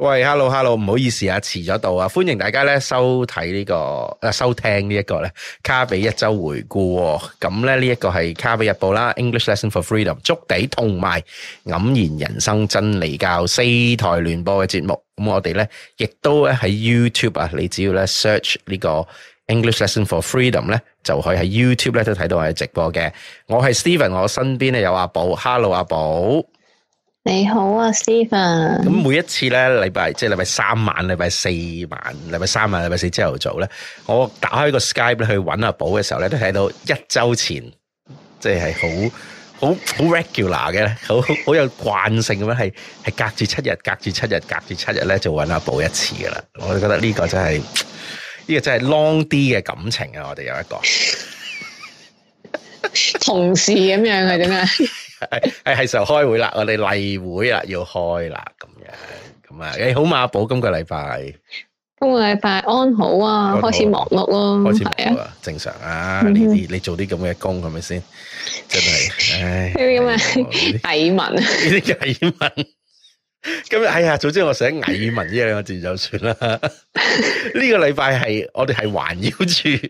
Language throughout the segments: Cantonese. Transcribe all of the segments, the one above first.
喂，hello，hello，唔好意思啊，遲咗到啊，歡迎大家咧收睇呢個，誒，收聽呢一個咧，卡比一周回顧喎，咁咧呢一個係卡比日報啦，English Lesson for Freedom，足底同埋黯然人生真理教四台聯播嘅節目，咁我哋咧亦都咧喺 YouTube 啊，你只要咧 search 呢個 English Lesson for Freedom 咧，就可以喺 YouTube 咧都睇到我哋直播嘅，我係 Steven，我身邊咧有阿寶，hello，阿寶。你好啊，Steven。咁每一次咧，禮拜即係禮拜三晚、禮拜四晚、禮拜三晚、禮拜四朝頭早咧，我打開個 Skype 去搵阿寶嘅時候咧，都睇到一周前，即係好好好 regular 嘅，好好有慣性咁樣，係係隔住七日、隔住七日、隔住七日咧就搵阿寶一次噶啦。我哋覺得呢個真係呢、呢個真係 long 啲嘅感情啊！我哋有一個 同事咁樣係點樣？ 誒誒，係 時候開會啦，我哋例會啦，要開啦，咁樣，咁啊，誒，好馬阿寶，今個禮拜，今個禮拜安好啊，好開始忙碌咯，開始忙碌啊，正常啊，呢啲、嗯、哼你做啲咁嘅工係咪先？真係，唉、哎，呢啲咁嘅蟻民，呢啲蟻民。咁哎呀，早知我寫蟻民呢 兩個字就算啦。呢、這個禮拜係我哋係環繞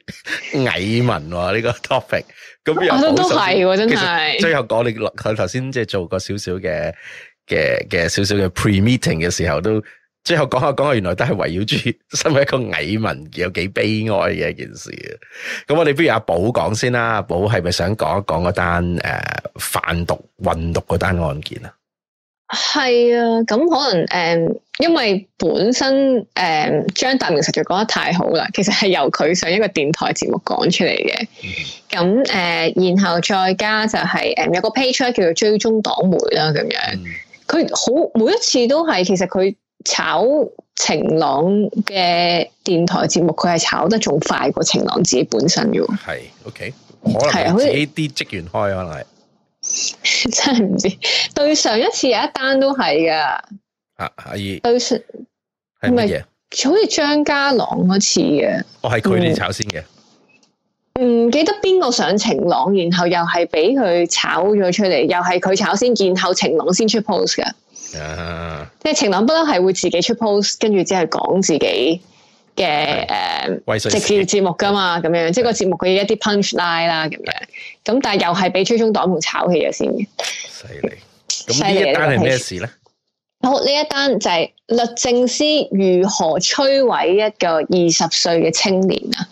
住蟻民呢、啊，這個 topic。咁， 我覺得都係，真係最後講，你佢頭先即係做過少少嘅、嘅、嘅少少嘅 pre meeting 嘅時候，都最後講下講下，原來都係圍繞住身為一個蟻民有幾悲哀嘅一件事。咁我哋不如阿寶講先啦。阿寶係咪想講一講嗰單誒販毒運毒嗰單案件啊？係啊，咁可能誒、嗯，因為本身誒張達明實在講得太好啦，其實係由佢上一個電台節目講出嚟嘅。咁誒、嗯嗯嗯，然後再加就係、是、誒、嗯、有個 page 叫做追蹤黨媒啦，咁樣佢、嗯、好每一次都係，其實佢炒晴朗嘅電台節目，佢係炒得仲快過晴朗自己本身嘅。係，OK，可能自己啲職員開，啊、可能係。 真係唔知，對上一次有一單都係噶，阿阿姨對上係乜嘢？好似張家朗嗰次嘅，哦係佢哋炒先嘅，唔、嗯、記得邊個上晴朗，然後又係俾佢炒咗出嚟，又係佢炒先然後晴朗先出 post 嘅，啊、即係晴朗不嬲係會自己出 post，跟住只係講自己。嘅誒的直接節目㗎嘛，咁樣即係個節目佢要一啲 punch line 啦，咁樣，咁的但係又係俾追蹤黨門炒起咗先。犀利，咁呢一單係咩事咧？ 好，呢一單就係律政司如何摧毀一個二十歲嘅青年啊！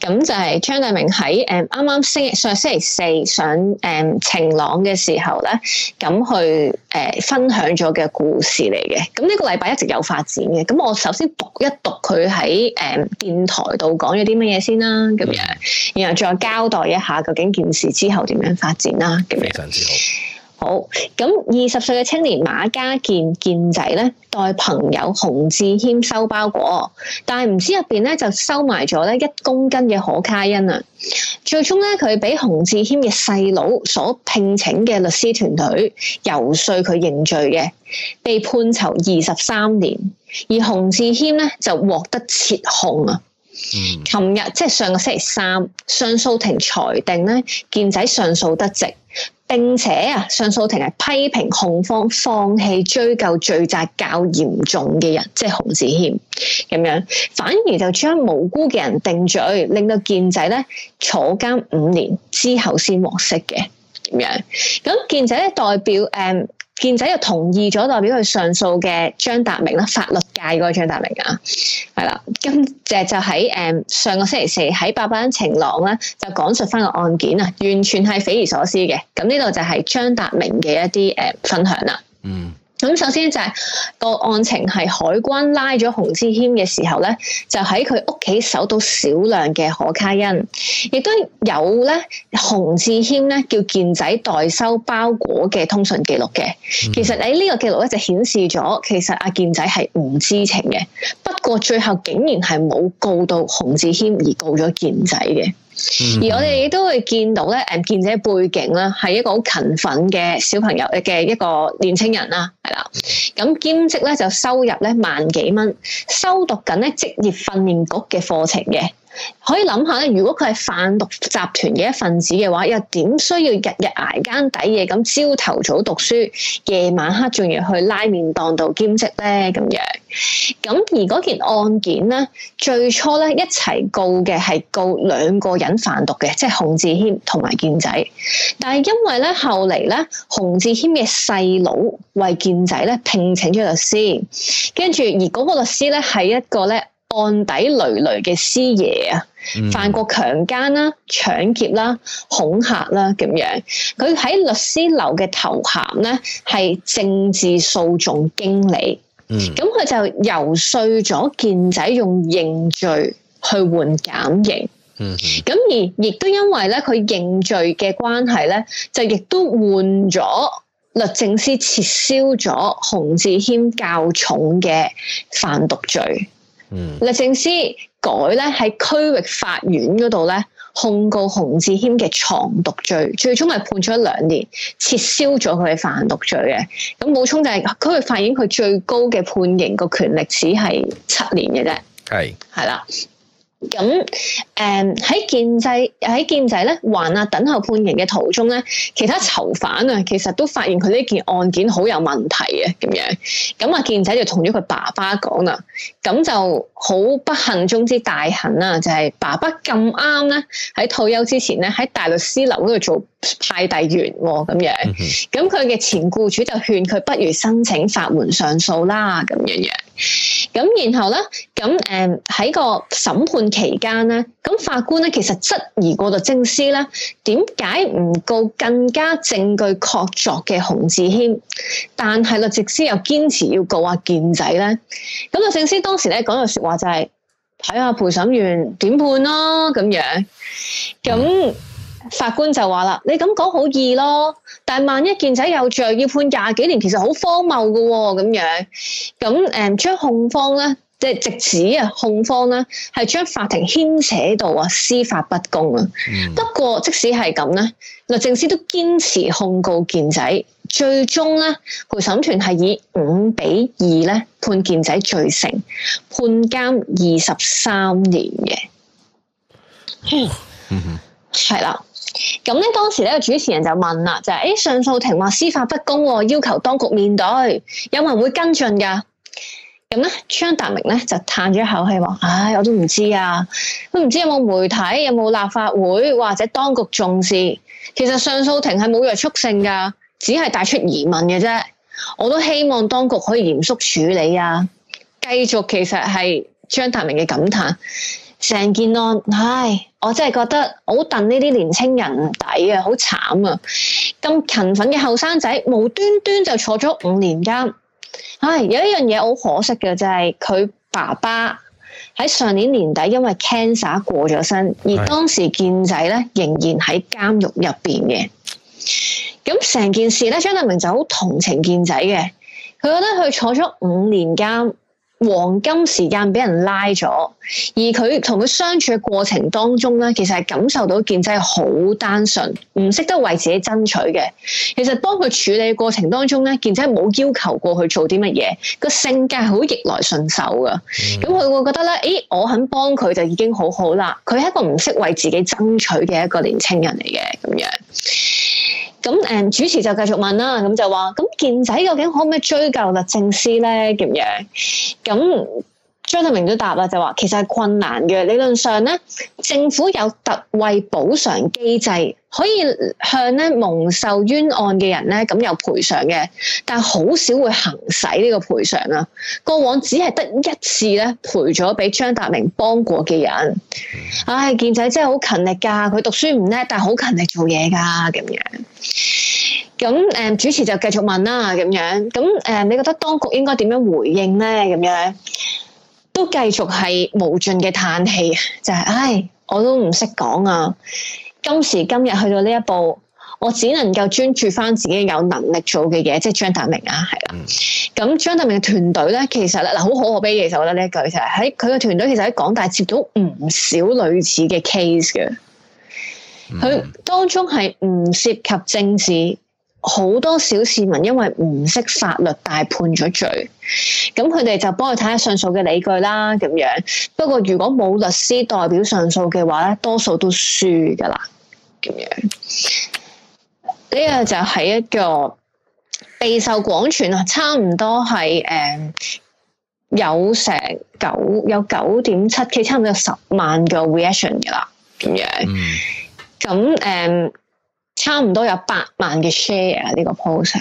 咁就係張大明喺誒啱啱星期上星期四上誒晴朗嘅時候咧，咁、嗯、去誒、嗯、分享咗嘅故事嚟嘅。咁呢個禮拜一直有發展嘅。咁我首先讀一讀佢喺誒電台度講咗啲乜嘢先啦，咁樣，然後再交代一下究竟件事之後點樣發展啦，咁樣。好咁，二十歲嘅青年馬家健健仔咧，代朋友洪志謙收包裹，但係唔知入邊咧就收埋咗咧一公斤嘅可卡因啊！最終咧，佢俾洪志謙嘅細佬所聘請嘅律師團隊游說佢認罪嘅，被判囚二十三年，而洪志謙咧就獲得撤控啊！嗯，琴日即係，就係上個星期三，上訴庭裁定咧，健仔上訴得直。並且啊，上訴庭係批評控方放棄追究罪責較嚴重嘅人，即係洪智謙咁樣，反而就將無辜嘅人定罪，令到健仔咧坐監五年之後先獲釋嘅咁樣。咁健仔咧代表誒。嗯健仔又同意咗，代表佢上訴嘅張達明啦，法律界嗰個張達明啊，係啦，咁就就喺誒上個星期四喺八百蚊晴朗咧，就講述翻個案件啊，完全係匪夷所思嘅，咁呢度就係張達明嘅一啲誒分享啦，嗯。咁首先就係個案情係海關拉咗洪志謙嘅時候咧，就喺佢屋企搜到少量嘅可卡因，亦都有咧洪志謙咧叫健仔代收包裹嘅通訊記錄嘅。嗯、其實喺呢個記錄咧就顯示咗，其實阿、啊、健仔係唔知情嘅。不過最後竟然係冇告到洪志謙而告咗健仔嘅。嗯、而我哋亦都會見到咧，誒，健姐背景咧係一個好勤奮嘅小朋友嘅一個年輕人啦，係啦。咁兼職咧就收入咧萬幾蚊，修讀緊咧職業訓練局嘅課程嘅。可以諗下咧，如果佢係販毒集團嘅一份子嘅話，又點需要日日挨更抵夜咁朝頭早讀書，夜晚黑仲要去拉麵檔度兼職咧？咁樣，咁而嗰件案件咧，最初咧一齊告嘅係告兩個人販毒嘅，即係洪志謙同埋健仔。但係因為咧後嚟咧，洪志謙嘅細佬為健仔咧聘請咗律師，跟住而嗰個律師咧係一個咧。案底累累嘅師爺啊，犯過強姦啦、搶劫啦、恐嚇啦咁樣，佢喺律師樓嘅頭銜咧係政治訴訟經理，咁佢、嗯、就游說咗健仔用認罪去換減刑，咁、嗯、哼而亦都因為咧佢認罪嘅關係咧，就亦都換咗律政司撤銷咗洪志謙較重嘅販毒罪。嗯、律政司改咧喺區域法院嗰度咧控告洪志謙嘅藏毒罪，最終係判咗兩年，撤銷咗佢嘅販毒罪嘅。咁補充就係區域法院佢最高嘅判刑個權力只係七年嘅啫，係係啦。咁誒喺建仔喺建仔咧，還押等候判刑嘅途中咧，其他囚犯啊，其實都發現佢呢件案件好有問題嘅咁樣。咁啊，建仔就同咗佢爸爸講啦，咁就好不幸中之大幸啦、啊，就係、是、爸爸咁啱咧喺退休之前咧喺大律師樓嗰度做。派遞員咁樣，咁佢嘅前僱主就勸佢不如申請法援上訴啦，咁樣樣。咁然後咧，咁誒喺個審判期間咧，咁法官咧其實質疑過律政司咧，點解唔告更加證據確鑿嘅洪志謙？但係律政司又堅持要告阿健仔咧。咁律政司當時咧講句說話就係睇下陪審員點判咯，咁樣咁。法官就話啦，你咁講好易咯，但係萬一健仔有罪，要判廿幾年，其實好荒謬噶喎，咁樣，咁誒將控方咧，即係直指啊控方咧係將法庭牽扯到啊司法不公啊。不過、嗯、即使係咁咧，律政司都堅持控告健仔，最終咧陪審團係以五比二咧判健仔罪成，判監二十三年嘅，係、嗯、啦。嗯哼係咁咧，當時咧，主持人就問啦，就係、是、誒、欸，上訴庭話司法不公，啊，要求當局面對，有冇人會跟進噶？咁咧，張達明咧就嘆咗一口氣話：，唉、哎，我都唔知啊，都唔知有冇媒體，有冇立法會或者當局重視。其實上訴庭係冇約束性噶，只係帶出疑問嘅啫。我都希望當局可以嚴肅處理啊。繼續，其實係張達明嘅感嘆。成件案，唉，我真係覺得好戥呢啲年青人底啊，好慘啊！咁勤奮嘅後生仔，無端端就坐咗五年監。唉，有一樣嘢好可惜嘅就係、是、佢爸爸喺上年年底因為 cancer 過咗身，而當時健仔咧仍然喺監獄入邊嘅。咁成件事咧，張德明就好同情健仔嘅，佢覺得佢坐咗五年監。黃金時間俾人拉咗，而佢同佢相處嘅過程當中咧，其實係感受到健仔好單純，唔識得為自己爭取嘅。其實幫佢處理嘅過程當中咧，健仔冇要求過去做啲乜嘢，個性格好逆來順受噶。咁佢、嗯、會覺得咧，誒、欸，我肯幫佢就已經好好啦。佢係一個唔識為自己爭取嘅一個年青人嚟嘅咁樣。咁，嗯，主持就繼續問啦，咁就話：咁健仔究竟可唔可以追究律政司咧？咁樣？咁。張達明都答啦，就話其實係困難嘅。理論上咧，政府有特惠補償機制，可以向咧蒙受冤案嘅人咧咁有賠償嘅，但好少會行使呢個賠償啊。過往只係得一次咧賠咗俾張達明幫過嘅人。唉、哎，健仔真係好勤力噶，佢讀書唔叻，但係好勤力做嘢噶咁樣。咁誒，主持就繼續問啦咁樣。咁誒、嗯，你覺得當局應該點樣回應咧？咁樣。都繼續係無盡嘅嘆氣，就係、是、唉，我都唔識講啊！今時今日去到呢一步，我只能夠專注返自己有能力做嘅嘢，即係張達明啊，係啦。咁、嗯、張達明嘅團隊咧，其實咧嗱，好可悲嘅其實我覺得呢一句就係喺佢嘅團隊，其實喺港大接到唔少類似嘅 case 嘅，佢當中係唔涉及政治。好多小市民因為唔識法律，大判咗罪，咁佢哋就幫佢睇下上訴嘅理據啦，咁樣。不過如果冇律師代表上訴嘅話咧，多數都輸噶啦，咁樣。呢、這個就係一個備受廣傳啊，差唔多係誒有成九有九點七 K，差唔多有十萬個 reaction 噶啦，咁樣。嗯。咁誒。差唔多有八萬嘅 share 呢個 post，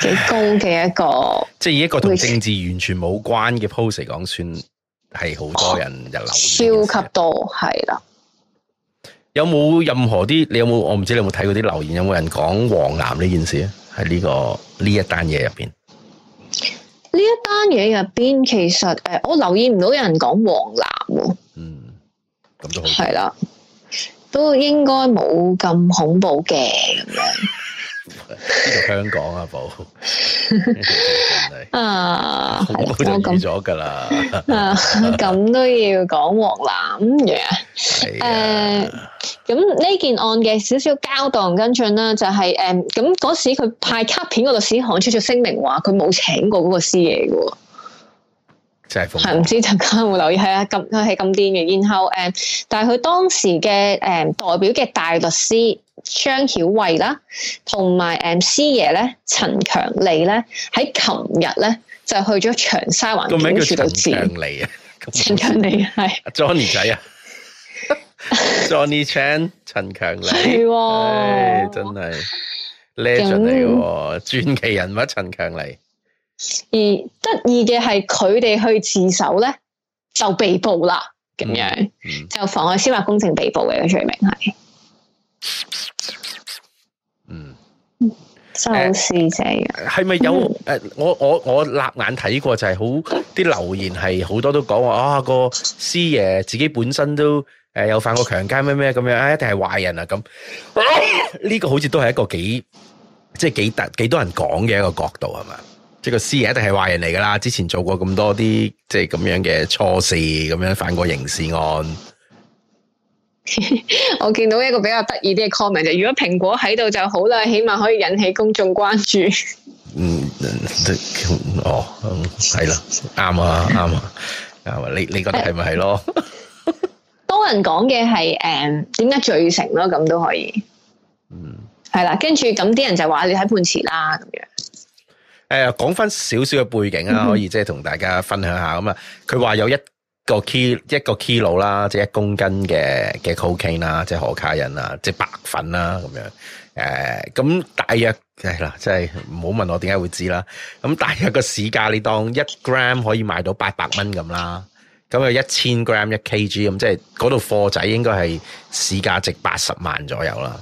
幾高嘅一個。 即係以一個同政治完全冇關嘅 post 嚟講，算係好多人留言，超級多，係啦。有冇任何啲？你有冇？我唔知你有冇睇過啲留言？有冇人講黃藍呢件事？喺呢個呢一單嘢入邊？呢一單嘢入邊，其實誒，我留意唔到有人講黃藍喎。嗯，咁都好，係啦。都應該冇咁恐怖嘅咁樣。香港啊，寶。 恐怖啊，係啦，我咗噶啦。咁都要講黃藍嘅。誒、嗯，咁呢的、啊、件案嘅少少交代跟進啦、就係，就係咁嗰時佢派卡片嗰度史航出咗聲明話，佢冇請過嗰個師爺嘅。係唔知大家有冇留意？係啊，咁佢係咁癲嘅。然後，誒，但係佢當時嘅，誒，代表嘅大律師張曉慧啦，同埋，誒，師爺咧，陳強利咧，喺琴日咧就去咗長沙灣警署度自。陳強利啊，陳強利係，Johnny 仔啊，Johnny Chan，陳強利係，真係叻出嚟嘅喎，傳奇人物陳強利。而得意嘅係佢哋去自首咧，就被捕啦，咁樣就妨礙司法公正被捕嘅罪名係、嗯，嗯，嗯就係這樣。係、嗯、咪有誒？我我我立眼睇過就係好啲留言係好多都講話啊個師爺自己本身都誒有犯過強奸咩咩咁樣啊，一定係壞人啊咁呢、哎、呀個好似都係一個幾即係幾大幾多人講嘅一個角度係嘛？是吧即係個司儀一定係壞人嚟噶啦，之前做過咁多啲即係咁樣嘅錯事，咁樣犯過刑事案。 我見到一個比較得意啲嘅 comment 就：如果蘋果喺度就好啦，起碼可以引起公眾關注。 嗯，嗯哦，係、嗯、咯，啱啊，啱啊，啱啊，啱啊，你你覺得係咪係咯？ 多人講嘅係誒，點解罪成咯？咁都可以，嗯，係啦。跟住咁啲人就話你睇判詞啦，咁樣。誒，講翻少少嘅背景啦，可以即係同大家分享下咁啊。佢話有一個 kilo 一個 kilo 啦，即係一公斤嘅嘅 cocaine 啦，即係可卡因啊，即係白粉啦，咁樣。誒、嗯，咁大約誒啦，即係唔好問我點解會知啦。咁大約個市價，你當一 gram 可以賣到八百蚊咁啦。咁啊，一千 gram 一 kg 咁，即係嗰度貨仔應該係市價值八十萬左右啦。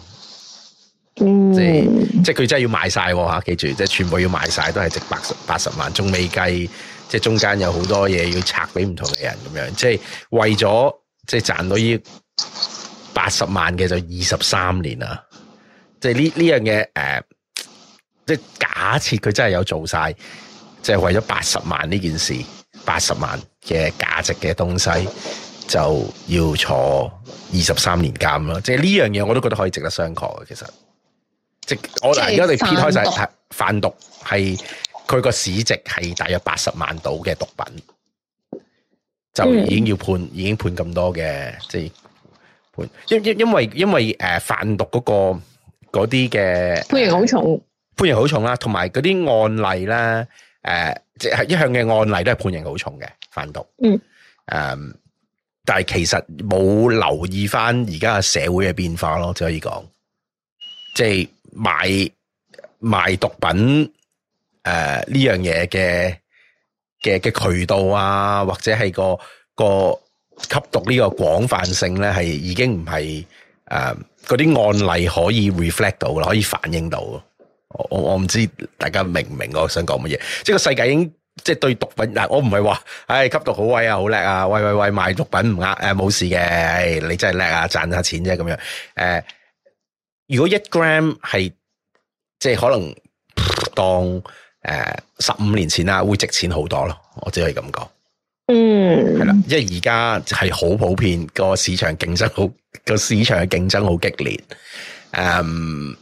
嗯、即係即係佢真係要賣晒吓、啊，記住即係全部要賣晒，都係值八十八十萬，仲未計即係中間有好多嘢要拆俾唔同嘅人咁樣，即係為咗即係賺到呢八十萬嘅就二十三年啦，即係呢呢樣嘢誒，即係假設佢真係有做晒，即係為咗八十萬呢件事，八十萬嘅價值嘅東西就要坐二十三年監啦，即係呢樣嘢我都覺得可以值得商榷嘅，其實。即我而家你撇開晒，係販毒係佢個市值係大約八十萬度嘅毒品，就已經要判，嗯、已經判咁多嘅，即判因因因為因為誒販毒嗰，嗰個嗰啲嘅判刑好重，判刑好重啦，同埋嗰啲案例啦，誒即係一向嘅案例都係判刑好重嘅販毒，嗯誒，但係其實冇留意翻而家嘅社會嘅變化咯，可以講即係。賣賣毒品誒呢樣嘢嘅嘅嘅渠道啊，或者係個個吸毒呢個廣泛性咧，係已經唔係誒嗰啲案例可以 reflect 到，可以反映到。我我唔知大家明唔明？我想講乜嘢？即係個世界已經即係對毒品嗱，我唔係話誒吸毒好威啊，好叻啊，喂喂喂，賣毒品唔呃，誒，冇事嘅，誒你真係叻啊，賺下錢啫咁樣誒。呃如果一 gram 係即係可能當誒十五年前啦，會值錢好多咯，我只可以咁講，嗯那個。嗯，係啦，因為而家係好普遍個市場競爭好個市場嘅競爭好激烈。誒，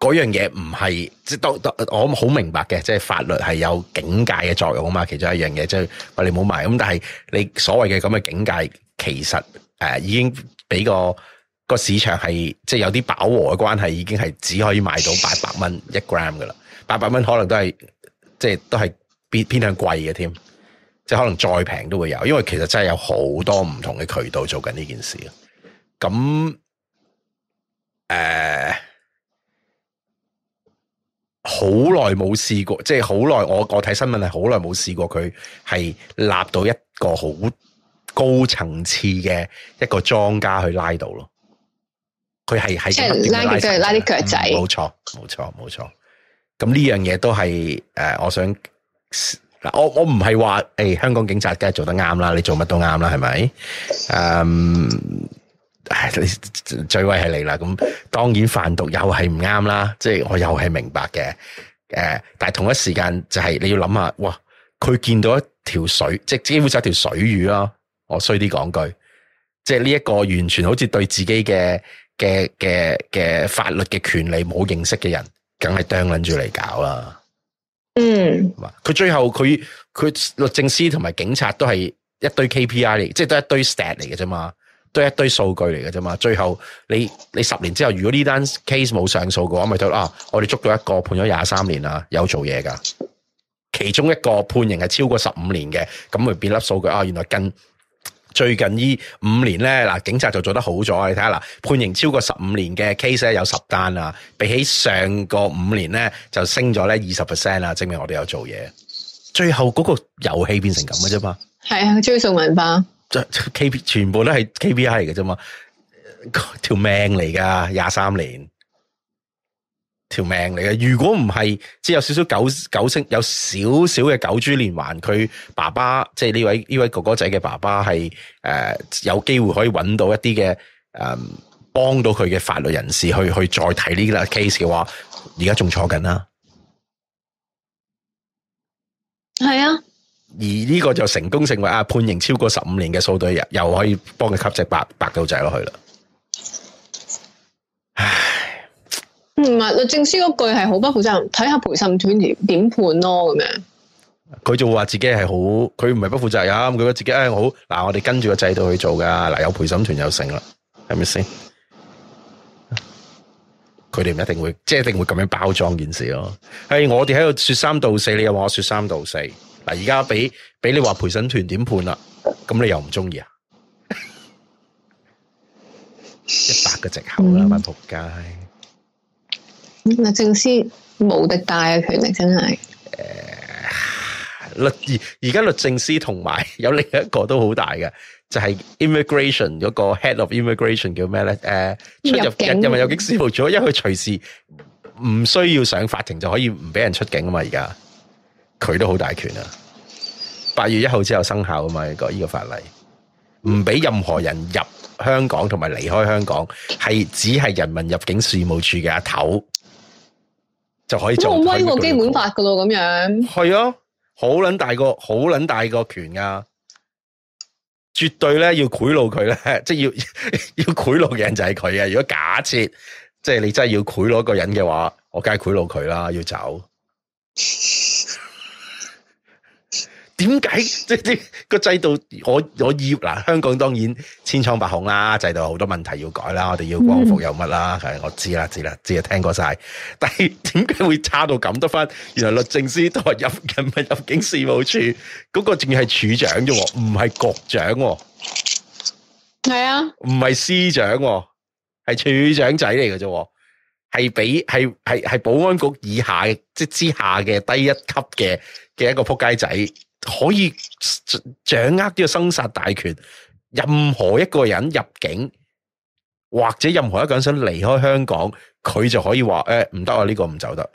嗰樣嘢唔係即係當當我好明白嘅，即係法律係有警戒嘅作用啊嘛。其中一樣嘢即係我哋唔好買咁，但係你所謂嘅咁嘅警戒，其實誒、呃、已經俾個。個市場係即係有啲飽和嘅關係，已經係只可以賣到八百蚊一 gram 噶啦。八百蚊可能都係即係都係偏偏向貴嘅添，即係可能再平都會有。因為其實真係有好多唔同嘅渠道做緊呢件事。咁誒，好耐冇試過，即係好耐我我睇新聞係好耐冇試過，佢係立到一個好高層次嘅一個莊家去拉到咯。佢係喺即係拉啲，拉拉嗯、都係拉啲腳仔。冇錯，冇錯，冇錯。咁呢樣嘢都係誒，我想嗱，我我唔係話誒，香港警察梗係做得啱啦，你做乜都啱啦，係咪？嗯、um, 哎，你最危係你啦。咁當然販毒又係唔啱啦，即係我又係明白嘅。誒、呃，但係同一時間就係你要諗下，哇！佢見到一條水，即、就、係、是、幾乎就係條水魚咯。我衰啲講句，即係呢一個完全好似對自己嘅。嘅嘅嘅法律嘅權利冇認識嘅人，梗係釘撚住嚟搞啦。嗯，佢最後，佢佢律政司同埋警察都係一堆 KPI 嚟，即係都係一堆 stat 嚟嘅啫嘛，都係一堆數據嚟嘅啫嘛。最後，你你十年之後，如果呢單 case 冇上訴嘅話，咪就啊，我哋捉到一個判咗廿三年啦，有做嘢噶。其中一個判刑係超過十五年嘅，咁咪變粒數據啊，原來跟。最近呢五年咧，嗱警察就做得好咗，你睇下嗱，判刑超過十五年嘅 case 咧有十單啦，比起上個五年咧就升咗咧二十 percent 啦，證明我哋有做嘢。最後嗰個遊戲變成咁嘅啫嘛，係啊，追數文化，K 全部都係 KPI 嚟嘅啫嘛，條命嚟噶廿三年。條命嚟嘅，如果唔係，只有少少九九星，有少少嘅九珠連環，佢爸爸即係呢位呢位哥哥仔嘅爸爸係誒、呃，有機會可以揾到一啲嘅誒，幫、嗯、到佢嘅法律人士去去再睇呢粒 case 嘅話，緊啊、而家仲坐緊啦。係啊，而呢個就成功成為啊判刑超過十五年嘅速隊又又可以幫佢吸隻白白狗仔落去啦。唉。唔係律政司嗰句係好不負責任，睇下陪審團點判咯咁樣。佢就話自己係好，佢唔係不負責任，佢話自己誒好，嗱我哋跟住個制度去做噶，嗱有陪審團有成啦，係咪先？佢哋唔一定會，即係一定會咁樣包裝件事咯。係、哎、我哋喺度說三道四，你又話我說三道四。嗱，而家俾俾你話陪審團點判啦，咁你又唔中意啊？一百個借口啦，翻撲街。律政司無敵大嘅權力，真係誒律而而家律政司同埋有另一個都好大嘅，就係、是、immigration 嗰個 head of immigration 叫咩咧？誒出入，入境人民入邊有警司做，因為隨時唔需要上法庭就可以唔俾人出境啊嘛！而家佢都好大權啊！八月一號之後生效啊嘛！呢、呢個依法例唔俾任何人入香港同埋離開香港，係只係人民入境事務處嘅阿頭。就可以做到，都冇威個基本法噶咯，咁樣。係啊，好捻大個，好捻大個權噶、啊，絕對咧要賄賂佢咧，即係要要賄賂嘅人就係佢啊。如果假設即係你真係要賄賂一個人嘅話，我梗係賄賂佢啦，要走。 點解即即個制度？我我要嗱，香港當然千瘡百孔啦，制度好多問題要改啦，我哋要光復有乜啦？係、嗯、我知啦，知啦，知啊，聽過晒。但係點解會差到咁得返？原來律政司都入入境入事務處？嗰、那個仲要係處長啫，唔係局長。係啊，唔係、啊、司長、啊，係處長仔嚟嘅啫，係比係係係保安局以下嘅即之下嘅低一級嘅嘅一個撲街仔。可以掌握呢個生殺大權，任何一個人入境或者任何一個人想離開香港，佢就可以話：誒、欸，唔得啊！呢、這個唔走得。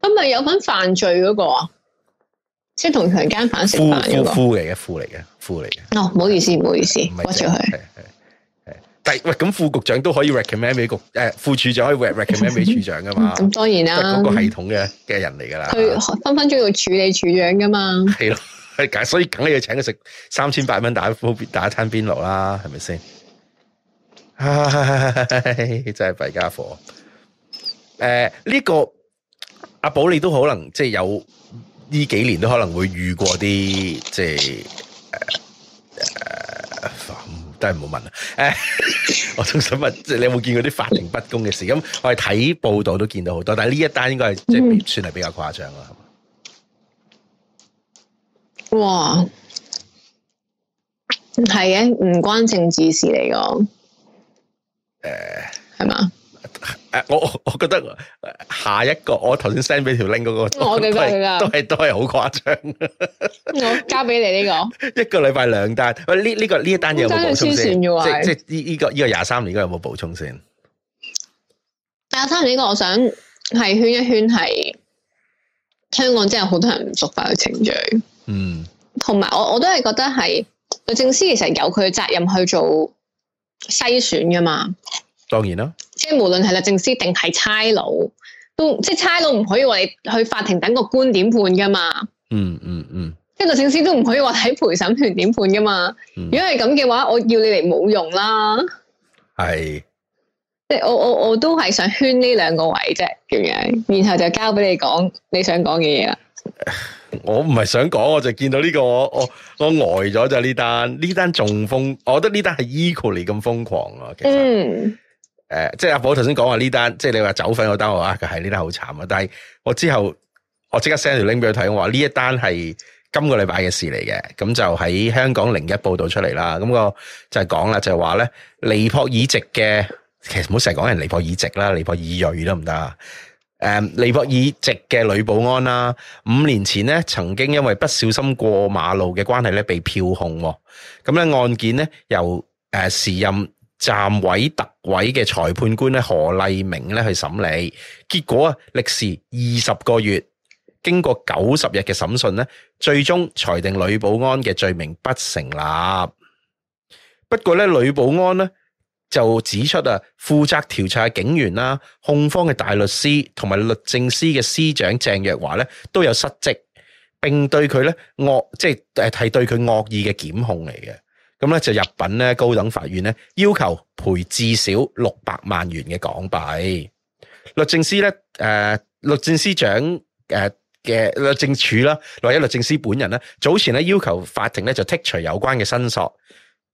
咁咪有份犯罪嗰個啊？即係同強姦犯食飯嗰個。夫嚟嘅，夫嚟嘅，夫嚟嘅。哦，唔好意思，唔好意思，屈咗佢。但喂，咁副局長都可以 recommend 俾局誒、呃，副處長可以 recommend 俾處長噶嘛？咁當然啦，嗰個系統嘅嘅人嚟噶啦。佢分分鐘要處理處長噶嘛？係咯，係咁，所以梗係要請佢食三千八蚊打一打一餐邊爐啦，係咪先？真係弊家伙！誒、呃，呢、這個阿寶你都可能即係有呢幾年都可能會遇過啲即係。呃呃都係唔好問啦。誒， 我都想問，即係你有冇見過啲法庭不公嘅事？咁我哋睇報道都見到好多，但係呢一單應該係即係算係比較誇張啦，係嘛？哇，係嘅，唔關政治事嚟講。誒、呃，係嘛？誒，我我覺得下一個，我頭先 send 俾條 link 嗰個，我記得啦，都係都係好誇張。我交俾你呢、這個，一個禮拜兩單。喂，呢、這、呢個呢一單嘢有冇補充先？的即即呢呢、這個呢、這個廿三年應該有冇補充先？廿三年呢個，我想係圈一圈係香港真係好多人唔熟法律程序。嗯。同埋，我我都係覺得係律政司其實有佢嘅責任去做篩選噶嘛。當然啦。即係無論係律政司定係差佬，都即係差佬唔可以話你去法庭等個官點判噶嘛。嗯嗯嗯。嗯嗯即係律政司都唔可以話睇陪審團點判噶嘛。嗯、如果係咁嘅話，我要你嚟冇用啦。係是，即係我我我都係想圈呢兩個位啫，咁樣，然後就交俾你講你想講嘅嘢啦。我唔係想講，我就見到呢、這個我我呆咗就呢單呢單中風，我覺得呢單係 equally 咁瘋狂啊，其實。嗯誒，即係阿寶頭先講話呢單，即係你話走粉嗰單，我話佢係呢單好慘啊！慘但係我之後我即刻 send 條 link 俾佢睇，我話呢一單係今個禮拜嘅事嚟嘅，咁就喺香港零一報道出嚟啦。咁、個就係講啦，就係話咧，尼泊爾籍嘅，其實唔好成日講人尼泊爾籍啦，尼泊爾裔得唔得？誒，尼泊爾籍嘅女保安啦，五年前咧曾經因為不小心過馬路嘅關係咧被票控，咁咧案件咧由誒時、呃、任。.站委特委嘅裁判官咧何麗明咧去審理，結果啊，歷時二十個月，經過九十日嘅審訊咧，最終裁定女保安嘅罪名不成立。不過咧，女保安咧就指出啊，負責調查嘅警員啦、控方嘅大律師同埋律政司嘅司長鄭若驊咧都有失職，並對佢咧惡即係誒係對佢惡意嘅檢控嚟嘅。咁咧就入稟咧高等法院咧，要求賠至少六百萬元嘅港幣。律政司咧，誒、呃，律政司長誒嘅、呃、律政署啦，或、呃、者律、呃、律政司本人咧，早前咧要求法庭咧就剔除有關嘅申索。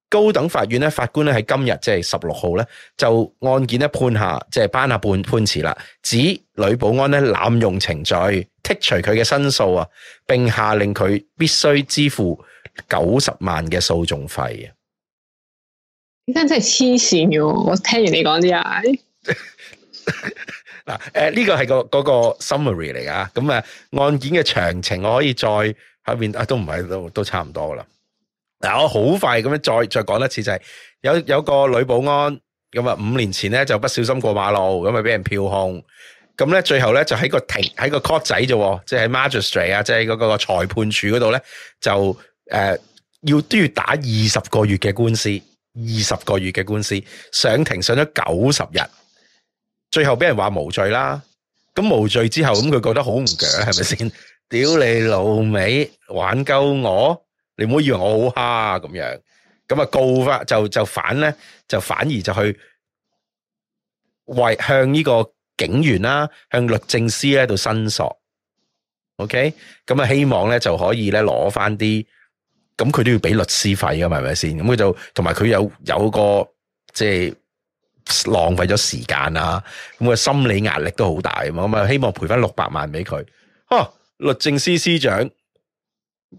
高等法院咧法官咧喺今日即係十六號咧，就案件咧判下即係頒下判判詞啦，指女保安咧濫用程序剔除佢嘅申訴啊，並下令佢必須支付。九十萬嘅訴訟費啊！呢單真係黐線嘅，我聽完你講啲啊。嗱、 呃，誒、這個，呢個係個嗰個 summary 嚟㗎。咁、嗯、啊，案件嘅詳情我可以再後邊啊，都唔係都都差唔多啦。嗱、啊，我好快咁樣再再，再講一次就係、是，有有個女保安咁啊，五、嗯、年前咧就不小心過馬路，咁啊俾人票控，咁、嗯、咧最後咧就喺個停喺個 court 仔啫，即係 magistrate 啊、那個，即係嗰個裁判處嗰度咧就。誒，要都、呃、要打二十個月嘅官司，二十個月嘅官司，上庭上咗九十日，最後俾人話無罪啦。咁無罪之後，咁佢覺得好唔勁，係咪先？屌你老味，玩夠我，你唔好以為我好蝦咁樣。咁啊告返，就就反咧，就反而就去為向呢個警員啦，向律政司咧度申索。OK，咁啊希望咧就可以咧攞翻啲。咁佢都要俾律師費噶嘛，係咪先？咁佢就同埋佢有有,有個即係浪費咗時間啊，咁佢心理壓力都好大咁啊！希望賠翻六百萬俾佢。嗬、啊，律政司司長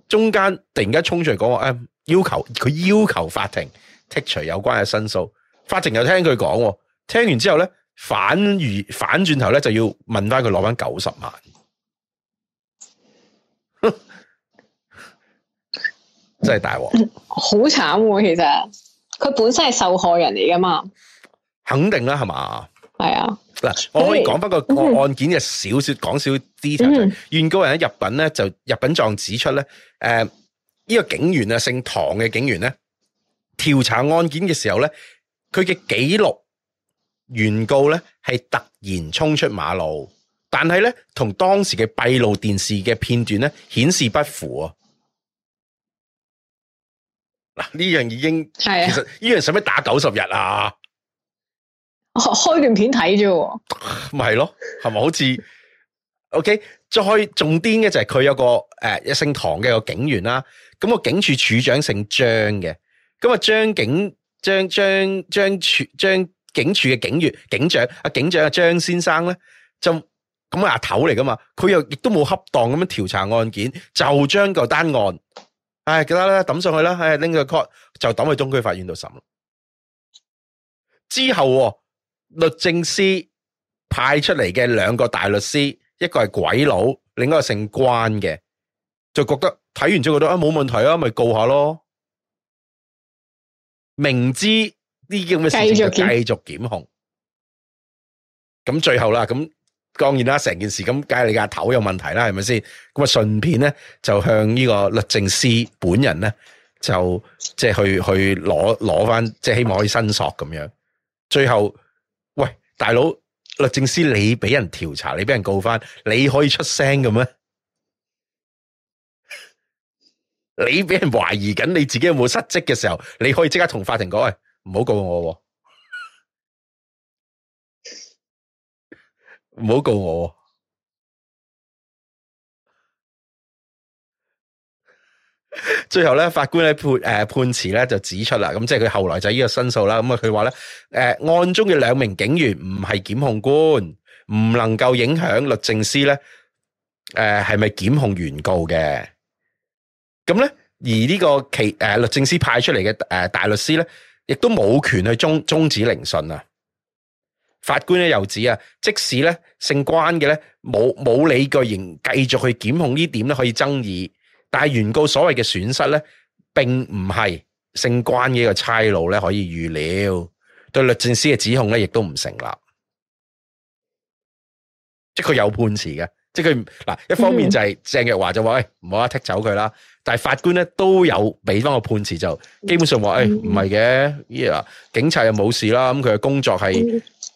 中間突然間衝出嚟講話，誒、啊，要求佢要求法庭剔除有關嘅申訴。法庭又聽佢講，聽完之後咧，反而反轉頭咧就要問翻佢攞翻九十萬。真係大鑊，好慘喎、啊！其實佢本身係受害人嚟噶嘛，肯定啦，係嘛？係啊，嗱，我可以講翻個個案件嘅少少講少啲。嗯、原告人喺入禀咧，就入禀狀指出咧，誒、呃，呢個警員啊，姓唐嘅警員咧，調查案件嘅時候咧，佢嘅記錄，原告咧係突然衝出馬路，但係咧同當時嘅閉路電視嘅片段咧顯示不符啊。嗱，呢樣已經係啊，其實呢樣使乜打九十日啊？開段片睇啫，啊， 咪係咯，係咪好似？OK，再仲癲嘅就係佢有個誒，一、呃、姓唐嘅個警員啦。咁，那個警署署長姓張嘅，咁啊張警張張張署張警署嘅警員警長啊，警長啊張先生咧，就咁阿、那個、頭嚟噶嘛？佢又亦都冇恰當咁樣調查案件，就將個單案。哎，記得啦，抌上去啦，哎拎個 court 就抌去中區法院度審。之後律政司派出嚟嘅兩個大律師，一個係鬼佬，另一個姓關嘅，就覺得睇完之後覺得啊冇問題啊，咪告下咯。明知呢啲咁嘅事情，繼續檢控。咁續最後啦，咁。當然啦，成件事咁，梗係你阿頭有問題啦，係咪先？咁啊，順便咧就向呢個律政司本人咧，就即係去去攞攞翻，即係希望可以申索咁樣。最後，喂，大佬律政司，你俾人調查，你俾人告翻，你可以出聲咁咩？你俾人懷疑緊你自己有冇失職嘅時候，你可以即刻同法庭講，喂、哎，唔好告我。唔好告我。最後咧，法官判誒判詞咧就指出啦，咁即係佢後來就呢個申訴啦。咁啊，佢話咧，誒案中嘅兩名警員唔係檢控官，唔能夠影響律政司咧。誒係咪檢控原告嘅？咁咧，而呢個其誒律政司派出嚟嘅誒大律師咧，亦都冇權去終終止聆訊啊。法官咧又指啊，即使咧姓關嘅咧冇冇理據，仍繼續去檢控呢點咧可以爭議。但係原告所謂嘅損失咧，並唔係姓關嘅一個差佬，咧可以預料。對律政司嘅指控咧，亦都唔成立。即係佢有判詞嘅，即係佢嗱一方面就係鄭若驊就話喂，唔好啊踢走佢啦。但係法官咧都有俾翻個判詞，就基本上話誒唔係嘅，啊、哎、警察又冇事啦。咁佢嘅工作係。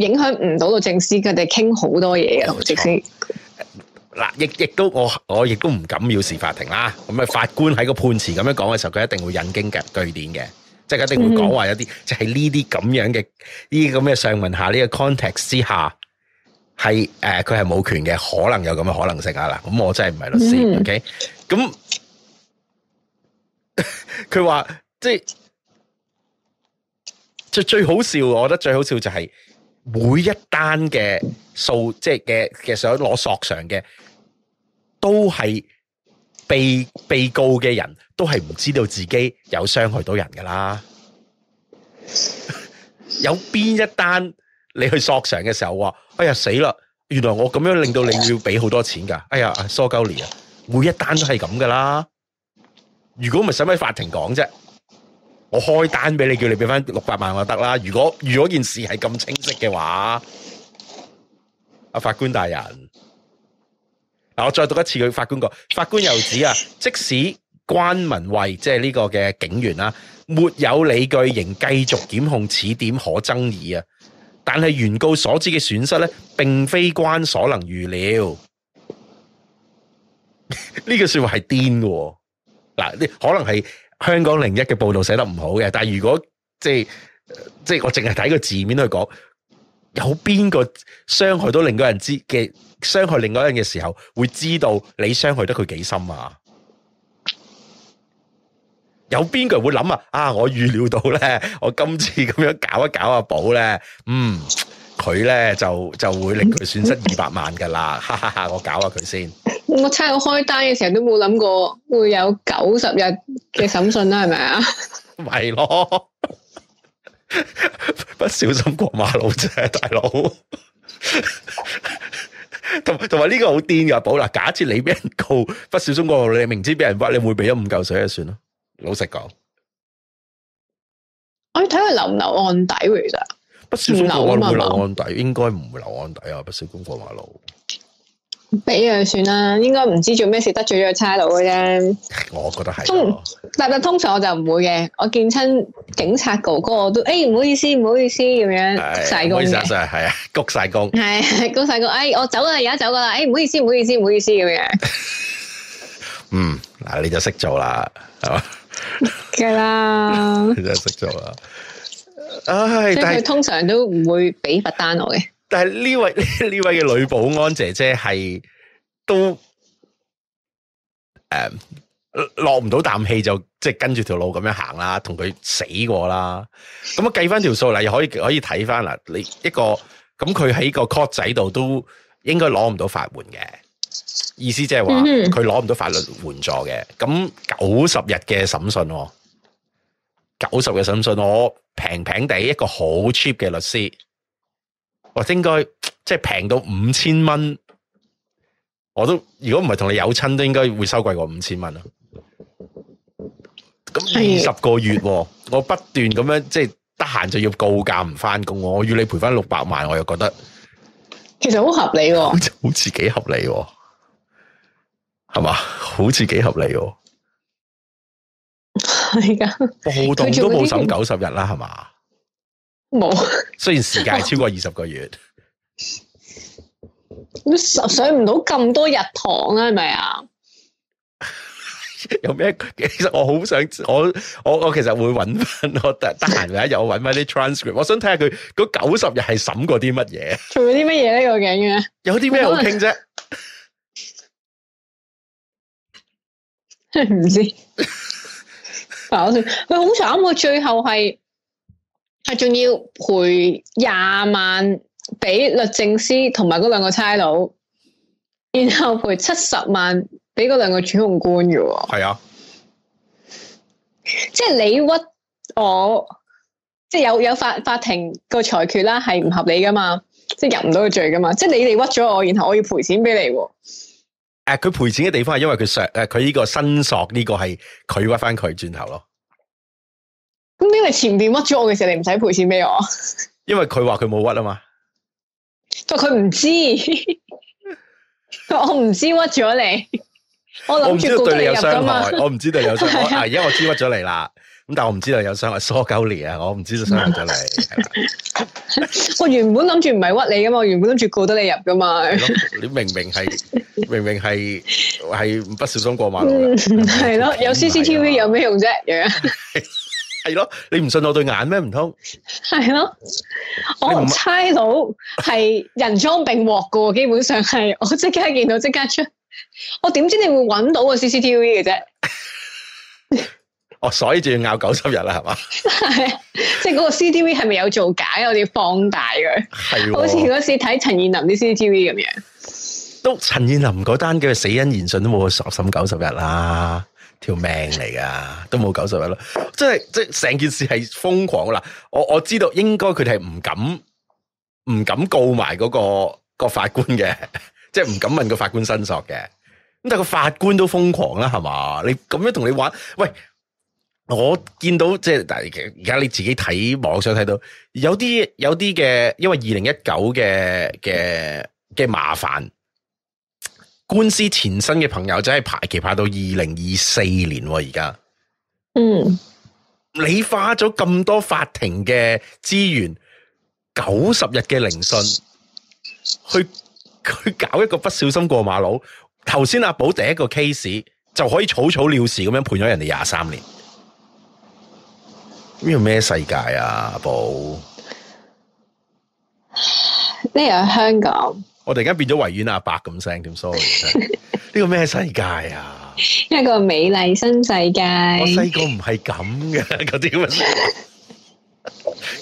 影響唔到個政司，佢哋傾好多嘢嘅證嗱，亦亦、哦、至都我我亦都唔敢藐視法庭啦。咁啊，法官喺個判詞咁樣講嘅時候，佢一定會引經據典嘅，即係一定會講話有啲、嗯、就係呢啲咁樣嘅呢啲咁嘅上文下呢、呢個 context 之下，係佢係冇權嘅，可能有咁嘅可能性啊啦。咁我真係唔係律師、嗯、，OK？咁佢話即係最最好笑，我覺得最好笑就係。每一單嘅數，即係嘅嘅想攞索償嘅，都係被被告嘅人都係唔知道自己有傷害到人噶啦。 有邊一單你去索償嘅時候話，哎呀死啦！原來我咁樣令到你要俾好多錢噶。哎呀，疏鳩年啊，每一單都係咁噶啦。如果唔係使咩法庭講啫？我開單俾你，叫你俾翻六百萬我得啦。如果如果件事係咁清晰嘅話，阿法官大人，嗱，我再讀一次佢，法官個法官又指啊，即使關文慧即係呢個嘅警員啦，沒有理據仍繼續檢控，此點可爭議啊。但係原告所知嘅損失咧，並非關所能預料。呢 個說話係癲嗱，可能係。香港零一嘅報道寫得唔好嘅，但係如果即係即係我淨係睇個字面去講，有邊個傷害到另外人知嘅傷害另外人嘅時候，會知道你傷害得佢幾深啊？有邊個人會諗啊？啊，我預料到咧，我今次咁樣搞一搞阿寶咧，嗯，佢咧就就會令佢損失二百萬噶啦，哈哈哈！我搞下佢先。我猜我開單嘅時候都冇諗過會有九十日嘅審訊啦，係咪啊？係咯，不小心過馬路啫，大佬。 同同埋呢個好癲㗎，寶啦。假設你俾人告，不小心過路，你明知俾人屈，你會俾咗五嚿水就算啦。老實講，我要睇佢留唔留案底。其實，不小心唔留案底，應該唔會留案底啊！不小心過馬路。俾佢算啦，應該唔知做咩事得罪咗個差佬嘅啫。我覺得係，但係通常我就唔會嘅。我見親警察哥哥，我都誒唔、哎、好意思，唔好意思咁樣鞠晒躬。唔好意思，係、哎、啊，鞠晒躬，係鞠晒躬。誒、哎，我走啦，而家走噶啦。誒、哎，唔好意思，唔好意思，唔好意思咁樣。 嗯，嗱，你就識做啦，係嘛？梗啦， 真係識做啦。唉以是，即係佢通常都唔會俾罰單我嘅。但係呢位，呢位嘅女保安姐姐係都誒，落唔到啖氣，就即係跟住條路咁樣行啦，同佢死過啦。咁啊計翻條數啦，又可以可以睇翻啦。你一個咁佢喺個 court 仔度都應該攞唔到法援嘅，意思即係話佢攞唔到法律援助嘅。咁九十日嘅審訊，九十日審訊，我平平地一個好 cheap 嘅律師。我應該即係平到五千蚊，我都如果唔係同你有親，都應該會收貴過五千蚊啦。咁二十個月、哦，的我不斷咁樣即係得閒就要告假唔翻工，我要你賠翻六百萬，我又覺得其實好合理、喎好，好似幾合理、喎，係嘛？好似幾合理、喎，而家暴動都冇審九十日啦，係嘛？冇，沒，哈哈哈哈，雖然時間超過二十個月、啊，你上唔到咁多日堂是不是啊？係咪啊？有咩？其實我好想我我我其實會搵翻我得得閒嘅一日，我搵翻啲 transcript，我想睇下佢嗰九十日係審過啲乜嘢？除咗啲乜嘢呢究竟嘅？ 有啲咩好傾啫？唔知搞笑、啊，佢好慘，我最後係。係仲要賠廿萬俾律政司同埋嗰兩個差佬，然後賠七十萬俾嗰兩個主控官嘅喎。係啊，即係你屈我，即係有有法法庭個裁決啦，係唔合理噶嘛，即係入唔到個罪噶嘛，即係你哋屈咗我，然後我要賠錢俾你。誒、啊，佢賠錢嘅地方係因為佢上誒，佢呢個申索呢個係佢屈翻佢轉頭咯。咁因為前邊屈咗我嘅時候，你唔使賠錢俾我。因為佢話佢冇屈啊嘛，但佢唔知，我唔知屈咗你。我諗住對你有傷害，我唔知道有傷害。而家我知屈咗你啦，咁但我唔知道有傷害。數九年啊，我唔知道傷害咗你。我原本諗住唔係屈你噶嘛，我原本諗住告得你入噶嘛。你明明係明明係係不小心過馬路，係咯？有 CCTV 有咩用啫？係咯，你唔信我對眼咩？唔通係咯，不我猜到係人贓並獲噶， 基本上係我即刻見到，即刻出。我點知你會揾到個 CCTV 嘅啫？ 哦，所以就要拗九十日啦，係嘛？係 即係嗰個 CCTV 係咪有造假？我哋放大佢？係 好似嗰次睇陳彥霖啲 CCTV 咁樣。都陳彥霖嗰單嘅死因研訊都冇傻審九十日啦。條命嚟噶，都冇九十歲咯，即係即係成件事係瘋狂啦。我我知道應該佢哋係唔敢唔敢告埋、嗰、嗰個、嗰個法官嘅，即係唔敢問個法官申索嘅。咁但係個法官都瘋狂啦，係嘛？你咁樣同你玩？喂，我見到即係而而家你自己睇網上睇到有啲有啲嘅，因為二零一九嘅嘅嘅麻煩。官司纏身嘅朋友，就係排期排到二零二四年，而家，嗯，你花咗咁多法庭嘅資源，九十日嘅聆訊，去去搞一個不小心過馬路，頭先阿寶第一個 case 就可以草草了事咁樣判咗人哋廿三年，呢個咩世界啊？阿寶？呢個香港。我突然間變咗維園阿伯咁聲，sorry？呢個咩世界啊？一個美麗新世界。我細個唔係咁嘅，嗰啲。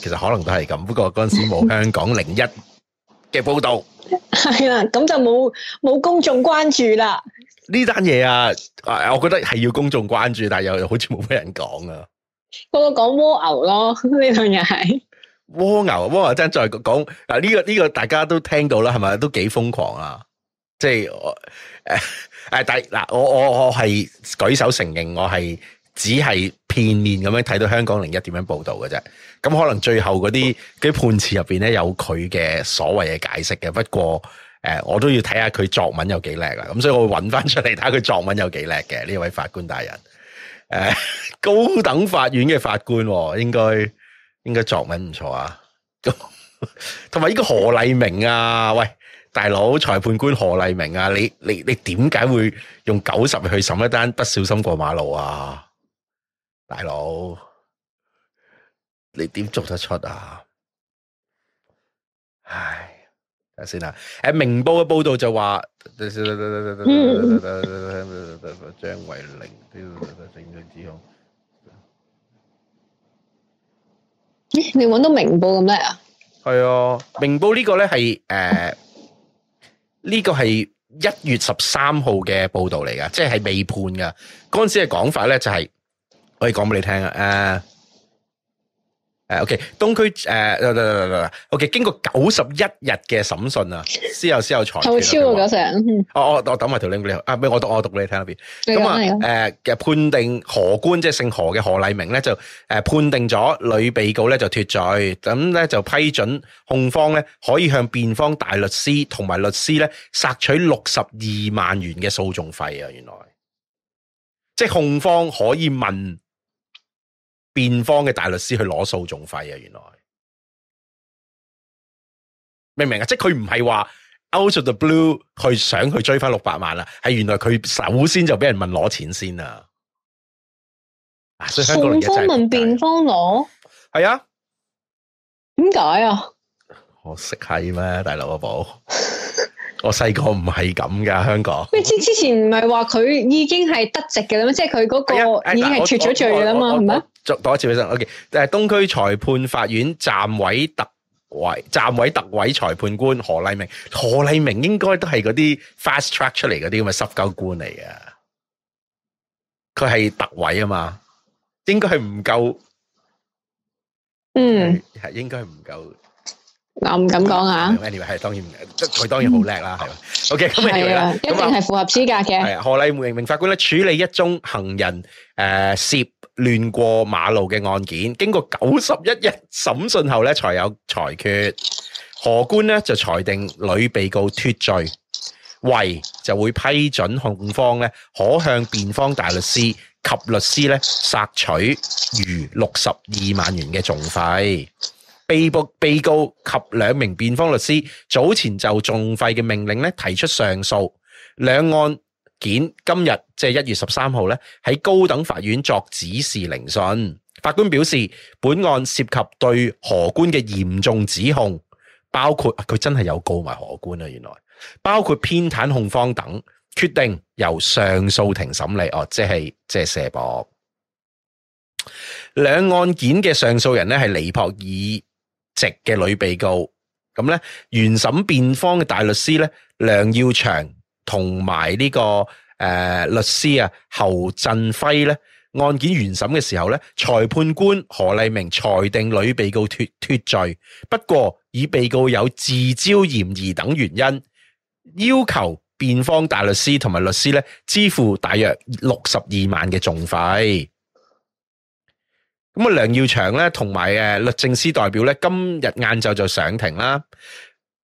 其實可能都係咁，不過嗰陣時冇香港零一嘅報道。係啊，咁就冇冇公眾關注啦。呢單嘢啊，我覺得係要公眾關注，但係又又好似冇咩人講啊。個個講蝸牛咯，呢度嘢。蝸牛，蝸牛真再講嗱，呢、這個呢、這個大家都聽到啦，係咪都幾瘋狂啊？即係我誒誒，但嗱、呃，我我我係舉手承認，我係只係片面咁樣睇到香港01點樣報道嘅啫。咁可能最後嗰啲啲判詞入邊咧，有佢嘅所謂嘅解釋嘅。不過誒、呃，我都要睇下佢作文有幾叻啦。咁所以我會搵翻出嚟睇下佢作文有幾叻嘅呢位法官大人。誒、呃，高等法院嘅法官、哦、應該。應該作文唔錯啊，同埋呢個何麗明啊，喂，大佬裁判官何麗明啊，你你你點解會用九十去審一單不小心過馬路啊，大佬，你點做得出啊？唉，睇下先啊，誒，明報嘅報道就話張偉玲啲證據指控。嗯張你揾到明報咁叻啊？係啊，明報呢個咧係誒，呢、呃呢個係一月十三號嘅報道嚟噶，即係未判噶。嗰陣時嘅講法咧就係、是，我可以講俾你聽啊誒。呃誒，OK，東區誒，等 OK 經過九十一日嘅審訊啊，先後先後裁撤銷嗰哦哦，我等埋條 link 俾你，啊，唔我讀我讀俾你聽下邊。咁啊，誒嘅、呃、判定何官，即係姓何嘅何禮明咧，就誒判定咗女被告咧就脫罪，咁咧就批准控方咧可以向辯方大律師同埋律師咧索取六十二萬元嘅訴訟費啊，原來，即係控方可以問。辯方嘅大律師去攞訴訟費啊，原來明唔明啊？即係佢唔係話 out of the blue，佢想去追翻六百萬啦，係原來佢首先就俾人問攞錢先啊！訟方問辯方攞係啊？點解啊？啊我識係咩大佬阿寶。 我細個唔係咁噶，香港。咩 之之前唔係話佢已經係得直嘅啦？即係佢嗰個已經係脫咗罪啦嘛？係咪、哎哎嗎？再講一次俾先。O K，誒，東區裁判法院暫委特委暫委特委裁判官何麗明，何麗明應該都係嗰啲 fast track 出嚟嗰啲咁嘅濕鳩官嚟嘅。佢係特委啊嘛，應該係唔夠。嗯，係應該係唔夠。我唔敢講啊，Anyway，係當然，佢當然好叻啦，係嘛？O K，咁係啦，一定係符合資格嘅。何麗明法官咧處理一宗行人、呃、涉亂過馬路嘅案件，經過九十一日審訊後咧，才有裁決。何官呢就裁定女被告脫罪，為就會批准控方咧可向辯方大律師及律師咧索取逾六十二萬元嘅訟費。被捕被告及兩名辯方律師早前就仲廢嘅命令咧提出上訴，兩案件今日即係一月十三號咧喺高等法院作指示聆訊。法官表示，本案涉及對何官嘅嚴重指控，包括佢真係有告埋何官啊！原來包括偏袒控方等，決定由上訴庭審理。哦，即係即係卸膊兩案件嘅上訴人咧係李博爾。直嘅女被告，咁咧原審辯方嘅大律師咧梁耀祥、同埋呢個誒律師啊侯振輝咧，案件原審嘅時候咧，裁判官何麗明裁定女被告脱脫罪，不過以被告有自招嫌疑等原因，要求辯方大律師同埋律師咧支付大約六十二萬嘅訟費。咁啊，梁耀祥咧，同埋誒律政司代表咧，今日晏晝就上庭啦。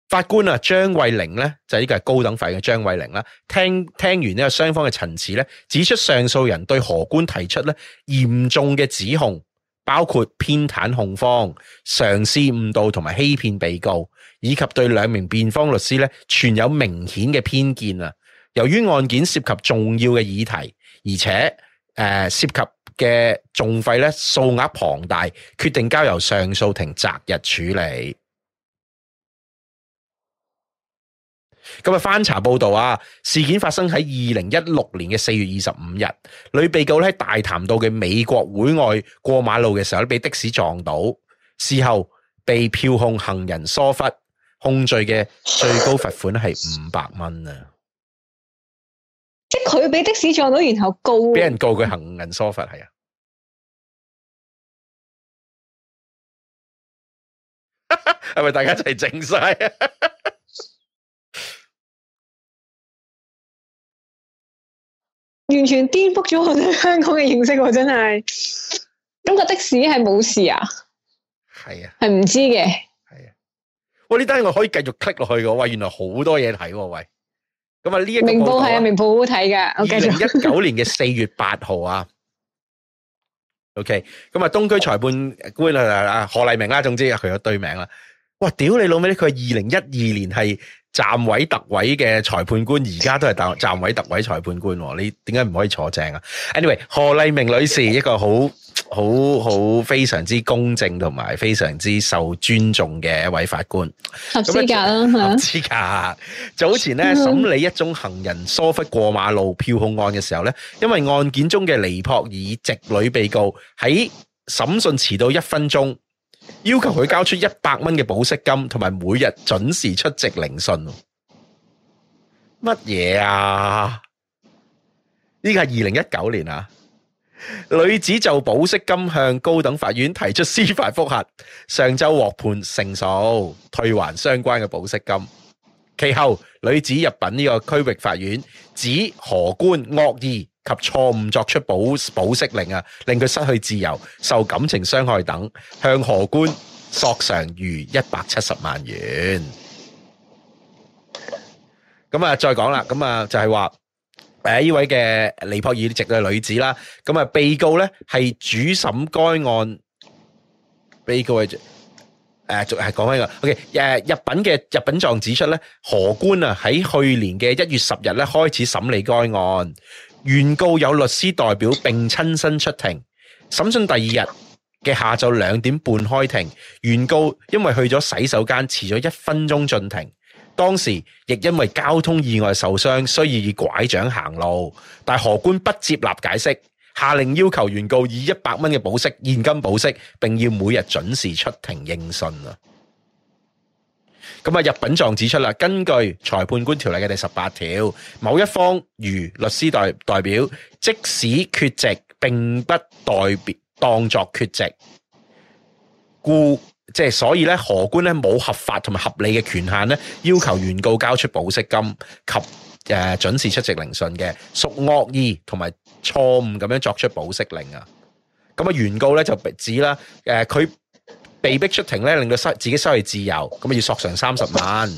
法官啊，張慧玲咧，就呢個係高等法院嘅張慧玲啦。聽聽完呢個雙方嘅陳詞咧，指出上訴人對何官提出咧嚴重嘅指控，包括偏袒控方、嘗試誤導同埋欺騙被告，以及對兩名辯方律師咧存有明顯嘅偏見啊。由於案件涉及重要嘅議題，而且誒涉及。嘅訟費咧數額龐大，決定交由上訴庭擇日處理。今日翻查報道啊，事件發生喺二零一六年嘅四月二十五日，女被告咧喺大潭道嘅美國會外過馬路嘅時候被的士撞到，事後被票控行人疏忽，控罪嘅最高罰款係五百蚊啊。佢俾的士撞到，然後告，俾人告佢行銀疏法係啊，係 咪大家一齊整晒啊？ 完全顛覆咗我對香港嘅認識，真係。咁個的士係冇事啊？係啊，係唔知嘅。係啊，哇！呢單我可以繼續 click 落去嘅、啊，喂，原來好多嘢睇，喂。咁啊呢一個報明報係啊，明報好睇嘅，我繼續。一九年嘅四月八號啊，OK，咁啊東區裁判官啊何麗明啦，總之佢有對名啦。哇，屌你老味咧，佢係二零一二年係暫委特委嘅裁判官，而家都係暫暫委特委裁判官，你點解唔可以坐正啊？Anyway，何麗明女士一個好。好好非常之公正同埋非常之受尊重嘅一位法官，合資格啦，一合資格的早前咧審理一宗行人疏忽過馬路票控案嘅時候咧，因為案件中嘅尼泊爾籍女被告喺審訊遲到一分鐘，要求佢交出一百蚊嘅保釋金同埋每日準時出席聆訊。乜嘢啊？呢個係二零一九年啊！女子就保釋金向高等法院提出司法複核，上周獲判勝訴，退還相關嘅保釋金。其後，女子入稟呢個區域法院，指何官惡意及錯誤作出保保釋令啊，令佢失去自由、受感情傷害等，向何官索償逾一百七十萬元。咁啊，再講啦，咁啊、就是，就係話。誒，呢位嘅尼泊爾籍嘅女子啦，咁啊，被告咧係主審該案被告係誒，仲係講開個，OK，誒，日品嘅日品狀指出咧，何官啊喺去年嘅一月十日咧開始審理該案，原告有律師代表並親身出庭，審訊第二日嘅下晝兩點半開庭，原告因為去咗洗手間，遲咗一分鐘進庭。當時亦因為交通意外受傷，需要以，以拐杖行路，但何官不接納解釋，下令要求原告以一百蚊嘅保釋現金保釋，並要每日准時出庭應訊啊！咁啊，入稟狀指出啦，根據裁判官條例嘅第十八條，某一方如律師代代表，即使缺席，並不代表當作缺席，故。即係所以咧，何官咧冇合法同埋合理嘅權限咧，要求原告交出保釋金及誒準時出席聆訊嘅，屬惡意同埋錯誤咁樣作出保釋令啊！咁啊，原告咧就指啦，誒，佢被逼出庭咧，令到失自己失去自由，咁要索償三十萬。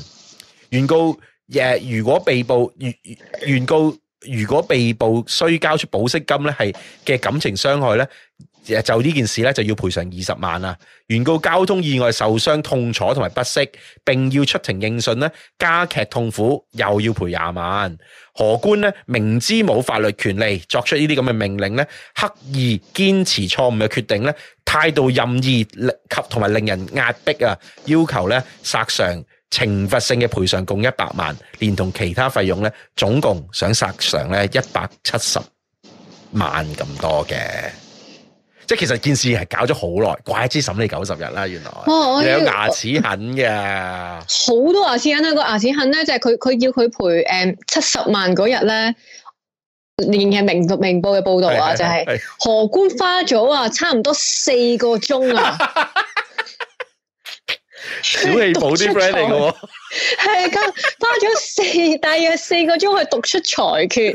原告誒，如果被捕，原原告如果被捕，被捕需交出保釋金咧，係嘅感情傷害咧。就呢件事咧，就要賠償二十萬啊！原告交通意外受傷痛楚，同埋不適，並要出庭應訊咧，加劇痛苦，又要賠廿萬。何官咧明知冇法律權利作出呢啲咁嘅命令咧，刻意堅持錯誤嘅決定咧，態度任意及同埋令人壓迫啊！要求咧索償懲罰性嘅賠償共一百萬，連同其他費用咧，總共想索償咧一百七十萬咁多嘅。即係其實件事係搞咗好耐，怪之審你九十日啦，原來你、哦這個、有牙齒痕嘅，好多牙齒痕啦，嗰個牙齒痕咧就係佢佢要佢賠誒七十萬嗰日咧，連日明明報嘅報道啊，就係荷官花咗啊差唔多四個鐘啊。小氣好啲 friend 嚟嘅係啊，花咗四大約四個鐘去讀出裁決，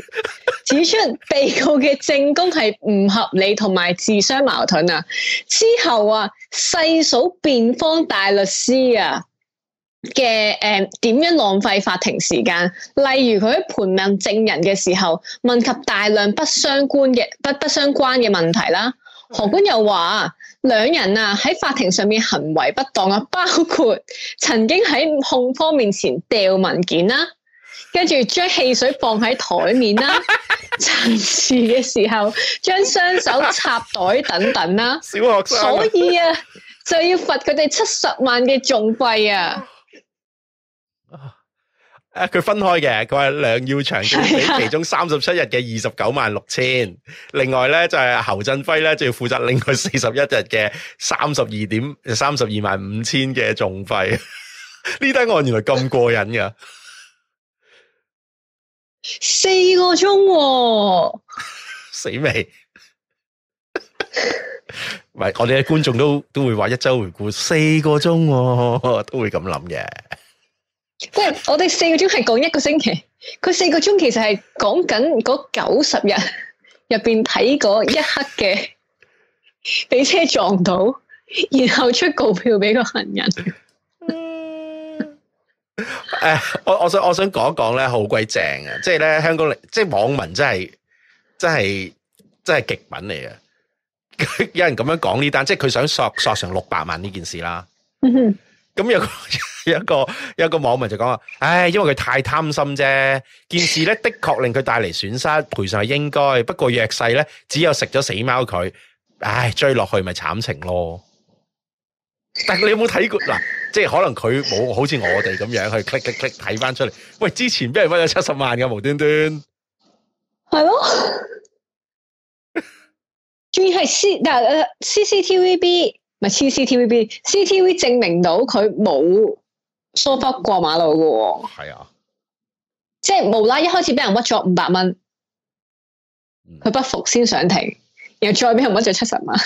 指出被告嘅證供係唔合理同埋自相矛盾啊！之後啊，細數辯方大律師啊嘅誒，點、呃、樣浪費法庭時間？例如佢喺盤問證人嘅時候，問及大量不相關嘅不不相關嘅問題啦。何官又話。兩人啊喺法庭上面行為不當啊，包括曾經喺控方面前掉文件啦、啊，跟住將汽水放喺台面啦、啊， 陳詞嘅時候將雙手插袋等等啦、啊，啊、所以啊就要罰佢哋七十萬嘅訟費啊。啊！佢分開嘅，佢話梁耀祥要俾其中三十七日嘅二十九萬六千，另外咧就係侯振輝咧，就要負責另外四十一日嘅三十二點三十二萬五千嘅重費。呢單案原來咁過癮噶，四個鐘喎，死未？唔係我哋嘅觀眾都都會話一週回顧四個鐘喎，都會咁諗嘅。即係 我哋四個鐘係講一個星期，佢四個鐘其實係講緊嗰九十日入邊睇嗰一刻嘅俾車撞到，然後出告票俾個行人。誒、 嗯，我我想我想講一講咧，好鬼正啊！即係咧，香港即係、就是、網民真係真係真係極品嚟嘅。有人咁樣講呢單，即係佢想索索成六百萬呢件事啦。嗯咁有，有一個有一個網民就講話，唉，因為佢太貪心啫，件事咧的確令佢帶嚟損失，賠償係應該。不過弱勢咧，只有食咗死貓佢，唉，追落去咪慘情咯。但係你有冇睇過嗱、啊？即係可能佢冇好似我哋咁樣去 click click click 睇翻出嚟。喂，之前俾人屈咗七十萬嘅無端端，係咯，仲要係 C 嗱 CCTVB。咪 CCTV B，CCTV 證明到佢冇疏忽過馬路噶，係啊的，即係無啦，一開始畀人屈咗五百蚊，佢、嗯、不服先上庭，然後再畀人屈咗七十萬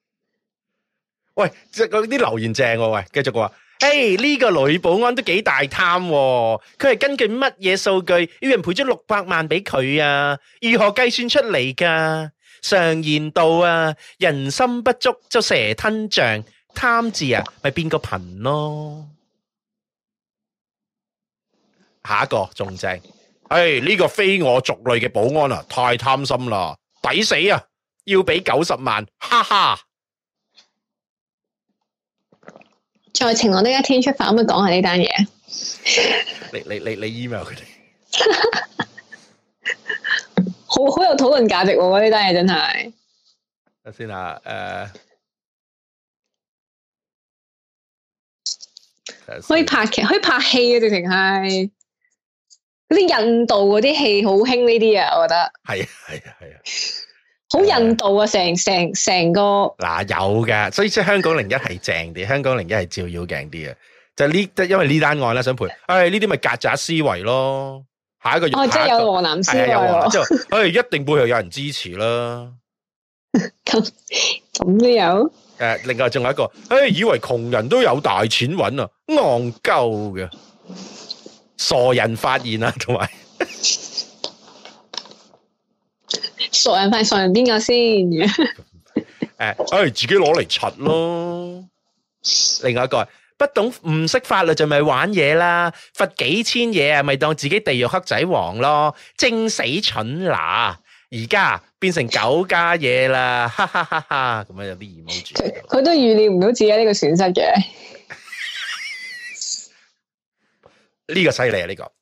喂些、啊。喂，即係嗰啲留言正喎，喂，繼續話，誒，呢個女保安都幾大貪、啊，佢係根據乜嘢數據要人賠咗六百萬俾佢啊？如何計算出嚟噶？常言道啊，人心不足就蛇吞象，貪字啊咪變個貧咯。下一個仲正，誒，呢個非我族類嘅保安啊，太貪心啦，抵死啊，要俾九十萬，哈哈。再情我呢一天出發，可唔可以講下呢單嘢？你你你你 email 佢哋。 好好有討論價值喎，啊，呢單嘢真係。先啦，誒，可以拍劇，可以拍戲啊，直情係。啲印度嗰啲戲好興呢啲啊，我覺得。係啊係啊係啊，好，啊啊啊，印度啊，成成成個，啊。嗱有嘅，所以即係香港零一係正啲，香港零一係照妖鏡啲啊。就呢，因為呢單案咧想賠，哎呢啲咪曱甴思維咯。下一個哦，個即係有河南之外，誒，一定背後有人支持啦。咁咁都有。誒，另外仲有一個，誒、哎，以為窮人都有大錢揾啊，戇鳩嘅。傻人發現啊，同埋 傻人犯傻人邊個先？誒，誒，自己攞嚟柒咯。 另外一個。不懂唔識法律就咪玩嘢啦，罰幾千嘢啊，咪當自己地獄黑仔王咯，精死蠢乸！而家變成九家嘢啦， 哈哈哈哈！咁樣有啲二毛住，佢都預料唔到自己呢個損失嘅。呢 個犀利啊！呢、這個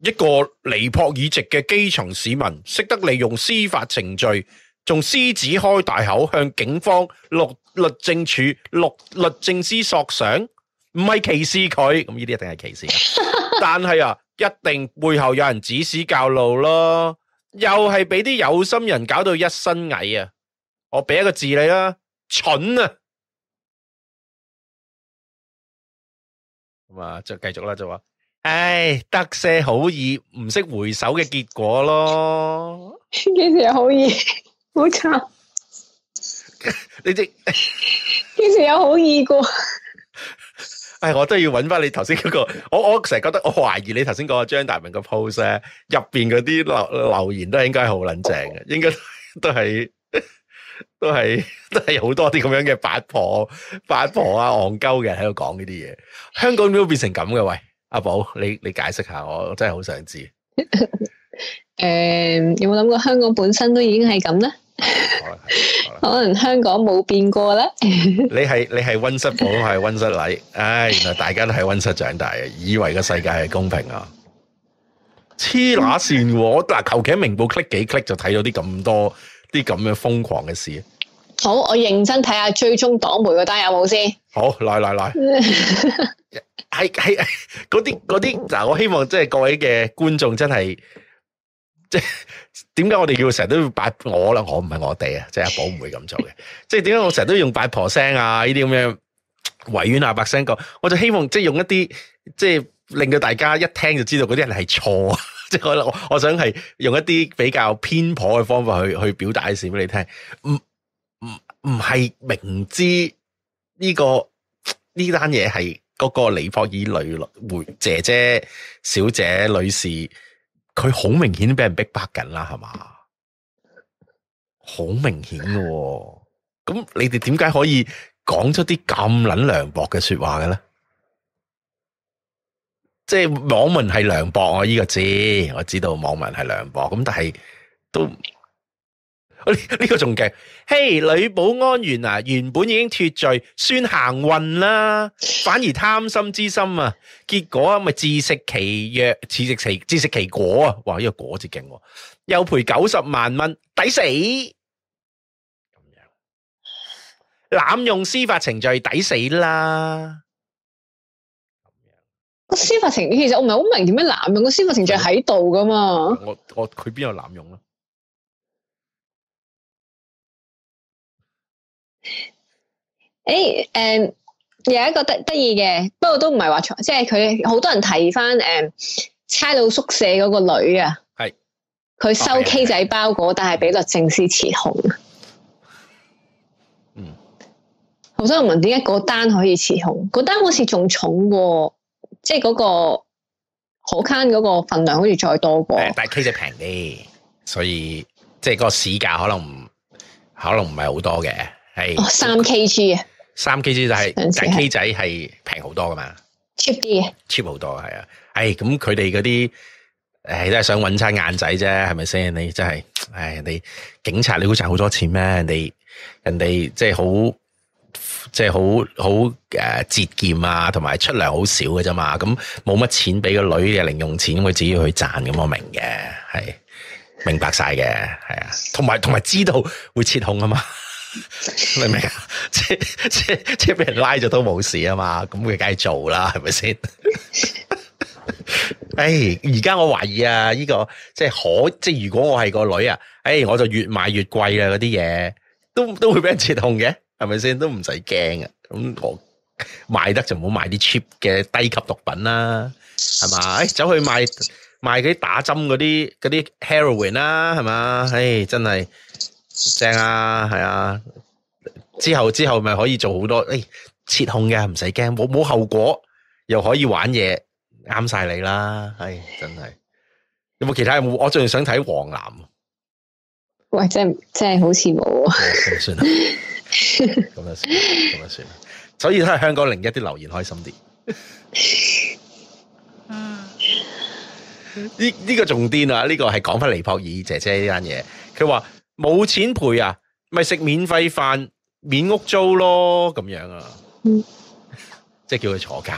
一個尼泊以籍嘅基層市民，識得利用司法程序，仲獅子開大口向警方錄。律政署律，律政司索想，唔係歧視佢，咁呢啲一定係歧視。 但係啊，一定背後有人指使教路咯，又係俾啲有心人搞到一身蟻啊！我俾一個字你啦，蠢啊！咁啊， 就繼續啦，就話，唉，得些好意唔識回首嘅結果咯。幾時 好意好慘。 你啲件事有好意過， 哎，我都要揾翻你頭先嗰個，我我成日覺得我懷疑你頭先講個張大明個 post 入邊嗰啲留留言都係應該好撚正嘅，應該都係都係都係好多啲咁樣嘅八婆八婆啊，戇鳩嘅喺度講呢啲嘢，香港點會變成咁嘅？喂，阿寶，你你解釋下，我真係好想知。誒、 嗯，有冇諗過香港本身都已經係咁咧？可能香港冇變過啦。 你係你係溫室寶係溫室禮，唉、哎，原來大家都係溫室長大，以為個世界係公平啊！黐乸線，嗱，求其明報 click 幾 click 就睇到啲咁多啲咁嘅瘋狂嘅事。好，我認真睇下追蹤黨媒個單有冇先。好，來來來，係係嗰啲啲嗱，我希望即係各位嘅觀眾真係。即係點解我哋要成日都要八婆我咧？我唔係我哋，就是， 啊！即係阿寶唔會咁做嘅。即係點解我成日都用八婆聲啊？呢啲咁樣維園阿伯聲講，我就希望即係用一啲即係令到大家一聽就知道嗰啲人係錯。即係可能我我想係用一啲比較偏頗嘅方法去去表達一事俾你聽。唔唔唔係明知呢，呢個呢單嘢係嗰個李科爾女女姐姐小姐女士。佢好明顯俾人逼迫緊啦，係嘛？好明顯嘅，咁你哋點解可以講出啲咁撚涼薄嘅、就是、說話嘅咧？即係網民係涼薄啊！呢個字我知道，網民係涼薄，咁但係都呢、啊，這個仲勁。嘿，hey, 女保安員啊，原本已經脫罪，算行運啦，反而貪心之心啊，結果啊，咪自食其約，自食其自食其果啊！哇，呢、這個果子勁、啊，又賠九十萬蚊，抵死、啊！濫用司法程序，抵死啦、啊！咁個司法程序，其實我唔係好明點樣濫用個司法程序喺度噶嘛？我我佢邊有濫用啊？誒，誒、欸嗯，有一個得得意嘅，不過都唔係話錯，即係佢好多人提翻誒，差、嗯、到宿舍嗰個女啊，係是，佢收 K 仔包裹，哦、但係俾律政司持控。嗯，好想問點解嗰單可以持控？嗰單好似仲重過，即係嗰個可 c 嗰個份量好似再多過，是的但係 K 仔平啲，所以即係嗰個市價可能不可能唔係好多嘅。係三是、哦、K G 啊，三 K G 就係、是、但 K 仔係平好多噶嘛，cheap 啲，cheap 好多係啊。誒，咁佢哋嗰啲誒都係想搵餐晏仔啫，係咪先？你真係誒、哎，人哋警察你估賺好多錢咩？人哋人哋即係好即係好好誒，節儉、就是呃、啊，同埋出糧好少嘅啫嘛。咁冇乜錢俾個女嘅零用錢，佢自己去賺，咁我明嘅，係明白晒嘅，係啊，同埋同埋知道會撤控啊嘛。明唔明啊？即係即係即係俾人拉咗都冇事啊嘛，咁佢梗係做啦，係咪先？誒、 哎，而家我懷疑啊，呢、這個即係可即係如果我係個女啊，誒、哎，我就越賣越貴啦，嗰啲嘢都都會俾人截聽嘅，係咪先？都唔使驚啊，咁我賣得就唔好賣啲 cheap 嘅低級毒品啦，係嘛、哎？走去賣賣嗰啲打針嗰啲嗰啲 heroin 啦，係嘛、啊？唉、哎，真係。正啊，係啊，之後之後咪可以做好多誒、哎，切控嘅，唔使驚，冇冇後果，又可以玩嘢，啱晒你啦，唉、哎，真係。有冇有其他冇有有？我最想睇黃藍啊！喂，真真係好似冇、啊哎。咁啊算，啦！ 咁啊算。所以都係香港另一啲留言開心啲。呢呢個仲癲啊！呢、嗯這個係講翻尼泊爾姐姐呢單嘢，佢話。冇錢賠啊，咪食免費飯、免屋租咯，咁樣啊，嗯、即係叫佢坐監，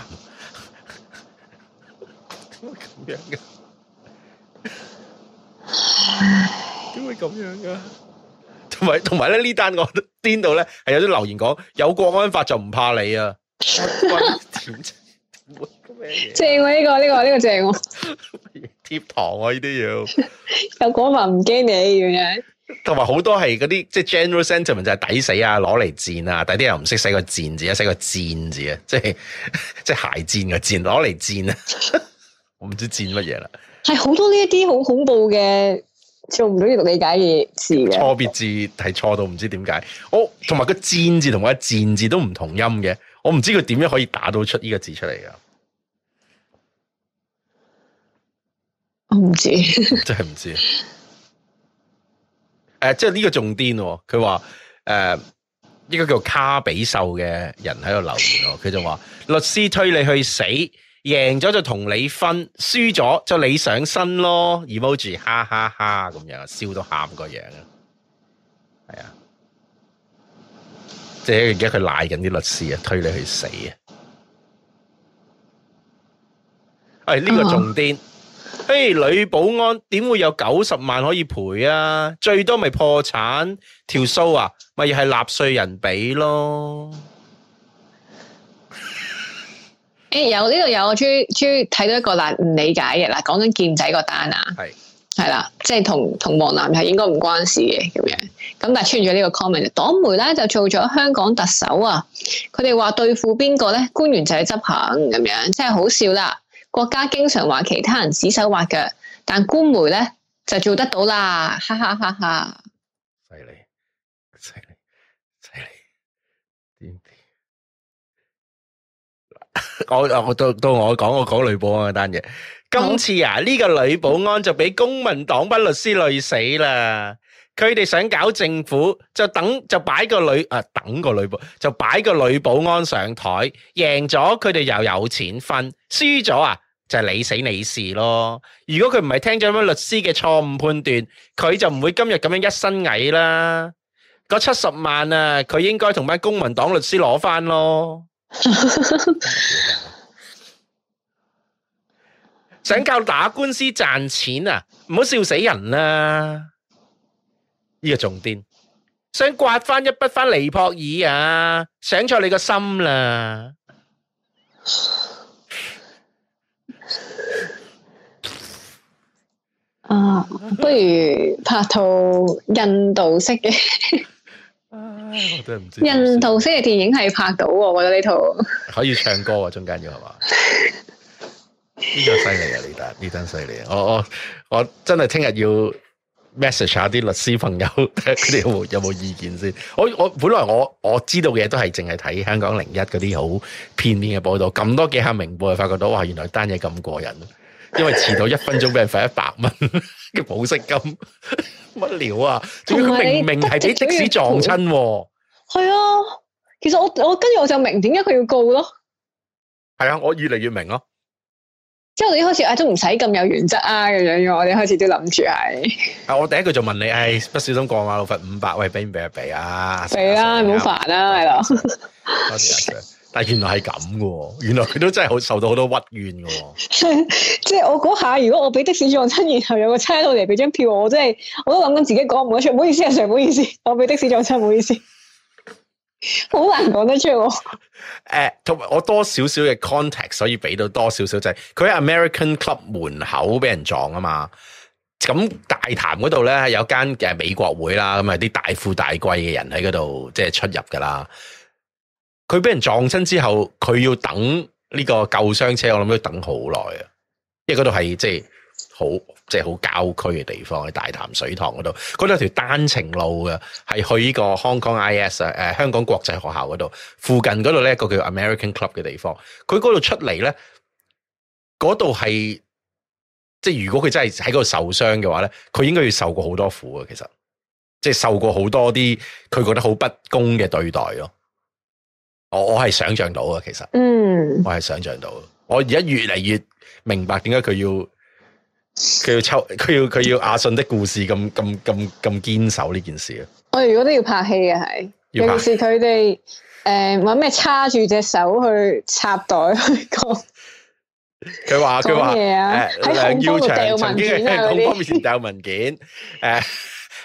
點 會咁樣㗎、啊？點會咁樣噶、啊？同埋同埋咧呢單我癲到咧，係 有啲留言講有國安法就唔怕你啊， 正喎、啊、呢、呢個呢、呢個呢、呢個正喎、啊， 貼堂啊呢啲要 有國安唔驚你、啊，樣嘢。同埋好多係嗰啲即係、就是、general sentiment 就係抵死啊，攞嚟賤啊，但啲人唔識使個賤字，使個箭字啊，即係即係鞋箭個箭攞嚟賤啊，呵呵我唔知賤乜嘢啦。係好多呢一啲好恐怖嘅做唔到閱讀理解嘅字嘅錯別字，係錯到唔知點解、哦。我同埋個賤字同埋箭字都唔同音嘅，我唔知佢點樣可以打到出呢個字出嚟噶。我唔知，真係唔知。誒，即係呢個仲癲，佢話誒，呢，呃、個叫卡比秀嘅人喺度留言，佢就話 律師推你去死，贏咗就同你分，輸咗就你上身咯，emoji 哈哈哈咁樣，笑到喊個樣啊，係啊，即係而家佢賴緊啲律師啊，推你去死啊，誒、這、呢個仲癲。Uh huh. 嘿，女、hey，保安點會有九十萬可以賠啊？最多咪破產條數啊，咪係納稅人俾咯。誒、欸，有呢度有我終於終於睇到一個難唔理解嘅啦，講緊劍仔個單啊，係係啦，即係同同黃男係應該唔關事嘅咁樣，咁但係出現咗呢個 comment，黨媒咧就做咗香港特首啊，佢哋話對付邊個咧？官員就係執行咁樣，真係好笑啦。國家經常話其他人指手畫腳，但官媒咧就做得到啦！哈哈哈！哈，犀利，犀利，犀利！ 我我到到我講我講女保安嗰單嘢。今次啊，呢、這個女保安就俾公民黨班律師累死啦！佢哋 想搞政府，就等就擺個女啊，等個女保就擺個女保安上台，贏咗佢哋又有錢分，輸咗啊！就係你死你事咯。如果佢唔係聽咗咩律師嘅錯誤判斷，佢就唔會今日咁樣一身蟻啦。嗰七十萬啊，佢應該同班公民黨律師攞翻咯。 想靠打官司賺錢啊？唔好笑死人啦！呢、這個仲癲，想刮翻一筆翻尼泊爾啊？想錯你個心啦！啊、哦，不如拍套印度式嘅。 印度式嘅電影係拍到喎，我覺得呢套可以唱歌喎，啊，中間要係嘛？呢 個犀利啊，呢單，呢單犀利啊！我我我真係聽日要 message 下啲律師朋友，佢哋有有冇意見先？我我本來我我知道嘅嘢都係淨係睇香港零一嗰啲好片面嘅報道，咁多幾下明報，就發覺到哇，原來單嘢咁過癮。因為遲到一分鐘俾人罰一百蚊嘅保釋金，乜料啊？仲要佢明明係俾的士撞親，係啊！其實我我跟住我就明點解佢要告咯。係啊，我越嚟越明咯。之後我哋一開始嗌都唔使咁有原則啊，咁樣樣我哋開始都諗住係。啊，我第一句就問你，唉，不小心過馬路罰五百，喂，俾唔俾啊？俾啊，唔好煩啊，係咯。但原來係咁嘅喎，原來佢都真係好受到好多屈冤嘅喎。即係 我嗰下，如果我俾的士撞親，然後有個差佬嚟俾張票，我真、就、係、是、我都諗緊自己講唔得出，唔好意思啊，Sir，唔好意思，我俾的士撞親，唔好意思，好 難講得出喎、哦。同埋、uh, 我多少少嘅 context, 所以俾到多少少就係佢喺 American Club 門口俾人撞啊嘛。咁大潭嗰度咧有間誒美國會啦，咁啊啲大富大貴嘅人喺嗰度即係出入噶啦。佢俾人撞親之後，佢要等呢個救傷車，我諗都等好耐啊！因為嗰度係即係好即係好郊區嘅地方，喺大潭水塘嗰度。嗰度有條單程路嘅，係去呢個 Hong Kong IS 啊、呃，誒香港國際學校嗰度。附近嗰度呢，一個叫 American Club 嘅地方，佢嗰度出嚟呢，嗰度係即係如果佢真係喺嗰度受傷嘅話呢，佢應該要受過好多苦啊！其實，即係受過好多啲佢覺得好不公嘅對待咯。我我係想象到嘅，其實，我係想象到。我而家越嚟越明白點解佢要佢要抽佢要佢要阿信的故事咁咁咁咁堅守呢件事啊！我哋如果都要拍戲嘅係，尤其是佢哋誒，話咩叉住隻手去插袋去講。佢話佢話誒，梁耀祥文件，同方面善有文件。誒，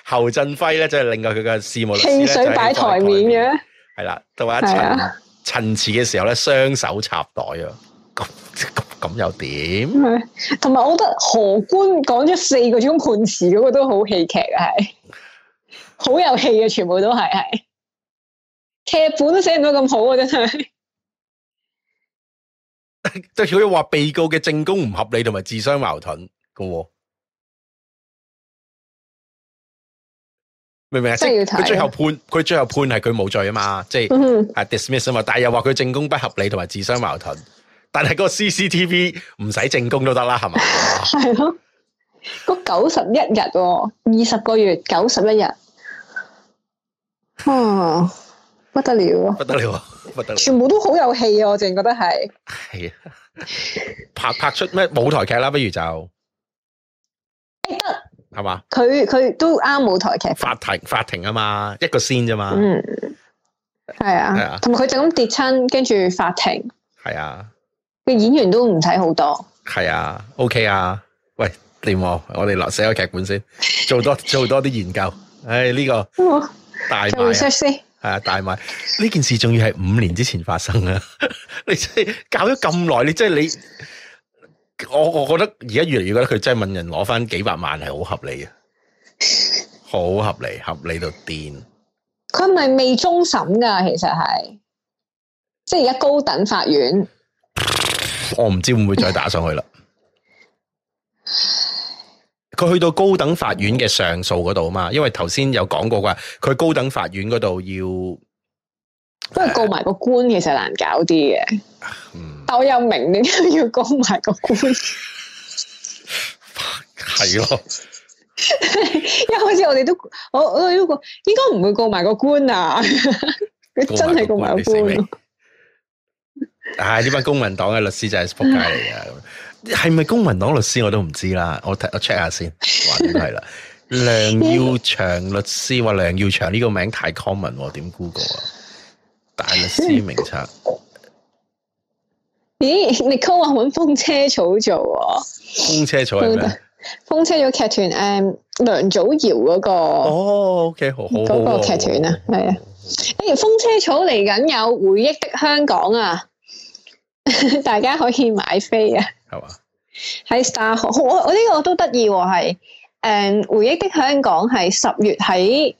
侯振輝咧，即係另外佢嘅事務律師咧，就係在台面嘅。係啦，到一齊陳詞嘅時候咧，雙手插袋啊，咁 咁又點？同埋我覺得何官講咗四個鐘判詞嗰個都好戲劇啊，係好有戲啊，全部都係係，劇本都寫唔到咁好啊，真係。對佢又話被告嘅證供唔合理，同埋自相矛盾嘅，哦。明唔明啊？即係要睇佢最後判，佢最後判係佢冇罪啊嘛，mm hmm. 即係 dismiss 啊嘛，但係又話佢證供不合理同埋自相矛盾，但係嗰個 CCTV 唔使證供都得啦，係嘛？係咯， 嗰九十一日，二十個月，九十一日，嗯 ，不得了啊，不得了，不得了。全部都好有戲啊！我淨覺得係，係 啊、哎，拍拍出咩舞台劇啦？不如就。 係嘛？佢佢都啱舞台劇。法庭法庭啊嘛，一個 scene 啫嘛。嗯，係啊，係啊。同埋佢就咁跌親，跟住法庭。係啊。個演員都唔睇好多。係啊，OK 啊。喂，連我哋落寫個劇本先，做多做多啲研究。唉、 哎，呢、這個、哦、大 research 先，係啊，大埋。呢件事仲要係五年之前發生啊。 你即係搞咗咁耐，你即係你。我我覺得而家越嚟越覺得佢真係問人攞翻幾百萬係好合理嘅，好 合理，合理到癲。佢咪未終審噶？其實係，即係而家高等法院。我唔知會唔會再打上去啦。佢 去到高等法院嘅上訴嗰度啊嘛，因為頭先有講過話，佢高等法院嗰度要。不過告埋個官其實難搞啲嘅，嗯、但我又明你點解要告埋個官？係咯 的， 一開始我哋都我我呢個應該唔會告埋個官啊！佢 真係告埋個官。唉，呢班公民黨嘅律師就係仆街嚟噶，係咪 公民黨律師我都唔知啦。我睇我 check 下先，原來係啦。 梁耀祥律師話梁耀祥呢個名太 common，點 Google 啊？大師名冊？策 咦你 Nicole 話搵風車草做喎、啊。風車草係咩？風車草劇團誒，梁祖堯嗰、那個。哦、oh,，OK，好。嗰、那個劇團啊，係啊。誒，風車草嚟緊有回憶的香港啊， 大家可以買飛啊。係嘛 吧？喺 Star，我呢個都得意喎，係誒、嗯，回憶的香港係十月喺。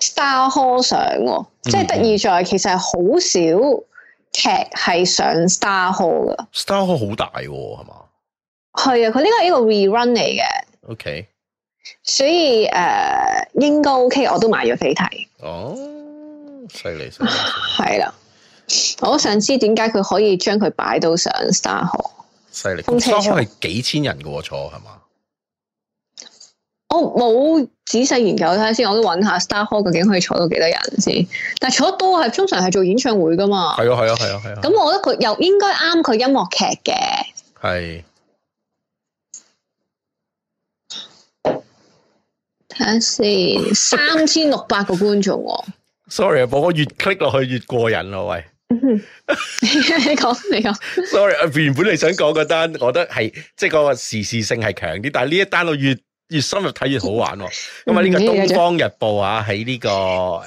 Star Hall 上喎，即係得意在，嗯、其實好少劇係上 Star Hall 噶。Star Hall 好大喎，係嘛？係啊，佢呢個係一個 rerun 嚟嘅。O Okay . K，所以誒、呃，應該 O、OK, K，我都買咗飛睇。哦，犀利，犀利，係啦。 我想知點解佢可以將佢擺到上 Star Hall？犀利害，Star Hall 係幾千人嘅坐，係嘛？我冇、oh，仔細研究睇下先看看，我都揾下 Star Hall 究竟可以坐到幾多人先。但係坐得多係通常係做演唱會噶嘛。係啊係啊係啊係啊。咁我覺得佢又應該啱佢音樂劇嘅。係是。睇下先，三千六百個觀眾。 Sorry，我越 click 落去越過癮咯，喂。 你講你講。Sorry，原本你想講嗰單，我覺得係即係個時事性係強啲，但係呢一單我越。越深入睇越好玩。哦，咁啊呢個《東方日報》啊，喺呢，嗯這個《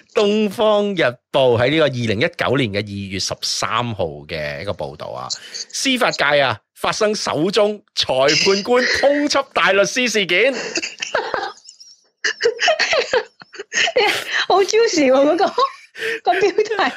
東方日報》喺呢個二零一九年嘅二月十三號嘅一個報道啊，司法界啊發生首宗裁判官通緝大律師事件，好 juicy 嗰個個標題，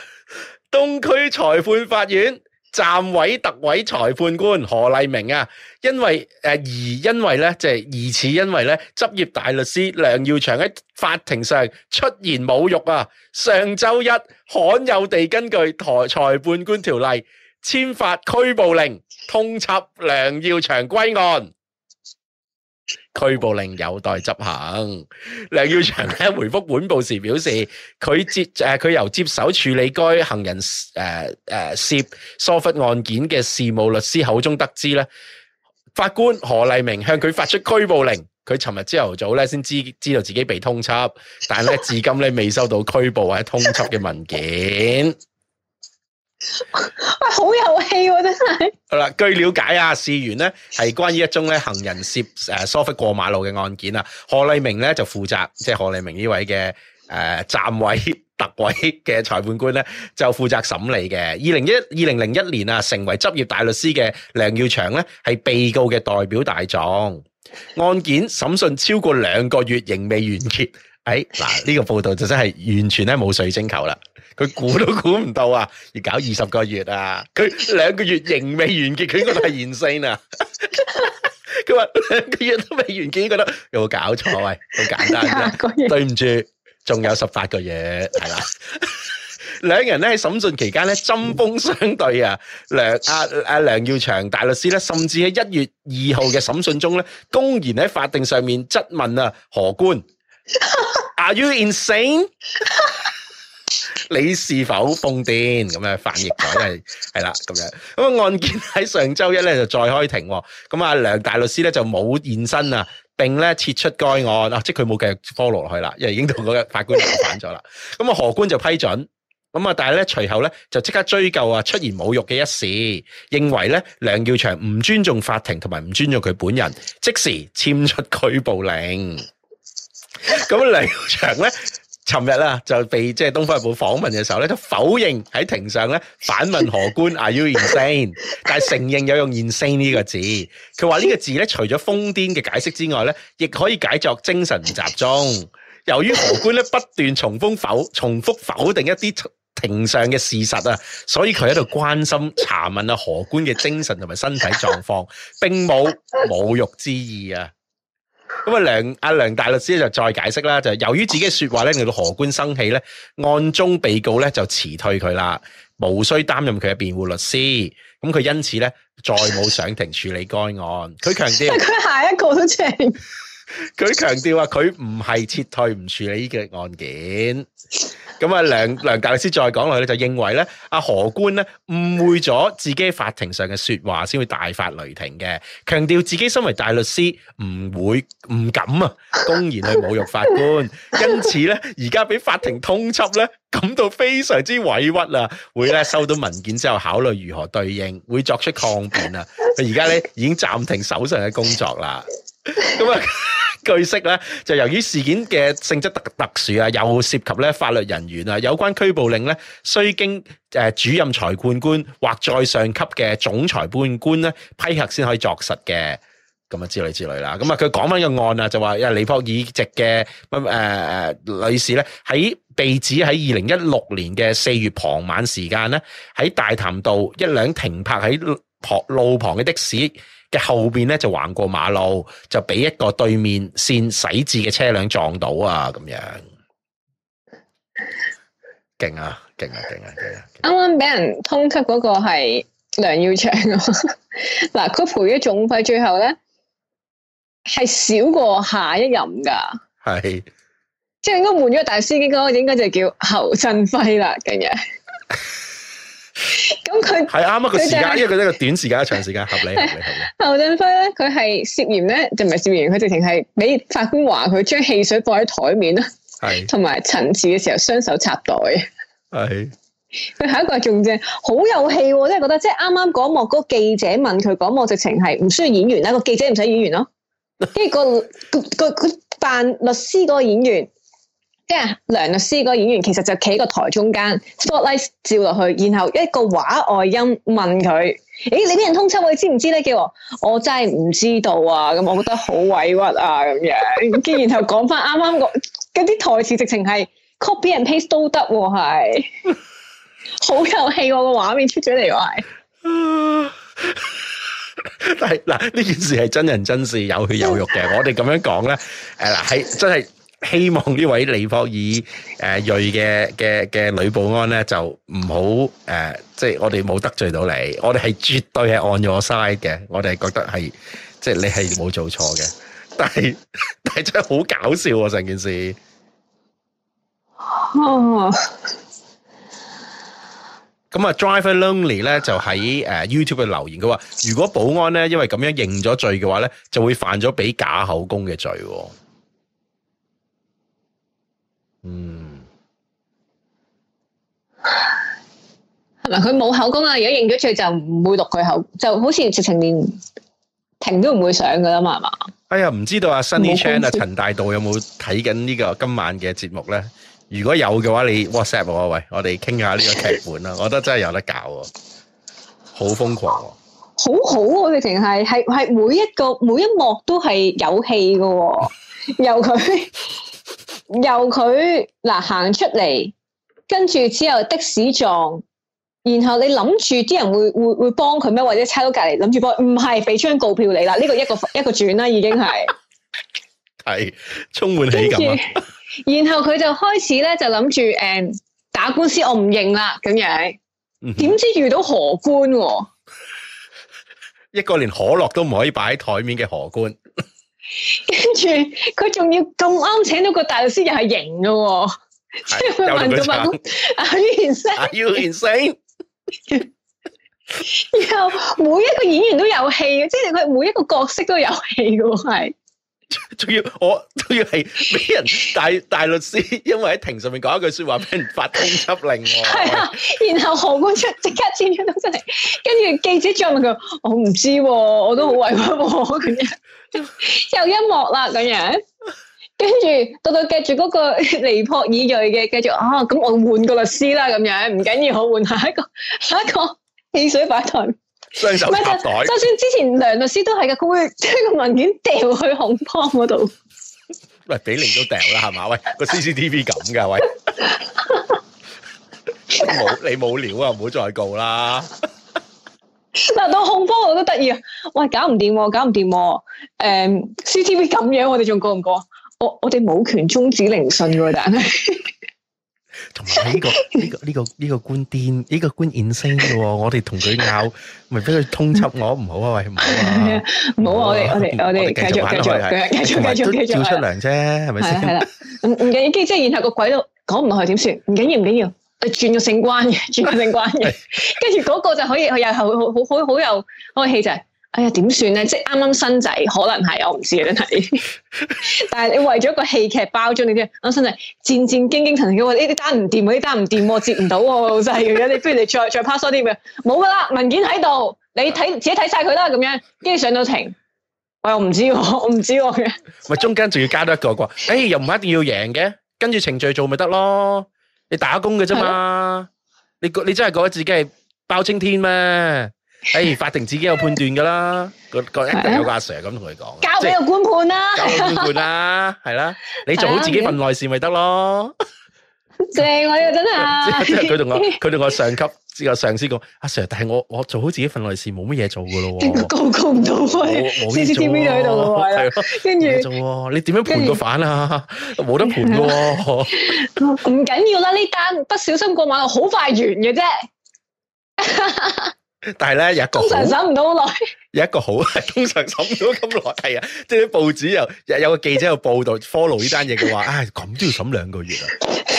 東區裁判法院，站委特委裁判官何麗明啊，因為誒而因為咧，即係疑似因為咧，執業大律師梁耀祥喺法庭上出言侮辱啊，上周一罕有地根據台裁判官條例簽發拘捕令，通緝梁耀祥歸案。拘捕令有待執行。梁耀祥喺回覆本報時表示，佢接誒佢由接手處理該行人誒誒、呃啊、涉疏忽案件嘅事務律師口中得知咧，法官何麗明向佢發出拘捕令，佢尋日朝頭早咧先知知道自己被通緝，但係咧至今咧未收到拘捕或者通緝嘅文件。喂，好有氣喎，啊，真係。嗱，據了解啊，事源咧係關於一宗咧行人涉誒疏忽過馬路嘅案件啊。何麗明咧就負責，即係何麗明呢位嘅誒，呃、站委特委嘅裁判官咧，就負責審理嘅。二零一二零零一年啊，成為執業大律師嘅梁耀祥咧係被告嘅代表大狀。案件審訊超過兩個月仍未完結。誒，嗱呢個報道就真係完全咧冇水晶球啦，佢估都估唔到啊！要搞二十個月啊，佢兩個月仍未完結，佢應該係延性啊！佢話兩個月都未完結，覺得有冇搞錯？喂，好簡單啫，對唔住，仲有十八個月係啦。兩人咧喺審訊期間咧針鋒相對啊，梁阿阿梁耀祥大律師咧，甚至喺一月二號嘅審訊中咧，公然喺法庭上面質問啊何官。你是否瘋癲咁樣反譯過？係係啦咁樣。咁啊，案件喺上周一咧就再開庭，咁啊梁大律師咧就冇現身呢啊，並咧撤出該案，即係佢冇繼續 follow 落去啦，因為已經同嗰個法官講反咗啦。咁啊，何官就批准，咁啊，但係咧隨後咧就即刻追究啊，出言侮辱嘅一事，認為咧梁耀祥唔尊重法庭同埋唔尊重佢本人，即時簽出拘捕令。咁梁耀祥呢，咧，尋日啦就被即係《東方日報》訪問嘅時候咧，就否認喺庭上咧反問何官 are you insane，但係承認有用 insane 呢、呢個字。佢話呢個字咧，除咗瘋癲嘅解釋之外咧，亦可以解作精神唔集中。由於何官咧不斷重複否重複否定一啲庭上嘅事實啊，所以佢喺度關心查問啊何官嘅精神同埋身體狀況，並冇侮辱之意啊。咁啊，梁阿梁大律師就再解釋啦，就由於自己嘅說話咧令到何官生氣咧，案中被告咧就辭退佢啦，無需擔任佢嘅辯護律師。咁佢因此咧再冇上庭處理該案。佢 強調，佢下一個都請。 佢強調話佢唔係撤退，唔處理呢個案件。咁啊，梁梁大律師再講落去就認為咧，阿何官咧誤會咗自己法庭上嘅說話，先會大發雷霆嘅。強調自己身為大律師，唔會唔敢啊，公然去侮辱法官。因此咧，而家俾法庭通緝咧。感到非常之委屈啦，會咧收到文件之後考慮如何對應，會作出抗辯啊！佢而家咧已經暫停手上嘅工作啦。咁啊，據悉咧就由於事件嘅性質特特殊啊，又涉及咧法律人員啊，有關拘捕令咧，需經誒主任裁判官或再上級嘅總裁判官咧批核先可以作實嘅咁啊之類之類啦。咁啊，佢講翻個案啊，就話尼泊爾籍嘅乜誒誒女士咧喺。地址喺二零一六年嘅四月傍晚時間咧，喺大潭道一輛停泊喺旁路旁嘅的，的士嘅後邊咧，就橫過馬路，就俾一個對面線駛至嘅車輛撞到啊！咁樣，勁啊，勁啊，勁啊，勁啊！啱啱俾人通緝嗰個係梁耀祥啊！嗱， 佢賠咗總費最後咧係少過下一任噶，係。即係應該換咗大師，應該應該就叫侯振輝啦，今 日他。咁佢係啱啱個時間，因為佢呢個短時間， 一長時間合理。合理理 侯振輝咧，佢係涉嫌咧，就唔係涉嫌，佢直情係俾法官話佢將汽水放喺台面咯。係同埋陳詞嘅時候，雙手插袋。係 佢 下一個仲正，好有戲，即係覺得即係啱啱嗰幕，嗰，嗰個、記者問佢嗰幕，直情係唔需要演員啦，嗰個記者唔使演員咯。跟住， 嗰個個個扮律師嗰個演員。即係、yeah, 梁律師個演員，其實就企喺個台中間 Spotlight 照落去，然後一個畫外音問佢：誒、欸，你俾人通緝，你知唔知咧？叫我，我真係唔知道啊！咁，我覺得好委屈啊！咁樣，跟然後講翻啱啱嗰啲台詞，直情係 copy and paste 都得、啊，係好有戲我個畫面出咗嚟，係。係嗱， 呢件事係真人真事，有血有肉嘅。 我哋咁樣講咧，誒，係真係。希望呢位尼泊爾誒裔嘅嘅嘅女保安咧，就唔好誒，即係我哋冇得罪到你，我哋係絕對係 on your side 嘅，我哋係覺得係即係你係冇做錯嘅，但係但係真係好搞笑啊成件事。啊！咁啊，Driver Lonely 咧就喺誒 YouTube 嘅留言，佢話如果保安咧因為咁樣認咗罪嘅話咧，就會犯咗俾假口供嘅罪喎。嗯，係咪佢冇口供啊？如果認咗罪就唔會錄佢口，就好似直情連停都唔會上噶啦嘛？係嘛？哎呀，唔知道阿 Sunny Chan 啊、陳大導有冇睇緊呢個今晚嘅節目咧？如果有嘅話，你 WhatsApp 我喂，我哋傾下呢個劇本啦。 我覺得真係有得搞，啊、哦，好瘋狂，好好啊！直情係係係每一個每一幕都係有戲噶、啊，由佢。 由佢嗱行出嚟，跟住之後的士撞，然後你諗住啲人會會會幫佢咩？或者差到隔籬諗住幫？唔係俾張告票你啦！呢、這個一個， 一，個一個轉啦，已經係係 充滿喜感。然後佢就開始咧就諗住誒打官司，我唔認啦咁樣。點 知遇到荷官喎、哦？ 一個連可樂都唔可以擺喺枱面嘅荷官。跟住佢仲要咁啱請到個大律師又係型嘅，即係是佢問咗問阿 U 先生，U 先生，you 然後每一個演員都有戲，即係佢每一個角色都有戲嘅，係，仲要我，仲要係俾人大大律師，因為喺庭上面講一句說話俾人發通緝令、哦，係啊，然後何官出即刻轉咗到出嚟。跟住記者再問佢，我唔知，我都好委屈。 又音樂啦，咁樣，跟住到到，記住嗰個尼泊爾裔嘅，繼續啊，咁我換個律師啦，咁樣，唔緊要，我換下一個，下一個汽水擺台，雙手插袋。就算之前梁律師都係嘅，佢會將個文件掉去控方嗰度。喂，比你都掉啦，係嘛？ 喂，個 C C T V 咁噶，喂，冇， 你冇料啊，唔好再告啦。嗱，到控方、啊啊嗯、我都得意啊！喂，搞唔掂喎，搞唔掂喎！C T V 咁樣，我哋仲過唔過？我我哋冇權終止聆訊㗎，但係同埋呢個呢個呢個呢個官癲，呢個官任性嘅喎，我哋同佢拗，咪俾佢通緝我唔好啊！喂，唔好啊！我哋我哋我哋繼續繼續繼續繼續繼續照出糧啫，係咪先？唔唔 緊要，即係然後個鬼都講唔落去點算？唔緊要，唔緊要。誒，轉咗性關嘅，轉咗性關嘅，跟住嗰個就可以，又係好好好好有嗰個戲就係，哎呀，點算咧？即係啱啱新仔，可能係我唔知嘅真係。但係你為咗個戲劇包裝你啲，啱新仔戰戰兢兢，同你講呢啲單唔掂，嗰啲單唔掂，我接唔到我老細，如果你不如你再再 pass 多啲咩？冇噶啦，文件喺度，你睇自己睇晒佢啦，咁樣跟住上到庭。我又唔知我，我唔知道我嘅。咪中間仲要加多一個啩？誒、欸，又唔係一定要贏嘅，跟住程序做咪得咯。你打工嘅啫嘛？你你真係覺得自己係包青天咩？哎，法庭自己有判斷噶啦，個個一定有個阿 Sir 咁同佢講。交俾個官判啦，官判啦，係啦，你做好自己份內事咪得咯。正我呢個真係，佢同我，佢同我上級。試過嘗試過，阿、啊、Sir，但係我我做好自己份內事，冇乜嘢做噶咯。我高高唔到位，CCTV 就喺度，跟住你點樣盤個反啊？冇得盤噶、啊，唔緊 要啦，呢單不小心過萬，好快完嘅啫。 但係咧有一個通常審唔到耐，有一個好係通常審唔到咁耐，係啊，即係啲報紙又有個記者又報道 follow 呢單嘢嘅話，唉，咁都要審兩個月啊，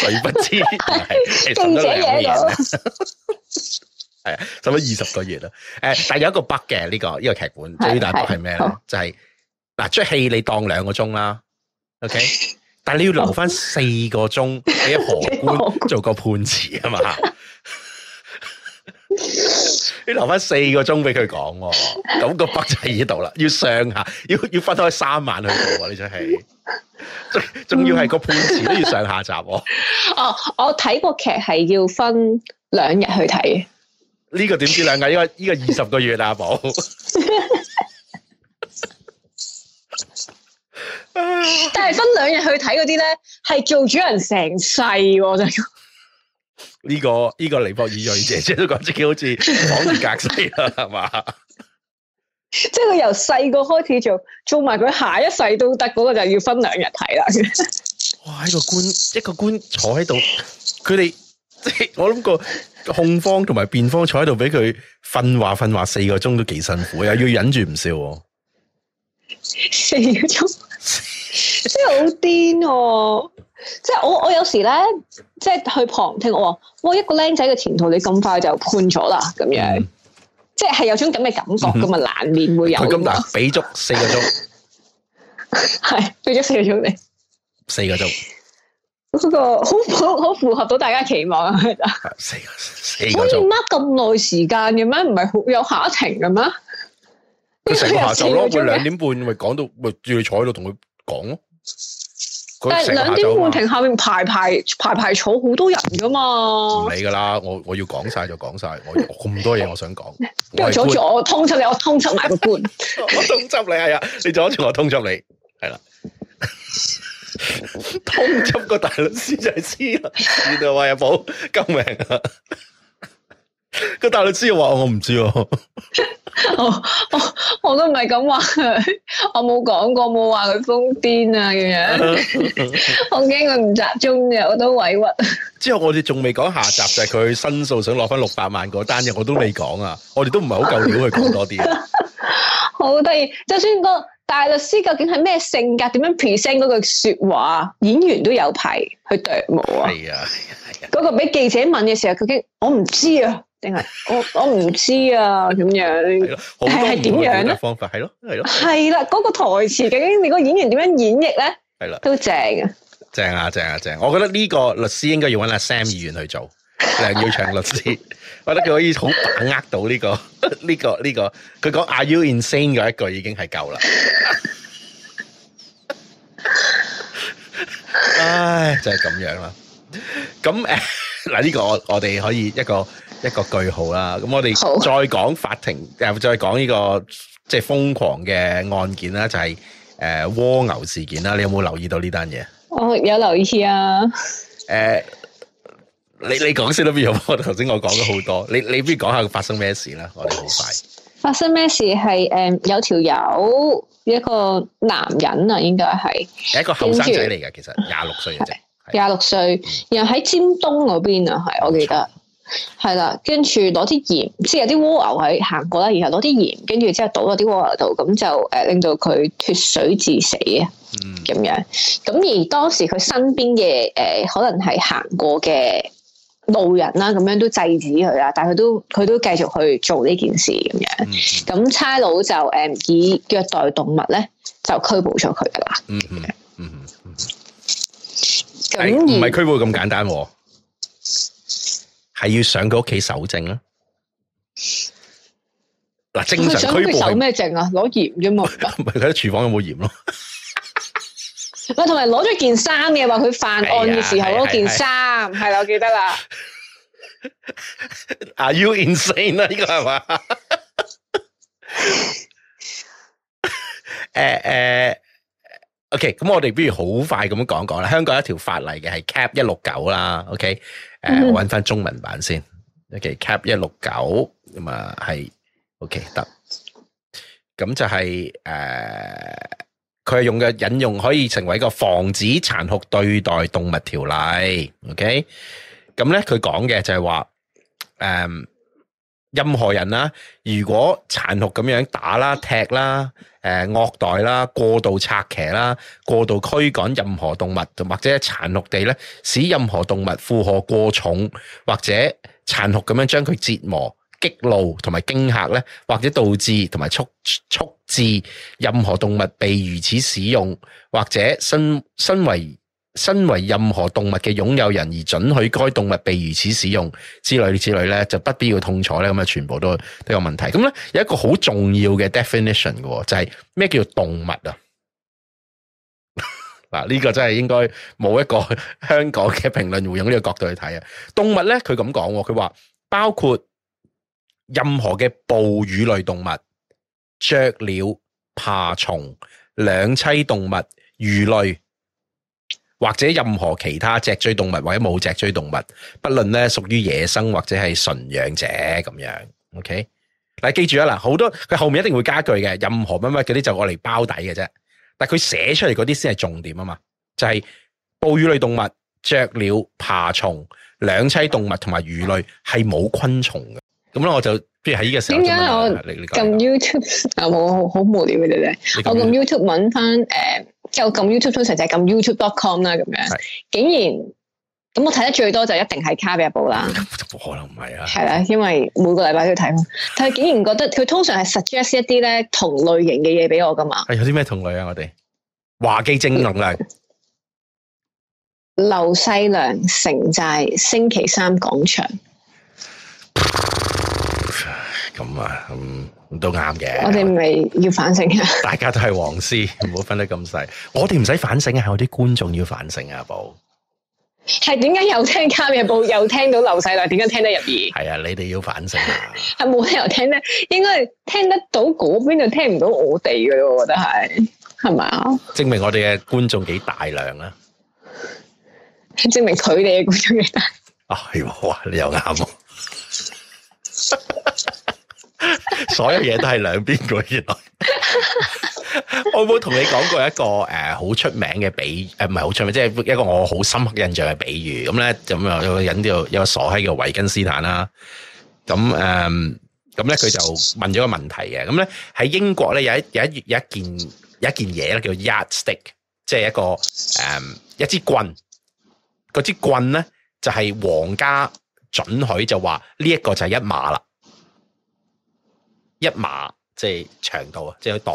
誰不知係啊，係啊，審咗二十個月啦。誒，但係有一個 bug 嘅呢個呢個劇本最大 bug 係咩咧？就係嗱，出戲你當兩個鐘啦，OK，但係你要留翻四個鐘俾何官做個判詞啊嘛。你留翻四個鐘俾佢講，咁、那個筆就喺呢度啦。要上下，要要分開三晚去做呢出戲，仲 要係個判詞都要上下集、啊。 哦，我睇個劇係要分兩日去睇。呢個點知兩日？因、這個呢、這個二十個月阿、啊、寶。 但係分兩日去睇嗰啲咧，係做主人成世喎，呢、這個呢、這個尼泊爾瑞姐姐都講自己好似講住隔世啦，係嘛？即係佢由細個開始做，做埋佢下一世都得，嗰、那個就要分兩日睇啦。 哇！一個官，一個官坐喺度，佢哋即係我諗過控方同埋辯方坐喺度俾佢訓話訓話四個鐘都幾辛苦的，又要忍住唔笑。四個鐘。 真係好癲哦！即係我我有時咧，即係去旁聽我，我話：我一個僆仔嘅前途，你咁快就判咗啦！咁樣，嗯、即係有種咁嘅感覺噶嘛？嗯、難免會有。咁大，俾足四個鐘，係俾 足四個鐘你， 四個鐘，嗰個好好好符合到大家期望啊 ！四個鐘，可以 mark 咁耐時間嘅咩？唔係有下一庭嘅咩？成個下晝咯，佢兩點半咪講到咪要佢坐喺度同佢。講咯，但係兩點半停，下面排排排排坐好多人噶嘛，唔理噶啦，我我要講晒就講晒，我咁多嘢我想講。你阻住我通緝你，我通緝埋個官， 我通緝你係啊，你阻住我通緝你係啦，的 通緝個大律師就係黐啦， 原來話阿寶救命啊！個大律師話：我唔知哦。 我我我都唔係咁話佢，我冇講過，冇話佢瘋癲啊咁樣。 我驚佢唔集中嘅，我都委屈。之後我哋仲未講下集就係、是、佢申訴想攞翻六百萬嗰單嘢，我都未講啊。我哋都唔係好夠料去講多啲。好得意，就算個大律師究竟係咩性格，點樣 present 嗰句說話，演員都有排去琢磨啊。係啊，係啊。嗰個俾記者問嘅時候，究竟我唔知啊。定係我我唔知啊，咁樣係係點樣咧？方法係咯係咯，係啦，嗰個台詞究竟你個演員點樣演繹咧？係啦，都正啊！正啊正啊正！我覺得呢個律師應該要揾阿 Sam 議員去做梁耀祥律師，我覺得佢可以好把握到呢個呢個呢個。佢講 Are you insane 嗰一句已經係夠啦。唉，就係咁樣啦。咁誒，嗱呢個我我哋可以一個。一個句號啦，咁我哋再講法庭，又好再講呢、這個即係瘋狂嘅案件啦，就係、是、誒、呃、蝸牛事件啦，你有冇留意到呢單嘢？我、哦、有留意啊！誒、呃，你你講先啦，不如剛才我頭先我講咗好多， 你你不如講下發生咩事啦？我哋好快。發生咩事係誒？有條友一個男人啊，應該係一個後生仔嚟㗎，其實廿六歲嘅啫，廿六歲，然後喺尖東嗰邊啊，係我記得。嗯係啦，跟住攞啲鹽，即係有啲蝸牛喺行過啦，然後攞啲鹽，跟住之後倒落啲蝸牛度，咁就誒、呃、令到佢脱水致死啊，咁、嗯、樣。咁而當時佢身邊嘅誒、呃，可能係行過嘅路人啦，咁樣都制止佢啦，但係佢都佢都繼續去做呢件事咁樣。咁差佬就誒、呃、以虐待動物咧，就拘捕咗佢噶啦。嗯嗯嗯嗯，唔、嗯、係樣、哎、拘捕咁簡單、啊。係要上佢屋企搜證啦！嗱，正常。搜咩證啊？攞鹽啫嘛。唔係睇下廚房有冇鹽咯。喂，同埋攞咗件衫嘅話，佢犯案嘅時候攞件衫，係啦，我記得啦。Are you insane？呢個係嘛？誒誒，OK，咁我哋不如好快咁樣講講啦。香港一條法例嘅係 Cap 一六九啦，OK。誒，揾翻中文版先，OK，cap 一六九咁啊，係 OK 得，咁就係誒，佢係用嘅引用可以成為一個防止殘酷對待動物條例，OK，咁咧佢講嘅就係話，嗯。任何人啦，如果殘酷咁樣打啦、踢啦、誒、呃、虐待啦、過度拆騎啦、過度驅趕任何動物，同或者殘酷地咧，使任何動物負荷過重，或者殘酷咁樣將佢折磨、激怒同埋驚嚇咧，或者導致同埋促促致任何動物被如此使用，或者身身為。身為任何動物嘅擁有人而准許該動物被如此使用之類之類咧，就不必要痛楚咧。咁啊，全部都都有問題。咁咧有一個好重要嘅 definition 嘅，就係咩叫動物啊？嗱，呢個真係應該冇一個香港嘅評論會用呢個角度去睇啊！動物咧，佢咁講，佢話包括任何嘅哺乳類動物、雀鳥、爬蟲、兩棲動物、魚類。或者任何其他脊椎動物或者冇脊椎動物，不論咧屬於野生或者係馴養者咁樣，OK？但記住啊嗱，好多佢後面一定會加句嘅，任何乜乜啲就我嚟包底嘅啫。但佢寫出嚟嗰啲先係重點啊嘛，就係哺乳類動物、雀鳥、爬蟲、兩棲動物同埋魚類係冇昆蟲嘅。咁我就即係喺依個時候。點解我撳 YouTube 啊？我好，好無聊嘅、啊、啫。我撳 YouTube 揾翻誒、呃，就撳 YouTube 通常就係撳 YouTube.com 啦。咁樣是竟然咁，我睇得最多就一定係《卡比日報》啦。 可能唔係啊？係啦，因為每個禮拜都睇。但係竟然覺得佢通常係 suggest 一啲咧同類型嘅嘢俾我噶嘛？係有啲咩同類啊？我哋華記正能量啦，劉世 良城寨星期三廣場。 咁啊，嗯、都啱嘅。我哋唔係要反省啊！大家都係黃絲，唔好 分得咁細。我哋唔使反省啊，係我啲觀眾要反省啊，寶。係點解又聽《卡日報》又聽到劉世代？點解聽得入耳？係啊，你哋要反省啊！係冇 理由聽咧，應該聽得到嗰邊就聽唔到我哋噶咯，我覺得係，係咪啊？證明我哋嘅觀眾幾大量啊，證明佢哋嘅觀眾幾大。啊，哇！你又啱、啊。 所有嘢都係兩邊個，原來 我冇同你講過一個誒好、呃、出名嘅比誒唔係好出名，即係一個我好深刻印象嘅比喻。咁咧咁啊有個引調，有個傻閪叫維根斯坦啦。咁誒咁咧佢就問咗個問題嘅。咁咧喺英國咧有一有一有一件有一件嘢咧叫 yardstick，即係一個誒、呃、一支棍。嗰支棍咧就係、是、皇家准許就話呢一個就係一碼啦。一碼即係長度啊，即係度。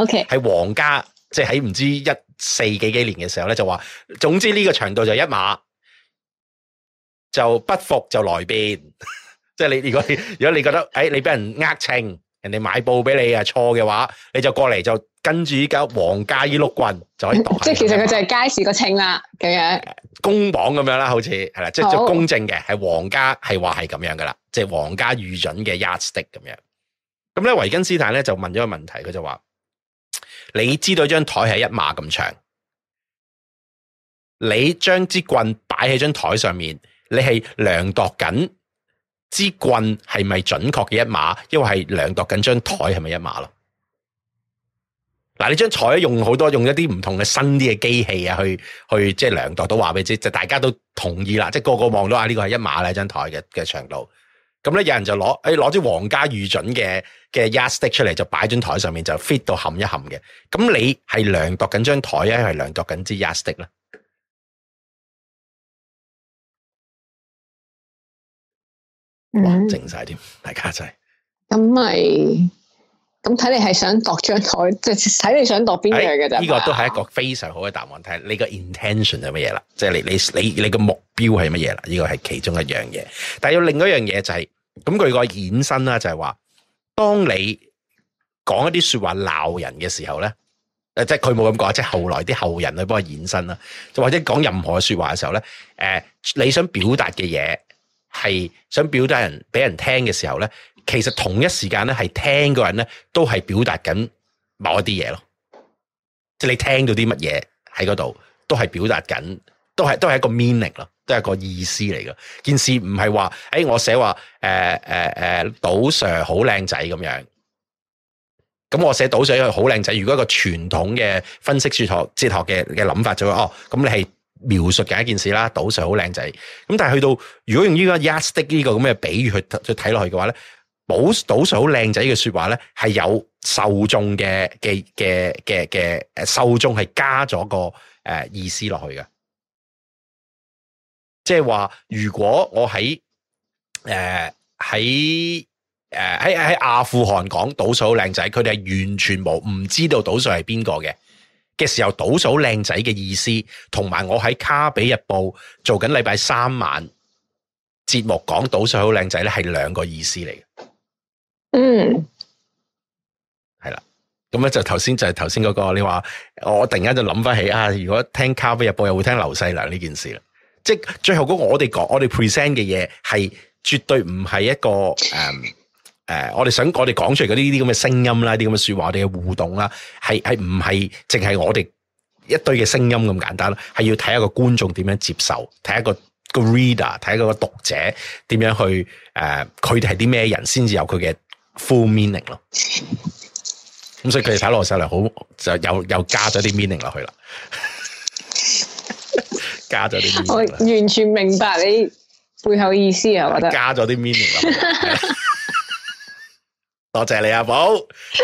O K，係皇家，即係喺唔知一四幾幾年嘅時候咧，就話總之呢個長度就一碼，就不服就來辯。即 係你如果你如果你覺得誒、哎、你俾人呃稱，人哋買布俾你啊錯嘅話，你就過嚟就跟住依家皇家依碌棍就可以度。即係其實佢就係街市個稱啦，咁樣公磅咁樣啦，好似係啦，即係做公正嘅，係好皇家係話係咁樣噶啦，即、就、係、是、皇家預準嘅 yardstick 咁樣。咁咧，維根斯坦咧就問咗個問題，佢就話：你知道張台係一碼咁長，你將支棍擺喺張台上面，你係量度緊支棍係咪準確嘅一碼，因為係量度緊張台係咪一碼咯？嗱，你張台用好多用一啲唔同嘅新啲嘅機器啊，去去即係量度到話俾你知，就大家都同意啦，即係個個望到啊，這個、呢個係一碼啦，張台嘅嘅長度。咁咧，有人就攞，誒、欸，攞支皇家御准嘅嘅 yard stick 出嚟，就擺喺張台上面，就 fit 到冚一冚嘅。咁你係量度緊張台咧，係量度緊支 yard stick 啦。嗯、哇，正晒添，嗯、大家仔、就是。咁咪。咁睇你係想度張台，即係睇你想度邊樣嘅，就呢個都係一個非常好嘅答案。睇下你個 intention 係乜嘢啦，即係你你你你個目標係乜嘢啦？呢個係其中一樣嘢。但係有另一樣嘢就係，咁佢個衍生啦，就係話，當你講一啲說話鬧人嘅時候咧，誒，即係佢冇咁講，即係後來啲後人去幫佢衍生啦，就或者講任何說話嘅時候咧，誒、呃，你想表達嘅嘢係想表達人俾人聽嘅時候咧。其實同一時間咧，係聽個人咧都係表達緊某一啲嘢咯，即、就、係、是、你聽到啲乜嘢喺嗰度，都係表達緊，都係都係一個 meaning 咯，都係個意思嚟嘅。件事唔係話誒，我寫話誒誒誒賭 Sir 好靚仔咁樣，咁我寫賭上 i r 好靚仔。如果一個傳統嘅分析哲學哲學嘅嘅諗法咗，哦，咁你係描述緊一件事啦，賭上好靚仔。咁但係去到如果用呢個 yatstick 呢個咁嘅比喻去去睇落去嘅話咧。倒倒數好靚仔嘅說話咧，係有受衆嘅嘅嘅嘅嘅誒，受衆係加咗個誒意思落去嘅，即係話如果我喺誒喺誒喺喺阿富汗講倒數好靚仔，佢哋係完全冇唔知道倒數係邊個嘅嘅時候，倒數靚仔嘅意思，同埋我喺卡比日報做緊禮拜三晚節目講倒數好靚仔咧，係兩個意思嚟嘅。Mm. 嗯，係啦，咁 咧就頭先就係頭先嗰個，你話我突然間就諗翻起啊！如果聽咖啡日報又會聽劉細良呢件事啦，即係最後嗰個我哋講，我哋 present 嘅嘢係絕對唔係一個誒誒、呃，我哋想我哋講出嚟嗰啲啲咁嘅聲音啦，啲咁嘅說話，我哋嘅互動啦，係係唔係淨係我哋一堆嘅聲音咁簡單啦？係要睇下個觀眾點樣接受，睇下個 reader，睇下個讀者點樣去誒，佢哋係啲咩人先至有佢嘅。full meaning 咯，咁所以佢哋睇落晒嚟好就又又加咗啲 meaning 落去啦，加咗啲。我完全明白你背後嘅意思啊，我覺得加咗啲 meaning。多謝你阿寶，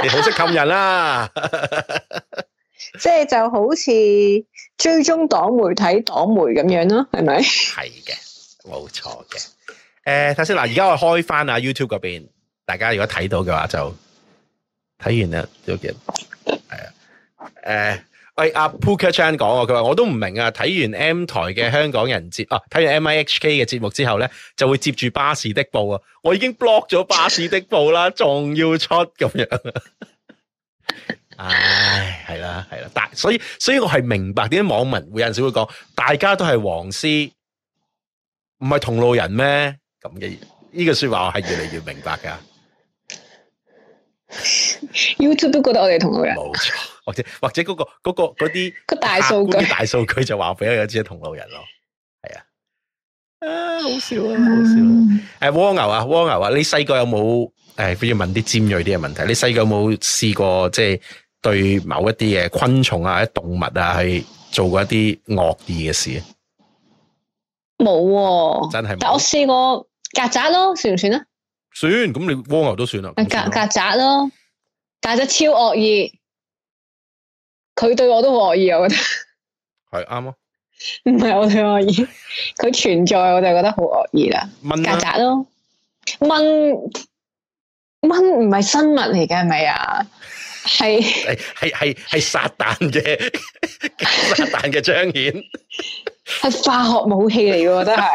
你好識氹人啦！即係就好似追蹤黨媒體、黨媒咁樣咯，係咪？係嘅，冇錯嘅。誒，睇先嗱，而家我開翻啊 YouTube 嗰邊。大家如果睇到嘅話就睇完啦，有嘅，係啊，誒、欸，喂、啊，阿 Poker Chan 講，佢話我都唔明啊。睇完 M 台嘅香港人節啊，睇完 M I H K 嘅節目之後咧，就會接住巴士的報啊。我已經 block 咗巴士的報啦，仲 要出咁樣。唉、哎，係啦、啊，係啦、啊，但所以所以，所以我係明白點解網民會有陣時會講，大家都係黃絲，唔係同路人咩？咁嘅呢個說話，我係越嚟越明白噶。YouTube 都覺得我哋同路人，冇錯，或者或者嗰、那個嗰、那個啲個大數據，啊、大數據 就話俾我知係同路人咯，係啊，好笑啊，好笑、啊！誒、啊，蝸牛啊，蝸牛啊，你細個有冇誒？不、哎、如問啲尖銳啲嘅問題，你細個有冇試過即係、就是、對某一啲嘅昆蟲啊、或者動物啊，去做過一啲惡意嘅事？冇、啊，真係冇，但我試過曱甴咯，算唔算咧？算咁，你蝸牛都算啦。曱甴咯，曱甴超惡意，佢對我都惡意，我覺得係啱咯。唔係我哋惡意，佢存在我就覺得好惡意啦。蚊曱甴咯，蚊蚊唔係生物嚟嘅係咪啊？係係係係撒旦嘅 撒旦嘅彰顯，係化學武器嚟嘅，真係。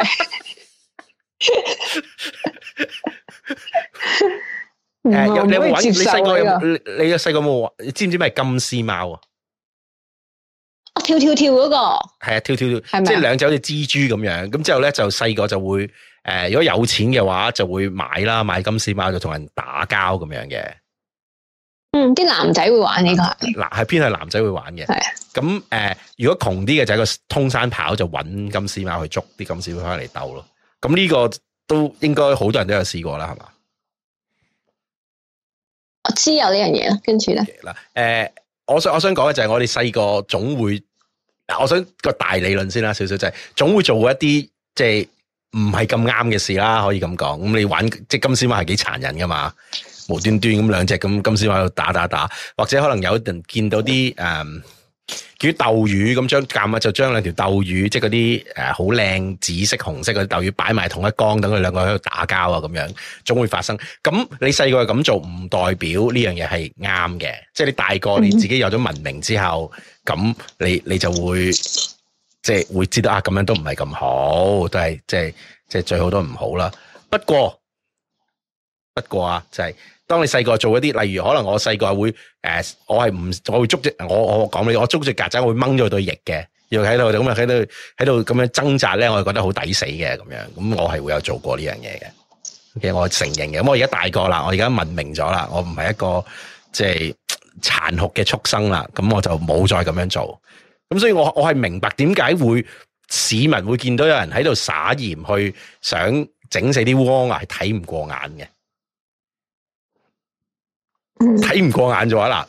誒，有，有你玩？你細個，你有嘅細個有冇玩？你知唔知咩係金絲貓啊？跳跳跳嗰個係啊，跳跳跳，係咪即係兩隻好似蜘蛛咁樣。咁之後咧就細個就會誒，如果有錢嘅話就會買啦，買金絲貓就同人打交咁樣嘅。嗯，啲男仔會玩呢個係，嗱係偏向男仔會玩嘅。係咁誒，如果窮啲嘅就係個通山跑，就搵金絲貓去捉啲金絲貓返嚟鬥咯。咁呢個。都應該好多人都有試過啦，係嘛？我知有呢樣嘢啦，跟住咧，啦，誒，我想我想講嘅就係我哋細個總會，我想個大理論先啦，少少就係總會做一啲即係唔係咁啱嘅事啦，可以咁講。咁你玩即係金絲貓係幾殘忍噶嘛？無端端咁兩隻咁金絲貓喺度打打打，或者可能有陣見到啲誒。嗯叫鬥魚咁將，夾就將兩條鬥魚，即係嗰啲誒好靚紫色、紅色嘅鬥魚擺埋同一缸，等佢兩個喺度打交啊，咁樣總會發生。咁你細個咁做唔代表呢樣嘢係啱嘅，即係你大個你自己有咗文明之後，咁你你就會即係會知道啊，咁樣都唔係咁好，都係即係即係最好都唔好啦。不過不過就係。當你細個做一啲，例如可能我細個會誒、呃，我係唔我會捉隻我我講你，我捉隻曱甴會掹咗對翼嘅，要喺度咁樣喺度喺度咁樣掙扎咧，我係覺得好抵死嘅咁樣，咁我係會有做過呢樣嘢嘅。OK，我承認嘅。咁我而家大個啦，我而家文明咗啦，我唔係一個即係、就是、殘酷嘅畜生啦，咁我就冇再咁樣做。咁所以我我係明白點解會市民會見到有人喺度撒鹽去想整死啲蝸牛係睇唔過眼嘅。睇唔過眼就話啦，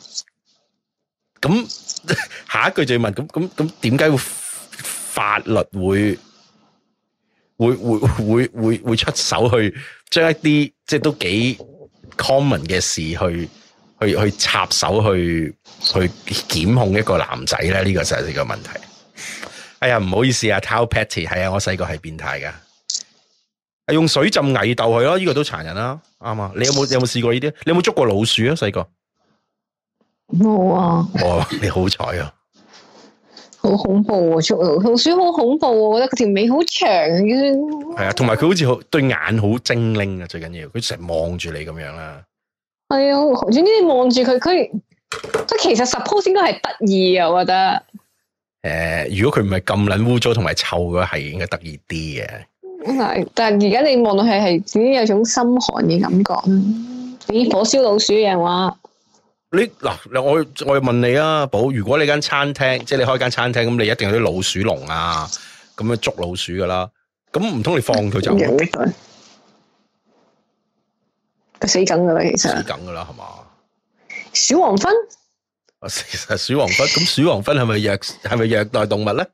咁下一句就要問，咁咁咁點解會法律會會會會會會出手去將一啲即係都幾 common 嘅事去去去插手去去檢控一個男仔咧？呢個就係呢個問題。哎呀，唔好意思啊，Tell Patty，係啊，我細個係變態噶。用水浸蟻竇佢咯，呢、這個都殘忍啦，啱啊！你有冇有冇試過呢啲？你有冇捉過老鼠啊？細個冇啊！哦，你好彩啊！好恐怖啊，捉老鼠好恐怖啊！我覺得佢條尾好長啊，係啊，同埋佢好似好對眼好精靈啊，最緊要佢成日望住你咁樣啦。係啊、哎，總之望住佢，佢即係其實十鋪先都係得意啊，我覺得。誒、呃，如果佢唔係咁撚污糟同埋臭嘅話，係應該得意啲嘅。係，但係而家你望落去係自己有種心寒嘅感覺，似火燒老鼠一樣話。你嗱，我我問你啊，寶，如果你間餐廳，即係你開間餐廳，咁你一定有啲老鼠籠啊，咁樣捉老鼠噶啦。咁唔通你放佢走？佢死梗噶啦，其實死。死梗噶啦，係嘛？鼠王芬。啊， 其實鼠王芬咁鼠王芬係咪虐，係咪虐待動物咧？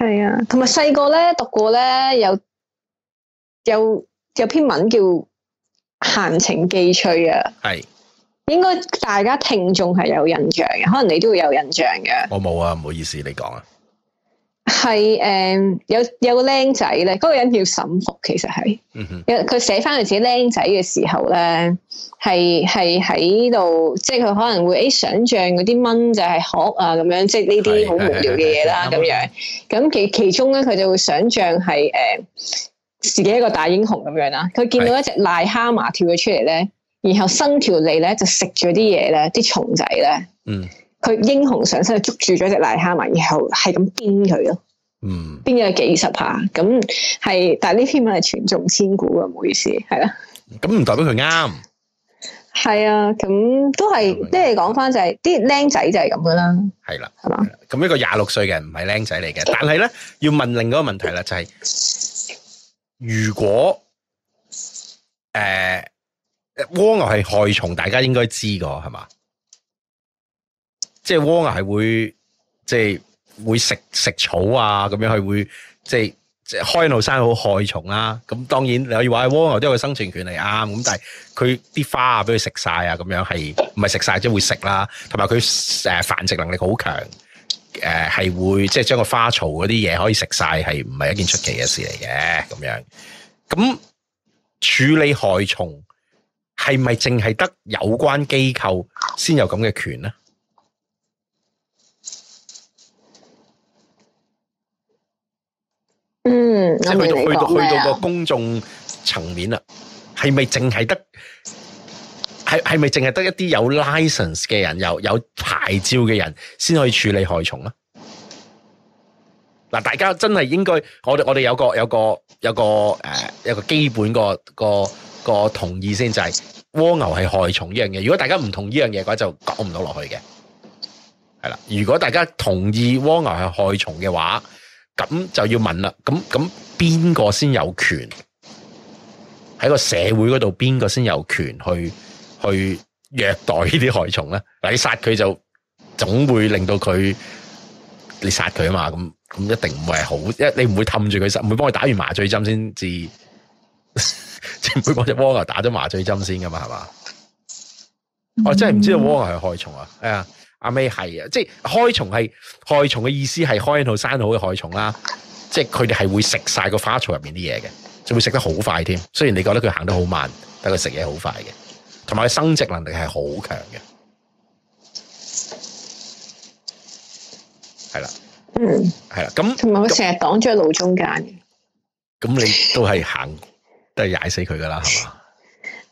係啊，同埋細個咧讀過咧有有有篇文叫《閒情記趣》啊，係應該大家聽眾係有印象嘅，可能你都會有印象嘅。我冇啊，唔好意思，你講啊。係誒、嗯、有有個僆仔咧，嗰、那個人叫沈復，其實係，有佢、嗯、哼寫翻佢自己僆仔嘅時候咧，係係喺度，即係佢可能會誒想像嗰啲蚊就係鶴啊咁樣，即係呢啲好無聊嘅嘢啦咁樣。咁吧其其中咧，佢就會想像係誒、呃、自己一個大英雄咁樣啦。佢見到一隻癩蛤蟆跳咗出嚟咧，是然後伸條脷咧就食咗啲嘢咧，啲蟲仔咧。嗯。佢英雄上身捉住咗隻癩蝦蟆，然後係咁鞭佢咯，嗯，鞭咗幾十下，咁係，但係呢篇文係傳頌千古嘅，唔好意思，係啦，咁唔、嗯、代表佢啱，係啊，咁都係，即係講翻就係啲僆仔就係咁噶啦，係啦的，係啦，咁一個廿六歲嘅唔係僆仔嚟嘅，但係咧要問另一個問題啦，就係、是、如果誒蝸、呃、牛係害蟲，大家應該知個係嘛？是吧。即係蝸牛係會即係會食食草啊，咁樣係會即係即係開路生好害蟲啦、啊。咁當然你可以話蝸牛都有個生存權利啊。咁但係佢啲花啊俾佢食晒啊，咁樣係唔係食晒即係會食啦。同埋佢誒繁殖能力好強，誒係會即係將個花槽嗰啲嘢可以食晒，係唔係一件出奇嘅事嚟嘅，咁樣。咁處理害蟲係咪淨係得有關機構先有咁嘅權咧？嗯，去到去，去到去到去到個公眾層面啦，係咪淨係得係係咪淨係得一啲有 license 嘅人，有有牌照嘅人先可以處理害蟲啊？嗱，大家真係應該，我哋我哋有個有個有個誒，有個，有個，、呃、有個基本的個個個同意先，就係、是、蝸牛係害蟲呢樣嘢。如果大家唔同呢樣嘢嘅話就不，就講唔到落去嘅。係啦，如果大家同意蝸牛係害蟲嘅話。咁就要問啦，咁咁邊個先有權喺個社會嗰度？邊個先有權去去虐待蟲呢啲害蟲咧？你殺佢就總會令到佢，你殺佢啊嘛？咁咁一定唔係好，因為你唔會氹住佢殺，唔會幫佢打完麻醉針先至，即唔會幫隻蝸牛打咗麻醉針先噶嘛？係嘛？我、嗯哦、真係唔知道蝸牛係害蟲啊！哎呀～阿尾係啊，即係害蟲係害蟲嘅意思係開一套生好嘅害蟲啦，即係佢哋係會食晒個花草入面啲嘢嘅，就會食得好快添。雖然你覺得佢行得好慢，但佢食嘢好快嘅，同埋佢生殖能力係好強嘅。係啦，嗯，係啦，咁同埋佢成日擋咗喺路中間，咁你都係行，都係踩死佢噶啦，係咪？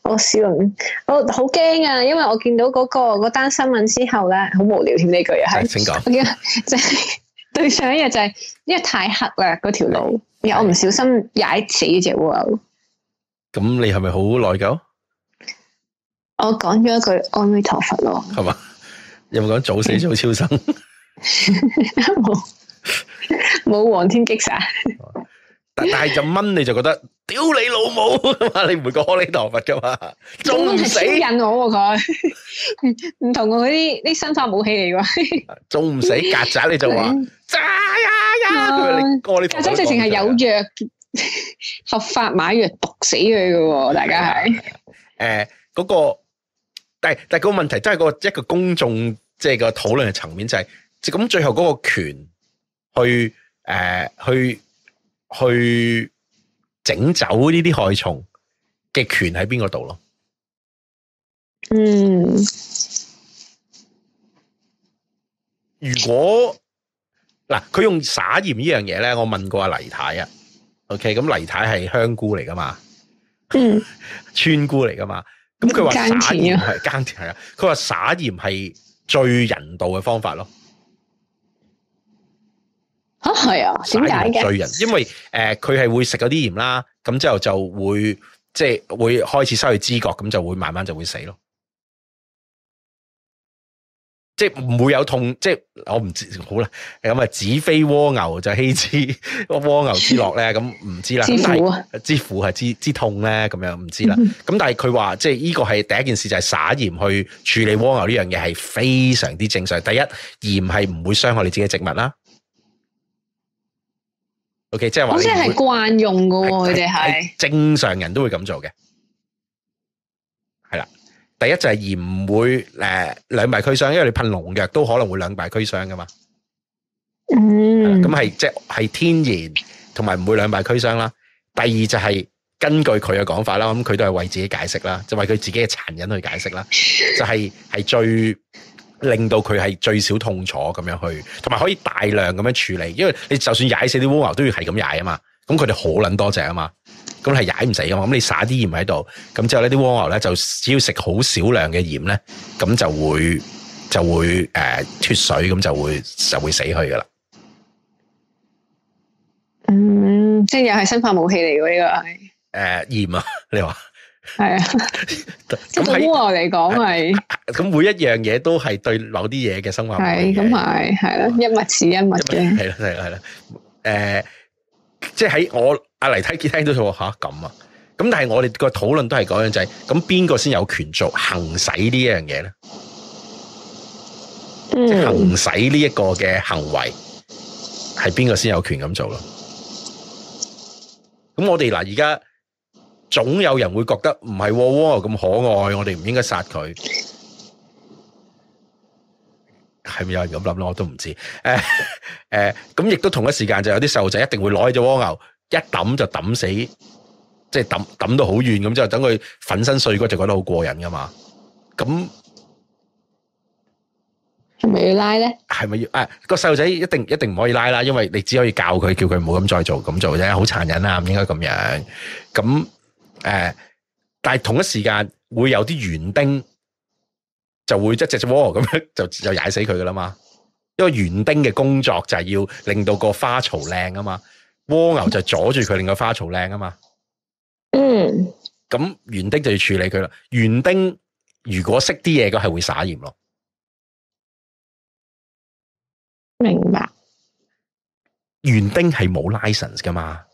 我笑，我好驚啊！因為我見到嗰、那個嗰單新聞之後咧，好無聊添呢句又係，請講，對上一日就係、是，因為太黑啦嗰條路，的我唔小心踩死隻蝸牛。咁你係咪好內疚？我講咗一句，阿彌陀佛咯。係嘛？有冇講早死早超生？冇， 冇黃天擊殺 。但但係就蚊，你就覺得。屌你老母，你唔會講阿彌陀佛噶嘛？仲唔死，引我佢唔同我嗰啲啲生化武器嚟噶， 仲唔死曱甴你就話渣、啊、呀呀，曱甴直情係有藥合法買藥毒死佢噶，大家係誒嗰個，但係但係個問題都係個一個公眾即係個討論嘅層面，就係就咁最後嗰個權去誒去、呃、去、去整走呢啲害蟲嘅權喺邊個度咯？嗯，如果嗱，佢用撒鹽呢樣嘢咧，我問過阿黎太啊。OK，咁黎太係香菇嚟噶嘛？嗯，川 菇嚟噶嘛？咁佢話撒鹽係耕田係啊，佢話撒鹽係最人道嘅方法咯。吓係、哦、啊，點解嘅？罪人，因為誒，佢、呃、係會食嗰啲鹽啦，咁之後就會即係、就是、會開始失去知覺，咁就會慢慢就會死咯。即係唔會有痛，即、就、係、是、我唔知好啦。咁啊，子非蝸牛就希之蝸牛之樂咧，咁唔知啦。之苦啊，之苦係之之痛咧，咁樣唔知啦。咁、嗯、但係佢話即係呢個係第一件事，就係、是、撒鹽去處理蝸牛呢樣嘢，係非常之正常。第一鹽係唔會傷害你自己嘅植物啦。O K，即係話好似係慣用噶喎，佢哋係正常人都會咁做嘅，係啦。第一就係而唔會誒兩敗俱傷，因為你噴農藥都可能會兩敗俱傷噶嘛。嗯。咁係即係天然，同埋唔會兩敗俱傷啦。第二就係根據佢嘅講法啦，咁佢都係為自己解釋啦，就是、為佢自己嘅殘忍去解釋啦，就係、是、係最。令到佢係最少痛楚咁樣去，同埋可以大量咁樣處理，因為你就算踩死啲蝸牛都要係咁踩啊嘛，咁佢哋好捻多隻啊嘛，咁係踩唔死噶嘛，咁你撒啲鹽喺度，咁之後呢啲蝸牛咧就只要食好少量嘅鹽咧，咁就會就會誒、呃、脫水，咁就會就會死去噶啦。嗯，即係又係生化武器嚟噶？呢個係誒鹽啊，你話？係啊，即係對於我嚟講係，咁、嗯、每一樣嘢都係對某啲嘢嘅生活係，咁係係咯，啊、對吧一物似一物嘅，係啦係啦係啦，誒，即係喺我阿黎體杰聽到就話吓咁啊，咁、啊啊啊啊啊嗯、但係我哋個討論都係講樣就係、是，咁邊個先有權做行使呢樣嘢咧？嗯、即係行使呢一個嘅行為，係邊個先有權咁做咯？咁我哋嗱而家。總有人會覺得唔係蝸牛咁可愛，我哋唔應該殺佢。係咪有人咁諗咯？我都唔知。誒誒，咁亦都同一時間就有啲細路仔一定會攞起隻蝸牛一抌就抌死，即係抌抌到好遠咁，之後等佢粉身碎骨就覺得好過癮噶嘛。咁係咪要拉咧？係咪要？誒，個細路仔一定一定唔可以拉啦，因為你只可以教佢，叫佢唔好咁再做咁做啫，好殘忍啊，唔應該咁樣。咁誒，但係同一時間會有啲園丁就會一隻隻蝸牛咁樣就就踩死佢噶啦嘛，因為園丁嘅工作就係要令到個花槽靚啊嘛，蝸牛就阻住佢令個花槽靚啊嘛，嗯，咁園丁就要處理佢啦。園丁如果識啲嘢，佢係會撒鹽咯。明白。園丁係冇 license 噶嘛。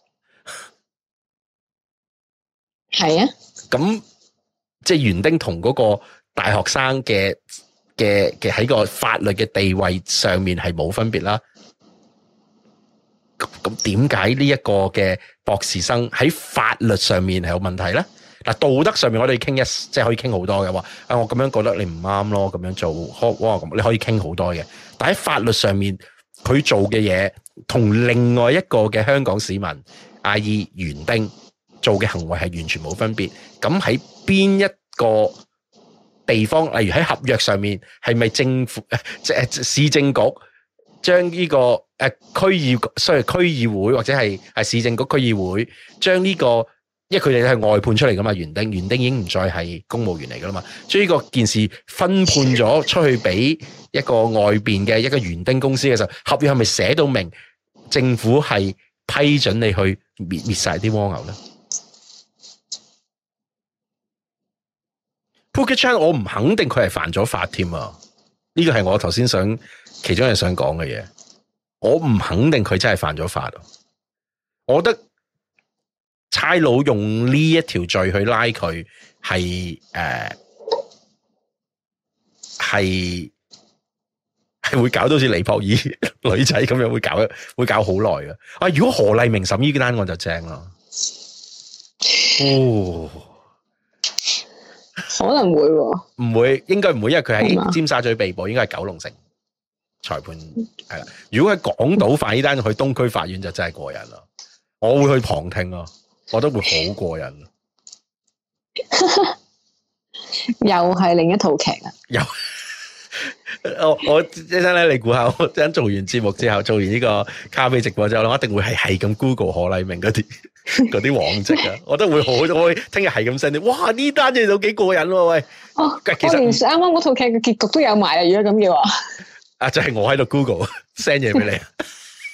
係啊，咁即係園丁同嗰個大學生嘅嘅嘅喺個法律嘅地位上面係冇分別啦。咁點解呢一個嘅博士生喺法律上面係有問題咧？嗱，道德上面我哋傾一，即係可以傾好多嘅話，啊，我咁樣覺得你唔啱，咯，咁樣做，哇，咁你可以傾好多嘅。但喺法律上面，佢做嘅嘢同另外一個嘅香港市民阿二園丁。做嘅行為係完全冇分別，咁喺邊一個地方，例如喺合約上面，係咪政府誒，即係市政局將呢、這個誒區議，所謂區議會或者係市政局區議會將呢、這個，因為佢哋係外判出嚟噶嘛，園丁園丁已經唔再係公務員嚟噶啦嘛，所以呢個件事分判咗出去俾一個外邊嘅一個園丁公司嘅時候，合約係咪寫到明政府係批准你去滅滅曬啲蝸牛咧？p o k i c h a 我唔肯定佢係犯咗法添啊！呢個係我頭先想其中一樣想講嘅嘢，我唔肯定佢真係犯咗法。我覺得差佬用呢一條罪去拉佢，係誒係係會搞到好似李柏爾 女仔咁樣會搞，會搞好耐嘅。啊，如果何麗明審呢單，我就正咯。哦。可能會唔、啊、會應該唔會，因為佢喺尖沙咀被捕，嗎應該係九龍城裁判係啦。如果喺港島辦呢單，嗯、去東區法院就真係過癮咯。我會去旁聽咯，我都會好過癮。 又係另一套劇啊！又我我一,我一係咧，你估下我一陣做完節目之後，做完呢個卡比直播之後，我一定會係係咁 Google 何麗明嗰啲。嗰啲往迹啊，我都會好，我會聽日係咁 send 哇呢單嘢都幾過癮喂，哦，其實啱啱嗰套劇嘅結局都有埋啊，如果咁嘅話，啊就係、是、我喺度 Google send 嘢俾你，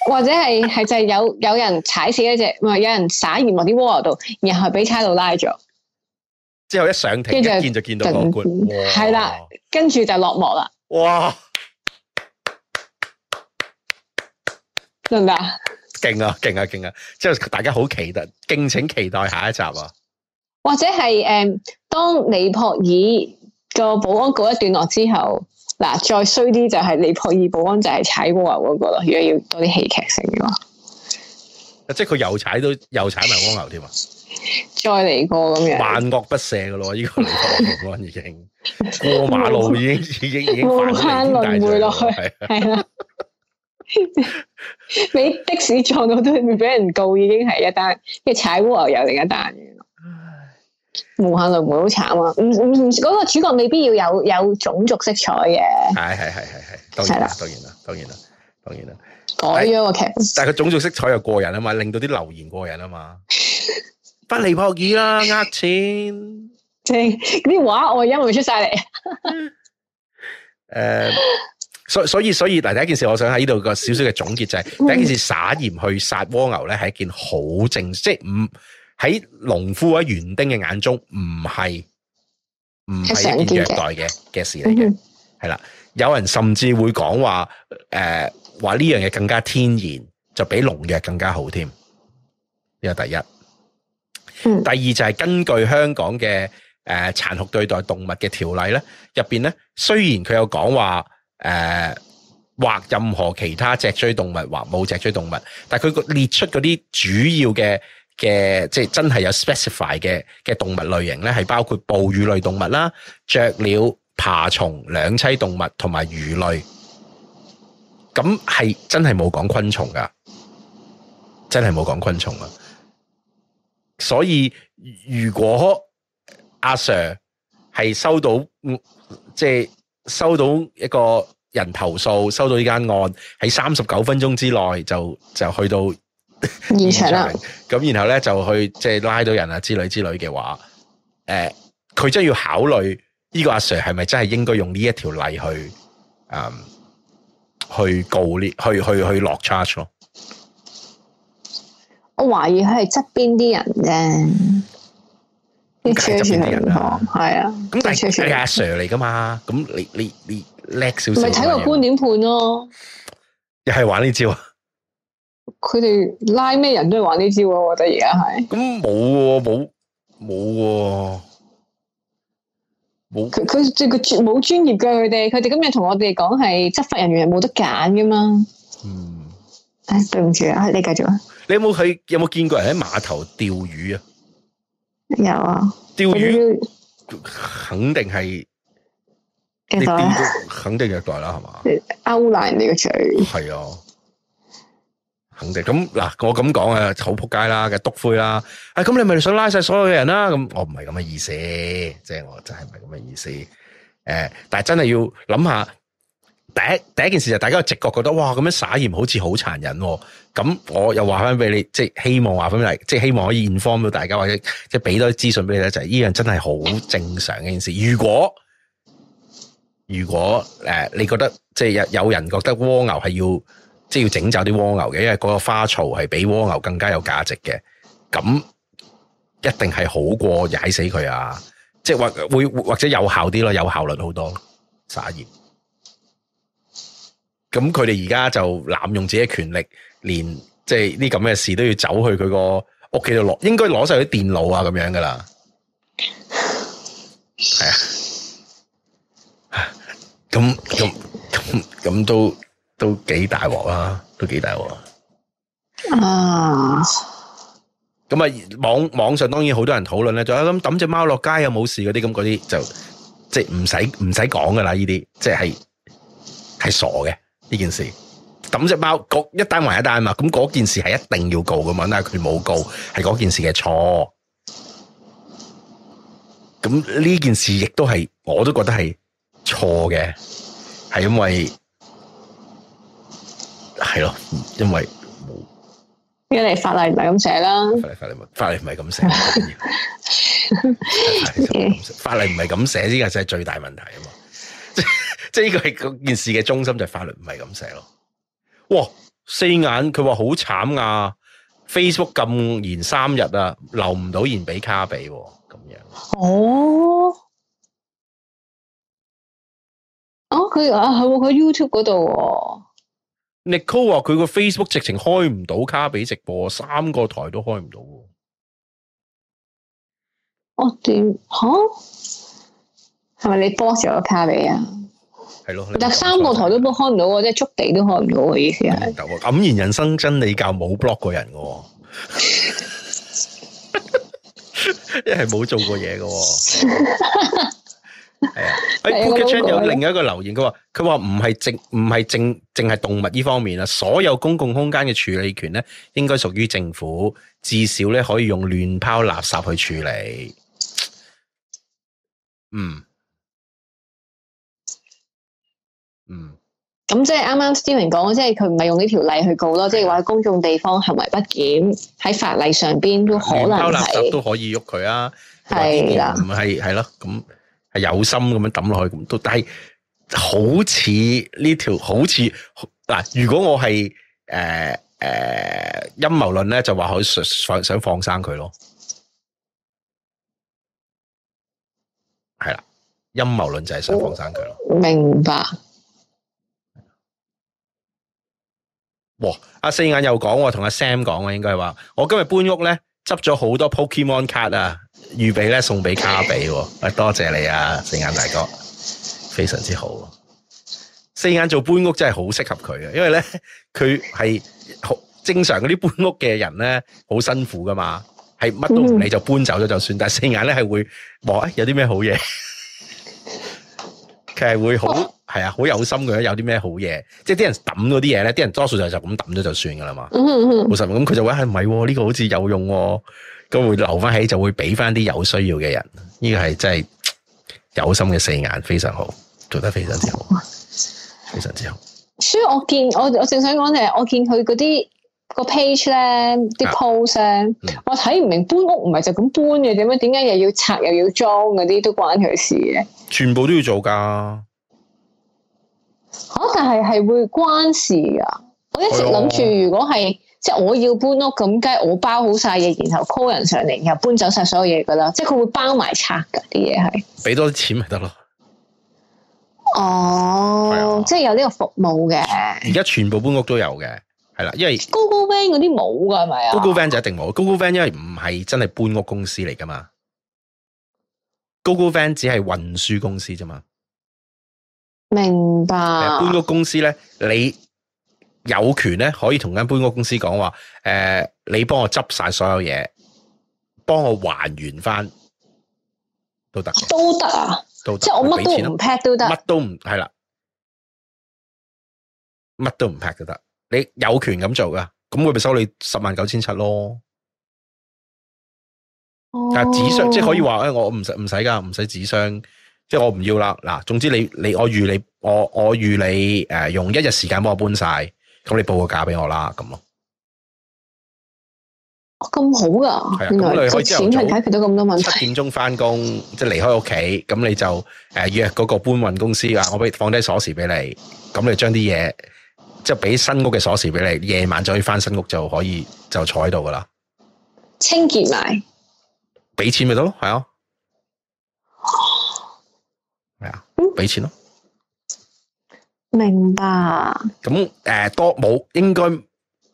或者係是係 就係有有人踩死一隻，唔係有人撒鹽落啲蝸牛度，然後俾差佬拉咗，之後一上庭一見就見就到、那個棺，係啦、嗯，跟住哇就落幕啦，哇，得唔得？勁啊勁啊勁啊！即係、啊、大家好期待，敬請期待下一集啊！或者係誒、嗯，當尼泊爾個保安告一段落之後，嗱再衰啲就係尼泊爾保安就係踩蝸牛嗰個咯，如果要多啲戲劇性嘅話，即係佢又，又踩到又踩埋蝸牛添啊！ 再嚟、過咁樣，萬惡不赦嘅咯，呢個尼泊爾保安已經過 馬路已經 已經無限輪迴落去，係啦。俾 的士撞到都唔俾人告，已經係一單，即住踩烏油又另一單嘅咯。唉無限輪回好慘啊！唔唔，嗰、嗰個主角未必要有有種族色彩嘅。係係係係係，當然啦的，當然啦，當然啦，當然啦。改咗 OK，但係個種族色彩又過癮啊嘛，令到啲留言過癮啊嘛。 不離破己啦，呃錢，即係啲話我而家會出晒嚟？誒。所所以所以嗱，第一件事我想喺呢度個少少嘅總結就係、是嗯、第一件事撒鹽去殺蝸牛咧，係一件好正，嗯、即係唔喺農夫或園丁嘅眼中唔係唔係一件虐待嘅嘅事嚟嘅。係啦、嗯，有人甚至會講話誒，話呢樣嘢更加天然，就比農藥更加好添。呢個第一。嗯、第二就係根據香港嘅誒、呃、殘酷對待動物嘅條例咧，入邊咧雖然佢有講話。誒、呃，或任何其他脊椎動物或冇脊椎動物，但佢個列出嗰啲主要嘅嘅，即係、就是、真係有 specify 嘅嘅動物類型咧，係包括哺乳類動物啦、雀鳥、爬蟲、兩棲動物同埋魚類。咁係真係冇講昆蟲噶，真係冇講昆蟲啊！所以如果阿 Sir 係收到，即、嗯、係。就是收到一個人投訴，收到呢間案喺三十九分鐘之內就就去到現場，咁然後咧就去即係拉到人啊之類之類嘅話，誒、呃，佢真係要考慮呢個阿 Sir 係咪真係應該用呢一條例去，嗯，去告呢，去去去落 charge 咯。我懷疑佢係側邊啲人啫。完全係銀行，係啊。咁、 啊、但係是阿、 啊啊、Sir 嚟噶嘛？咁你你你叻少少。咪睇個觀點判咯。又係玩呢招。啊，佢哋拉咩人都係玩呢招啊！我覺得而家係。咁冇喎，冇冇喎，冇。佢佢即係冇專業嘅佢哋，佢哋今日同我哋講係執法人員冇得揀噶嘛。嗯。唉、嗯，對唔住啊，你繼續啊。你有冇去？有冇見過人喺碼頭釣魚啊？有魚啊，釣魚肯定係虐待，肯定虐待啦，係嘛？勾爛人哋個嘴，係啊，肯定咁嗱，我咁講啊，醜仆街啦，嘅篤灰啦，哎，咁你咪想拉晒所有嘅人啦，啊？咁我唔係咁嘅意思，即係我真係唔係咁嘅意思，誒，但係真係要諗下。第一第一件事就大家直覺覺得哇咁樣撒鹽好似好殘忍，啊，咁我又話翻俾你，即係希望話翻俾，即係希望可以 inform 到大家或者即係俾多啲資訊俾你咧，就係呢樣真係好正常嘅一件事。如果如果誒、呃、你覺得即係有有人覺得蝸牛係要即係要整走啲蝸牛嘅，因為嗰個花槽係比蝸牛更加有價值嘅，咁一定係好過踩死佢啊！即係或會或者有效啲咯，有效率好多咯，撒鹽。咁佢哋而家就濫用自己嘅權力，連即係啲咁嘅事都要走去佢個屋企度攞，應該攞晒啲電腦啊咁樣噶啦。係啊，咁咁咁咁都都幾大鑊啊，都幾大鑊啊！咁啊， 網網上當然好多人討論咧，就咁抌隻貓落街有冇事嗰啲，咁嗰啲就即係唔使唔使講噶啦，呢啲即係係傻嘅。呢件事抌隻貓，嗰一單還一單啊嘛，咁嗰件事係一定要告噶嘛，但係佢冇告，係嗰件事嘅錯。咁呢件事亦都係，我都覺得係錯嘅，係因為係咯，因為冇，因為法例唔係咁寫啦，法例法例唔法例唔係咁寫，法例唔係咁寫，呢個就係最大問題啊嘛。即係呢個係件事嘅中心，就係法律唔係咁寫咯。哇，四眼佢話好慘啊，Facebook 禁言三日啊，留唔到言俾卡比咁樣。哦，哦，佢啊係佢 YouTube 嗰度。Nicole 話佢個 Facebook 直情開唔到卡比直播，三個台都開唔到。我屌、哦，吓？係、哦、咪你多 o r 咗個卡比啊？係咯，但三個台都 b 開唔到，即係速地都開唔到嘅意思係。黯然人生真理教冇 block 過人嘅、哦，即係冇做過嘢嘅、哦。係 啊，喺 e Chan 有另外一個留言，佢話佢話唔係淨唔係淨係動物呢方面所有公共空間嘅處理權咧，應該屬於政府，至少咧可以用亂拋垃圾去處理。嗯。嗯，咁即係啱啱 Stephen 講，即係佢唔係用呢條例去告咯，即係話喺公眾地方行為不檢喺法例上邊都可能係都可以喐佢啊，係啦的，係係咯，咁係有心咁樣抌落去咁，但係好似呢條好似嗱，如果我係誒誒陰謀論咧，呃呃、就話佢想想放生佢咯，係啦，陰謀論就係想放生佢咯，我明白。哇！阿四眼又講，喎，同阿 Sam 講啊，應該係話我今日搬屋咧，執咗好多 Pokemon card 啊，預備咧送俾卡比，喎。多謝你啊，四眼大哥，非常之好。四眼做搬屋真係好適合佢啊，因為咧佢係好正常嗰啲搬屋嘅人咧，好辛苦噶嘛，係乜都唔理就搬走咗就算，但係四眼咧係會，哇，有啲咩好嘢？係會好係啊，好、oh. 有心嘅，有啲咩好嘢，即係啲人抌嗰啲嘢咧，啲人多數就就咁抌咗就算噶啦嘛。冇錯、mm，咁、hmm. 佢就會係唔係？呢、哎哦呢個好似有用、哦，咁會留翻起，就會俾翻啲有需要嘅人。呢個係真係有心嘅四眼，非常好，做得非常之好，非常之好。所以我見我我正想講咧，我見佢嗰啲。個 page 咧，啲 post 咧，我睇唔明搬屋唔係就咁搬嘅，點樣？點解又要拆又要裝嗰啲都關佢事嘅？全部都要做噶，吓、哦、但係係會關事噶。我一直諗住，如果係、哎、呦即係我要搬屋，咁梗係我包好晒嘢，然後 call 人上嚟，然後搬走晒所有嘢噶啦。即係佢會包埋拆嘅啲嘢係，俾多啲錢咪得咯。哦，哎、呦即係有呢個服務嘅，而家全部搬屋都有嘅。係啦，因為 Google Van 嗰啲冇噶，係咪啊？Google Van 就一定冇，Google Van 因為唔係真係搬屋公司嚟噶嘛，Google Van 只係運輸公司啫嘛。明白。搬屋公司咧，你有權咧可以同間搬屋公司講話，誒、呃，你幫我執晒所有嘢，幫我還原翻都得。都得啊！都得即係我乜都唔劈都得，乜都唔係啦，乜都唔劈都得。你有權咁做噶，咁佢咪收你十萬九千七咯？Oh。但紙箱即係可以話，誒，我唔使唔使噶，唔使紙箱，即係我唔要啦。嗱，總之你你我預你，我預我預你誒，用一日時間幫我搬晒，咁你報個價俾我啦，咁咯。哦，咁好噶，係啊。原來錢係解決到咁多問題。七點鐘翻工，即係離開屋企，咁你就誒、呃、約嗰個搬運公司，話我俾放低鎖匙俾你，咁你將啲嘢，即係俾新屋嘅鎖匙俾你，夜晚就可以翻新屋就可以就坐喺度噶啦。清潔埋，俾錢咪得咯，係啊，係啊，俾錢咯。明白。咁誒、呃，多冇應該誒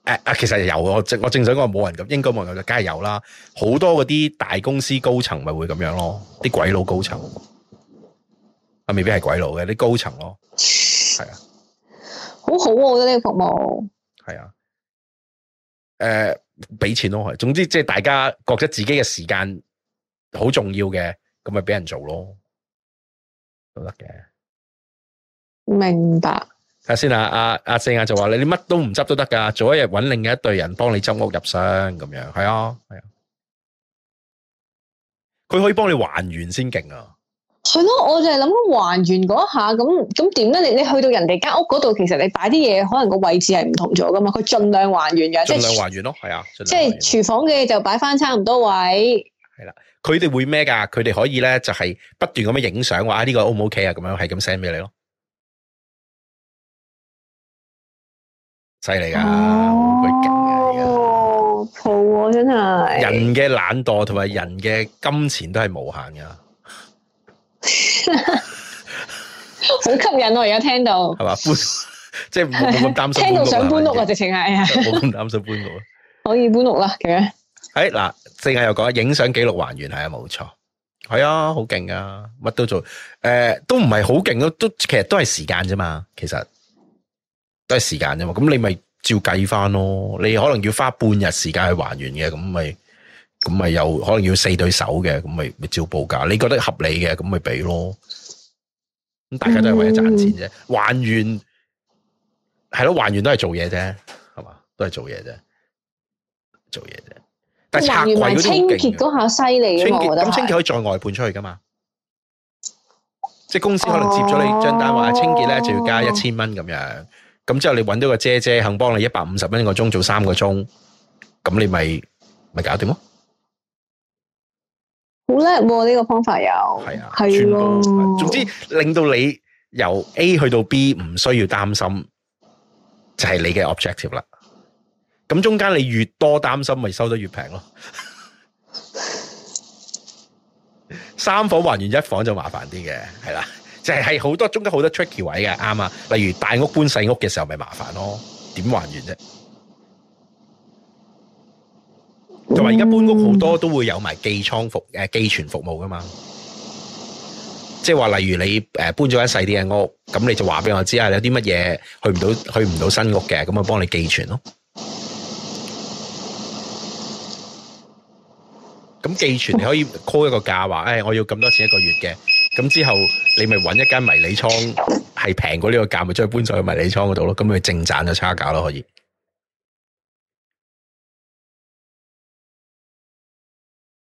啊，其實有我正我正想講冇人咁，應該冇人就梗係有啦。好多嗰啲大公司高層咪會咁樣咯，啲鬼佬高層啊，未必係鬼佬嘅啲高層咯，係啊。好好啊！我覺得呢個服務係啊，誒、呃，俾錢咯，係。總之即係大家覺得自己嘅時間好重要嘅，咁咪俾人做咯，都得嘅。明白。睇下先啊，阿阿四啊就話你你乜都唔執都得噶，做一日搵另一隊人幫你執屋入箱，咁樣，係啊，係啊。佢可以幫你還原先勁啊！係咯，我就係諗還原嗰下，咁咁點咧？你你去到人哋間屋嗰度，其實你擺啲嘢，可能個位置係唔同咗噶嘛？佢盡量還原嘅，即係盡量還原咯，係啊，即係廚房嘅就擺翻差唔多位。係啦，佢哋會咩噶？佢哋可以咧，就係不斷咁樣影相話呢個 O 唔 O K 啊？咁樣係咁 send 俾你咯。犀利噶，好鬼勁啊，好啊，真係。人嘅懶惰同埋人嘅金錢都係無限噶。好 吸引我而家聽到，係嘛搬，即係冇咁擔心。 聽到想搬屋啊，直情係啊，冇咁擔心搬屋。 可以搬屋其實啦，嘅。誒嗱，正係又講影相記錄還原係啊，冇錯，係啊，好勁啊，乜都做。誒、呃，都唔係好勁咯，都其實都係時間啫嘛，其實都係時間啫嘛。咁你咪照計翻咯，你可能要花半日時間去還原嘅，咁咪。咁咪有可能要四對手嘅，咁咪咪照報價。你覺得合理嘅，咁咪俾咯。咁大家都係為咗賺錢啫，還原係咯，還原都係做嘢啫，係嘛？都係做嘢啫，做嘢啫。但係還原嗰啲都勁嘅。清潔嗰下犀利，清潔咁清潔可以在外判出去噶嘛？即係公司可能接咗你張單，話清潔咧就要加一千蚊咁樣。咁之後你搵到個姐姐肯幫你一百五十蚊一個鐘做三個鐘，咁你咪咪搞掂咯。好叻喎！呢、啊這個方法又，係啊，係咯、啊。總之令到你由 A 去到 B，唔需要擔心，就係、是、你嘅 objective 啦。咁中間你越多擔心，咪收得越平咯。 三房還完一房就麻煩啲嘅，係啦、啊，就係係好多中間好多 tricky 位嘅，啱啊。例如大屋搬細屋嘅時候，咪麻煩咯。點還完啫？就話而家搬屋好多都會有埋寄倉服，誒寄存服務噶嘛，即係話例如你誒搬咗間細啲嘅屋，咁你就話俾我知啊，有啲乜嘢去唔到去唔到新屋嘅，咁我幫你寄存咯。咁寄存你可以 call 一個價，話，誒我要咁多錢一個月嘅，咁之後你咪揾一間迷你倉係平過呢個價，咪將佢搬咗去迷你倉嗰度咯，咁咪淨賺咗差價咯，可以。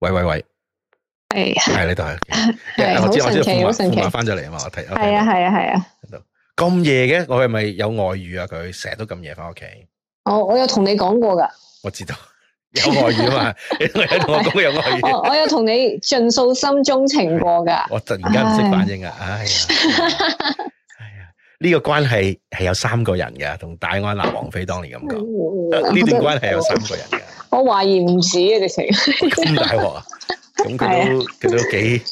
喂喂喂，係係你都係，我知我知，好神奇，好神奇，翻咗嚟啊嘛，我睇，係啊係啊係啊，咁夜嘅，我係咪有外遇啊？佢成日都咁夜翻屋企。哦，我有同你講過噶，我知道有外遇啊嘛，你同我講有外遇。我有同你盡訴心中情過噶，我突然間唔識反應啊，哎呀，哎呀，呢個關係係有三個人嘅，同戴安娜王妃當年咁講，呢段關係有三個人嘅。我懷疑唔止啊！直情咁大鑊啊！咁佢都佢都幾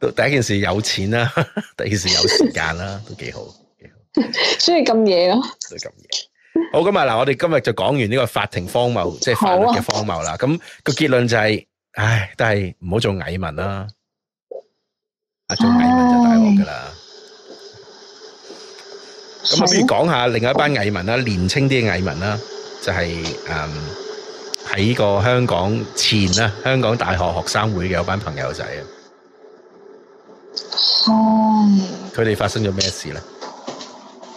都第一件事有錢啦，第二件事有時間啦，都幾好，幾好，所以咁野咯，所以咁野好咁啊！嗱，我哋今日就講完呢個法庭荒謬，即係法律嘅荒謬啦。咁個結論就係，唉，都係唔好做蟻民啦，啊，做蟻民就大鑊噶啦。咁啊，不如講下另外一班蟻民啦，年青啲嘅蟻民啦，就係誒。喺個香港前啦，香港大學學生會嘅有班朋友仔啊，佢哋、哦、發生咗咩事咧？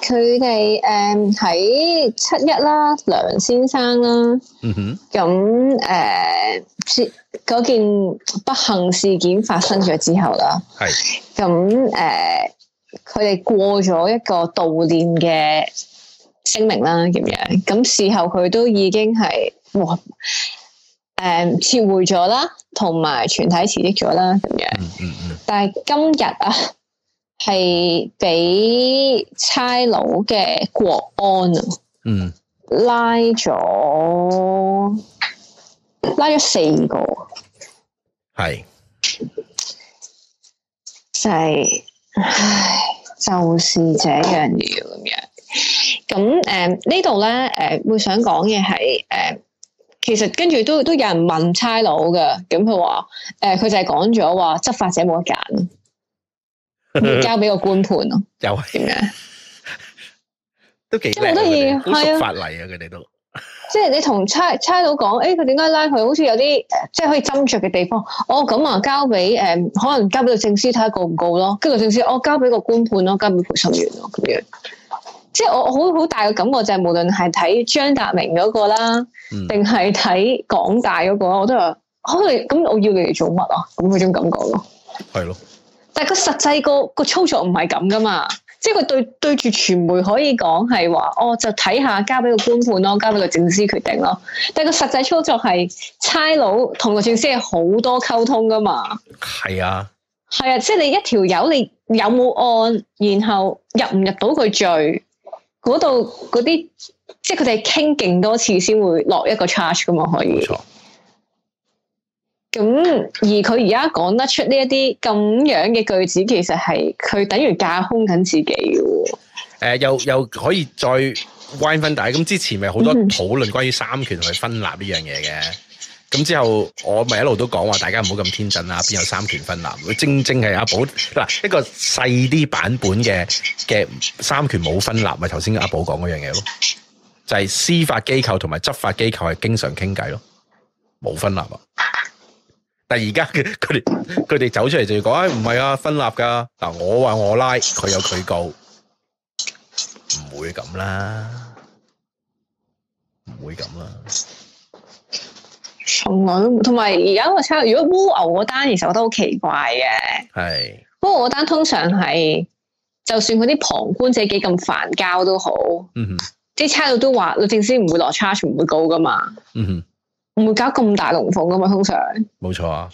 佢哋誒喺七一啦，梁先生啦，嗯哼，咁誒，呃、件不幸事件發生咗之後啦，係咁誒，佢哋、呃、過咗一個悼念嘅聲明啦，咁樣咁事後佢都已經係。哇、呃！撤回咗啦，同埋全體辭職咗啦，咁樣。嗯嗯，嗯。但係今日啊，係俾差佬嘅國安嗯，拉咗拉咗四個，係是，就係、是，唉，就是這樣了咁樣。咁誒、呃、呢度咧，誒、呃、會想講嘅係誒。呃其實跟住都都有人問差佬嘅，咁佢話，誒、呃，佢就係講咗話，執法者冇得揀，要 交俾個官判咯。又係咩？ 都幾好多嘢，好為熟法例啊！佢哋、啊、都，即係你同差差佬講，誒， 佢點解拉佢？好似有啲即係可以斟酌嘅地方。哦，咁、嗯、啊、嗯，交俾誒、嗯，可能交俾個政司睇下告唔告咯。跟住政司，我、哦、交俾個官判咯，交俾陪審員咯咁樣。即係我好好大嘅感覺就係無論係睇張達明嗰個啦，定係睇港大嗰個，嗯，我都話：好，你咁我要你嚟做乜啊？咁嗰種感覺咯。係咯。但係個實際個個操作唔係咁噶嘛，即係佢對對住傳媒可以講係話：哦，就睇下交俾個官判咯，交俾個政司決定咯。但係個實際操作係差佬同個政司係好多溝通噶嘛。係啊。係啊，即係你一條友，你有冇案，然後入唔入到佢罪？嗰度嗰啲，即係佢哋傾勁多次先會落一個 charge 㗎嘛，可以。錯錯。咁而佢而家講得出呢一啲咁樣嘅句子，其實係佢等於架空緊自己喎。誒、呃，又又可以再 wine 分底。咁之前咪好多討論關於三權去分立呢樣嘢嘅。嗯咁之後我，我咪一路都講話大家唔好咁天真啦，邊有三權分立？正正係阿寶嗱一個細啲版本嘅嘅三權冇分立，咪頭先阿寶講嗰樣嘢咯，就係、是、司法機構同埋執法機構係經常傾偈咯，冇分立啊！但而家佢哋佢哋走出嚟就要講，哎，唔係啊，分立㗎嗱，我話我拉，佢有佢告，唔會咁啦，唔會咁啦。從來都同埋而家個差佬，如果蝸牛嗰單，其實我覺得好奇怪嘅。係是，不過嗰單通常係，就算嗰啲旁觀者幾咁煩交都好，啲差佬都話律政司唔會落 charge，唔會告噶嘛。嗯哼，唔會搞咁大龍鳳噶嘛，通常。冇錯啊。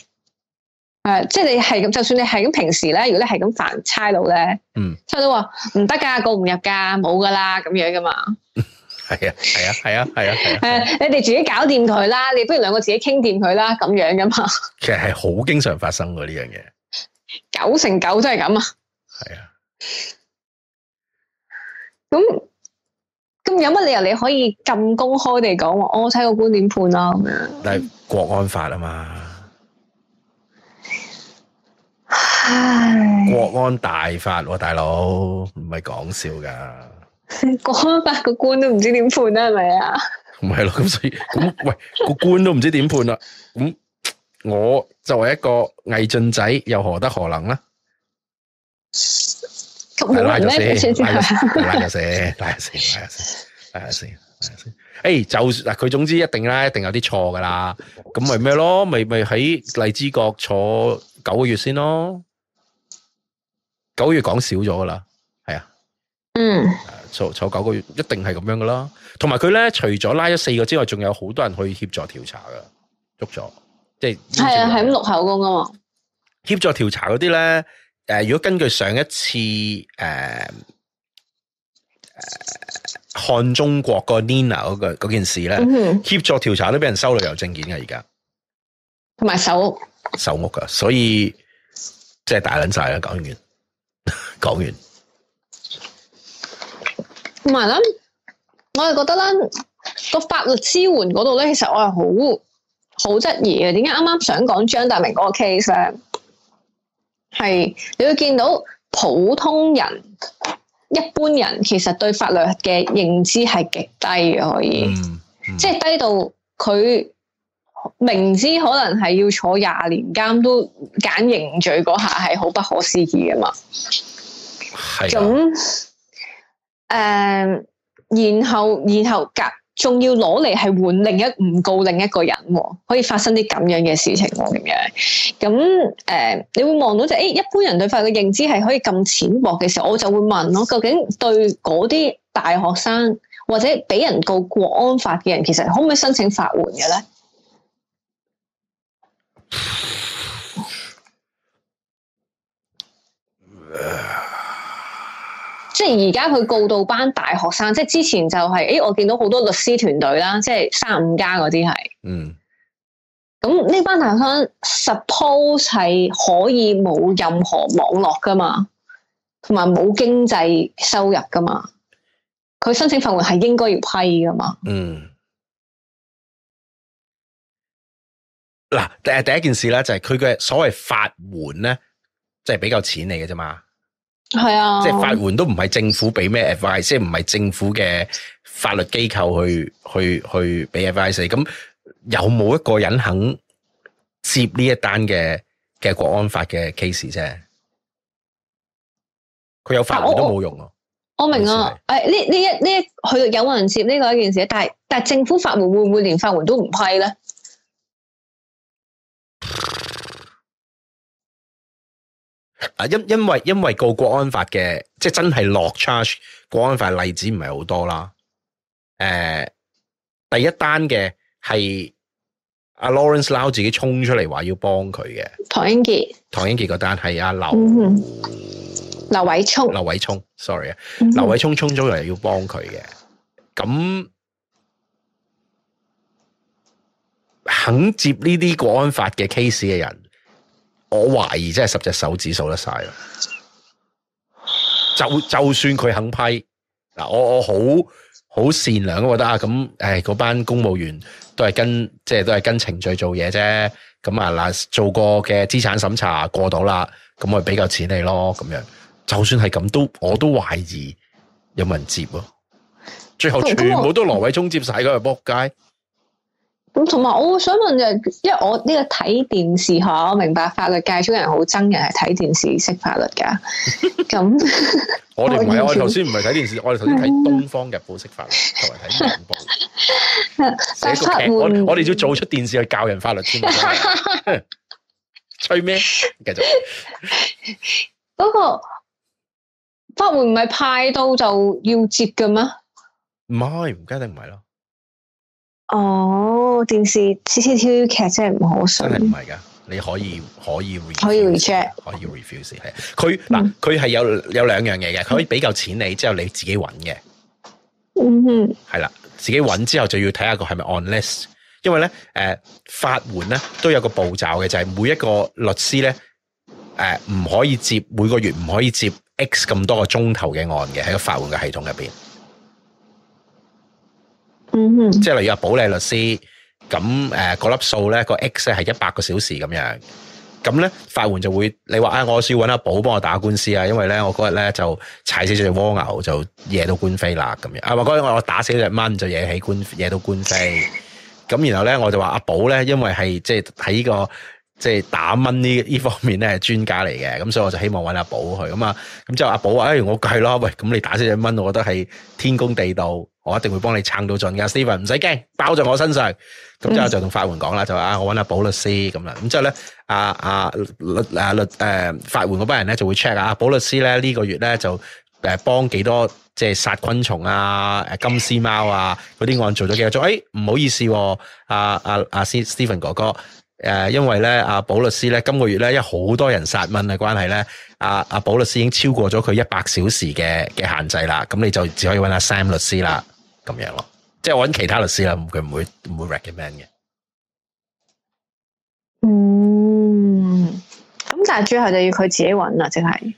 Uh, 即係你係咁，就算你係咁平時咧，如果你係咁煩差佬咧，嗯，差佬話唔得噶，告唔入噶，冇噶啦，咁樣噶嘛。 係啊，係啊，係啊，係啊，係啊！誒，你哋自己搞掂佢啦，你不如兩個自己傾掂佢啦，咁樣噶嘛？其實係好經常發生嘅呢樣嘢，九成九都係咁啊！係啊，咁咁有乜理由你可以咁公開地講話？我睇個觀點判啦咁樣。但係國安法啊嘛，唉，國安大法喎，大佬唔係講笑噶。講百個官都唔知點判啦，係咪啊？唔係咯，咁所以咁喂，個官都唔知點判啦。咁、嗯、我作為一個魏晉仔，又何德何能啦？係拉咗先，拉咗先，拉咗先，誒， hey, 就嗱，佢總之一定啦，一定有啲錯噶啦。咁咪咩咯？咪咪喺荔枝角坐九個月先咯。九個月講少咗噶啦，係啊。嗯。坐坐九個月一定係咁樣噶啦，同埋佢咧除咗拉咗四個之外，仲有好多人可以協助調查噶，捉咗，即係係啊，係咁錄口供噶嘛？協的助調查嗰啲咧，誒，如果根據上一次誒誒、呃呃，漢中國的、那個 Nina 嗰個件事咧，協、嗯、哼助調查都俾人收旅遊證件噶，而家同埋搜搜屋噶，所以即係大撚晒啦，講完講完。講完同埋咧，我係覺得咧個法律支援嗰度咧，其實我係好好質疑嘅。點解啱啱想講張大明嗰個 case 咧？係，你會見到普通人、一般人其實對法律嘅認知係極低嘅，可以，嗯嗯、即係低到佢明知可能係要坐廿年監都揀認罪嗰下係好不可思議嘅嘛。係啊的。誒、uh,，然後然後隔，仲要攞嚟係換另一唔告另一個人、哦，可以發生啲咁樣嘅事情咁、哦、樣咁誒，uh, 你會望到就誒、哎，一般人對法嘅認知係可以咁淺薄嘅時候，我就會問我、哦、究竟對嗰啲大學生或者俾人告國安法嘅人，其實可唔可以申請法援嘅咧？ 即係而家佢告到班大學生，即係之前就係、是、誒、哎，我見到好多律師團隊啦，即係三五家嗰啲係。那嗯。咁呢班大學生，suppose 係可以冇任何網絡噶嘛，同埋冇經濟收入噶嘛，佢申請法援係應該要批噶嘛。嗯。嗱，第第一件事咧就係佢嘅所謂法援咧，即係比較淺嚟嘅啫嘛。係啊，即係法援都唔係政府俾咩 advice，即係唔係政府嘅法律機構去去去俾 advice，咁有冇一個人肯接呢一單嘅嘅國安法嘅 case 啫？佢有法援都冇用啊！我，我明啊，誒呢呢一呢一去有人接呢個一件事，但係但係政府法援會唔會連法援都唔批咧？啊，因因為因為個國安法嘅，即係真係落 charge 國安法例子唔係好多啦。誒、呃，第一單嘅係阿、啊、Lawrence Lau 自己衝出嚟話要幫佢嘅。唐英傑，唐英傑個單係阿劉劉偉聰，劉偉聰，sorry 啊，劉偉聰衝咗嚟要幫佢嘅。咁肯接呢啲國安法嘅 case 嘅人。我懷疑真係十隻手指數得晒啦，就就算佢肯批嗱，我我好好善良咁覺得啊咁，誒嗰班公務員都係跟即係都係跟程序做嘢啫，咁啊嗱，做過嘅資產審查過到啦，咁我俾夠錢你咯，咁樣就算係咁都，我都懷疑有冇人接喎、啊。最後全部都羅偉忠接晒，嗰個仆街。咁同埋，我想問就係，因為我呢個睇電視嚇，我明白法律界啲人好憎人係睇電視識法律㗎。咁 樣我哋唔係， 我哋頭先唔係睇電視，我哋頭先睇《東方日報》識法律，同埋睇《明報》。 我哋要做出電視去教人法律添。吹咩？ 繼續。嗰個法會唔係派到就要接嘅咩？唔係，唔該，定唔係咯？哦。部電視 CCTV 劇真係唔可信，唔係噶，你可以可以 r e 可以 reject，可以 refuse 係佢嗱，佢係、嗯、有有兩樣嘢嘅，佢可以俾夠錢你之後你自己揾嘅，嗯哼，係啦，自己揾之後就要睇下佢係咪 on list，因為咧誒法援咧都有個步驟嘅，就係、是、每一個律師咧誒唔可以接每個月唔可以接 x 咁多個鐘頭嘅案嘅喺個法援嘅系統入邊，嗯哼，即係例如阿保利律師。咁誒，嗰粒數咧，個 X 咧係一百個小時咁樣。咁咧，法援就會你話啊，我需要揾阿寶幫我打官司啊，因為咧我嗰日咧就踩死隻蝸牛，就惹到官非啦咁樣。啊，話嗰日我我打死隻蚊，就惹起官惹到官非。咁然後咧，我就話阿寶咧，因為係即係喺個即係、即係、打蚊呢呢方面咧係專家嚟嘅，咁所以我就希望揾阿寶去咁啊，咁之後阿寶話：哎，我計咯，喂，咁你打死隻蚊，我覺得係天公地道。我一定會幫你撐到盡噶，Steven 唔使驚，包在我身上。咁之後就同法援講啦，就話啊我搵阿保律師咁啦。咁之後咧，啊律啊律誒、啊，法援嗰班人咧就會 check 啊，保律師咧呢、這個月咧就誒幫幾多即係殺昆蟲啊、金絲貓啊嗰啲案做咗幾多宗？誒，唔、哎、好意思、啊，喎、啊，阿、啊、阿 Steven 哥哥，誒、啊，因為咧阿保律師咧今、這個月咧因為好多人殺蚊嘅關係咧，阿、啊、阿保律師已經超過咗佢一百小時嘅嘅限制啦。咁你就只可以搵阿、啊、Sam 律師啦。咁樣咯，即係揾其他律師啦，佢唔會唔會 recommend 嘅。嗯，咁但係最後就要佢自己揾啦，即係。誒、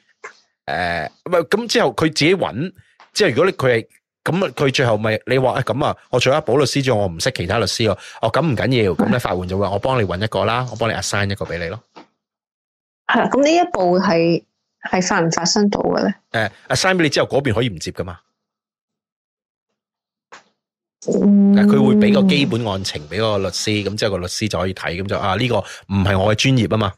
呃，唔咁之後佢自己揾，之後如果你佢係咁啊，佢最後咪、就是、你話誒咁啊，我除咗阿寶律師之外，我唔識其他律師啊，哦咁唔緊要，咁咧法援就會我幫你揾一個啦，我幫你 assign 一個俾你咯。係啦，咁呢一步係係發唔發生到嘅咧？誒、呃、assign 俾你之後，嗰邊可以唔接噶嘛？佢會俾個基本案情俾個律師，咁之後個律師就可以睇，咁就啊呢、這個唔係我嘅專業啊嘛。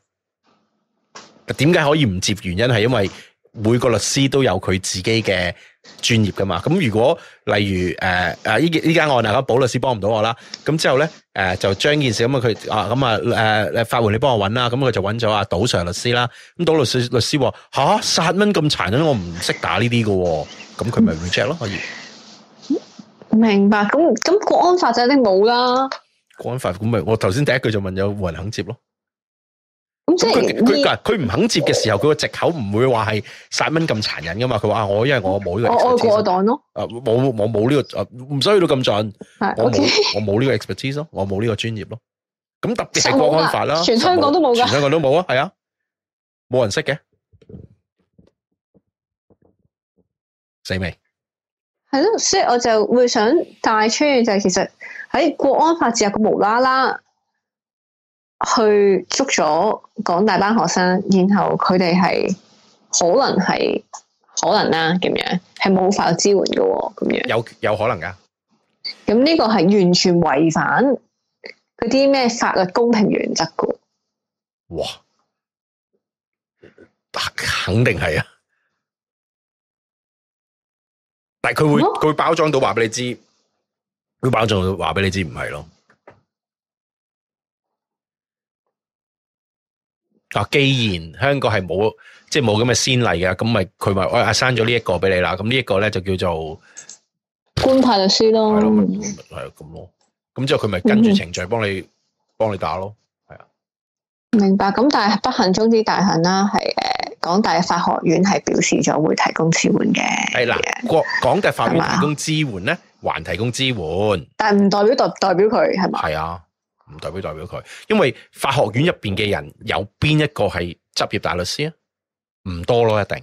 點解可以唔接？原因係因為每個律師都有佢自己嘅專業噶嘛。咁如果例如誒誒呢呢間案，大家保律師幫唔到我啦。咁之後咧誒、呃、就將件事咁啊佢啊咁啊誒誒法援你幫我揾啦。咁佢就揾咗阿島上律師啦。咁島律律師話吓、啊、殺蚊咁殘忍，我唔識打呢啲嘅。咁佢咪 reject 咯？可以。明白，咁咁國安法就一定冇啦。國安法咁咪，我頭先第一句就問有冇人肯接咯。咁即係佢佢唔肯接嘅時候，佢個藉口唔會話係殺蚊咁殘忍噶嘛？佢話我因為我冇呢個我。我、啊、我過檔咯、這個。啊，是我冇呢 個唔需要到咁盡。我冇呢個 expertise 咯，我冇呢個專業咯。咁特別係國安法啦，全香港都冇噶，全香港都冇啊，係啊，冇人識嘅。死未？係咯，所以我就會想帶出，就係、是、其實喺國安法治入，佢無啦啦去捉咗港大班學生，然後佢哋係可能係可能啦，咁樣係冇法律支援喎。咁樣有有可能噶？咁呢個係完全違反嗰啲咩法律公平原則噶？哇！肯定係啊！但係佢會佢包裝到話俾你知，佢、哦、包裝到話俾你知唔係咯、啊。既然香港係冇即係冇咁嘅先例嘅，咁咪佢咪我阿生咗呢一個俾你啦。咁呢一個咧就叫做官派律師咯，係咁咯。咁、就是、之後佢咪跟住程序幫你幫、嗯、哼你打咯。明白咁，但係不幸中之大幸啦，係誒，港大嘅法學院係表示咗會提供支援嘅。係嗱，港港大法學院提供支援咧，吧還提供支援。但係唔代表代代表佢係咪？係啊，唔代表代表佢，因為法學院入邊嘅人有邊一個係執業大律師啊？唔多咯，一定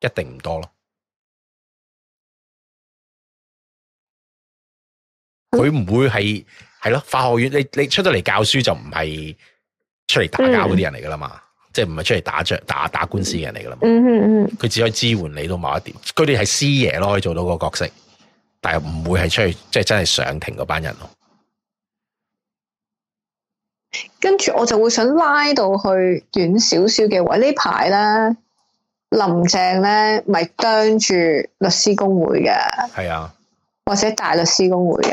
不一定唔多咯。佢唔會係係咯，法學院，你你出咗嚟教書就唔係出嚟打交嗰啲人嚟噶啦嘛，嗯、即係唔係出嚟打仗、打打官司嘅人嚟噶啦嘛。嗯嗯嗯，佢、嗯嗯、只可以支援你到某一點，佢哋係師爺咯，可以做到個角色，但係唔會係出去，即係真係上庭嗰班人咯。跟住我就會想拉到去遠少少嘅位。呢排咧，林鄭咧，咪當住律師公會嘅，係啊，或者大律師公會嘅，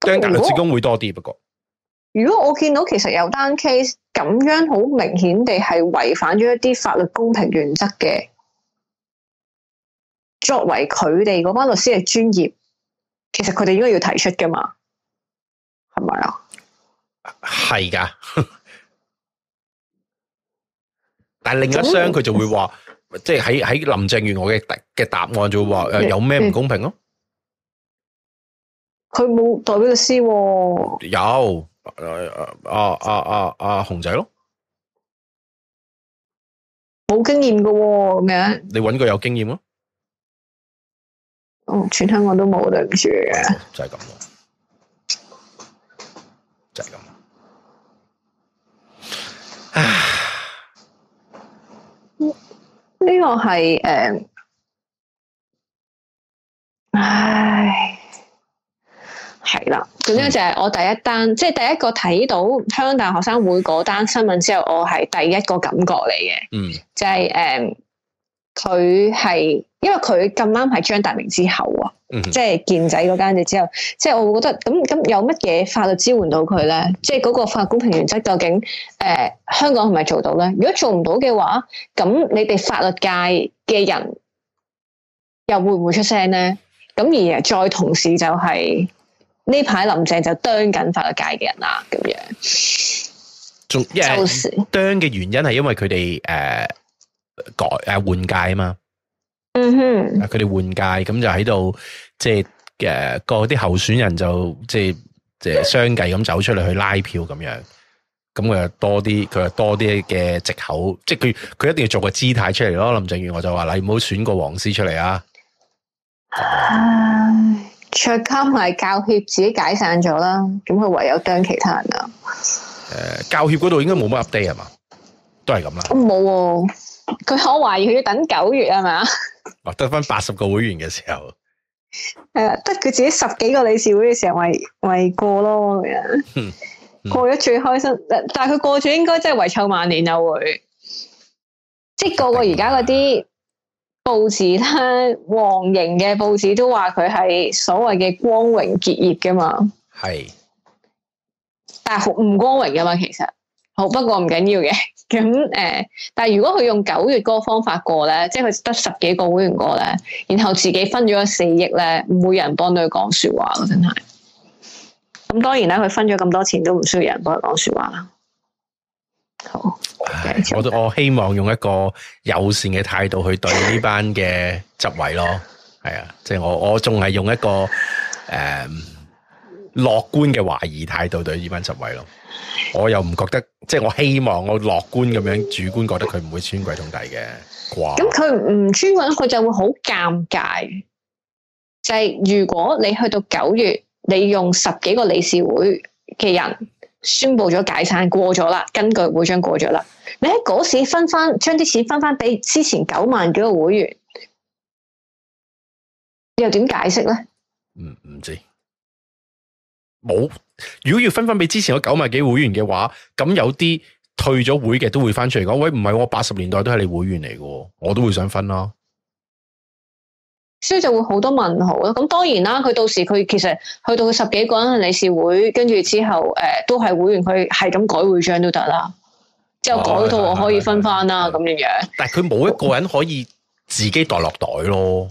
當大律師公會多啲，不過。如果我見到其實有單 case 咁樣好明顯地係違反咗一啲法律公平原則嘅，作為佢哋嗰班律師嘅專業，其實佢哋應該要提出噶嘛，係咪啊？係噶是的， 但係另一雙佢要就會話，即係喺喺林鄭月娥嘅嘅答案就會話誒，有咩唔公平咯？佢冇、嗯嗯、代表律師、啊，有。啊啊啊啊啊，熊仔咯，冇經驗嘅、哦，你揾個有經驗咯。哦，全香港都冇唔住嘅，就係咁咯，就係、是、咁。唉，呢個係誒、呃，唉，係啦。咁樣就係我第一單，嗯、即係第一個睇到香港大學生會嗰單新聞之後，我係第一個感覺嚟嘅、嗯就是。嗯，就係誒，佢係因為佢咁啱係張達明之後啊，即係健仔嗰間嘅之後，即係、嗯嗯、我會我覺得咁咁有乜嘢法律支援到佢咧？即係嗰個法律公平原則究竟誒、呃、香港係咪做到咧？如果做唔到嘅話，咁你哋法律界嘅人又會唔會出聲咧？咁而再同時就係、是。呢排林鄭就啄緊法律界嘅人啦，咁樣，就啄嘅原因係因為佢哋誒改誒換屆啊嘛，嗯哼，佢哋換屆咁就喺度即係誒個啲候選人就即係即係相繼咁走出嚟去拉票咁樣，咁佢又多啲，佢又多啲嘅藉口，即係佢佢一定要做個姿態出嚟咯。林鄭月娥就話：你唔好選個黃絲出嚟啊！Uh 卓康係教協自己解散咗啦，咁佢唯有將其他人了了啊，誒，教協嗰度應該冇乜 update 係嘛？都係咁啦。冇，佢可懷疑佢要等九月係嘛？哦，得翻八十個會員嘅時候，得佢、啊、自己十幾個理事會嘅時候為為過咯咁樣， 過咗最開心。 但但係佢過住應該真係遺臭萬年又會，即係個個而家嗰啲。報紙咧，黃瑩嘅報紙都話佢係所謂嘅光榮結業噶嘛，係是，但係好唔光榮噶嘛，其實好不過唔緊要嘅。咁誒、呃，但係如果佢用九月嗰個方法過咧，即係佢得十幾個會員過咧，然後自己分咗四億咧，唔會有人幫到佢講說話咯，真係。咁當然咧，佢分咗咁多錢都唔需要有人幫佢講說話啦。好，我都我希望用一個友善嘅態度去對呢班嘅執委咯，係啊，即係我我仲係用一個誒、嗯、樂觀嘅懷疑態度對呢班執委咯。我又唔覺得，即係我希望我樂觀咁樣主觀覺得佢唔會穿櫃桶底嘅哇。咁佢唔穿櫃，佢就會好尷尬。就係、是、如果你去到九月，你用十幾個理事會嘅人。宣佈咗解散過咗啦，根據會章過咗啦。你喺嗰時分翻，將啲錢分翻俾之前九萬幾個會員，又點解釋咧？唔唔、嗯、知，冇。如果要分翻俾之前嗰九萬幾個會員嘅話，咁有啲退咗會嘅都會翻出嚟講：喂，唔係我八十年代都係你會員嚟嘅，我都會想分咯、啊。所以就會好多問號咯。咁當然啦，佢到時佢其實去到佢十幾個人理事會，跟住之後誒、呃、都係會員，佢係咁改會章都得啦。之後改到我可以分返啦咁樣。但係佢冇一個人可以自己袋落袋咯，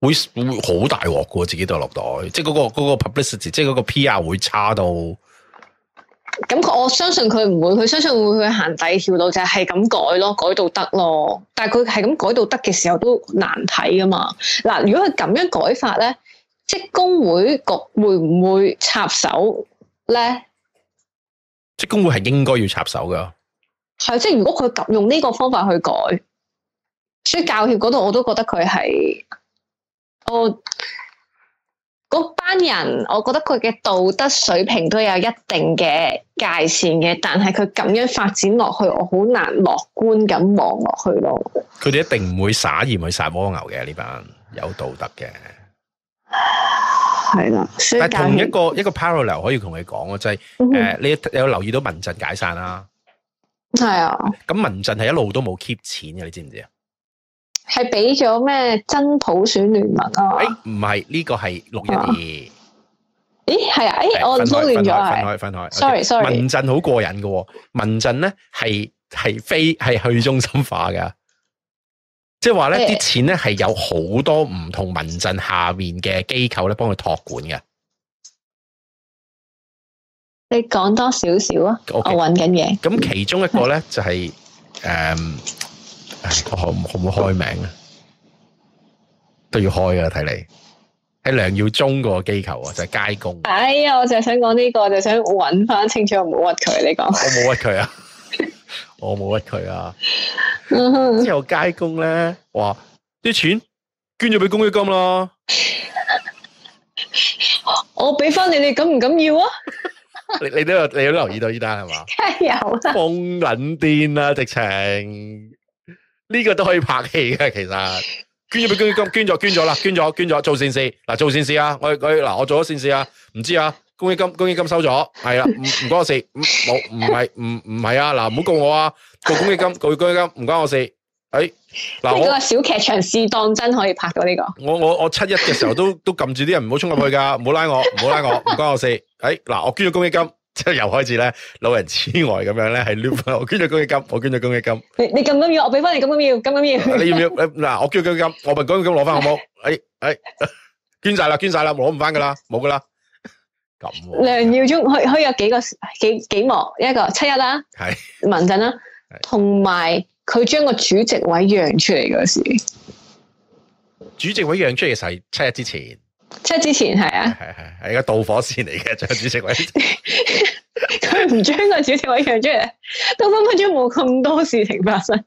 好會會好大鑊嘅喎，自己袋落袋，即係、那、嗰個、那個、publicity，即係嗰個 PR 會差到。咁佢我相信佢唔會，佢相信會去行第二條路，就係咁改咯，改到得咯。但係佢係咁改到得嘅時候都難睇噶嘛。嗱，如果佢咁樣改法咧，職工會局會唔會插手咧？即工會係應該要插手噶。係即係如果佢用呢個方法去改，所以教協嗰度我都覺得佢係我。嗰班人，我覺得佢嘅道德水平都有一定嘅界線嘅，但係佢咁樣發展落去，我好難樂觀咁望落去咯。佢哋一定唔會灑鹽去殺蝸牛嘅，呢班有道德嘅，係啦 的。但係同一個 一個 parallel 可以同你講啊，就係、是嗯、哼你有留意到民陣解散啦？係啊的。咁民陣係一路都冇 keep 錢嘅，你知唔知啊？係俾咗咩真普選聯盟啊？唔係呢個係六一二。咦，係啊，誒，我亂咗啊。分開，分開。Sorry，Sorry sorry. Okay. 民陣好過癮嘅，民陣咧係係非係去中心化嘅，即係話咧啲錢咧係有好多唔同民陣下面嘅機構咧幫佢託管嘅。你講多少少啊？Okay. 我搵緊嘢。咁其中一個咧就係、是、誒。 哎、我可可唔可以開名啊？都要開啊！睇你喺梁耀忠個機構啊，就係、是、街工。哎呀，我就想講呢、這個，就想搵翻清楚唔好屈佢。你講，我冇屈佢啊， 我冇屈佢啊。嗯、哼之後街工咧，話啲錢捐咗俾公益金啦，我俾翻你，你敢唔敢要啊？ 你你都你都留意到依單係嘛？梗係有啦，瘋捻癲啊，直情、啊。呢個都可以拍戲嘅，其實捐咗俾公益金，捐咗，捐咗啦，捐咗，捐咗，做善事嗱，做善事啊，我我嗱，我做咗善事啊，唔知啊，公益金公益金收咗，係啦，唔唔關我事，唔冇，唔係唔唔係啊，嗱，唔好告我啊，告公益金，告公益金，唔關我事，誒，嗱，我小劇場試當真可以拍到呢個，我我我七一嘅時候都都撳住啲人唔好沖入去噶，唔好拉我，唔好拉我，唔關我事，誒，嗱，我捐咗公益金。即係又開始咧，老人痴呆咁樣咧，係 loop。我捐咗公益金，我捐咗公益金。你你咁緊要，我俾翻你咁緊要，咁緊要。你要唔要？嗱，我捐咗公益金，我咪公益金攞翻好冇？誒誒，捐晒啦，捐晒啦，攞唔翻噶啦，冇噶啦。咁梁耀忠，可以有幾個幾幾幕？一個七日啦，係文震啦，同埋佢將個主席位讓出嚟嗰時，主席位讓出嚟，其實係七日之前。七日之前係啊，係係係一個導火線嚟嘅，就主席位。佢唔將個主持位讓出嚟，都分分鐘都冇咁多事情發生。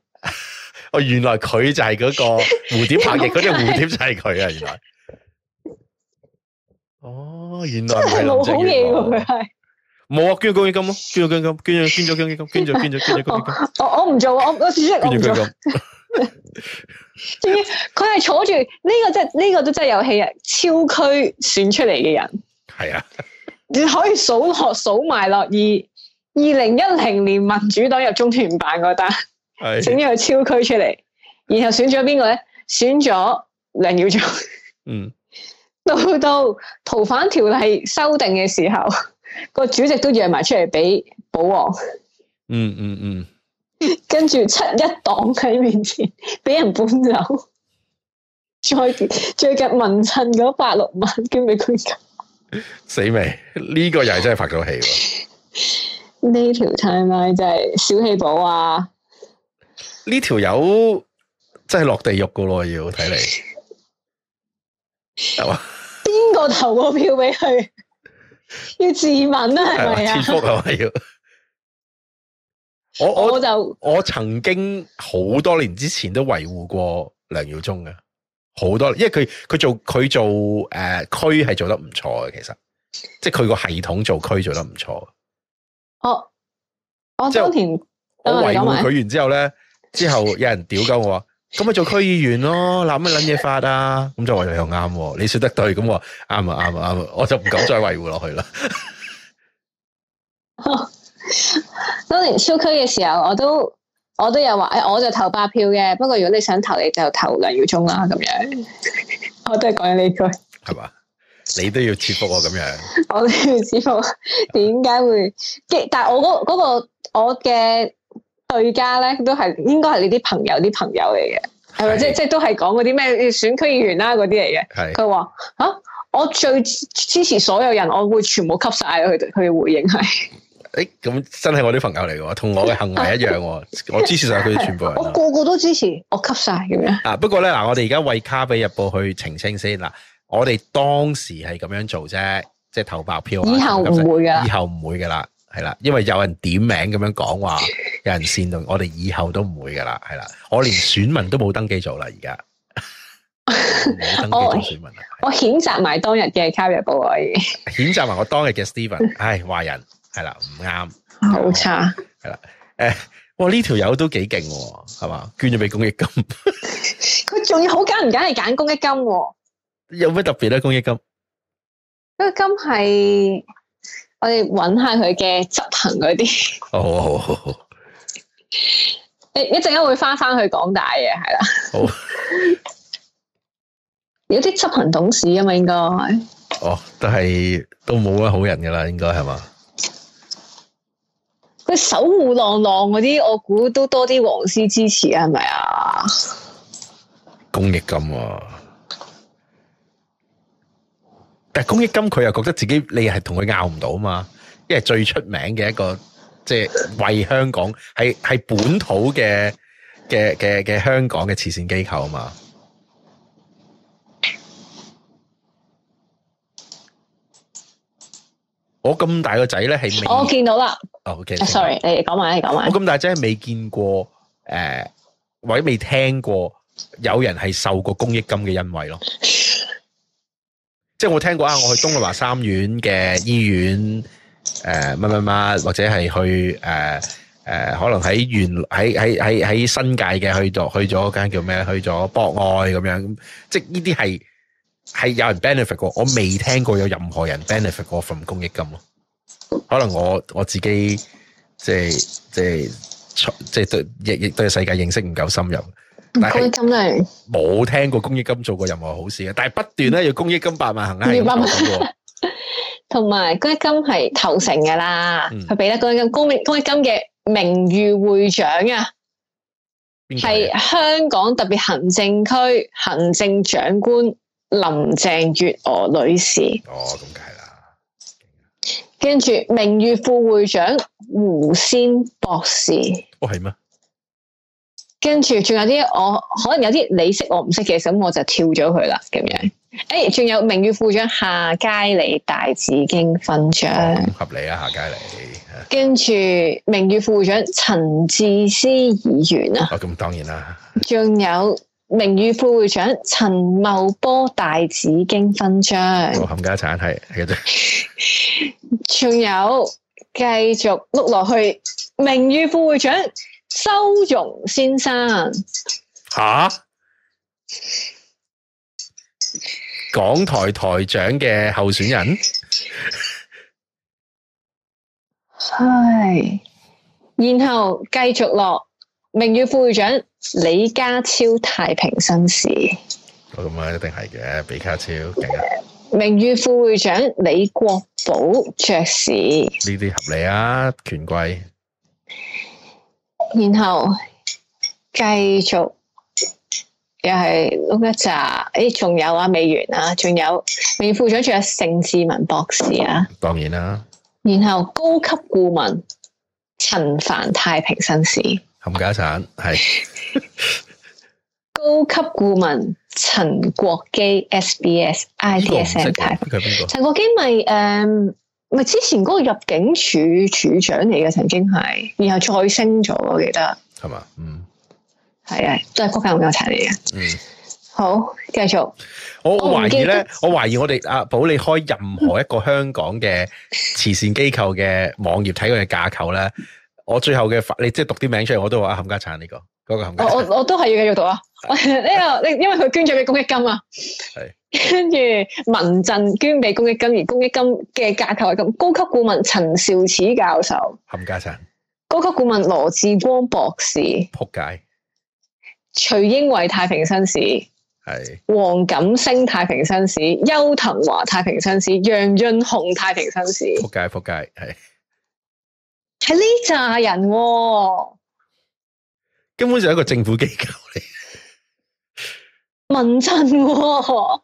哦，原來佢就係嗰個蝴蝶拍翼嗰隻蝴蝶就係佢啊！原來，哦，原來係好嘢，佢係冇捐公益金咯，捐咗公益金，捐咗捐咗公益金，捐咗捐咗捐咗公益金。我我唔做，我我主席唔做。仲要佢係坐住呢個真呢個都真係遊戲，啊超區選出嚟嘅人，係啊。你可以數落數埋落二二零一零年民主黨入中聯辦嗰單，整咗個超區出嚟，然後選咗邊個咧？選咗梁耀忠。嗯，到到逃犯條例修訂嘅時候，個主席都讓埋出嚟俾保皇。嗯嗯嗯。嗯嗯跟住七一黨喺面前俾人搬走，再最近民陣嗰八六萬捐俾佢。死未？呢、呢個又係真係發咗氣。呢條 t i m e 真係小氣寶啊！呢條友真係落地獄噶咯，要睇嚟邊個邊個投過票俾佢？要自問啊，係咪啊？切腹啊，要我我就我曾經好多年之前都維護過梁耀忠嘅。好多，因為佢佢做佢做誒區係做得唔錯嘅，其實即係佢個系統做區做得唔錯哦。哦，我是當年我維護佢完之後咧， 之後有人屌鳩我話，咁咪做區議員咯，攞乜卵嘢發啊？咁 就話又啱、啊，你說得對，咁話啱啊啱啊啱啊，啊，我就唔敢再維護落去啦。 哦，當年超區嘅時候，我都。我都有話，誒、哎，我就投八票嘅。不過如果你想投，你就投梁耀忠啦，咁樣。 我都係講緊呢句，係嘛？你都要切腹啊，咁樣。我都要切腹。點解會？但係我嗰嗰個我嘅對家咧，都係應該係你啲朋友啲朋友嚟嘅，係咪？即係即係都係講嗰啲咩選區議員啦，嗰啲嚟嘅。佢話：，啊，我最支持所有人，我會全部吸晒佢。佢嘅回應係。誒，咁真係我啲朋友嚟嘅，同我嘅行為一樣，哦， 我支持晒佢哋全部人，我個個都支持，我吸晒咁樣。啊，不過咧嗱，我哋而家為卡比日報去澄清先啦。我哋當時係咁樣做啫，即係投白票，啊。以後唔會㗎。以後唔會噶啦，係啦， 因為有人點名咁樣講話，有人煽動， 我哋以後都唔會噶啦，係啦，我連選民都冇登記做啦，而家冇登記做選民我譴 責埋當日嘅卡比日報，我譴、 啊、責埋我當日嘅 Steven，唉、哎，壞人。係啦，唔啱，好差。係啦，誒，我呢條友都幾勁喎，係嘛？捐咗俾公益金，佢仲要好揀，唔揀係揀公益金。有咩特別咧？公益金，公益金係我哋揾下佢嘅執行嗰啲。哦，誒，一陣間會翻翻去港大嘅，係啦。好，有啲執行董事啊嘛，應該。哦，都係都冇乜好人噶啦，應該係嘛？佢守護浪浪嗰啲，我估都多啲黃絲支持係咪啊？公益金喎，啊，但係公益金佢又覺得自己你係同佢拗唔到啊嘛，因為最出名嘅一個即係、就是、為香港係係本土嘅嘅嘅嘅香港嘅慈善機構啊嘛。我咁大個仔咧，係未？我見到啦。哦，OK。Sorry，你講埋，你講埋。我咁大仔未見過，誒，或者未聽過有人係受過公益金嘅恩惠咯。即係我聽過啊，我去東華三院嘅醫院，誒，乜乜乜，或者係去誒誒，可能喺原喺喺喺喺新界嘅去做去咗間叫咩？去咗博愛咁樣，即係呢啲係。係有人 benefit 過，我未聽過有任何人 benefit 過 from 公益金咯。可能我我自己即係即係即係對亦亦對世界認識唔夠深入。公益金嚟，冇聽過公益金做過任何好事啊！但係不斷咧，要公益金百萬行啦，同埋公益金係投誠噶啦，佢俾得公益金，公益公益金嘅名譽會長啊，係香港特別行政區行政長官林鄭月娥女士，哦，咁梗係啦。跟住名譽副會長胡仙博士，哦，係咩？跟住仲有啲我可能有啲你識我唔識嘅，咁我就跳咗佢啦，咁樣。誒、嗯、仲、欸、有名譽副會長夏佳理大紫荊勳章，哦、合理啊，夏佳理， 跟住名譽副會長陳智思議員啊，哦，咁當然啦，仲有。名譽副會長陳茂波大紫荊勳章，冚家鏟係，係嘅。仲 有繼續碌落去，名譽副會長修容先生，吓、啊？港台台長嘅候選人，係 然後繼續落名譽副會長。李家超太平紳士，咁啊，一定係嘅。李家超，名譽副會長李國寶爵士，呢啲合理啊，權貴。然後繼續又係碌一紮，誒、哎，仲有啊，美元啊，仲有名譽副會長仲有盛智文博士啊，當然啦、啊。然後高級顧問陳凡太平紳士。冚家產，係 高級顧問陳國基 SBS IDSM 佢邊個？陳風國基咪誒咪之前嗰個入境處處長嚟嘅，曾經係，然後再升咗，我記得係嘛？嗯，係啊，都係覆家冚家鏟嚟嘅。嗯，好，繼續。我懷疑咧，我懷疑我哋阿寶你開任何一個香港嘅慈善機構嘅網頁睇佢嘅架構咧。 我最後嘅法，你即係讀啲名字出嚟，我都話啊，冚家鏟呢個嗰個冚家鏟，我我都係要繼續讀啊！呢個你因為佢捐咗俾公益金啊，係跟住民陣捐俾公益金，而公益金嘅架構係咁，高級顧問陳肇始教授，冚家鏟高級顧問羅志光博士，撲街。徐英偉太平紳士，係黃錦星太平紳士，邱騰華太平紳士，楊潤雄太平紳士，撲街撲街係。喺呢扎人，哦，根本就係一個政府機構嚟，民陣、哦、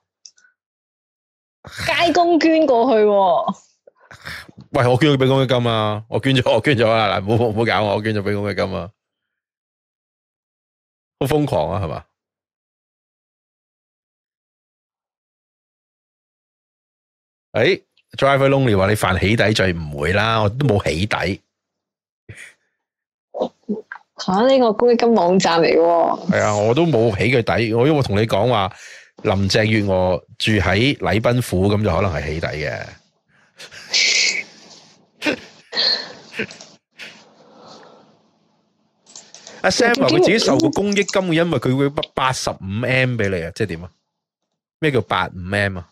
街工捐過去，哦，喂，我捐咗俾公益金啊！我捐咗，我捐咗啦，嗱，唔好唔好搞我，我捐咗俾公益金啊！好瘋狂啊，係嘛？誒，Driver Lonely 話你犯起底罪唔會啦，我都冇起底。吓，呢個公益金網站嚟喎、哦？係啊、哎，我都冇起佢底，我都冇同你講話。林鄭月娥住喺禮賓府，咁就可能係起底嘅。阿 Sam 佢 自己受過公益金，嘅，因為佢會八十五 M 俾你啊？即係點啊？咩叫八五 M 啊？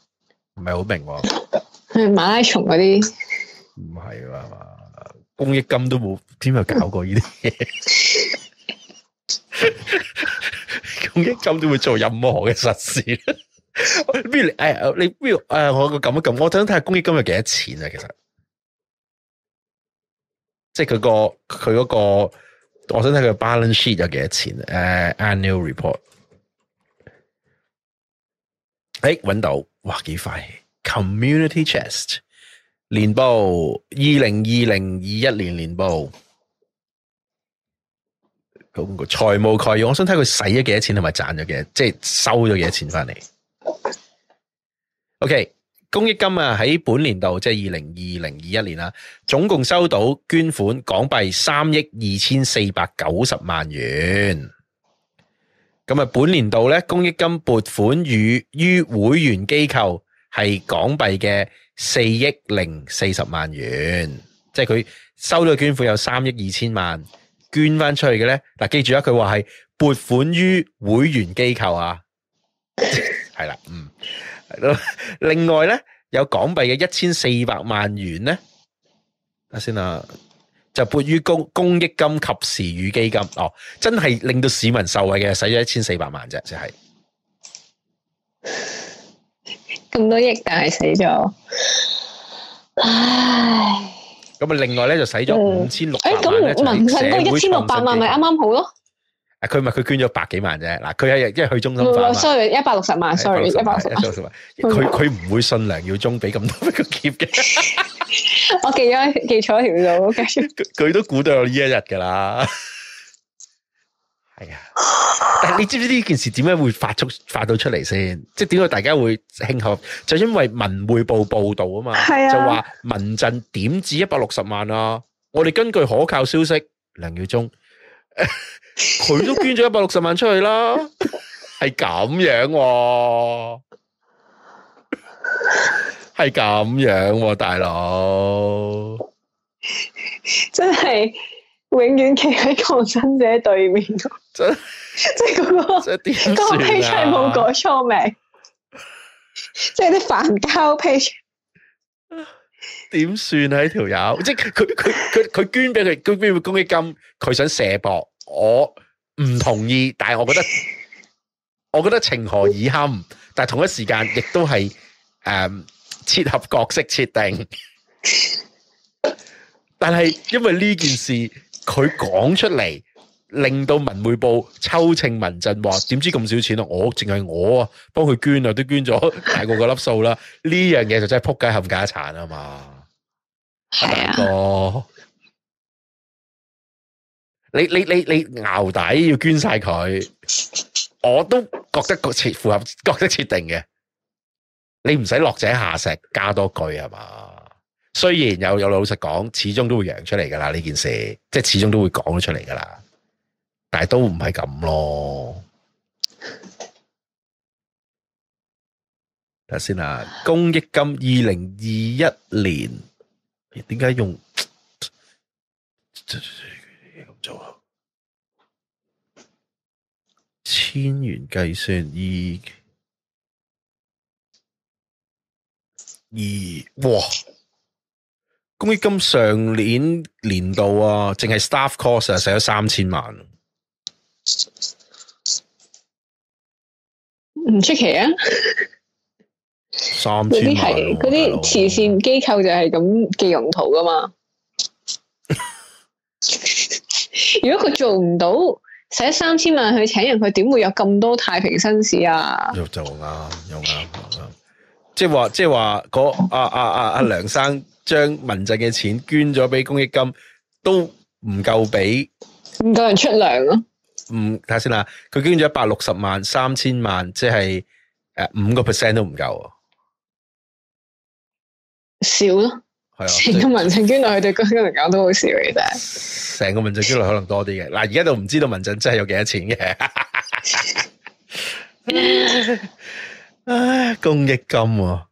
唔係好明喎、啊。係馬拉松嗰啲？唔係啊嘛。公益金都冇，點有搞過呢啲嘢？ 公益金都會做任何嘅實事。不如誒，你不如誒，我個撳一按我想睇下公益金有幾多錢啊？其實，即係佢個佢嗰個，我想睇佢 balance sheet 有幾多錢？誒，uh，annual report，誒，搵到，哇，幾快！Community Chest。年報，二零二零二一年年報，咁個財務概要，我想睇佢使咗幾多錢，同埋賺咗幾多錢，即係收咗幾多錢翻嚟。OK，公益金啊，喺本年度即係二零二零二一年啦，總共收到捐款港幣三億二千四百九十萬元。咁啊，本年度咧，公益金撥款予於，於會員機構係港幣嘅四億零四十萬元，即係佢收咗捐款有三億二千萬，捐翻出去嘅咧，嗱記住啊，佢話係撥款於會員機構啊，係啦， 嗯，另外咧有港幣嘅一千四百萬元咧，啊先啊，就撥於公公益金及時雨基金，哦，真係令到市民受惠嘅，使咗一千四百萬啫，即係。 咁多億，但係死咗，唉！咁啊，另外咧就使咗五千六百萬咧，唔會唔會唔會一千六百萬咪啱啱好咯？啊，佢咪佢捐咗百幾萬啫，嗱，佢係因為去中心化嘛，sorry，一百六十萬，sorry，一百六十萬，佢佢唔會信梁耀忠俾咁多俾佢揭嘅，我記咗記錯一條數，佢都估到有呢一日噶啦。係啊、哎，但係你知唔知呢件事點解，會發出發到出嚟先？即係點解大家會慶賀？就因為文匯報報道啊嘛，啊就話民陣點止一百六十萬啊！我哋根據可靠消息，梁耀忠佢、哎、都捐咗一百六十萬出去啦，係咁 樣、啊，係咁樣、啊，大佬真係永遠企喺抗爭者對面、啊。 即係嗰、嗰個嗰個 page 係冇改錯名，即係啲法膠 page 點算啊？呢條友即係佢佢佢佢捐俾佢，佢捐佢公益金，佢想射博，我唔同意，但係我覺得我覺得情何以堪？但係同一時間亦都係誒、切、嗯、合角色設定。但係因為呢件事，佢講出嚟。令到文匯報抽秤民陣話，點知咁少錢啊？我淨係我啊，幫佢捐啊，都捐咗大過嗰粒數啦。呢樣嘢就真係扑街冚家產啊嘛！係啊，哦，你你你你淆底要捐晒佢，我都覺得個設符合角色設定嘅。你唔使落井下石，加多句吖嘛？雖然有有老實講，始終都會揚出嚟噶啦，呢件事即係始終都會講咗出嚟噶啦。但係都唔係咁咯。睇下先啦，公益金二零二一年，點解用？千元計算二二哇！公益金上年年度啊，淨係 staff cost 啊，使咗三千萬。唔出奇啊！三啲係嗰啲慈善機構就係咁嘅用途噶嘛。 如果佢做唔到，使三千萬去請人，佢點會有咁多太平紳士啊？又做啱，又啱，即係話，即係話，嗰阿阿阿梁生將民眾嘅錢捐咗俾公益金，都唔夠俾，唔夠人出糧咯、啊。嗯，睇下先啦。佢捐咗一百六十萬、三千萬，即係誒五個 percent 都唔夠、啊吧，少咯。係啊，成個民政捐來佢對嗰個嚟講都好笑嘅，成個民政捐來可能多啲嘅。嗱，而家都唔知道民政真係有幾多錢嘅。 唉，公益金我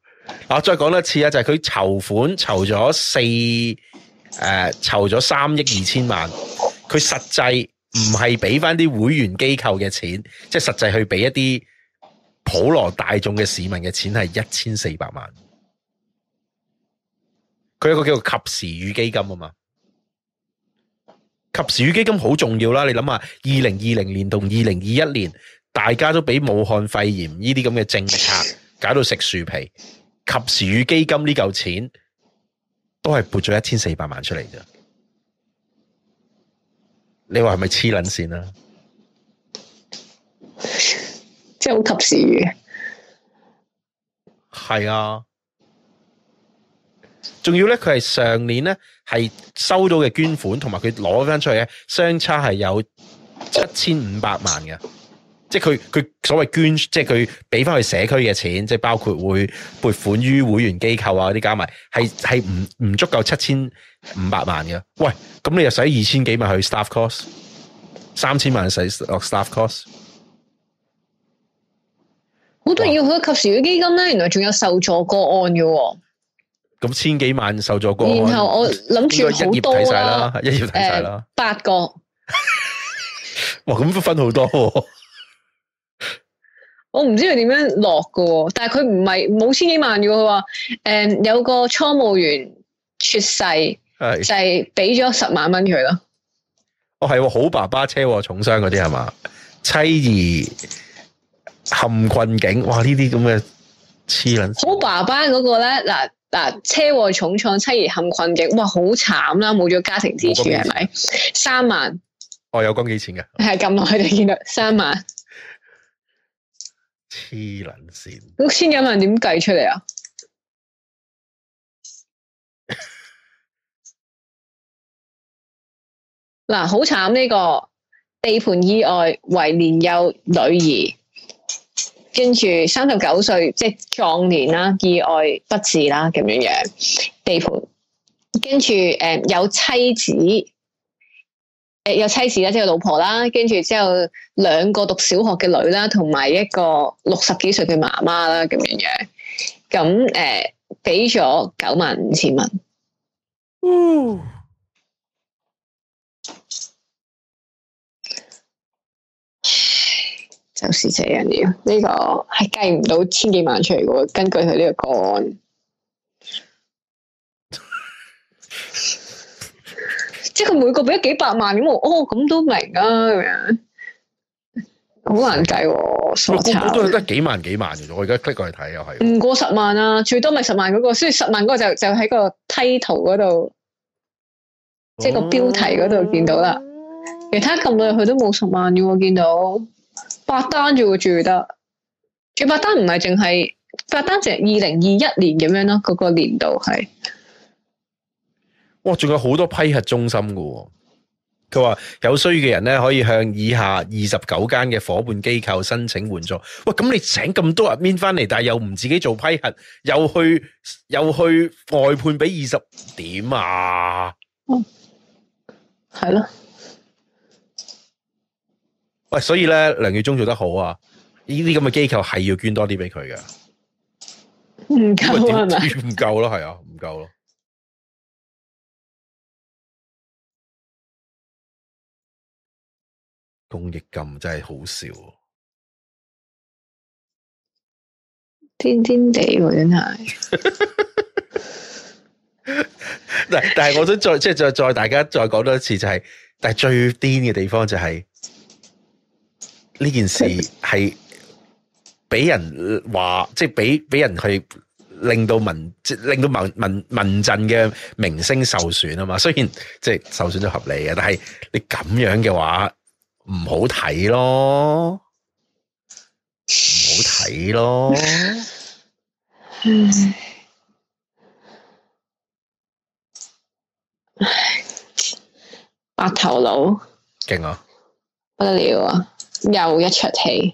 再講多次啊，一次就係、是、佢籌款籌咗四誒，籌咗三億二千萬，佢實際唔係俾翻啲會員機構嘅錢，即係實際去俾一啲普羅大眾嘅市民嘅錢，係一千四百萬。佢有一個叫做及時雨基金啊嘛，及時雨基金好重要啦！你諗下，二零二零年同二零二一年，大家都俾武漢肺炎呢啲咁嘅政策搞到食樹皮，及時雨基金呢嚿錢都係撥咗一千四百萬出嚟㗎。你話係咪黐捻線啊？即係好及時嘅，係啊，仲要咧，佢係上年咧係收到嘅捐款，同埋佢攞翻出去嘅相差係有七千五百萬嘅。即係佢佢所謂捐，即係佢俾翻去社區嘅錢，即係包括會撥款於會員機構啊嗰啲加埋，係係唔唔足夠七千五百萬嘅。喂，咁你又使二千幾萬去 staff cost，三千萬使 staff cost，好多人要去哇及時嘅基金咧，原來仲有受助個案嘅。咁千幾萬受助個案，然後我諗住好多啦、啊，一頁睇晒啦，八、呃、個。哇，咁都分好多、啊。我唔知佢點樣落噶，但係佢唔係冇千幾萬噶。佢話誒有個倉務員猝世，是就係俾咗十萬蚊佢咯。哦，係好爸爸車禍重傷嗰啲係嘛？妻兒陷困境，哇！呢啲咁嘅痴撚。好爸爸嗰個咧，嗱嗱車禍重創妻兒陷困境，哇！好慘啦，冇咗家庭支柱係咪？三萬。哦，有講幾錢嘅？係咁耐就見到三萬。黐撚線，六千一萬點計出嚟啊！嗱，好慘呢個地盤意外，為年幼女兒，跟住三十九歲即係壯年啦，意外不治啦咁樣樣，地盤跟住誒有妻子。誒，有妻子啦，即係老婆啦，跟住之後兩個讀小學嘅女啦，同埋一個六十幾歲嘅媽媽啦，咁樣樣。咁誒，俾咗九萬五千蚊。95，元嗯，就是這樣了。呢個係計唔到千幾萬出嚟嘅喎，根據佢呢個個案。即係佢每個俾咗幾百萬，咁我哦咁那謂都明啊咁樣，好難計喎，傻都得幾萬幾萬嘅，我而家 click 過去睇又係唔過十萬啊，最多咪十萬嗰個，所以十萬嗰個就就喺個梯圖嗰度，即係個標題嗰度見到啦。嗯、其他咁耐佢都冇十萬嘅，我見到八單仲住得，住八單唔係淨係八單只是2021，淨係二零二一年咁樣咯，嗰個年度係。哇，仲有好多批核中心噶喎，佢話有需要嘅人咧，可以向以下二十九間嘅夥伴機構申請援助。喂，咁你請咁多人編翻嚟，但係又唔自己做批核，又去又去外判俾二十點啊？嗯，係咯。喂，所以咧梁耀忠做得好啊！呢啲咁嘅機構係要捐多啲俾佢噶，唔夠係咪？唔夠咯，係啊，唔夠咯。公益咁真係好笑，天天地喎真係 但但係我都再即係再再大家再講多一次，就係、是、但係最癲嘅地方就係、是、呢件事係俾人話， 即係俾俾人去令到民即係令到民民民陣嘅名聲受損啊嘛。雖然即係受損都合理嘅，但係你咁樣嘅話。唔好睇咯，唔好睇咯，唉，唉，白頭佬勁啊，不得了啊，又一出戲，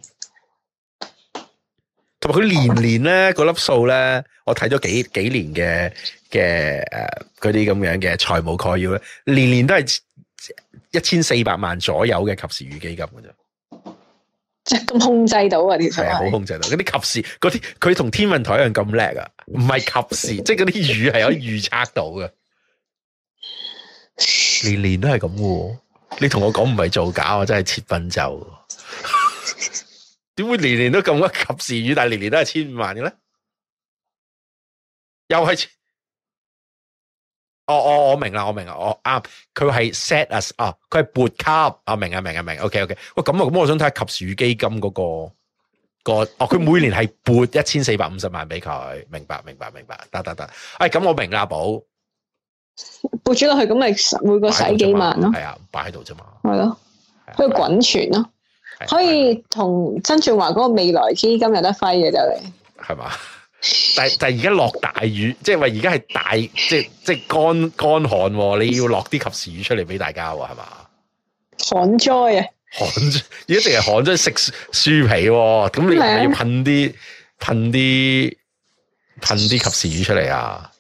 同埋佢年年咧，嗰粒數咧，我睇咗幾幾年嘅嘅誒，嗰啲咁樣嘅財務概要咧，年年都係。一千四百萬左右嘅及時雨基金嘅啫，即係咁控制到啊啲係冇控制到啲及時啲，佢同天文台一樣咁叻啊！唔係及時， 即係嗰啲雨係可以預測到嘅，年年都係咁嘅。你同我講唔係造假，我真係切分就。點 會年年都咁多及時雨，但係年年都係千五萬嘅咧？又係。哦哦，我明啦，我明啦，我、哦、啱。佢係 set us 啊，佢係撥卡啊，明啊，明啊，明。OK OK。喂，咁啊，咁我想睇下及時基金嗰、那個個，哦，佢每年係撥一千四百五十萬俾佢，明白，明白，明白。得得得。哎，咁、欸、我明啦，阿寶。撥咗落去，咁咪每個使幾萬咯。係啊，擺喺度啫嘛。係咯，佢滾存咯，可以同曾俊華嗰個未來基金有得揮嘢就嚟。係嘛？但但而家落大雨，即係話而家係大，即係即係乾乾旱，你要落啲及時雨出嚟俾大家啊，係嘛、嗯？旱災啊，旱災而家淨係旱災食樹皮，咁你係咪要噴啲噴啲噴啲及時雨出嚟啊？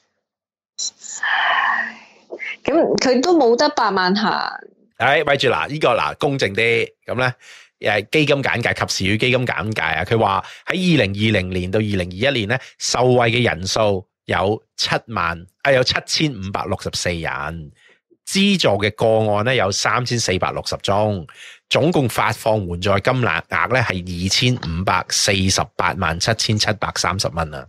咁佢都冇得百萬行。誒，咪住嗱，呢個嗱公正啲，咁咧。誒，基金簡介及時雨基金簡介啊！佢話喺二零二零年到二零二一年咧，受惠嘅人數有七萬，啊有七千五百六十四人，資助嘅個案咧有三千四百六十宗，總共發放援助金額咧係二千五百四十八萬七千七百三十蚊啊！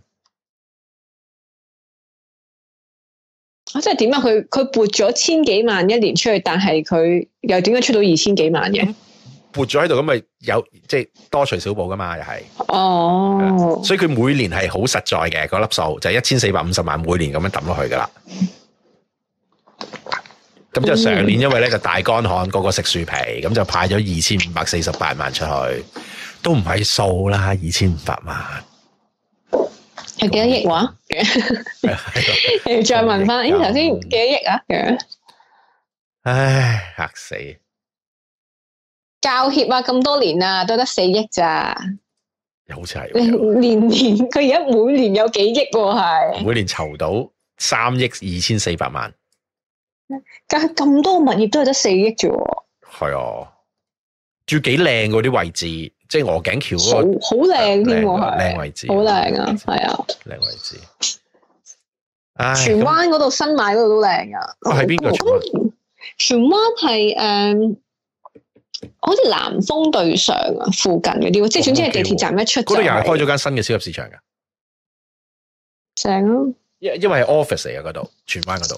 即係點啊？佢佢撥咗千幾萬一年出去，但係佢又點解出到二千幾萬嘅？撥咗喺度咁咪有即係、就是、多除少補噶嘛，又係哦，oh. 所以佢每年係好實在嘅嗰粒數，就一千四百五十萬每年咁樣抌落去噶啦。咁就上年因為咧就大乾旱，個個食樹皮，咁就派咗二千五百四十八萬出去，都唔係數啦，二千五百萬係幾多億話？你再問翻頭先幾多億啊？唉，吓死！教協啊，咁多年啊，都得四億咋？又好似係年年，佢而家每年有幾億喎，啊，係每年籌到三億二千四百萬。但係咁多物業都係得四億啫。係啊，住幾靚嗰啲位置，即係鵝頸橋嗰個，好靚添喎，係，啊。靚位置，好靚啊，係啊。靚位置，荃灣嗰度新買嗰度都靚啊。哦，啊，係邊好個荃灣？荃灣係誒。Um, 好似南豐對上啊，附近嗰啲，哦、即係總之係地鐵站一出嗰度、哦、又係開咗間新嘅超級市場嘅，正啊個！因因為係 office 嚟嘅嗰度荃灣嗰度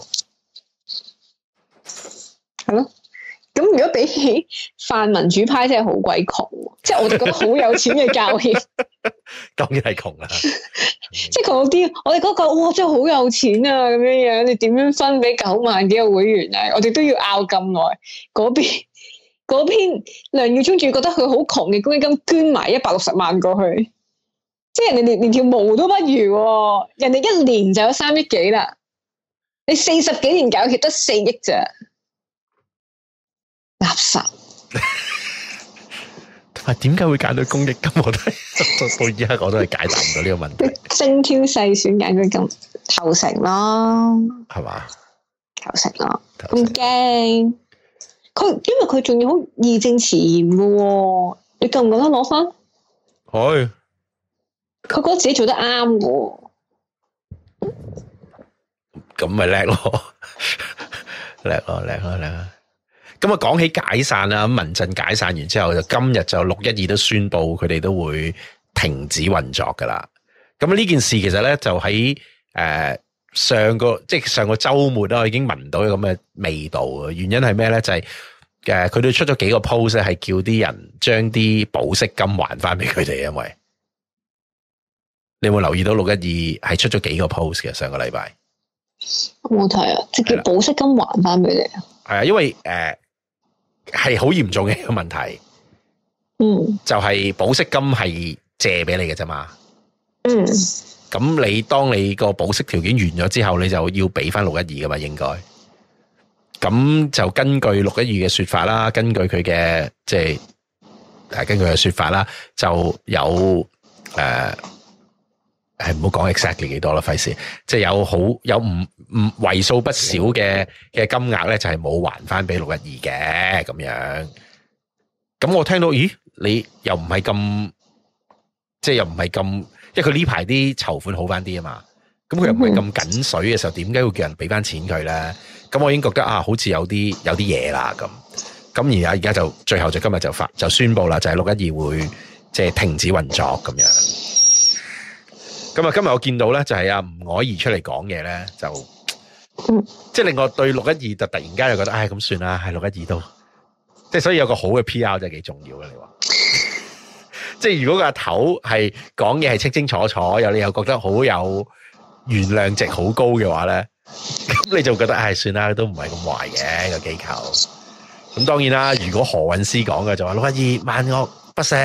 係咯。咁、嗯、如果比起泛民主派真係好鬼窮，即係 我哋覺得好有錢嘅教協， 當然係窮啦。 嗯、即係嗰啲我哋嗰、嗰個哇、哦，真係好有錢啊！咁樣樣，你點樣分俾九萬幾個會員啊？我哋都要拗咁耐，嗰邊。嗰篇梁耀忠仲覺得佢好窮嘅公益金捐埋一百六十萬過去，即係人哋連連條毛都不如，人哋一年就有三億幾啦，你四十幾年搞嘢，得四億啫，垃圾。但係點解會揀到公益金？我都到到而家我都係解答唔到呢個問題。精挑細選，揀佢咁投誠咯，係嘛？投誠咯，唔驚。佢因為佢仲要好義正詞嚴嘅，你覺唔覺得攞翻？係是，佢覺得自己做得啱嘅，咁咪叻咯，叻咯，叻 咯，叻咯！咁啊，講起解散啦，民陣解散完之後，就今日就六一二都宣布佢哋都會停止運作噶啦。咁呢件事其實咧就喺誒。呃上個即係上個周末都已經聞到咁嘅味道，原因係咩咧？就係誒，佢哋出咗幾個 post 咧，係叫啲人將啲保釋金還翻俾佢哋。因為你有冇留意到六一二係出咗幾個 post 嘅上個禮拜？冇睇啊，即係叫保釋金還翻俾你啊！係啊，因為誒係好嚴重嘅一個問題。嗯，就係保釋金係借俾你嘅啫嘛。嗯。咁你當你個保釋條件完咗之後，你就要俾翻六一二噶嘛？應該咁就，根據六一二嘅說法啦，根據佢嘅即係誒，根據佢嘅說法啦，就有誒，係唔好講 exactly 幾多啦，費事即係有好有唔唔為數不少嘅嘅金額咧，就係冇還翻俾六一二嘅，咁樣。咁我聽到咦，你又唔係咁，即係又唔係咁。即係佢呢排啲籌款好翻啲啊嘛，咁佢又唔會咁緊水嘅時候，點解會叫人俾翻錢佢咧？咁我已經覺得啊，好似有啲有啲嘢啦，咁。咁而而家就最後就今日就發就宣布啦，就係六一二會即係停止運作咁樣。咁、就是、啊今日我見到咧就係阿吳靄儀出嚟講嘢咧就，即、就、係、是、令我對六一二就突然間又覺得，唉，咁算啦，係六一二都，即係所以有個好嘅 PR 真係幾重要嘅，你話。即係如果個頭係講嘢係清清楚楚，又你又覺得好有原諒值好高嘅話咧，咁你就覺得唉算啦，都唔係咁壞嘅個機構。咁當然啦，如果何韻詩講嘅就話六啊二萬惡不赦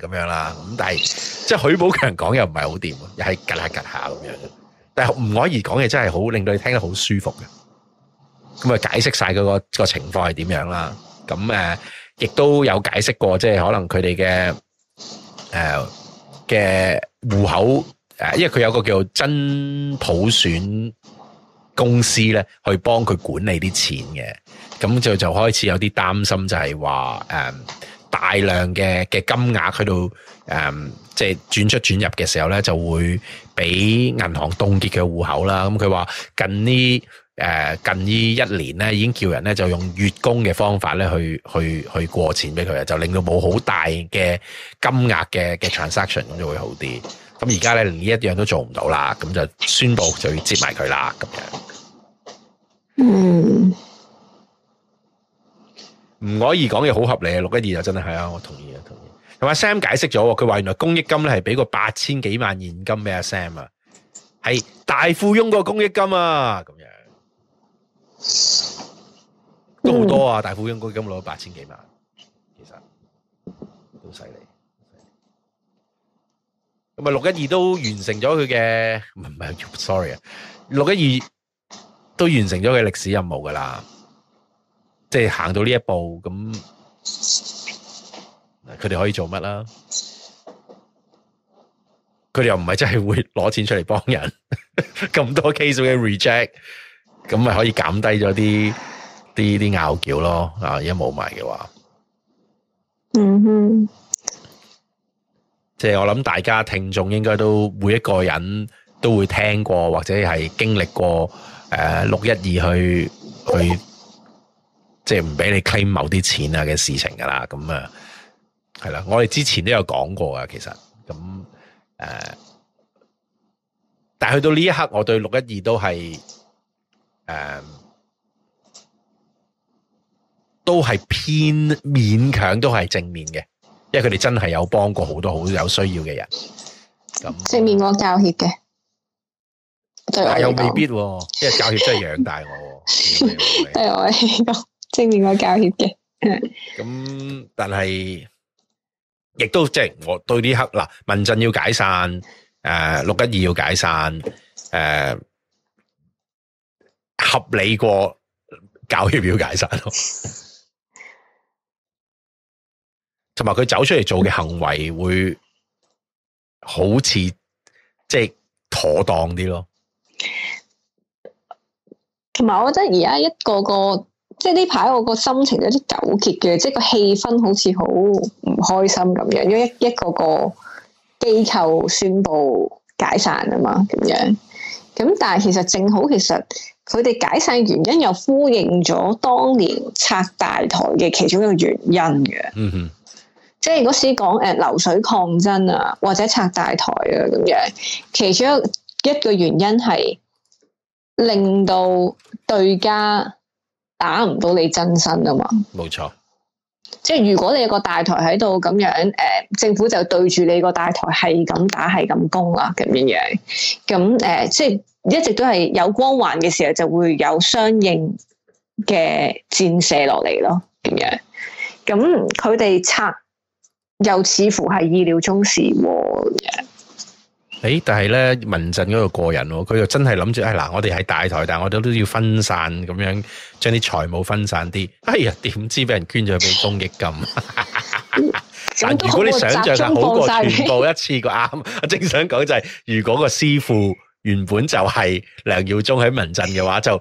咁樣啦。咁但係即係許寶強講又唔係好掂，又係夾下夾下咁樣。但係吳凱儀講嘢真係好令到你聽得好舒服嘅，咁啊解釋晒嗰個個情況係點樣啦。咁誒，亦都有解釋過，即係可能佢哋嘅。誒嘅戶口誒，因為佢有個叫做真普選公司咧，去幫佢管理啲錢嘅，咁就就開始有啲擔心就，就係話誒大量嘅嘅金額喺度誒，即係轉出轉入嘅時候咧，就會俾銀行凍結佢戶口啦。咁佢話近呢。誒，近呢一年咧，已經叫人咧就用月供嘅方法咧去去去過錢俾佢啊，就令到冇好大嘅金額嘅嘅 transaction 咁就會好啲。咁而家咧連呢一樣都做唔到啦，咁就宣布就要接埋佢啦，咁樣。嗯，唔可以講嘢好合理啊！六一二就真係係啊，我同意啊，同意。同阿 Sam 解釋咗，佢話原來公益金咧係俾個八千幾萬現金俾阿 Sam 啊，係大富翁個公益金啊。嗯、都好多啊！大富應該今日攞咗八千幾萬，其實好犀利。咁啊，六一二都完成咗佢嘅唔係，sorry 啊，六一二都完成咗佢歷史任務噶啦，即係行到呢一步咁，佢哋可以做乜啦？佢哋又唔係真係會攞錢出嚟幫人咁 多 case 嘅 reject。咁咪可以減低咗啲啲啲拗撬咯啊！而家冇埋嘅話，嗯哼，即係我諗大家聽眾應該都每一個人都會聽過或者係經歷過誒六一二去去，即係唔俾你 claim 某啲錢啊嘅事情噶啦。咁啊，係啦，我哋之前都有講過噶，其實咁誒、呃，但係去到呢一刻，我對六一二都係。誒、嗯，都係偏勉強，都係正面嘅，因為佢哋真係有幫過好多好有需要嘅人。嗯、正面我教協嘅，又未必，即係教協真係養大我。都係我正面我教協嘅。咁， 但係亦都即係我對呢刻嗱，民陣要解散，誒、呃，六一二要解散，誒、呃。合理過教協表解散咯，同埋佢走出嚟做嘅行為會好似即係妥當啲咯。同埋我覺得而家一個個即係呢排我個心情有啲糾結嘅，即係個氣氛好似好唔開心咁樣，因為一個個機構宣布解散啊嘛，咁樣咁但係其實正好其實。佢哋解曬原因，又呼應咗當年拆大台嘅其中一個原因嘅。嗯哼，即係嗰時講誒流水抗爭啊，或者拆大台啊咁樣，其中一個原因係令到對家打唔到你真身啊嘛。冇錯，即係如果你有個大台喺度咁樣，誒、呃、政府就對住你個大台係咁打係咁攻啊咁樣樣，咁誒、呃、即係。一直都係有光環嘅時候，就會有相應嘅箭射落嚟咯。咁樣，咁佢哋拆又似乎係意料中事，啊。誒、哦，但係咧，民陣嗰個個人，佢又真係諗住，係嗱，我哋喺大台，但係我哋都要分散咁樣，將啲財務分散啲。哎呀，點知俾人捐咗俾公益金？如果你想象好過全部一次個啱，正想講就係，如果個師傅。原本就係梁耀忠喺民陣嘅話就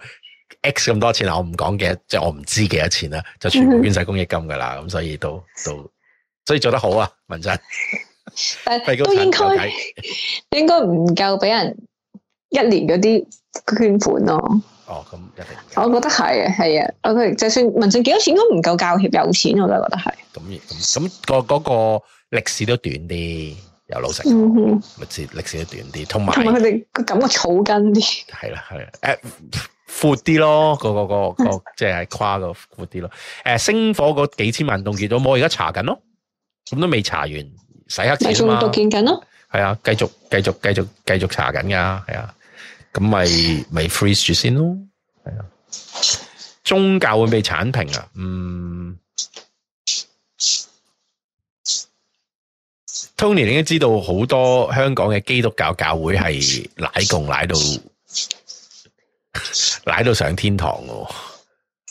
x 咁多錢啦，我唔講嘅，即係我唔知幾多錢啦，就全部捐晒公益金噶啦，咁、嗯、哼所以都都所以做得好啊民陣， 但係是都應該解應該唔夠俾人一年嗰啲捐款咯。哦，咁一定我，我覺得係啊，係啊，我佢就算民陣幾多錢都唔夠教協有錢，我都覺得係。咁亦咁個、嗰個歷史都短啲。又老成，咪史、嗯、哼歷史都短啲，同埋同埋佢哋個感覺草根啲，係啦係啦，誒闊啲咯，個個個個即係跨個闊啲咯，誒、啊、星火個幾千萬凍結咗，冇，而家查緊咯，咁都未查完，洗黑錢啊仲度建緊咯，係啊，繼續繼續繼續繼續查緊噶，係啊，咁咪咪 freeze 住先咯，係啊，宗教會被鏟平啊？嗯。Tony 你應該知道好多香港嘅基督教教會係奶共，奶到奶到上天堂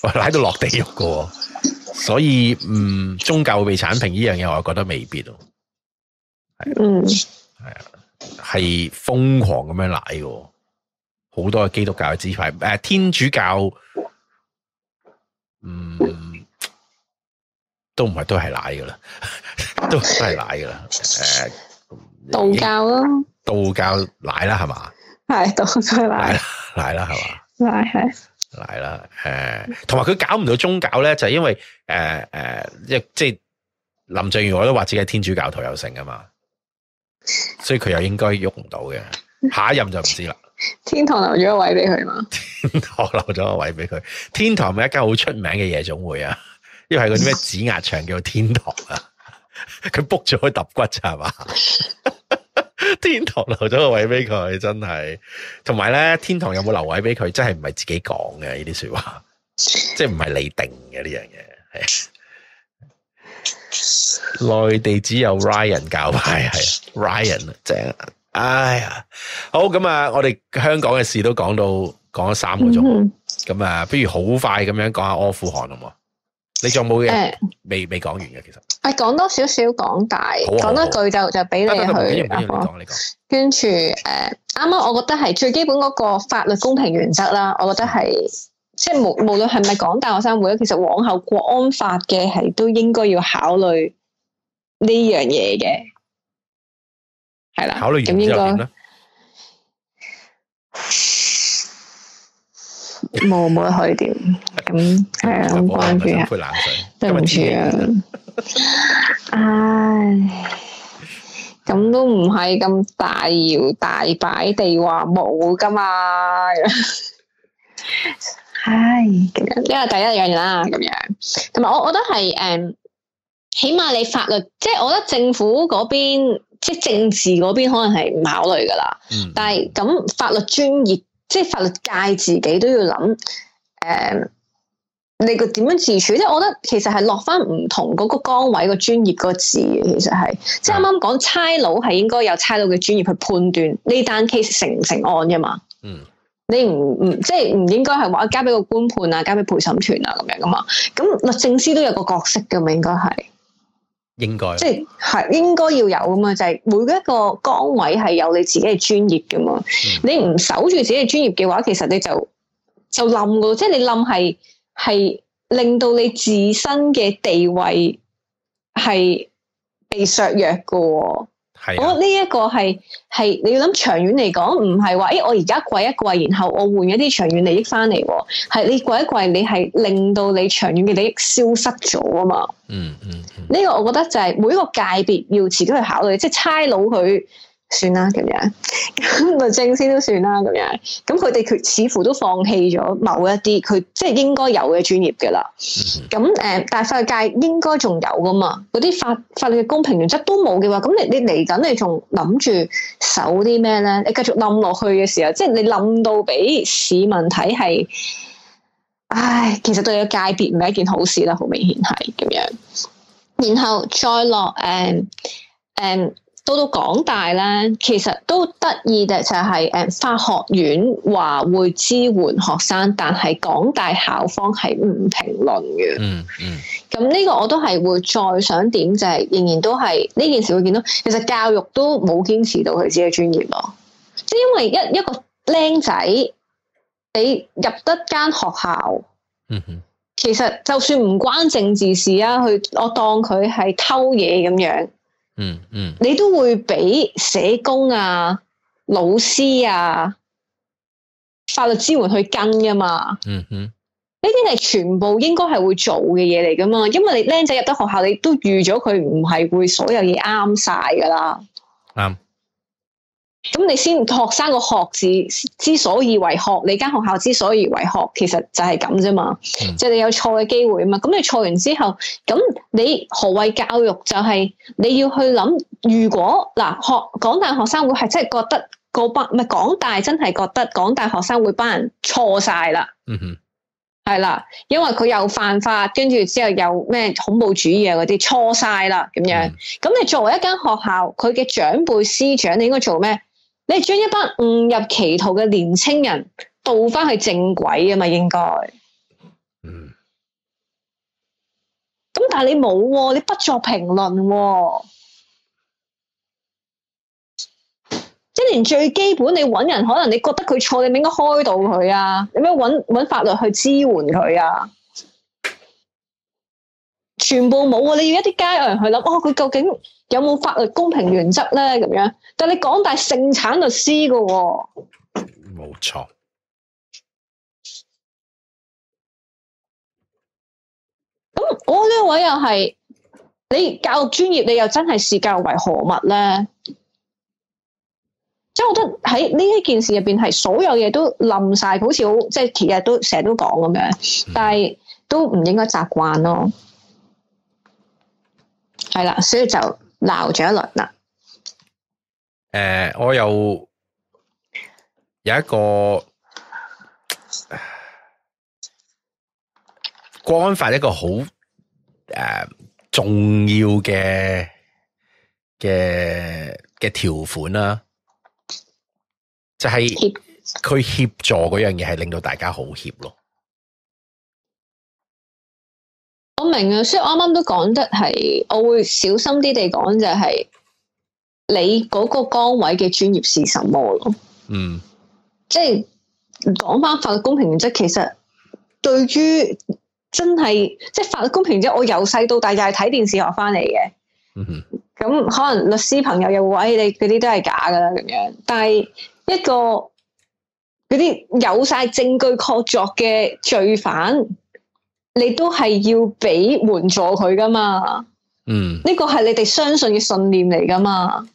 嘅，奶到落地獄嘅，所以嗯宗教被鏟平呢樣嘢，我覺得未必咯。係嗯係啊，係瘋狂咁樣奶嘅，好多嘅基督教嘅支派，誒天主教，嗯都唔係都係奶嘅啦。都都係奶噶啦誒，道教咯，道教奶啦，係嘛？係道教奶，奶啦，係嘛？奶係奶啦，誒，同埋佢搞唔到宗教咧，就係、是、因為誒、呃呃、即即林鄭月娥都話自己係天主教徒有成噶嘛，所以佢又應該喐唔到嘅，下一任就唔知啦 天堂留咗個位俾佢嘛？天堂留咗個位俾佢。天堂咪一間好出名嘅夜總會啊，因為係嗰啲咩指壓場叫天堂啊。佢卜咗去揼骨咋係嘛？ 天堂留咗個位俾佢，真係。同埋咧，天堂有冇留位俾佢，真係唔係自己講嘅呢啲說話，即係唔係你定嘅呢樣嘢。係 內地只有 Ryan 教派，係、啊、Ryan 正、啊。哎呀，好咁啊！我哋香港嘅事都講到講咗三個鐘，咁啊、mm，hmm。不如好快咁樣講下阿富汗好冇？你仲冇嘢？未未講完嘅，其實。誒，講多少少講大，講多句就就俾你去。跟住，誒，啱啱我覺得係最基本嗰個法律公平原則啦。我覺得係，即係無無論係咪講大學生會咧，其實往後國安法嘅係都應該要考慮呢樣嘢嘅，係啦。考慮完之後點咧？冇冇得去掂，咁係啊，咁關注啊，對唔住啊，唉，咁都唔係咁大搖大擺地話冇噶嘛，唉，咁樣，呢個第一樣嘢啦，咁樣，同埋我我覺得係誒、嗯，起碼你法律，即係我覺得政府嗰邊，即係政治嗰邊可能係唔考慮噶啦，嗯、但係咁法律專業。即係法律界自己都要諗，誒、呃，你個點樣自處？即係我覺得其實係落翻唔同嗰個崗位個專業的個字嘅，其實係，即係啱啱講差佬係應該有差佬嘅專業去判斷呢單 case 成唔成案噶嘛？嗯，你不，你唔唔即係唔應該係話交俾個官判啊，交俾陪審團啊咁樣噶嘛？咁律政司都有個角色噶嘛？應該係。應該即係，係應該要有噶嘛，就係、是、每一個崗位係有你自己嘅專業噶嘛。嗯、你唔守住自己嘅專業嘅話，其實你就就冧噶喎。即係你冧係係令到你自身嘅地位係被削弱噶、哦。是我覺得呢一個係係你要諗長遠嚟講，唔係話誒我而家跪一跪，然後我換一啲長遠利益翻嚟，係你跪一跪，你係令到你長遠嘅利益消失咗啊嘛。嗯嗯，嗯嗯，呢個我覺得就係每一個界別要自己去考慮，即係差佬佢。算啦，咁樣律政先都算啦，咁樣咁佢哋佢似乎都放棄咗某一啲佢即係應該有嘅專業嘅啦。咁誒，大、嗯、法界應該仲有噶嘛？嗰啲法法律嘅公平原則都冇嘅話，咁你你嚟緊你仲諗住守啲咩咧？你繼續冧落去嘅時候，即係你冧到俾市民睇係，唉，其實對個界別唔係一件好事啦，好明顯係咁樣。然後再落誒誒。嗯嗯到到港大咧，其實都得意嘅就係誒法學院話會支援學生，但係港大校方係唔評論嘅。嗯嗯。咁呢個我都係會再想點，就係、是、仍然都係呢件事會見到，其實教育都冇堅持到佢自己嘅專業咯。即係因為一一個僆仔，你入得間學校，嗯哼，嗯其實就算唔關政治事啊，佢我當佢係偷嘢咁樣。嗯嗯，嗯你都會俾社工啊、老師啊、法律支援去跟噶嘛？嗯嗯，呢啲係全部應該係會做嘅嘢嚟噶嘛？因為你僆仔入得學校，你都預咗佢唔係會所有嘢啱晒噶啦。啱、嗯。咁你先學生個學字之所以為學，你間學校之所以為學，其實就係咁啫嘛。即係、嗯、你有錯嘅機會啊嘛。咁你錯完之後，咁你何謂教育？就係你要去諗。如果嗱，學港大學生會係真係覺得班唔係港大真係覺得港大學生會班人錯晒啦。嗯哼，係啦，因為佢有犯法，跟住之後又咩恐怖主義啊嗰啲錯晒啦咁樣。咁、嗯、你作為一間學校，佢嘅長輩師長，你應該做咩？你係將一班誤入歧途嘅年青人倒翻去正軌啊嘛應該，嗯，咁但係你冇、啊、你不作評論、啊，即係連最基本你搵人，可能你覺得佢錯，你咪應該開導佢啊，你有咩搵搵法律去支援佢啊？全部冇喎，你要一啲街外人去諗哦。佢究竟有冇法律公平原則咧？咁樣，但你講大盛產律師嘅喎、哦，冇錯。咁、嗯、我呢位又係你教育專業，你又真係視教育為何物咧？即、就、係、是、我覺得喺呢一件事入邊係所有嘢都冧晒，好似好即係其實都成日都講咁樣，但係都唔應該習慣咯。係啦，所以就鬧咗一輪啦。誒、呃，我又有，有一個國安法一個好誒、呃、重要嘅嘅嘅條款啦，就係、是、佢協助嗰樣嘢係令到大家好怯咯。明啊，所以我啱啱都講得係，我會小心啲地講，就是，就係你嗰個崗位嘅專業是什麼咯。嗯，即係講翻法律公平原則，其實對於真係即係法律公平原則，我由細到大就係睇電視學翻嚟嘅。咁、嗯、哼可能律師朋友又話你嗰啲都係假噶啦，咁樣。但係一個嗰啲有晒證據確鑿嘅罪犯。你都係要俾援助佢噶嘛？嗯，呢個係你哋相信嘅信念嚟噶嘛？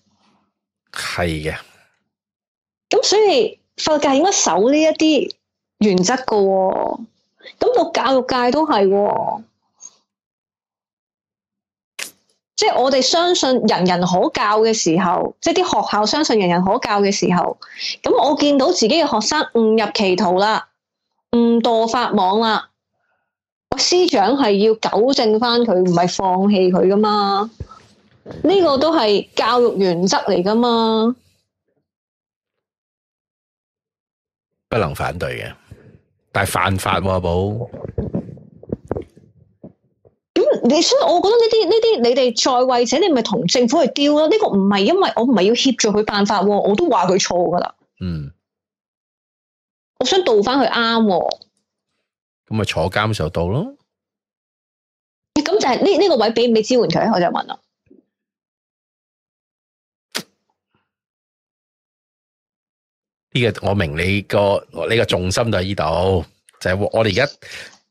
係嘅的。咁所以法界應該守呢一啲原則噶喎。咁個教育界都係喎，即係我哋相信人人可教嘅時候，即係啲學校相信人人可教嘅時候，咁我見到自己嘅學生誤入歧途啦，誤墮法網啦。司長係要糾正翻佢，唔係放棄佢噶嘛？呢、這個都係教育原則嚟噶嘛？不能反對嘅，但係犯法喎、啊，寶。咁、嗯、你所以，我覺得呢啲呢啲，你哋在位者，你咪同政府去刁啦。呢、這個唔係因為我唔係要協助佢辦法、啊，我都話佢錯噶啦。嗯。我想導翻佢啱。咁咪坐監受到咯？咁就係呢呢個位俾唔俾支援佢？我就問啦。呢個我明你個你個重心就喺呢度，就係、我、我哋而家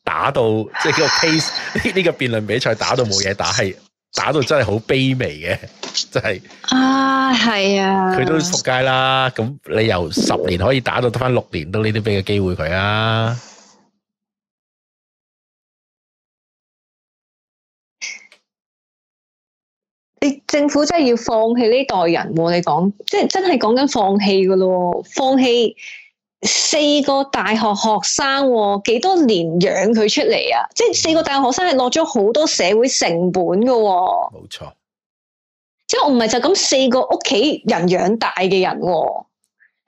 打到即係呢個 case 呢 個辯論比賽打到冇嘢打，係打到真係好卑微嘅，真係啊係啊。佢、啊、都仆街啦。咁你由十年可以打到得翻六年，你都呢啲俾個機會佢啊。你政府真係要放棄呢代人、啊，你講即係真係講緊放棄噶咯，放棄四個大學學生喎，幾多年養佢出嚟啊？即係四個大學學生係落咗好多社會成本噶、啊，冇錯。即係我唔係就咁四個屋企人養大嘅人、啊，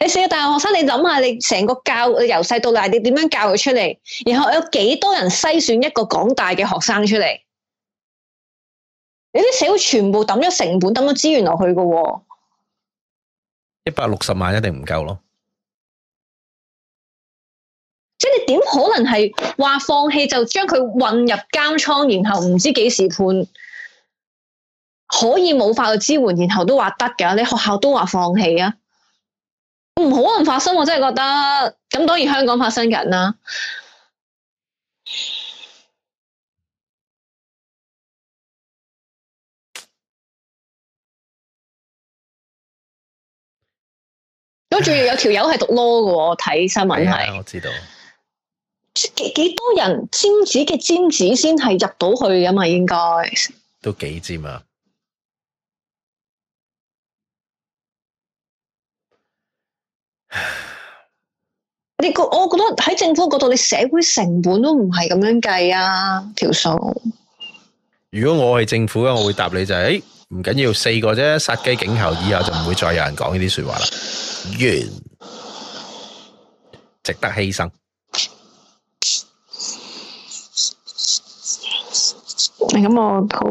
你四個大學學生，你諗下你成個教，你由細到大，你點樣教佢出嚟？然後有幾多人篩選一個港大嘅學生出嚟？你啲社會全部抌咗成本、抌咗資源落去嘅、哦，一百六十萬一定唔夠咯。即係你點可能係話放棄就將佢運入監倉，然後唔知幾時判，可以冇法律支援，然後都話得噶？你學校都話放棄啊？唔可能發生，我真係覺得。咁當然香港發生緊啦。我仲要 有條友係讀 law 嘅，睇新聞係。我知道幾幾多人尖子嘅尖子先係入到去噶嘛，應該都幾尖啊！你我哀我覺得喺政府嗰度，你社會成本都唔係咁樣計啊條數。條數如果我係政府嘅，我會答你就係、是。唔緊要，四個啫，殺雞儆猴，以後就唔會再有人講呢啲說話啦。完，值得犧牲。咁我好，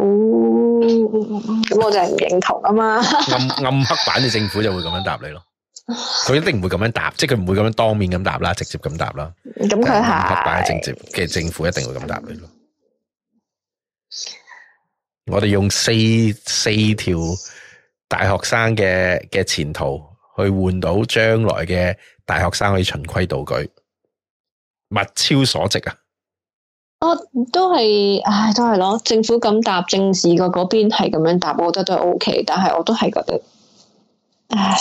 咁我就係唔認同啊嘛。暗暗黑版嘅政府就會咁樣答你咯，佢一定唔會咁樣答，即係佢唔會咁樣當面咁答啦，直接咁答啦。咁佢係暗黑版嘅政府，一定會咁答你咯。我哋用四四條大學生嘅嘅前途去換到將來嘅大學生去循規蹈矩，物超所值啊！哦，都係，唉，都係咯。政府咁答政治個嗰邊係咁樣答，我覺得都係 OK。但係我都係覺得，唉，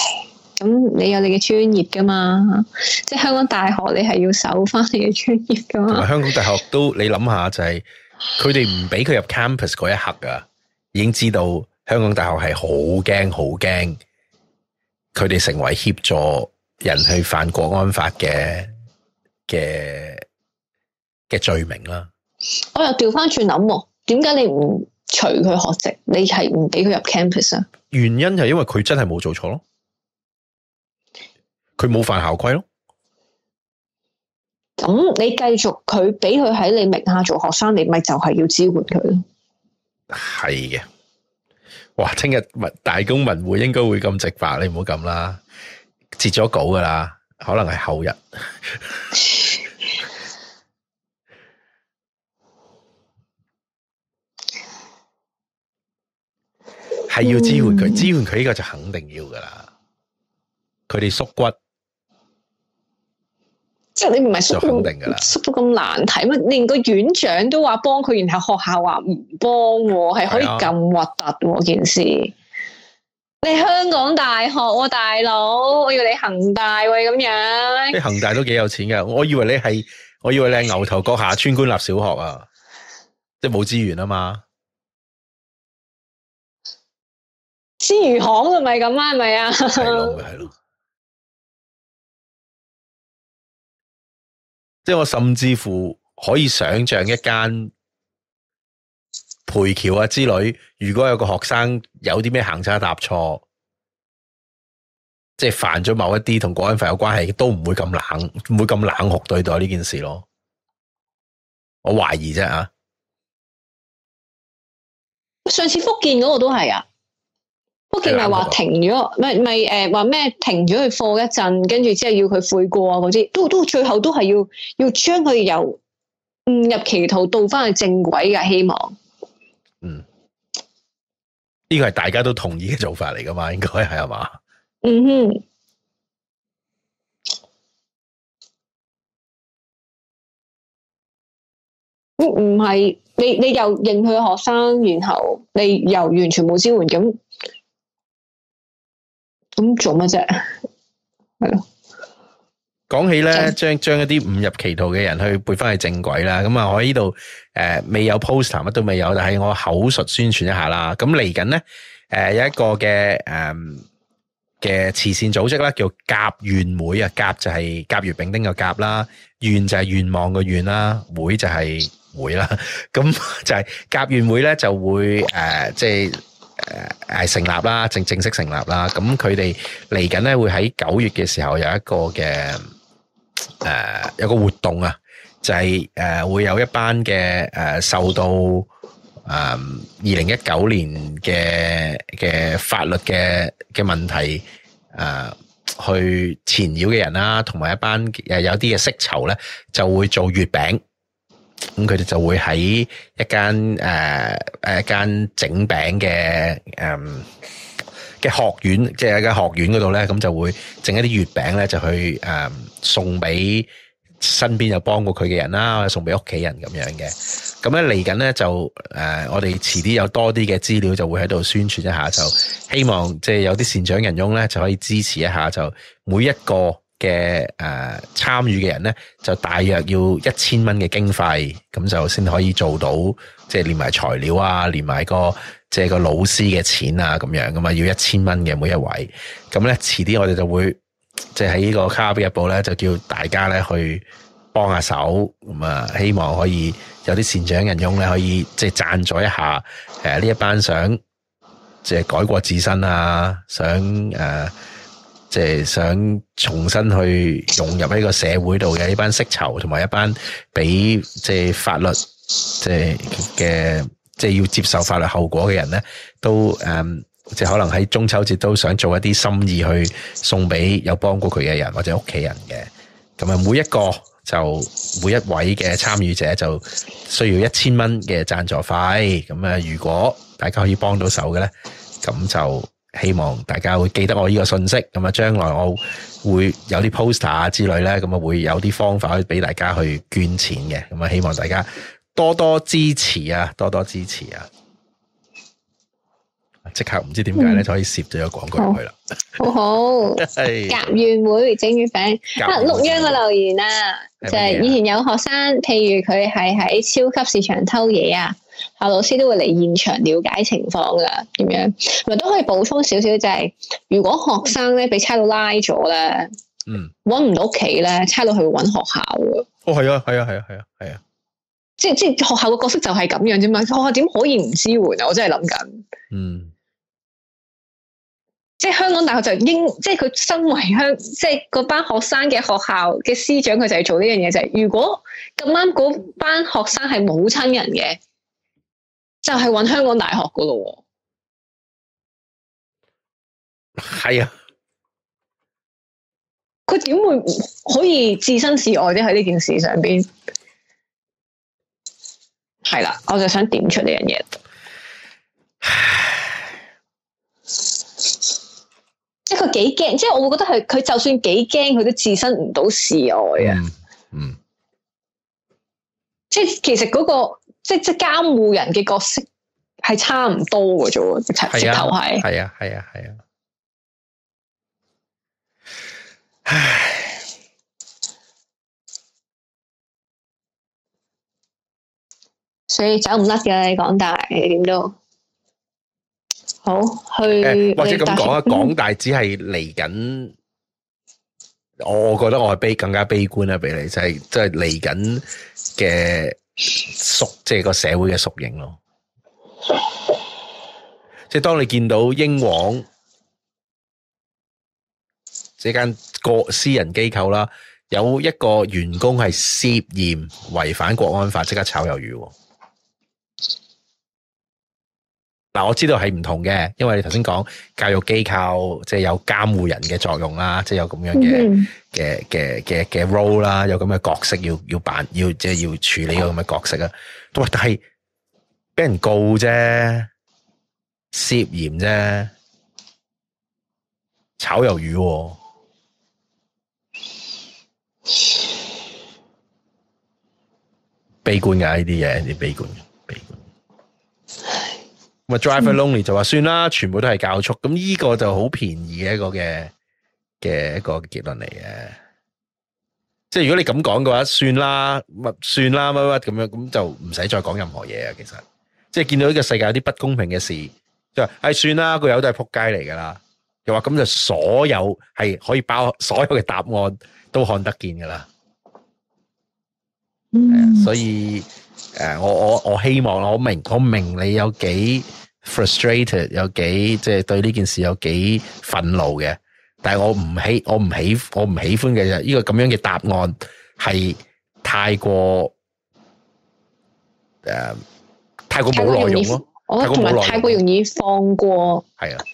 咁你有你嘅專業噶嘛？即係香港大學，你係要守翻你嘅專業噶嘛？香港大學都，你諗下就係、是。佢哋唔俾佢入 campus 嗰一刻㗎，已經知道香港大學係好驚好驚，佢哋成為協助人去犯國安法嘅嘅嘅罪名啦。我又調翻轉諗，點解你唔除佢學籍？你係唔俾佢入 campus 啊？原因係因為佢真係冇做錯咯，佢冇犯校規咯。咁你繼續佢俾佢喺你名下做學生，你咪就係要支援佢咯。係嘅，哇！聽日大公文會應該會咁直白，你唔好咁啦，截咗稿噶啦，可能係後日，係、 嗯、要支援佢，支援佢呢個就肯定要噶啦，佢哋縮骨。即係你唔係縮到縮到咁難睇，咩？連個院長都話幫佢，然後學校話唔幫，係可以咁核突喎？件事，是啊、你香港大學喎、啊、大佬、啊，我要你恒大喂，咁樣。你恒大都幾有錢噶，我以為你係，我以為你係牛頭角下村官立小學啊，即係冇資源啊嘛，鮮魚行咪咁啊？係咪啊？係咯，係咯。即係我甚至乎可以想象一間培僑啊之類，如果有個學生有啲咩行差踏錯，即係犯咗某一啲同國安法有關係，都唔會咁冷，唔會咁冷酷對待呢件事咯。我懷疑啫啊！上次福建嗰個都係啊。不過佢咪話停咗，唔咪誒話咩停咗佢課一陣，跟住之後要佢悔過啊嗰啲，都都最後都係要要將佢由誤入歧途倒翻去正軌嘅希望。嗯，呢個係大家都同意嘅做法嚟噶嘛，應該係係嘛？嗯哼，唔唔係你你又認佢學生，然後你又完全冇支援咁。咁做乜啫？係咯，講起咧，將將一啲誤入歧途嘅人去背翻去正軌啦。咁啊，我喺呢度誒，未有 poster 乜都未有，但係我口述宣傳一下啦。咁嚟緊咧，誒、呃、有一個嘅誒嘅慈善組織咧，叫甲願會啊。甲就係甲乙丙丁嘅甲啦，願就係願望嘅願啦，會就係會啦。咁就係甲願會咧、呃，就會誒，即係。誒誒，成立啦，正正式成立啦。咁佢哋嚟緊咧會喺九月嘅時候有一個嘅誒，有個活動啊，就係誒會有一班嘅誒受到誒二零一九年嘅嘅法律嘅嘅問題誒去纏繞嘅人啦，同埋一班誒有啲嘅色囚咧就會做月餅。咁佢哋就會喺一間誒誒一間整餅嘅誒嘅學院，即係一間學院嗰度咧，咁就會整一啲月餅咧，就去誒送俾身邊有幫過佢嘅人啦，送俾屋企人咁樣嘅。咁咧嚟緊咧就誒、呃，我哋遲啲有多啲嘅資料就會喺度宣傳一下，就希望即係有啲善長人翁咧就可以支持一下，就每一個。嘅、呃、參與嘅人咧，就大約要一千蚊嘅經費，咁就先可以做到，即係連埋材料啊，連埋、個即係個老師嘅錢啊，咁樣咁啊要一千蚊嘅每一位。咁咧遲啲我哋就會即係喺呢個《卡比日報》咧，就叫大家咧去幫下手，咁啊，希望可以有啲善長仁翁咧，可以即係贊助一下誒呢、呃、一班想即係改過自身啊，想誒。呃即係想重新去融入呢個社會度嘅呢班釋囚，同埋一班俾即係法律即係嘅，即係要接受法律後果嘅人咧，都誒，即係可能喺中秋節都想做一啲心意去送俾有幫過佢嘅人或者屋企人嘅。咁啊，每一個就每一位嘅參與者就需要一千蚊嘅贊助費。咁啊，如果大家可以幫到手嘅咧，咁就。希望大家會記得我呢個信息，咁啊將來我會有啲 poster 之類呢，咁啊會有啲方法可以俾大家去捐錢嘅，咁啊希望大家多多支持啊，多多支持啊！即刻唔知點解、嗯、就可以攝咗個廣告落去啦，好好夾軟 是會整軟餅，餅啊，錄央嘅留言啊，就係以前有學生，譬如佢係喺超級市場偷嘢啊。校老師都會嚟現場了解情況噶，點樣？咪都可以補充少少，就係如果學生咧被差佬拉咗咧，嗯，搵唔到屋企咧，差佬去搵學校、哦、啊。哦，係啊，係啊，係啊，係啊，係啊，即係即係學校嘅角色就係咁樣啫嘛。學校點可以唔支援啊？我真係諗緊。嗯，即係香港大學就應，即係佢身為香，即係嗰班學生嘅學校嘅師長他，佢就係做呢樣嘢，就係，如果咁啱嗰班學生係冇親人嘅。就係搵香港大學噶咯，係啊，佢點、啊、會可以置身事外咧？喺呢件事上邊，係啦，我就想點出呢樣嘢，即係佢幾驚，即係我會覺得係佢就算幾驚，佢都置身唔到事外啊、嗯，嗯，即係其實嗰、嗰個。即即監護人嘅角色係差唔多嘅啫，直頭係。係啊係啊係啊，啊，啊！唉，所以走唔甩嘅，港大點都好去。或者咁講啊，港大只係嚟緊。我、嗯、我覺得我係悲，更加悲觀啦，俾你就係即係嚟緊嘅。就是屬即係個社會嘅縮影咯，即係當你見到英皇呢間個私人機構啦，有一個員工係涉嫌違反國安法，即刻炒魷魚喎。嗱，我知道係唔同嘅，因為你頭先講教育機構即係、就是、有監護人嘅作用啦，即、就、係、是、有咁樣嘅嘅嘅嘅嘅 role 啦，有咁嘅角色要要扮，要即係要，要處理個咁嘅角色啊。喂、嗯，但係俾人告啫，涉嫌啫，炒魷魚、啊，悲觀㗎呢啲嘢，你悲觀。咪 driver lonely 就話算啦，全部都係教速，咁呢個就好便宜嘅一個嘅嘅一個結論嚟嘅。即係如果你咁講嘅話，算啦，咪算啦，乜乜咁樣，咁就唔使再講任何嘢啊。其實，即係見到呢個世界有啲不公平嘅事，即係，係、哎、算啦，個友都係撲街嚟噶啦。又話咁就所有係可以包所有嘅答案都看得見噶啦。嗯、所以誒，我我我希望我明我明你有幾，frustrated 有幾，即係對呢件事有幾憤怒嘅，但係我唔喜我唔喜我唔喜歡嘅就係呢個咁樣嘅答案係太過誒、呃、太過冇內容咯，我覺得同埋太過容易放過係啊，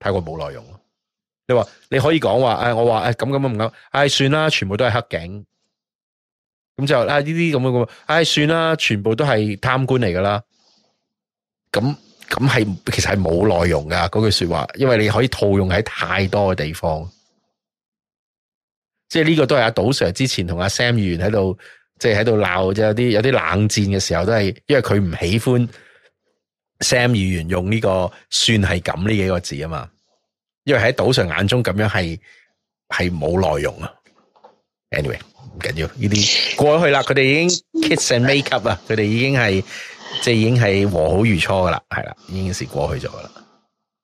太過冇內容咯。你話你可以講話誒，我話誒咁咁唔啱，誒、哎哎、算啦，全部都係黑警咁就誒呢啲咁樣咁，誒、哎、算啦，全部都係貪官嚟噶啦。咁咁係其實係冇內容噶嗰句說話，因為你可以套用喺太多嘅地方。即係呢個都係阿賭 Sir 之前同阿 Sam 議員喺度，即係喺度鬧就是，鬧有啲有啲冷戰嘅時候都，都係因為佢唔喜歡 Sam 議員用呢、這個算係咁呢幾個字啊嘛。因為喺賭 Sir 眼中咁樣係係冇內容啊 Any。Anyway 唔緊要，呢啲過去啦，佢哋已經 kiss and make up 啊，佢哋已經係。即係已經係和好如初噶啦，係啦，已經是過去咗噶啦。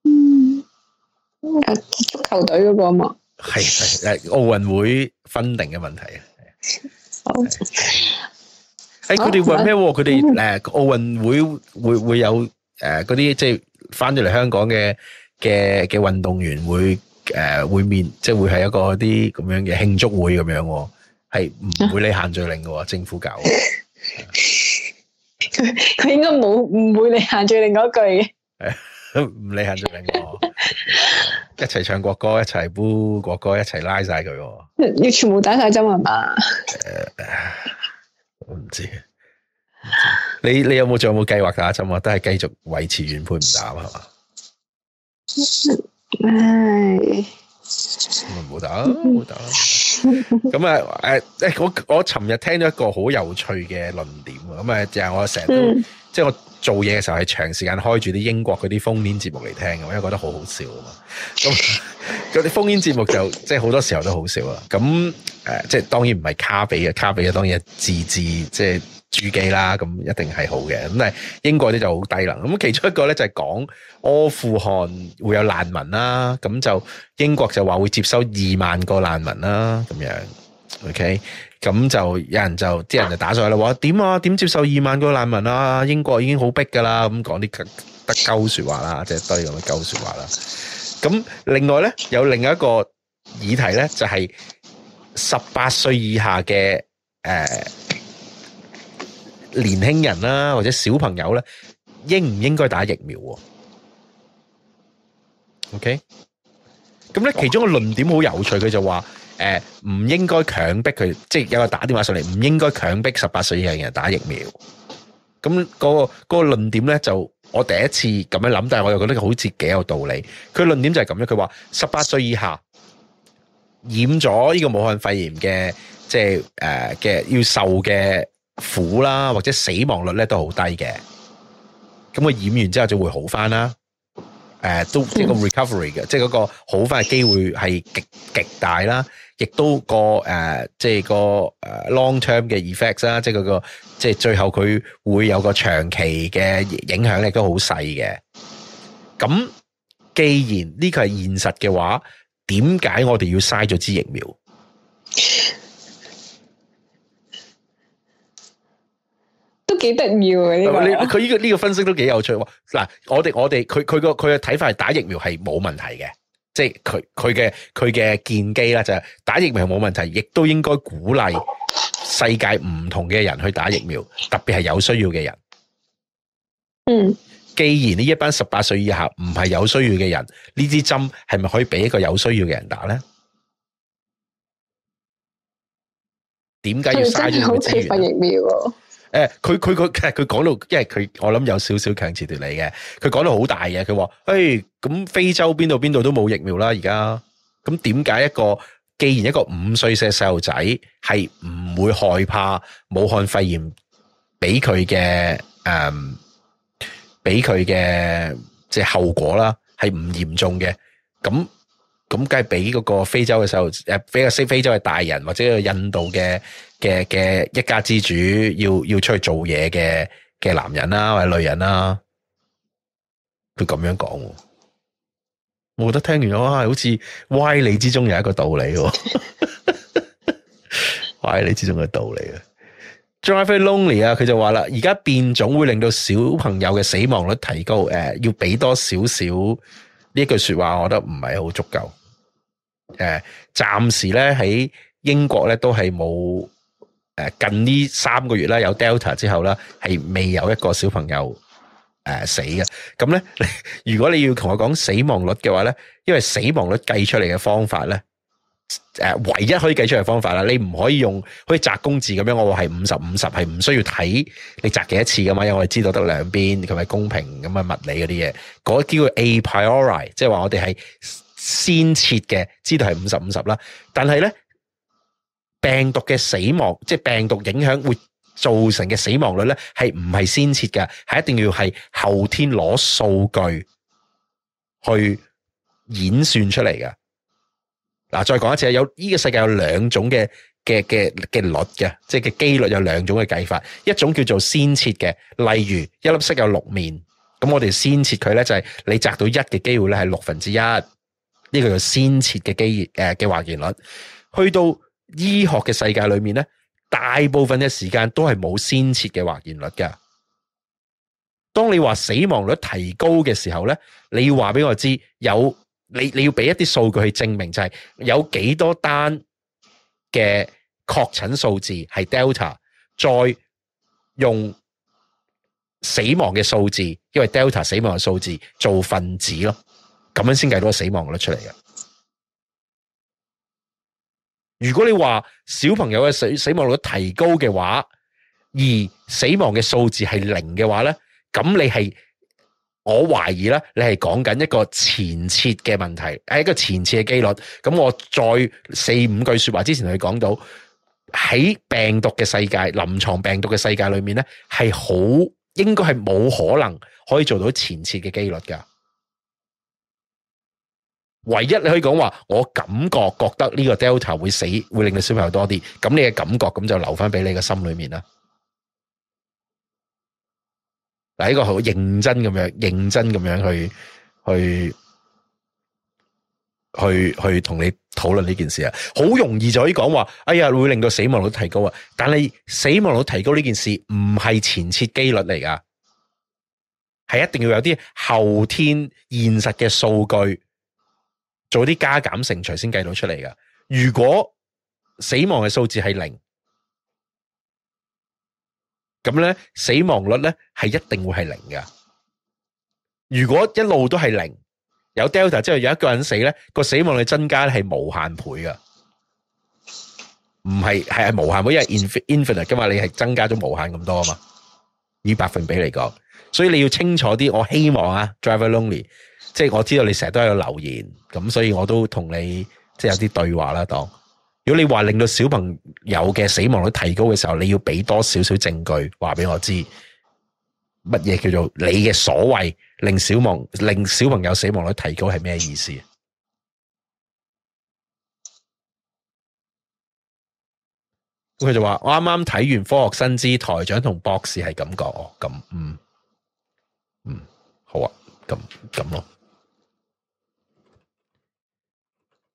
嗯、那個，足球隊嗰個嘛，係係奧運會分定嘅問題啊。誒，佢哋話咩？佢哋誒，奧運 會會會有誒，嗰、呃、啲即係翻咗嚟香港嘅嘅嘅運動員會誒、呃，會面即係會係一個啲咁樣嘅慶祝會咁樣，係唔會理限聚令嘅政府搞的。佢應該冇唔會你限住另外一句嘅，唔理限住另外， 一齊唱國歌，一齊呼國歌，一齊拉晒佢。你全部打晒針係嘛？我唔、啊、知，知，你你有冇仲有冇計劃打針啊？都係繼續維持原判唔打係嘛？唉，唔好打，唔好、哎、打。咁啊，誒誒， 我我尋日聽到一個好有趣嘅論點咁啊，就係我成日都、嗯、即係我做嘢嘅時候係長時間開住啲英國嗰啲烽煙節目嚟聽嘅，我因為覺得好好笑啊嘛，咁嗰啲烽煙節目就即係好多時候都好笑啦，咁誒，即係當然唔係卡比嘅，卡比嘅當然係自自即係。主機啦，咁一定係好嘅。咁但係英國咧就好低能。咁其中一個咧就係講阿富汗會有難民啦，咁就英國就話會接收二萬個難民啦，咁樣。OK，咁就有人就啲人就打上去啦，話點啊點接受二萬個難民啊？英國已經好逼噶啦，咁講啲得鳩說話啦，即係多啲咁嘅鳩說話啦。咁另外咧有另一個議題咧就係十八歲以下嘅誒。呃年輕人啦，或者小朋友咧，應唔應該打疫苗？OK，咁咧其中個論點好有趣，佢就話：誒，唔應該強迫佢，即係有個打電話上嚟，唔應該強迫十八歲以下嘅人打疫苗。咁個個論點咧，就我第一次咁樣諗，但係我又覺得好似幾有道理。佢論點就係咁樣，佢話十八歲以下染咗呢個武漢肺炎嘅，即係誒嘅要受嘅。苦啦，或者死亡率咧都好低嘅，咁我染完之後就會好翻啦。誒，都即係個 recovery 嘅，即係個好翻嘅機會係極極大啦，亦都、個誒，即係個誒 long term 嘅 effects 啦，那個，即係個即係最後佢會有個長期嘅影響力都好細嘅。咁既然呢個係現實嘅話，點解我哋要嘥咗支疫苗？幾得意喎！佢呢，呢個呢個分析都幾有趣。嗱，我哋我哋佢佢個佢嘅睇法係打疫苗係冇問題嘅，即係佢佢嘅佢嘅見機啦，就係打疫苗係冇問題，亦都應該鼓勵世界唔同嘅人去打疫苗，特別係有需要嘅人。嗯，既然呢一班十八歲以下唔係有需要嘅人，呢支針係咪可以俾一個有需要嘅人打咧？點解要嘥咗啲資源？嗯誒，佢佢佢，佢講到，因為佢我諗有少少強詞奪理嘅，佢講到好大嘅，佢話，誒，咁非洲邊度邊度都冇疫苗啦，而家，咁點解一個，既然一個五歲嘅細路仔係唔會害怕武漢肺炎，俾佢嘅，誒，俾佢嘅即係後果啦，係唔嚴重嘅，咁，咁梗係俾嗰個非洲嘅細路，誒，比較識非洲嘅大人或者個印度嘅。嘅嘅一家之主要要出去做嘢嘅嘅男人啦、啊，或者女人啦、啊，佢咁樣講，我覺得聽完咗、啊，好似歪理之中有一個道理、啊， 歪理之中嘅道理啊！Drive e y lonely 啊，佢就話啦，而家變種會令到小朋友嘅死亡率提高，誒、呃，要俾多少少呢一句說話，我覺得唔係好足夠。誒、呃，暫時咧喺英國咧都係冇。誒，近呢三個月啦，有 Delta 之後啦，係未有一個小朋友誒死嘅。咁咧，如果你要同我講死亡率嘅話咧，因為死亡率計出嚟嘅方法咧，誒，唯一可以計出嚟方法啦，你唔可以用好似擲公字咁樣，我話係五十五十係唔需要睇你擲幾多次噶嘛，因為我知道得兩邊佢係公平咁嘅物理嗰啲嘢，嗰叫 a priori，即係話我哋係先設嘅，知道係五十五十啦，但係咧。病毒嘅死亡，即係病毒影響會造成嘅死亡率咧，係唔係先設嘅？係一定要係後天攞數據去演算出嚟嘅。嗱，再講一次，有呢、這個世界有兩種嘅嘅嘅嘅率嘅，即係嘅幾率有兩種嘅計法，一種叫做先設嘅。例如一粒色有六面，咁我哋先設佢咧就係你摘到一嘅機會咧係六分之一，呢個叫先設嘅機誒嘅或然率，去到。醫學嘅世界裏面咧，大部分嘅時間都係冇先設嘅或然率嘅。當你話死亡率提高嘅時候咧，你要話俾我知，有你你要俾一啲數據去證明，就係、是、有幾多單嘅確診數字係 Delta，再用死亡嘅數字，因為 Delta 死亡嘅數字做分子咯，咁樣先計到個死亡率出嚟嘅。如果你話小朋友嘅死死亡率提高嘅話，而死亡嘅數字係零嘅話咧，咁你係我懷疑咧，你係講緊一個前設嘅問題，係一個前設嘅機率。咁我再四五句說話之前去講到，喺病毒嘅世界、臨床病毒嘅世界裏面咧，係好應該係冇可能可以做到前設嘅機率噶。唯一你可以講話，我感覺覺得呢個 Delta 會死，會令你小朋友多啲。咁你嘅感覺咁就留翻俾你嘅心裏面啦。嗱，呢個好認真咁樣，認真咁樣去去去去同你討論呢件事啊。好容易就可以講話，哎呀，會令到死亡率提高啊。但係死亡率提高呢件事，唔係前設機率嚟噶，係一定要有啲後天現實嘅數據。做啲加減乘除先計到出嚟噶。如果死亡嘅數字係零，咁咧死亡率咧係一定會係零噶。如果一路都係零，有 delta 之後有一個人死咧，個死亡率增加係無限倍噶，唔係係係無限倍，因為 infinite 噶嘛，你係增加咗無限咁多啊嘛，以百分比，嚟講，所以你要清楚啲。我希望啊，driver lonely。即係我知道你成日都喺度留言，咁所以我都同你即係有啲對話啦。當如果你話令到小朋友嘅死亡率提高嘅時候，你要俾多少少證據話俾我知乜嘢叫做你嘅所謂令小亡令小朋友死亡率提高係咩意思？佢就話：我啱啱睇完科學新知台長同博士係咁講，咁、哦、嗯嗯好啊，咁咁咯。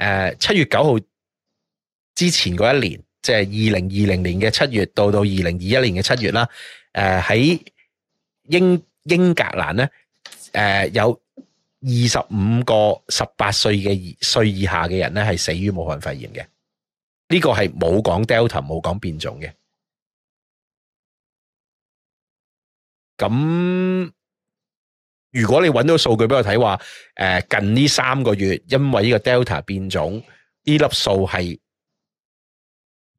誒，七、呃、月九號之前嗰一年，即係二零二零年嘅七月到到二零二一年嘅七月啦。誒、呃，喺英英格蘭咧，誒、呃、有二十五個十八歲嘅歲以下嘅人咧係死於武漢肺炎嘅。呢、這個係冇講 Delta 冇講變種嘅。咁。如果你揾到數據俾我睇，話誒近呢三個月因為呢個 Delta 變種呢粒數係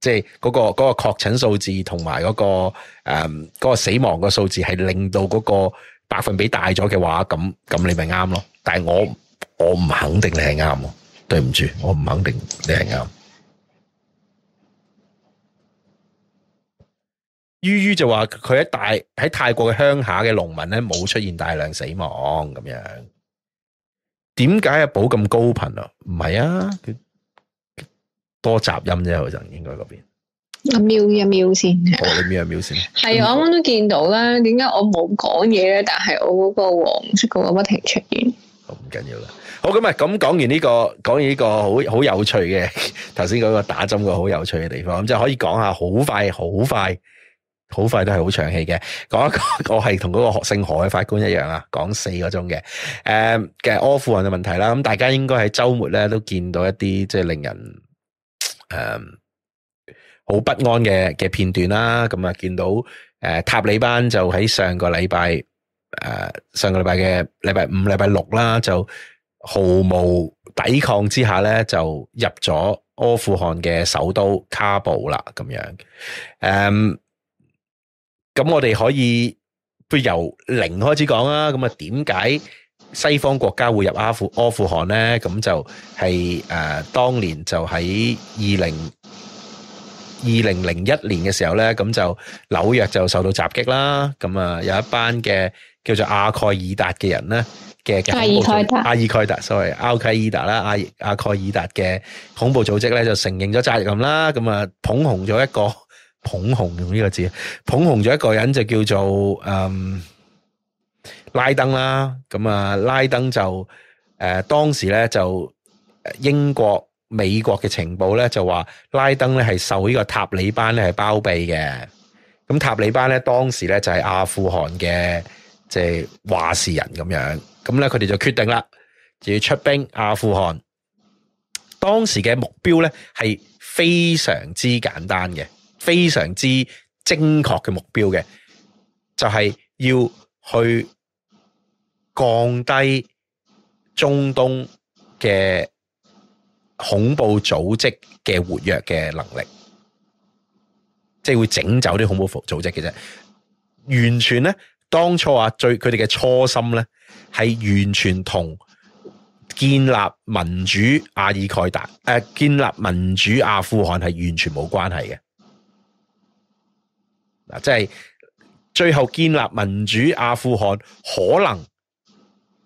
即係嗰個嗰個確診數字同埋嗰個誒嗰個死亡個數字係令到嗰個百分比大咗嘅話，咁咁你咪啱咯。但係我我唔肯定你係啱，對唔住，我唔肯定你係啱。於於就話佢喺大喺泰國嘅鄉下嘅農民咧冇出現大量死亡咁樣，點解啊保咁高頻啊？唔係啊，佢多雜音啫，佢就應該嗰邊。我瞄一瞄先，你瞄一瞄先，係啊， 我啱啱都見到啦。點解我冇講嘢咧？但係我嗰個黃色個不停出現。好唔緊要啦。好咁啊，咁講完呢個，講完呢個好好有趣嘅，頭先嗰個打針個好有趣嘅地方，咁就可以講下，好快，好快。好快都係好長氣嘅，講一個我係同嗰個姓何勝何嘅法官一樣啊，講四個鐘嘅，誒嘅阿富汗嘅問題啦，咁大家應該喺周末咧都見到一啲即係令人誒好、嗯、不安嘅嘅片段啦，咁、嗯、啊見到誒塔利班就喺上個禮拜誒上個禮拜嘅禮拜五、禮拜六啦，就毫無抵抗之下咧就入咗阿富汗嘅首都卡布啦，咁樣，誒、嗯。咁我哋可以不如由零開始講啦。咁啊，點解西方國家會入阿富阿富汗咧？咁就係、是、誒、呃，當年就喺二零二零零一年嘅時候咧，咁就紐約就受到襲擊啦。咁啊，有一班嘅叫做阿蓋爾達嘅人咧嘅恐怖組阿爾蓋達，sorry，阿蓋爾達啦，阿阿蓋爾達嘅恐怖組織咧，就承認咗責任啦。咁啊，捧紅咗一個。捧紅用呢個字，捧紅咗一個人就叫做嗯，拉登啦。咁啊，拉登就誒、呃，當時咧就英國、美國嘅情報咧就話拉登咧係受呢個塔利班咧係包庇嘅。咁塔利班咧當時咧就係阿富汗嘅即係話事人咁樣。咁咧佢哋就決定啦，就要出兵阿富汗。當時嘅目標咧係非常之簡單嘅。非常之精確嘅目標嘅，就係要去降低中東嘅恐怖組織嘅活躍嘅能力，即係會整走啲恐怖組織嘅啫。完全咧，當初啊，最佢哋嘅初心咧，係完全同建立民主阿爾蓋達誒，建立民主阿富汗係完全冇關係嘅。嗱，即係最後建立民主阿富汗，可能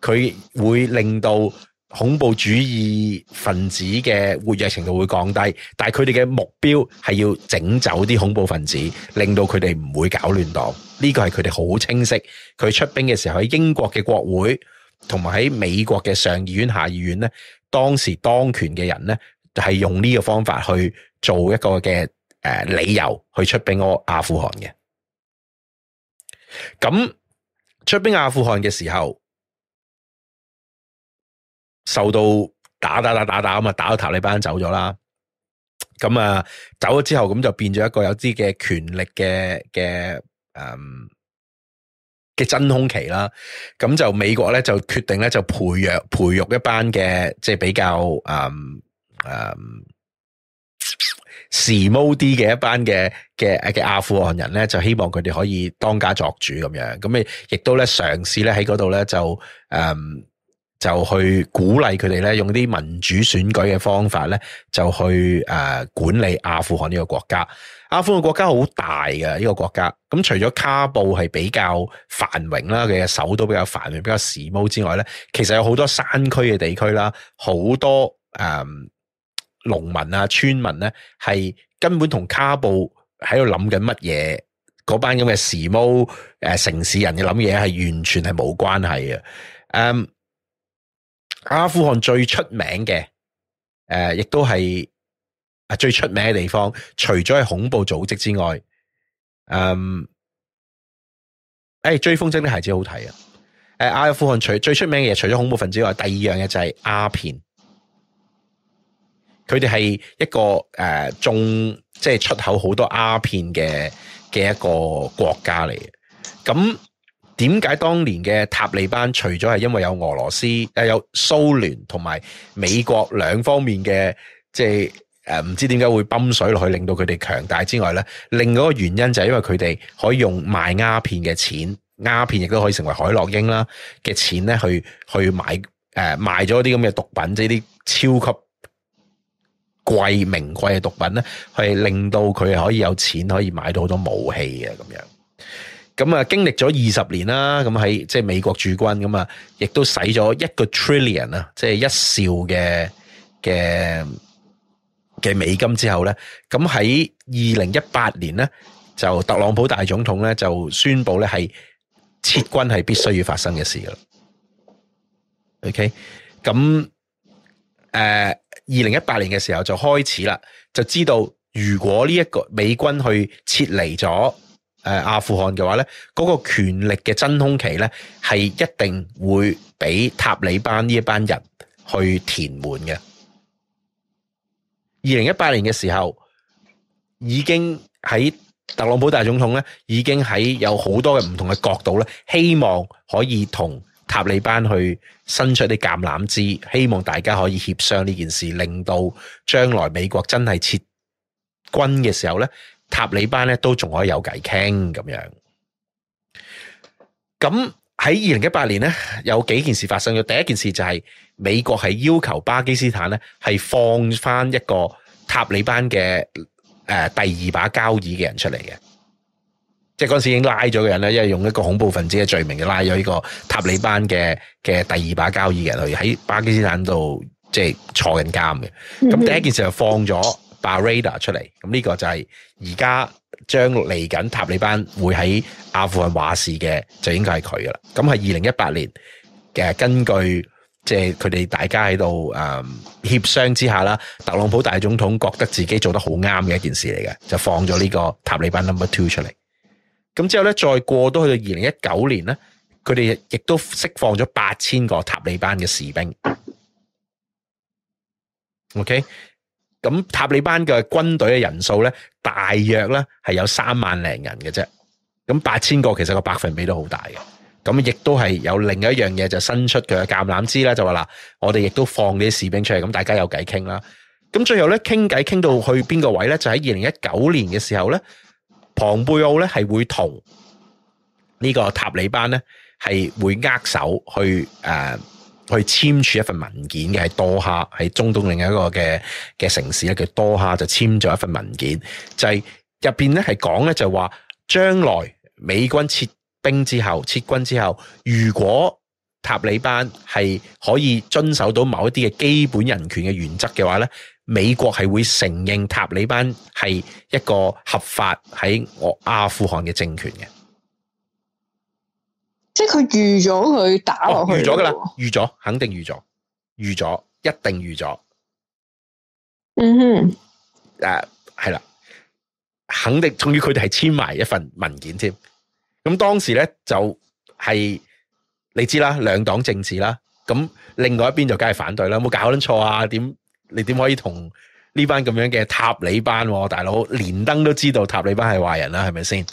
佢會令到恐怖主義分子嘅活躍程度會降低，但係佢哋嘅目標係要整走啲恐怖分子，令到佢哋唔會搞亂黨。呢個係佢哋好清晰。佢出兵嘅時候，喺英國嘅國會同埋喺美國嘅上議院、下議院咧，當時當權嘅人咧係用呢個方法去做一個嘅誒理由去出兵阿富汗嘅。咁出兵阿富汗嘅時候，受到打打打打打啊，打到塔利班走咗啦。咁啊，走咗之後，咁就變咗一個有啲嘅權力嘅嘅，嗯嘅真空期啦。咁就美國咧就決定咧就培養培育一班嘅即係比較嗯嗯。嗯時髦啲嘅一班嘅嘅嘅阿富汗人咧，就希望佢哋可以當家作主咁樣，咁亦都咧嘗試咧喺嗰度咧就誒、嗯、就去鼓勵佢哋咧用啲民主選舉嘅方法咧就去誒、嗯、管理阿富汗呢個國家。阿富汗國家好大嘅呢個國家，咁除咗卡布係比較繁榮啦，嘅首都比較繁榮比較時髦之外咧，其實有好多山區嘅地區啦，好多誒。嗯農民啊、村民咧、啊，係根本同卡布喺度諗緊乜嘢？嗰班咁嘅時髦、呃、城市人嘅諗嘢係完全係冇關係嘅。嗯、um,，阿富汗最出名嘅、呃、亦都係啊最出名嘅地方，除咗係恐怖組織之外，嗯，誒、哎、追風箏啲孩子好睇啊、呃！阿富汗除最，最出名嘅嘢，除咗恐怖分子外，第二樣嘢就係阿片。佢哋係一個誒種、呃、即係出口好多鴉片嘅嘅一個國家嚟嘅。咁點解當年嘅塔利班除咗係因為有俄羅斯誒有蘇聯同埋美國兩方面嘅即係誒唔知點解會泵水落去令到佢哋強大之外咧，另外一個原因就係因為佢哋可以用賣鴉片嘅錢，鴉片亦都可以成為海洛因啦嘅錢咧，去去買誒、呃、賣咗啲咁嘅毒品，即係啲超級。貴名貴嘅毒品咧，係令到佢可以有錢，可以買到好多武器嘅咁樣。咁啊，經歷咗二十年啦，咁喺即係美國駐軍咁啊，亦都使咗一個 trillion 啊，即係一兆嘅嘅嘅美金之後咧，咁喺二零一八年咧，就特朗普大總統咧就宣布咧係撤軍係必須要發生嘅事噶啦。OK，咁誒。二零一八年嘅時候就開始啦，就知道如果呢一個美軍去撤離咗誒阿富汗嘅話咧，嗰個權力嘅真空期咧係一定會俾塔利班呢一班人去填滿嘅。二零一八年嘅時候，已經喺特朗普大總統咧，已經喺有好多嘅唔同嘅角度咧，希望可以同。塔利班去伸出啲橄欖枝，希望大家可以協商呢件事，令到將來美國真係撤軍嘅時候咧，塔利班咧都仲可以有偈傾咁樣。咁喺二零一八年咧，有幾件事發生咗。第一件事就係美國係要求巴基斯坦咧，係放翻一個塔利班嘅誒第二把交椅嘅人出嚟嘅。即係嗰時已經拉咗嘅人咧，因為用一個恐怖分子嘅罪名，就拉咗呢個塔利班嘅嘅第二把交椅嘅人去喺巴基斯坦度，即係坐緊監嘅。咁第一件事就放咗 Barada 出嚟，咁呢個就係而家將嚟緊塔利班會喺阿富汗話事嘅，就應該係佢噶啦。咁係二零一八年嘅，根據即係佢哋大家喺度誒協商之下啦，特朗普大總統覺得自己做得好啱嘅一件事嚟嘅，就放咗呢個塔利班 Number Two 出嚟。咁之後咧，再過到去到二零一九年咧，佢哋亦都釋放咗八千個塔利班嘅士兵。OK，咁塔利班嘅軍隊嘅人數咧，大約咧係有三萬零人嘅啫。咁八千個其實個百分比都好大嘅。咁亦都係有另一樣嘢就伸出佢嘅橄欖枝啦，就話啦，我哋亦都放啲士兵出嚟，咁大家有偈傾啦。咁最後咧，傾偈傾到去邊個位咧？就喺二零一九年嘅時候咧。蓬佩奧咧係會同呢個塔利班咧係會握手去誒、呃、去簽署一份文件嘅，喺多哈喺中東另一個嘅嘅城市咧叫多哈就簽咗一份文件，就係入邊咧係講咧就話、是、將來美軍撤兵之後撤軍之後，如果塔利班係可以遵守到某一啲嘅基本人權嘅原則嘅話咧。美國係會承認塔利班係一個合法喺我阿富汗嘅政權嘅，哦，即係佢預咗佢打落去預咗噶啦，預咗肯定預咗，預咗一定預咗。嗯哼，誒係啦，肯定仲要佢哋係簽埋一份文件添。咁當時咧就係，是，你知啦，兩黨政治啦，咁另外一邊就梗係反對啦，冇搞撚錯啊，點？你點可以同呢班咁樣嘅塔利班、啊、大佬連登都知道塔利班係壞人啦？係咪先？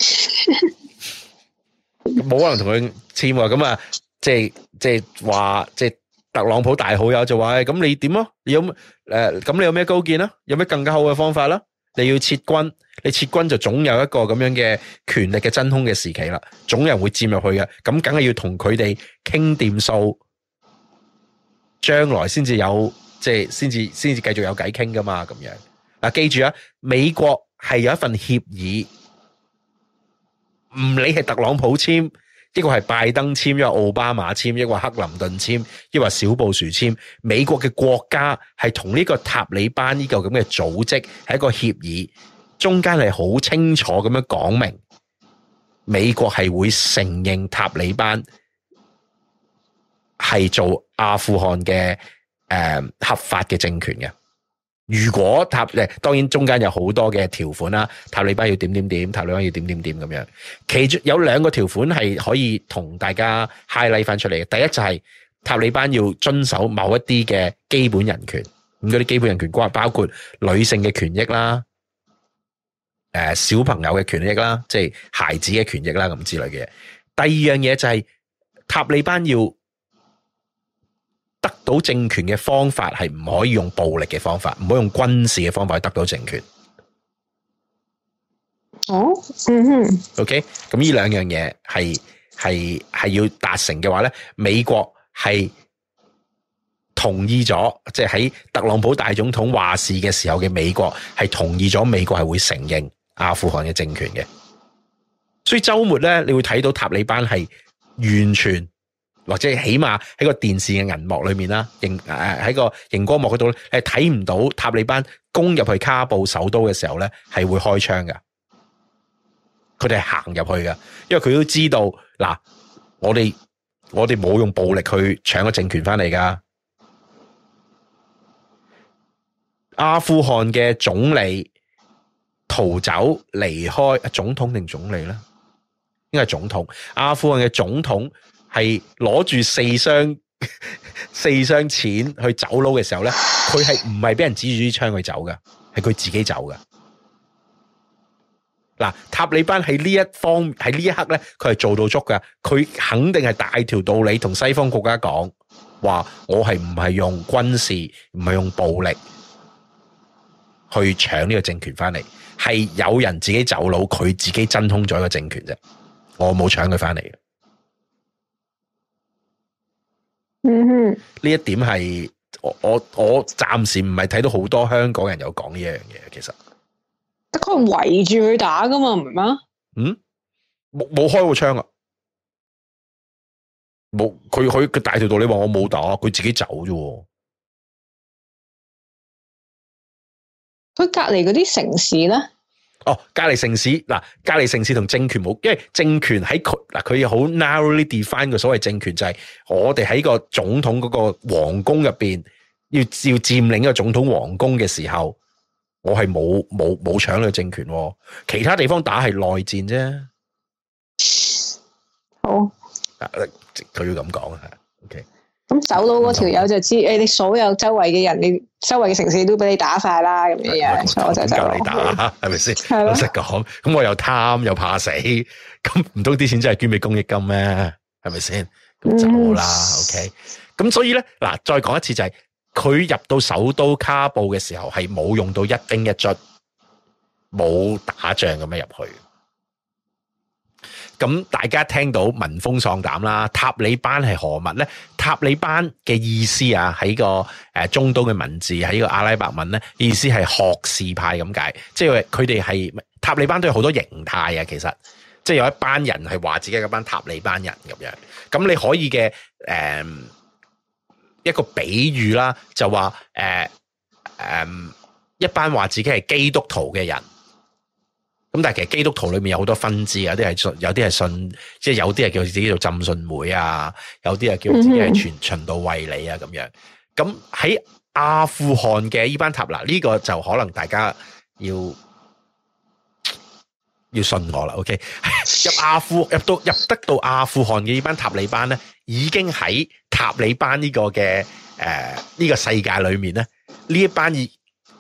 冇 可能同佢簽喎。咁啊，即係即係話，即、就、係、是就是、特朗普大好友就話：，咁、哎、你點咯、啊？你有誒？咁、呃、你有咩高見啦、啊？有咩更加好嘅方法啦、啊？你要撤軍，你撤軍就總有一個咁樣嘅權力嘅真空嘅時期啦，總有人會佔入去嘅。咁梗係要同佢哋傾掂數，將來先至有。即係先至先至繼續有偈傾噶嘛，咁樣嗱、啊，記住啊，美國係有一份協議，唔理係特朗普簽，一個係拜登簽，一個奧巴馬簽，一個克林頓簽，亦或小布殊簽，美國嘅國家係同呢個塔利班呢個咁嘅組織係一個協議，中間係好清楚咁樣講明，美國係會承認塔利班係做阿富汗嘅。誒，合法嘅政權嘅，如果塔誒，當然中間有好多嘅條款啦，塔利班要點點點，塔利班要點點點咁樣，其中有兩個條款係可以同大家 highlight 翻出嚟嘅。第一就係塔利班要遵守某一啲嘅基本人權，咁嗰啲基本人權關包括女性嘅權益啦，誒小朋友嘅權益啦，即係孩子嘅權益啦咁之類嘅嘢。第二樣嘢就係塔利班要。得到政權嘅方法係唔可以用暴力嘅方法，唔好用軍事嘅方法去得到政權。好、oh? mm，嗯、hmm. 哼，OK，咁呢兩樣嘢係係係要達成嘅話咧，美國係同意咗，即係喺特朗普大總統話事嘅時候嘅美國係同意咗，美國係會承認阿富汗嘅政權嘅。所以週末咧，你會睇到塔利班係完全。或者起碼喺個電視嘅銀幕裏面啦，熒誒喺個熒光幕嗰度咧，係睇唔到塔利班攻入去卡布首都嘅時候咧，係會開槍嘅。佢哋係行入去嘅，因為佢都知道嗱，我哋我哋冇用暴力去搶個政權翻嚟噶。阿富汗嘅總理逃走離開，總統定總理咧？應該係總統。阿富汗嘅總統。係攞住四箱四箱錢去走佬嘅時候，呢佢係唔係俾人指住啲槍去走㗎？係佢自己走㗎。嗱，塔利班喺呢一方喺呢一刻呢，佢係做到足㗎。佢肯定係大條道理同西方國家講話，我係唔係用軍事唔係用暴力去搶呢個政權翻嚟？係有人自己走佬，佢自己真空咗個政權啫。我冇搶佢翻嚟。嗯哼，呢一點係我我我暫時唔係睇到好多香港人有講呢樣嘢，其實，得佢圍住佢打噶嘛，唔係嗎？嗯，冇冇開過槍啊，冇，佢佢佢大條道理話我冇打，佢自己走啫，佢隔籬嗰啲城市咧。哦，隔籬城市嗱，隔籬城市同政權冇，因為政權喺佢嗱，佢好 narrowly define 個所謂政權就係、是、我哋喺個總統嗰個皇宮入邊，要要佔領一個總統皇宮嘅時候，我係冇冇冇搶到政權，其他地方打係內戰啫。好，佢要咁講啊，OK。咁走佬嗰條友就知，誒、哎、你所有周圍嘅人，你周圍嘅城市都俾你打晒啦，咁的樣樣，我就就你打啦，啊，係咪先？是是吧老咯，老實講，咁我又貪又怕死，咁唔通啲錢真係捐俾公益金咩？係咪先？咁走啦、嗯、，OK。咁所以咧，嗱，再講一次就係、是，佢入到首都卡布嘅時候係冇用到一兵一卒，冇打仗咁樣入去。咁大家聽到聞風喪膽啦，塔利班係何物咧？塔利班嘅意思啊，喺個誒中東嘅文字，喺個阿拉伯文咧，意思係學士派咁解，即係佢哋係塔利班都有好多形態啊，其實即係有一班人係話自己嗰班塔利班人咁樣，咁你可以嘅誒、嗯、一個比喻啦，就話誒、嗯嗯、一班話自己係基督徒嘅人。咁但係其實基督徒裏面有好多分支，有啲係信，有啲係信，即係有啲係叫自己做浸信會啊，有啲係叫自己係循道衛理啊咁樣。咁喺阿富汗嘅呢班塔嗱，呢、呢個就可能大家要要信我啦。O、okay? K， 入阿富汗入到入得到阿富汗嘅呢班塔利班咧，已經喺塔利班呢個嘅誒呢個世界裏面咧，呢一班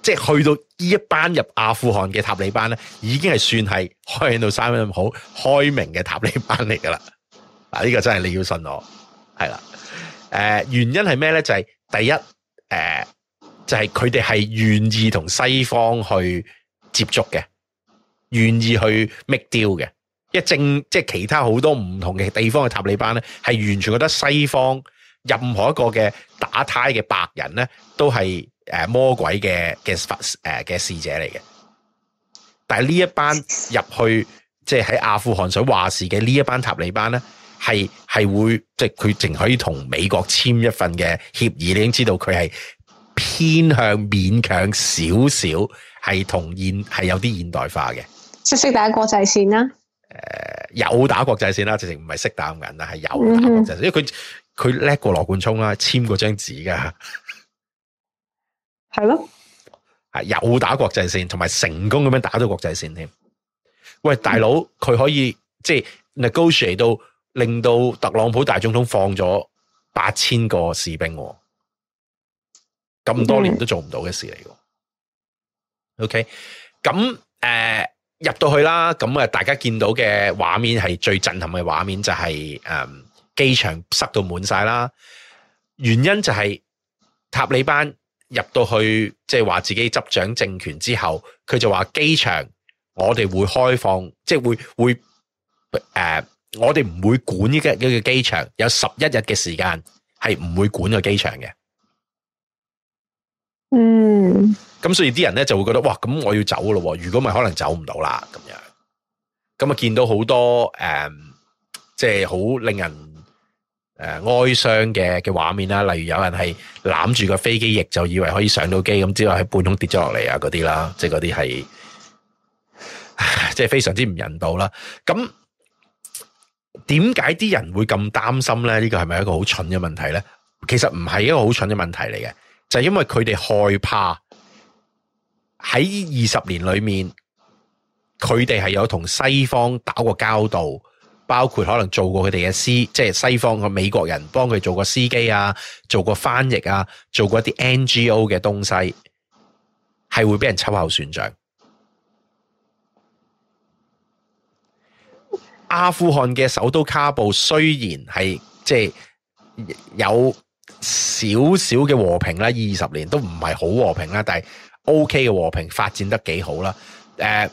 即係去到呢一班入阿富汗嘅塔利班咧，已經係算係開到三分咁好開明嘅塔利班嚟噶啦！嗱、啊，呢、這個真係你要信我，係啦。誒、呃，原因係咩咧？就係、是、第一，誒、呃，就係佢哋係願意同西方去接觸嘅，願意去 make deal 嘅。一正即係、就是、其他好多唔同嘅地方嘅塔利班咧，係完全覺得西方任何一個嘅打胎嘅白人咧，都係。誒，魔鬼嘅嘅誒嘅使者嚟嘅，但係呢一班入去即係喺阿富汗水話事嘅呢一班塔利班咧，係係會即係佢淨可以同美國簽一份嘅協議，你已經知道佢係偏向勉強少少，係同現係有啲現代化嘅識識打國際線啦、啊，誒、呃、有打國際線啦、啊，直情唔係識打人、mm hmm. 啊，係有打國際線，因為佢佢叻過羅冠聰啦，簽過張紙噶。係咯，係又打國際線，同埋成功咁樣打到國際線添。喂，大佬佢可以即係、就是、negotiate 到令到特朗普大總統放咗八千個士兵，咁多年都做唔到嘅事嚟。O K，咁誒入到去啦。咁啊，大家見到嘅畫面係最震撼嘅畫面就係誒機場塞到滿晒啦。原因就係塔利班。入到去，即係話自己執掌政權之後，佢就話機場我哋會開放，即係會會誒，uh, 我哋唔會管呢個機場有十一日嘅時間係唔會管個機場嘅。嗯，咁所以啲人咧就會覺得，哇！咁我要走咯，如果咪可能走唔到啦，咁樣。咁啊，見到好多誒，即係好令人。誒、呃，哀傷嘅嘅畫面啦，例如有人係攬住個飛機翼就以為可以上到機，咁之後喺半空跌咗落嚟啊，嗰啲啦，即係嗰啲係，即係非常之唔人道啦。咁點解啲人會咁擔心咧？呢、這個係咪一個好蠢嘅問題咧？其實唔係一個好蠢嘅問題嚟嘅，就是、因為佢哋害怕喺二十年裏面，佢哋係有同西方打過交道。包括可能做過佢哋嘅司，即係西方嘅美國人幫佢做過司機啊，做過翻譯啊，做過一啲 NGO 嘅東西，係會俾人秋後算賬。阿富汗嘅首都卡布雖然係即係有少少嘅和平啦，二十年都唔係好和平啦，但係 OK 嘅和平發展得幾好啦，誒、呃。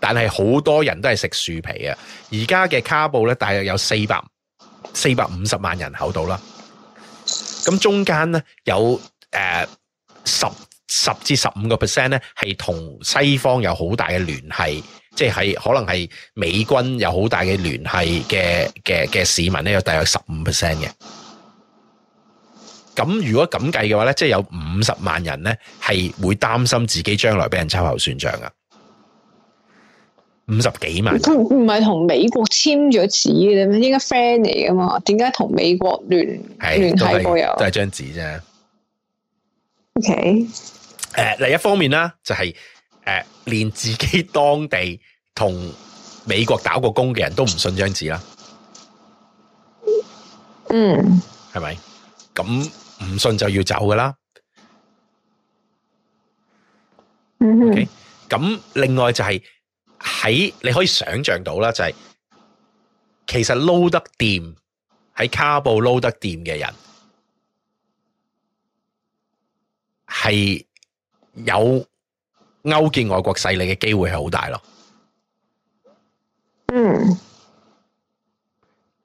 但係好多人都係食樹皮啊！而家嘅卡布咧，大約有四百四百五十萬人口度啦。咁中間咧有誒十十至十五個 percent 咧，係、呃、同西方有好大嘅聯繫，即係可能係美軍有好大嘅聯繫嘅嘅嘅市民咧，有大約十五 percent 嘅。咁如果咁計嘅話咧，即係有五十萬人咧係會擔心自己將來俾人秋後算賬啊！五十幾萬，佢唔係同美國簽咗紙嘅咩？應該 friend 嚟噶嘛？點解同美國聯聯繫過有？都係張紙啫。O K，誒，另一方面啦，就係誒，連自己當地同美國打過工嘅人都唔信張紙啦。嗯，係咪？咁唔信就要走噶啦。嗯哼。OK，咁另外就係。喺你可以想象到啦、就是，就係其實撈得掂喺卡布撈得掂嘅人，係有勾結外國勢力嘅機會係好大咯。嗯。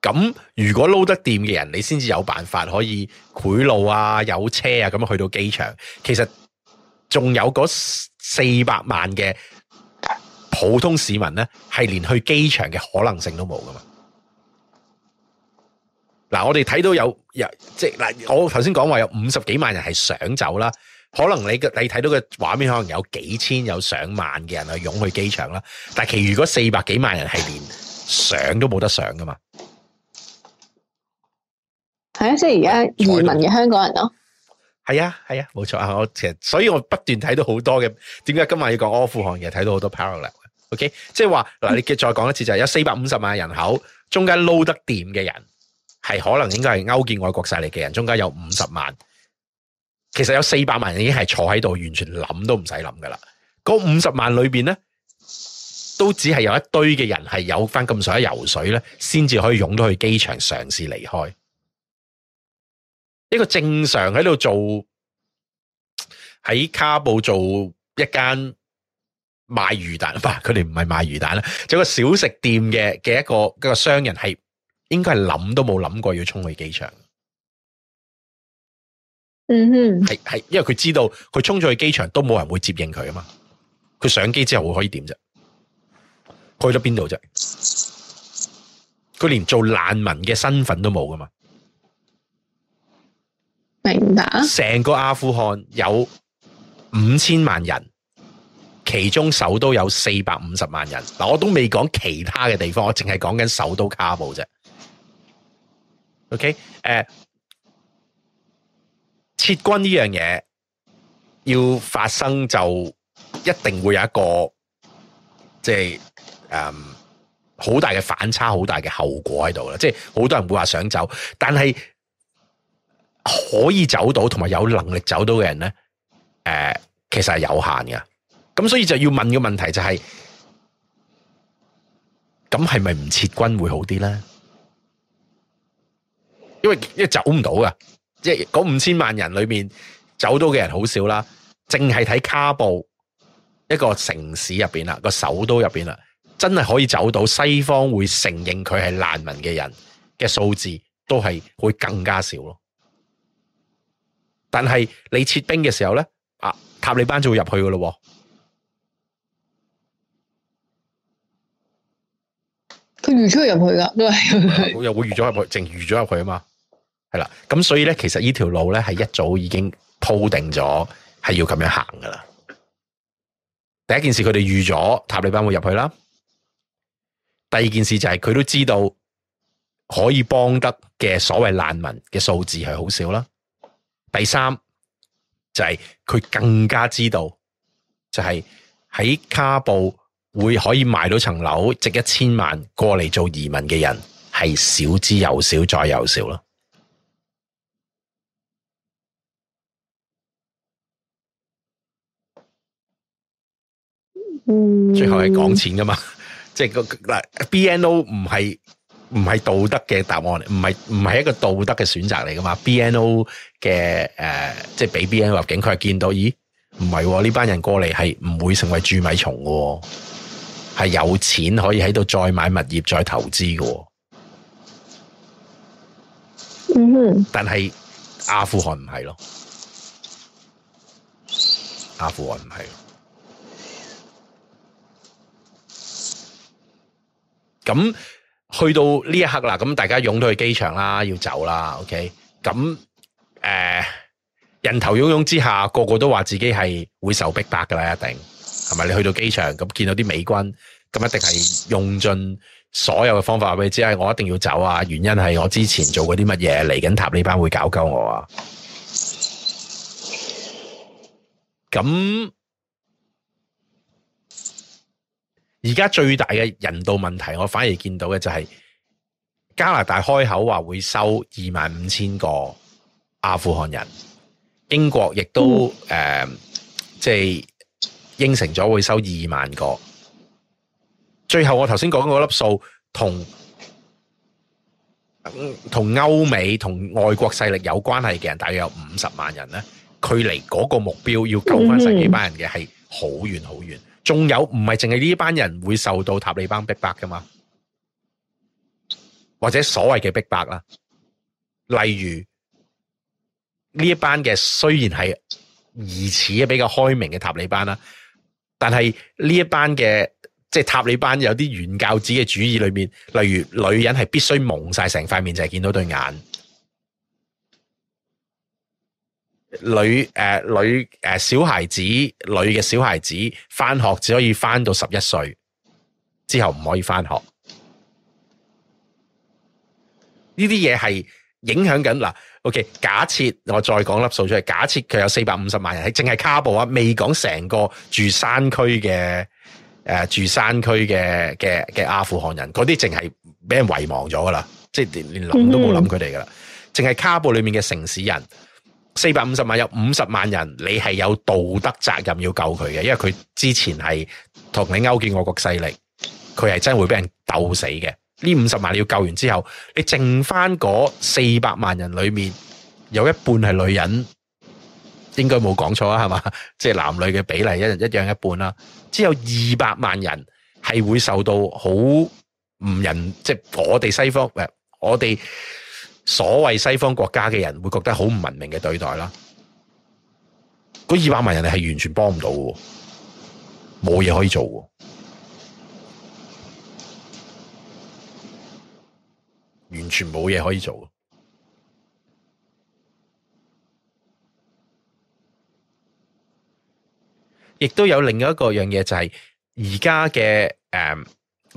咁如果撈得掂嘅人，你先至有辦法可以賄賂啊，有車啊，咁去到機場。其實仲有嗰四百萬嘅。普通市民咧，係連去機場嘅可能性都冇噶嘛？嗱，我哋睇到有有即係嗱，我頭先講話有五十幾萬人係想走啦，可能你嘅你睇到嘅畫面，可能有幾千有上萬嘅人去湧去機場啦，但係其餘嗰四百幾萬人係連想都冇得上噶嘛？係啊，即係而家移民嘅香港人咯。係啊、哎、係、哎、啊，冇、哎、錯啊！我其實所以我不斷睇到好多嘅，點解今日要講阿富汗嘅？睇到好多 parallel O K，即係話，嗱，你再講一次，就係有四百五十萬人口，中間撈得掂嘅人，係可能應該係勾結外國勢力嘅人，中間有五十萬。其實有四百萬人已經係坐喺度，完全諗都唔使諗噶啦。嗰五十萬裏邊咧，都只係有一堆嘅人係有翻咁上下游水咧，先至可以湧到去機場嘗試離開。一個正常喺度做喺卡布做一間。賣魚蛋，佢哋唔係賣魚蛋啦，就個小食店嘅嘅一個一個商人係，應該係諗都冇諗過要衝去機場。嗯哼，係係，因為佢知道佢衝咗去機場都冇人會接應佢啊嘛。佢上機之後會可以點啫？去咗邊度啫？佢連做難民嘅身份都冇噶嘛？明白。成個阿富汗有五千萬人。其中首都有四百五十萬人嗱，我都未講其他嘅地方，我淨係講緊首都卡布啫。OK，誒、呃，撤軍呢樣嘢，要發生就一定會有一個即係誒好大嘅反差，好大嘅後果喺度啦。即係好多人會話想走，但係可以走到同埋有能力走到嘅人咧，誒、呃，其實係有限嘅。咁所以就要問嘅問題就係、是，咁係咪唔撤軍會好啲咧？因為因為走唔到噶即係嗰五千萬人裏面走到嘅人好少啦，淨係睇卡布一個城市入邊啦，個首都入邊啦，真係可以走到西方會承認佢係難民嘅人嘅數字，都係會更加少咯。但係你撤兵嘅時候咧，啊，塔利班就會入去噶咯。佢預咗入去噶，都係又會預咗入去，淨預咗入去啊嘛，係啦。咁所以咧，其實呢條路咧係一早已經鋪定咗，係要咁樣行噶啦。第一件事，佢哋預咗塔利班會入去啦。第二件事就係佢都知道可以幫得嘅所謂難民嘅數字係好少啦。第三就係、是、佢更加知道，就係、是、喺卡布。會可以賣到層樓值一千萬過嚟，做移民嘅人係少之又少再有少咯。嗯、最後係講錢噶嘛，即係個嗱 BNO 唔係唔係道德嘅答案，唔係唔係一個道德嘅選擇嚟噶嘛？BNO 嘅誒，即係俾 BNO 入境，佢係見到，咦？唔係喎，呢班人過嚟係唔會成為蛀米蟲噶、哦。係有錢可以喺度再買物業，再投資嘅，但係阿富汗唔係咯，阿富汗唔係。咁去到呢一刻啦，咁大家湧到去機場啦，要走啦。OK，咁誒、呃，人頭涌湧之下，個個都話自己係會受逼迫噶啦，一定。同埋你去到機場咁見到啲美軍咁，一定係用盡所有嘅方法俾你知，係我一定要走啊！原因係我之前做過啲乜嘢，嚟緊塔利班會搞鳩我啊！咁而家最大嘅人道問題，我反而見到嘅就係、是、加拿大開口話會收二萬五千個阿富汗人，英國亦都誒、嗯嗯、即係。應承咗會收二萬個，最後我頭先講嗰粒數同同歐美同外國勢力有關係嘅人，大約有五十萬人咧，距離嗰個目標要救翻十幾班人嘅係好遠好遠，仲有唔係淨係呢班人會受到塔利班逼迫噶嘛，或者所謂嘅逼迫啦，例如呢一班嘅雖然係疑似比較開明嘅塔利班啦。但係呢一班嘅即係塔利班有啲原教旨嘅主義裏面，例如女人係必須蒙晒成塊面，就係、是、見到對眼；女誒、呃、女誒、呃、小孩子，女嘅小孩子翻學只可以翻到十一歲，之後唔可以翻學。呢啲嘢係影響緊嗱。O、okay, K，假設我再講粒數出嚟，假設佢有四百五十萬人，係淨係卡布啊，未講成個住山區嘅誒、呃，住山區嘅嘅嘅阿富汗人，嗰啲淨係俾人遺忘咗噶啦，即係連連諗都冇諗佢哋噶啦，淨係、嗯、卡布裏面嘅城市人，四百五十萬有五十萬人，你係有道德責任要救佢嘅，因為佢之前係同你勾結我國勢力，佢係真係會俾人鬥死嘅。呢五十萬你要救完之後，你剩翻嗰四百萬人裏面有一半係女人，應該冇講錯啊，係嘛？即係男女嘅比例一一樣一半啦。只有二百萬人係會受到好唔人，即係我哋西方，我哋所謂西方國家嘅人會覺得好唔文明嘅對待啦。嗰二百萬人係完全幫唔到，冇嘢可以做。完全冇嘢可以做，亦都有另一一個樣嘢，就係而家嘅誒，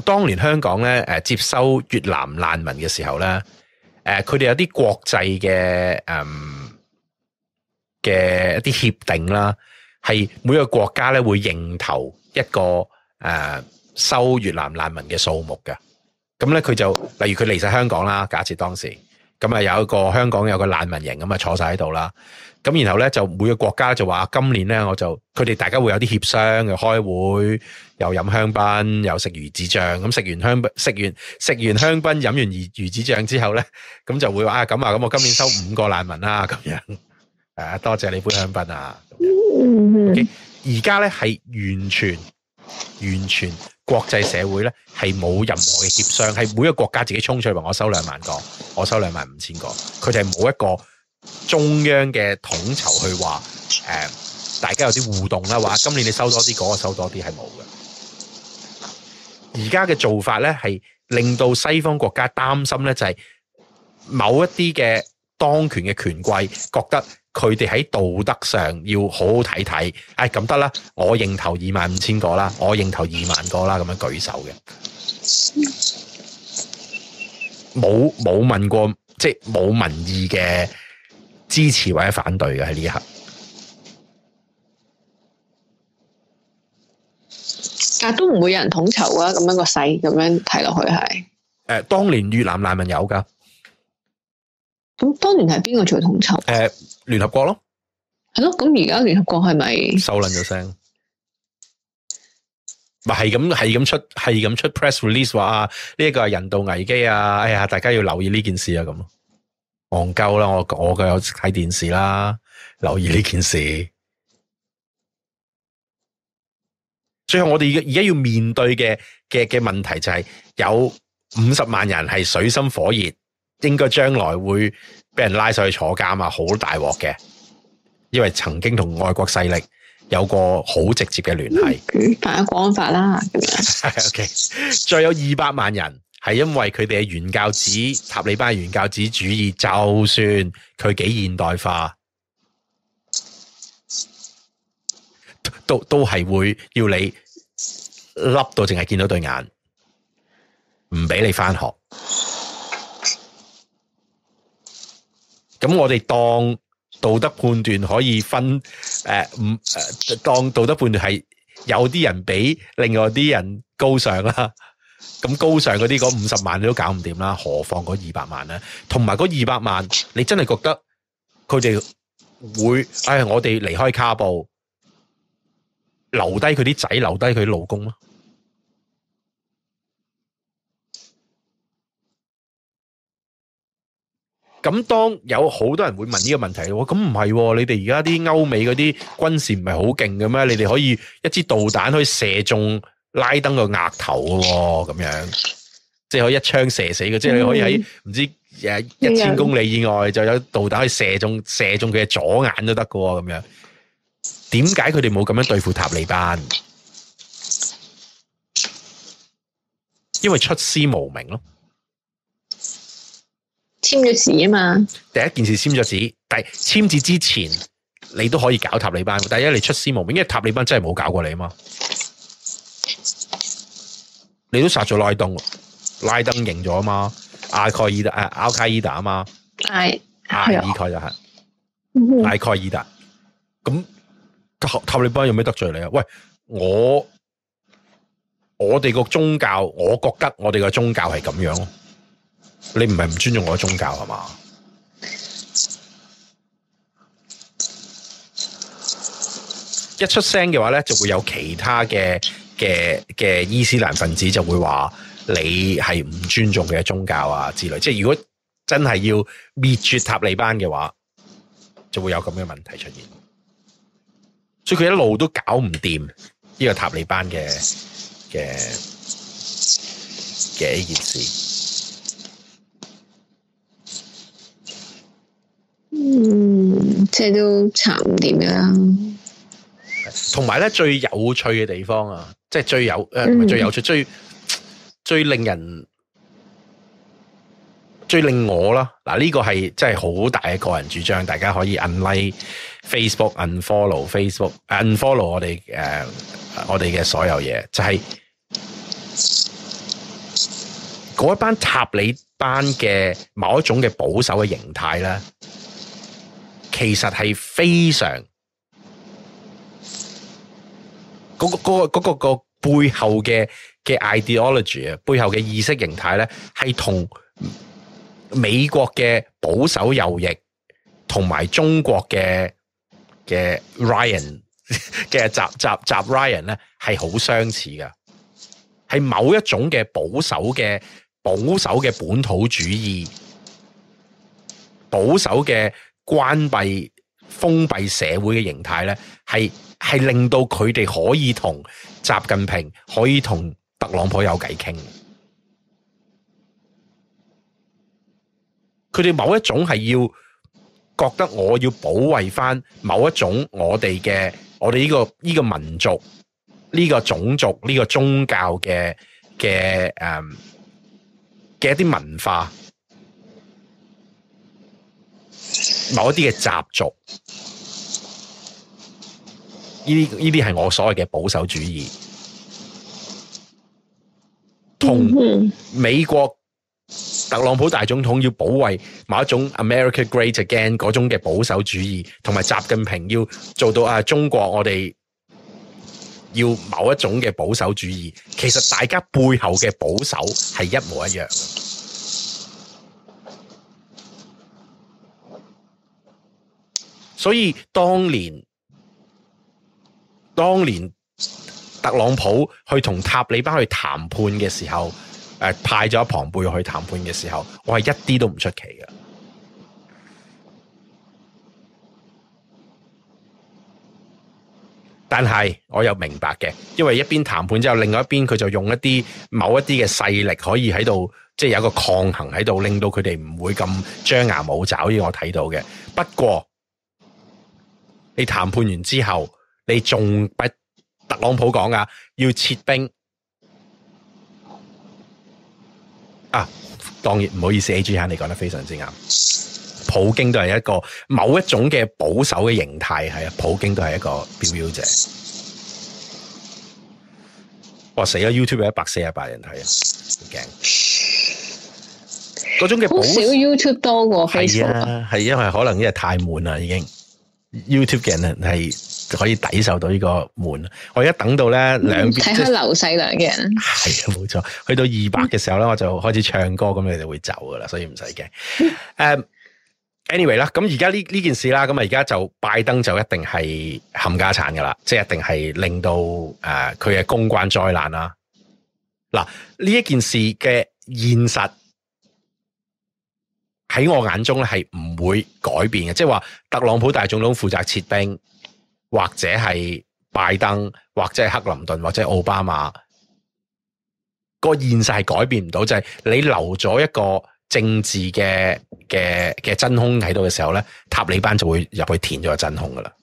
當年香港咧誒接收越南難民嘅時候咧，誒佢哋有啲國際嘅誒嘅一啲協定啦，係每個國家咧會認投一個誒、啊、收越南難民嘅數目嘅。咁咧，佢就例如佢嚟晒香港啦。假設當時，咁啊有一個香港有個難民營咁啊坐晒喺度啦。咁然後咧就每個國家就話：今年咧我就佢哋大家會有啲協商，又開會，又飲香檳，又食魚子醬。咁食完香檳，食完食完香檳，飲完魚魚子醬之後咧，咁就會話啊咁啊咁，我今年收五個難民啦。咁樣誒，多謝你杯香檳啊！而家咧係完全完全。完全國際社會呢係冇任何嘅協商，係每個國家自己衝出去話我收兩萬個，我收兩萬五千個，佢哋係冇一個中央嘅統籌去話，誒大家有啲互動啦，話今年你收多啲，嗰個收多啲係冇嘅。而家嘅做法呢，係令到西方國家擔心呢就係某一啲嘅。當權嘅權貴覺得佢哋喺道德上要好好睇睇，唉、哎，咁得啦，我認頭二萬五千個啦，我認頭二萬個啦，咁樣舉手嘅，冇冇問過，即係冇民意嘅支持或者反對嘅喺呢一刻，但都唔會有人統籌啊，咁樣個勢咁樣睇落去係，誒、呃，當年越南難民有噶。咁當年係邊個做統籌？誒、呃，聯合國咯，係咯。咁而家聯合國係咪？收撚咗聲，咪係咁，係咁出，係咁出 press release 話啊，呢、這、一個係人道危機啊，哎呀，大家要留意呢件事啊，咁戇鳩啦，我我佢有睇電視啦，留意呢件事。最後我哋而而家要面對嘅嘅嘅問題就係有五十萬人係水深火熱。應該將來會被人拉上去坐監啊，好大鑊嘅，因為曾經同外國勢力有過好直接嘅聯繫。犯國安法啦，再 okay. 有二百萬人係因為佢哋嘅原教旨塔利班原教旨主義，就算佢幾現代化，都都係會要你笠到淨係見到對眼，唔俾你翻學。咁我哋當道德判斷可以分，誒唔誒當道德判斷係有啲人比另外啲人高尚啦，咁高尚嗰啲，嗰五十萬你都搞唔掂啦，何況嗰二百萬咧？同埋嗰二百萬，你真係覺得佢哋會誒，我哋離開卡布，留低佢啲仔，留低佢老公嗎？咁當有好多人會問呢個問題咯，咁唔係，你哋而家啲歐美嗰啲軍事唔係好勁嘅咩？你哋可以一支導彈可以射中拉登個額頭嘅，咁樣即係可以一槍射死嘅，即係你可以喺唔知誒一千公里以外就有導彈可以射中射中佢嘅左眼都得嘅。咁樣點解佢哋冇咁樣對付塔利班？因為出師無名咯。簽咗紙啊嘛，第一件事簽咗紙，但係簽字之前你都可以搞塔利班，但係一嚟你出師無名，因為塔利班真係冇搞過你啊嘛，你都殺咗拉登，拉登贏咗啊嘛，阿蓋爾達阿卡爾達啊嘛，係係啊，大概就係，阿蓋爾達，咁、嗯、哼塔利班有咩得罪你啊？喂，我我哋個宗教，我覺得我哋個宗教係咁樣。你唔係唔尊重我嘅宗教係嘛？一出聲嘅話咧，就會有其他嘅嘅嘅伊斯蘭分子就會話你係唔尊重佢嘅宗教啊之類。即係如果真係要滅絕塔利班嘅話，就會有咁嘅問題出現。所以佢一路都搞唔掂呢個塔利班嘅嘅嘅呢件事。嗯，即係都慘點樣。同埋咧，最有趣嘅地方啊，即係最有誒，唔係、最有趣，最最令人最令我啦，嗱、啊、呢、呢個係真係好大嘅個人主張，大家可以 unlike Facebook，unfollow Facebook，unfollow 我哋誒、呃、我哋嘅所有嘢，就係嗰一班塔里班嘅某一種嘅保守嘅形態咧。其實係非常嗰、嗰個、嗰、嗰個、嗰、嗰個、個背後嘅嘅 ideology 啊，背後嘅意識形態咧，係同美國嘅保守右翼同埋中國嘅嘅 Ryan 嘅集集集 Ryan 咧，係好相似噶，係某一種嘅保守嘅保守嘅本土主義，保守嘅。.關閉封閉社會嘅形態咧，係係令到佢哋可以同習近平、可以同特朗普有偈傾。佢哋某一種係要覺得我要保衛翻某一種我哋嘅我哋呢個呢個民族呢個種族呢個宗教嘅嘅誒嘅一啲文化。某一啲嘅習俗，呢啲呢啲係我所謂嘅保守主義，同美國特朗普大總統要保衛某一種 America Great Again 嗰種嘅保守主義，同埋習近平要做到啊中國我哋要某一種嘅保守主義，其實大家背後嘅保守係一模一樣。所以當年，當年特朗普去同塔利班去談判嘅時候，誒、呃、派咗蓬佩去談判嘅時候，我係一啲都唔出奇嘅。但係我又明白嘅，因為一邊談判之後，另外一邊佢就用一啲某一啲嘅勢力可以喺度，即、就、係、是、有個抗衡喺度，令到佢哋唔會咁張牙舞爪。呢，我睇到嘅。不過，你談判完之後，你仲比特朗普講㗎，要撤兵啊？當然，唔好意思，A. G. 啊，AG, 你講得非常之啱。普京都係一個某一種嘅保守嘅形態，係啊，普京都係一個表表者。哇！死咗 YouTube 一百四十八人睇啊，驚！嗰種嘅好少 YouTube 多過 Facebook，係啊，係因為可能因為太悶啦，已經。YouTube 嘅人係可以抵受到呢個悶，我而家等到咧、嗯、兩邊睇下劉細良嘅人，係啊冇錯，去到二百嘅時候咧，我就開始唱歌，咁你哋會走噶啦，所以唔使驚。誒、um,anyway 啦，咁而家呢呢件事啦，咁啊而家就拜登就一定係冚家鏟噶啦，即係一定係令到誒佢嘅公關災難啦。嗱呢一件事嘅現實。喺我眼中咧，係唔會改變嘅，即係話特朗普大總統負責撤兵，或者係拜登，或者係克林頓，或者奧巴馬，個現實係改變唔到，就係你留咗一個政治嘅嘅嘅真空喺度嘅時候咧，塔利班就會入去填咗個真空噶啦，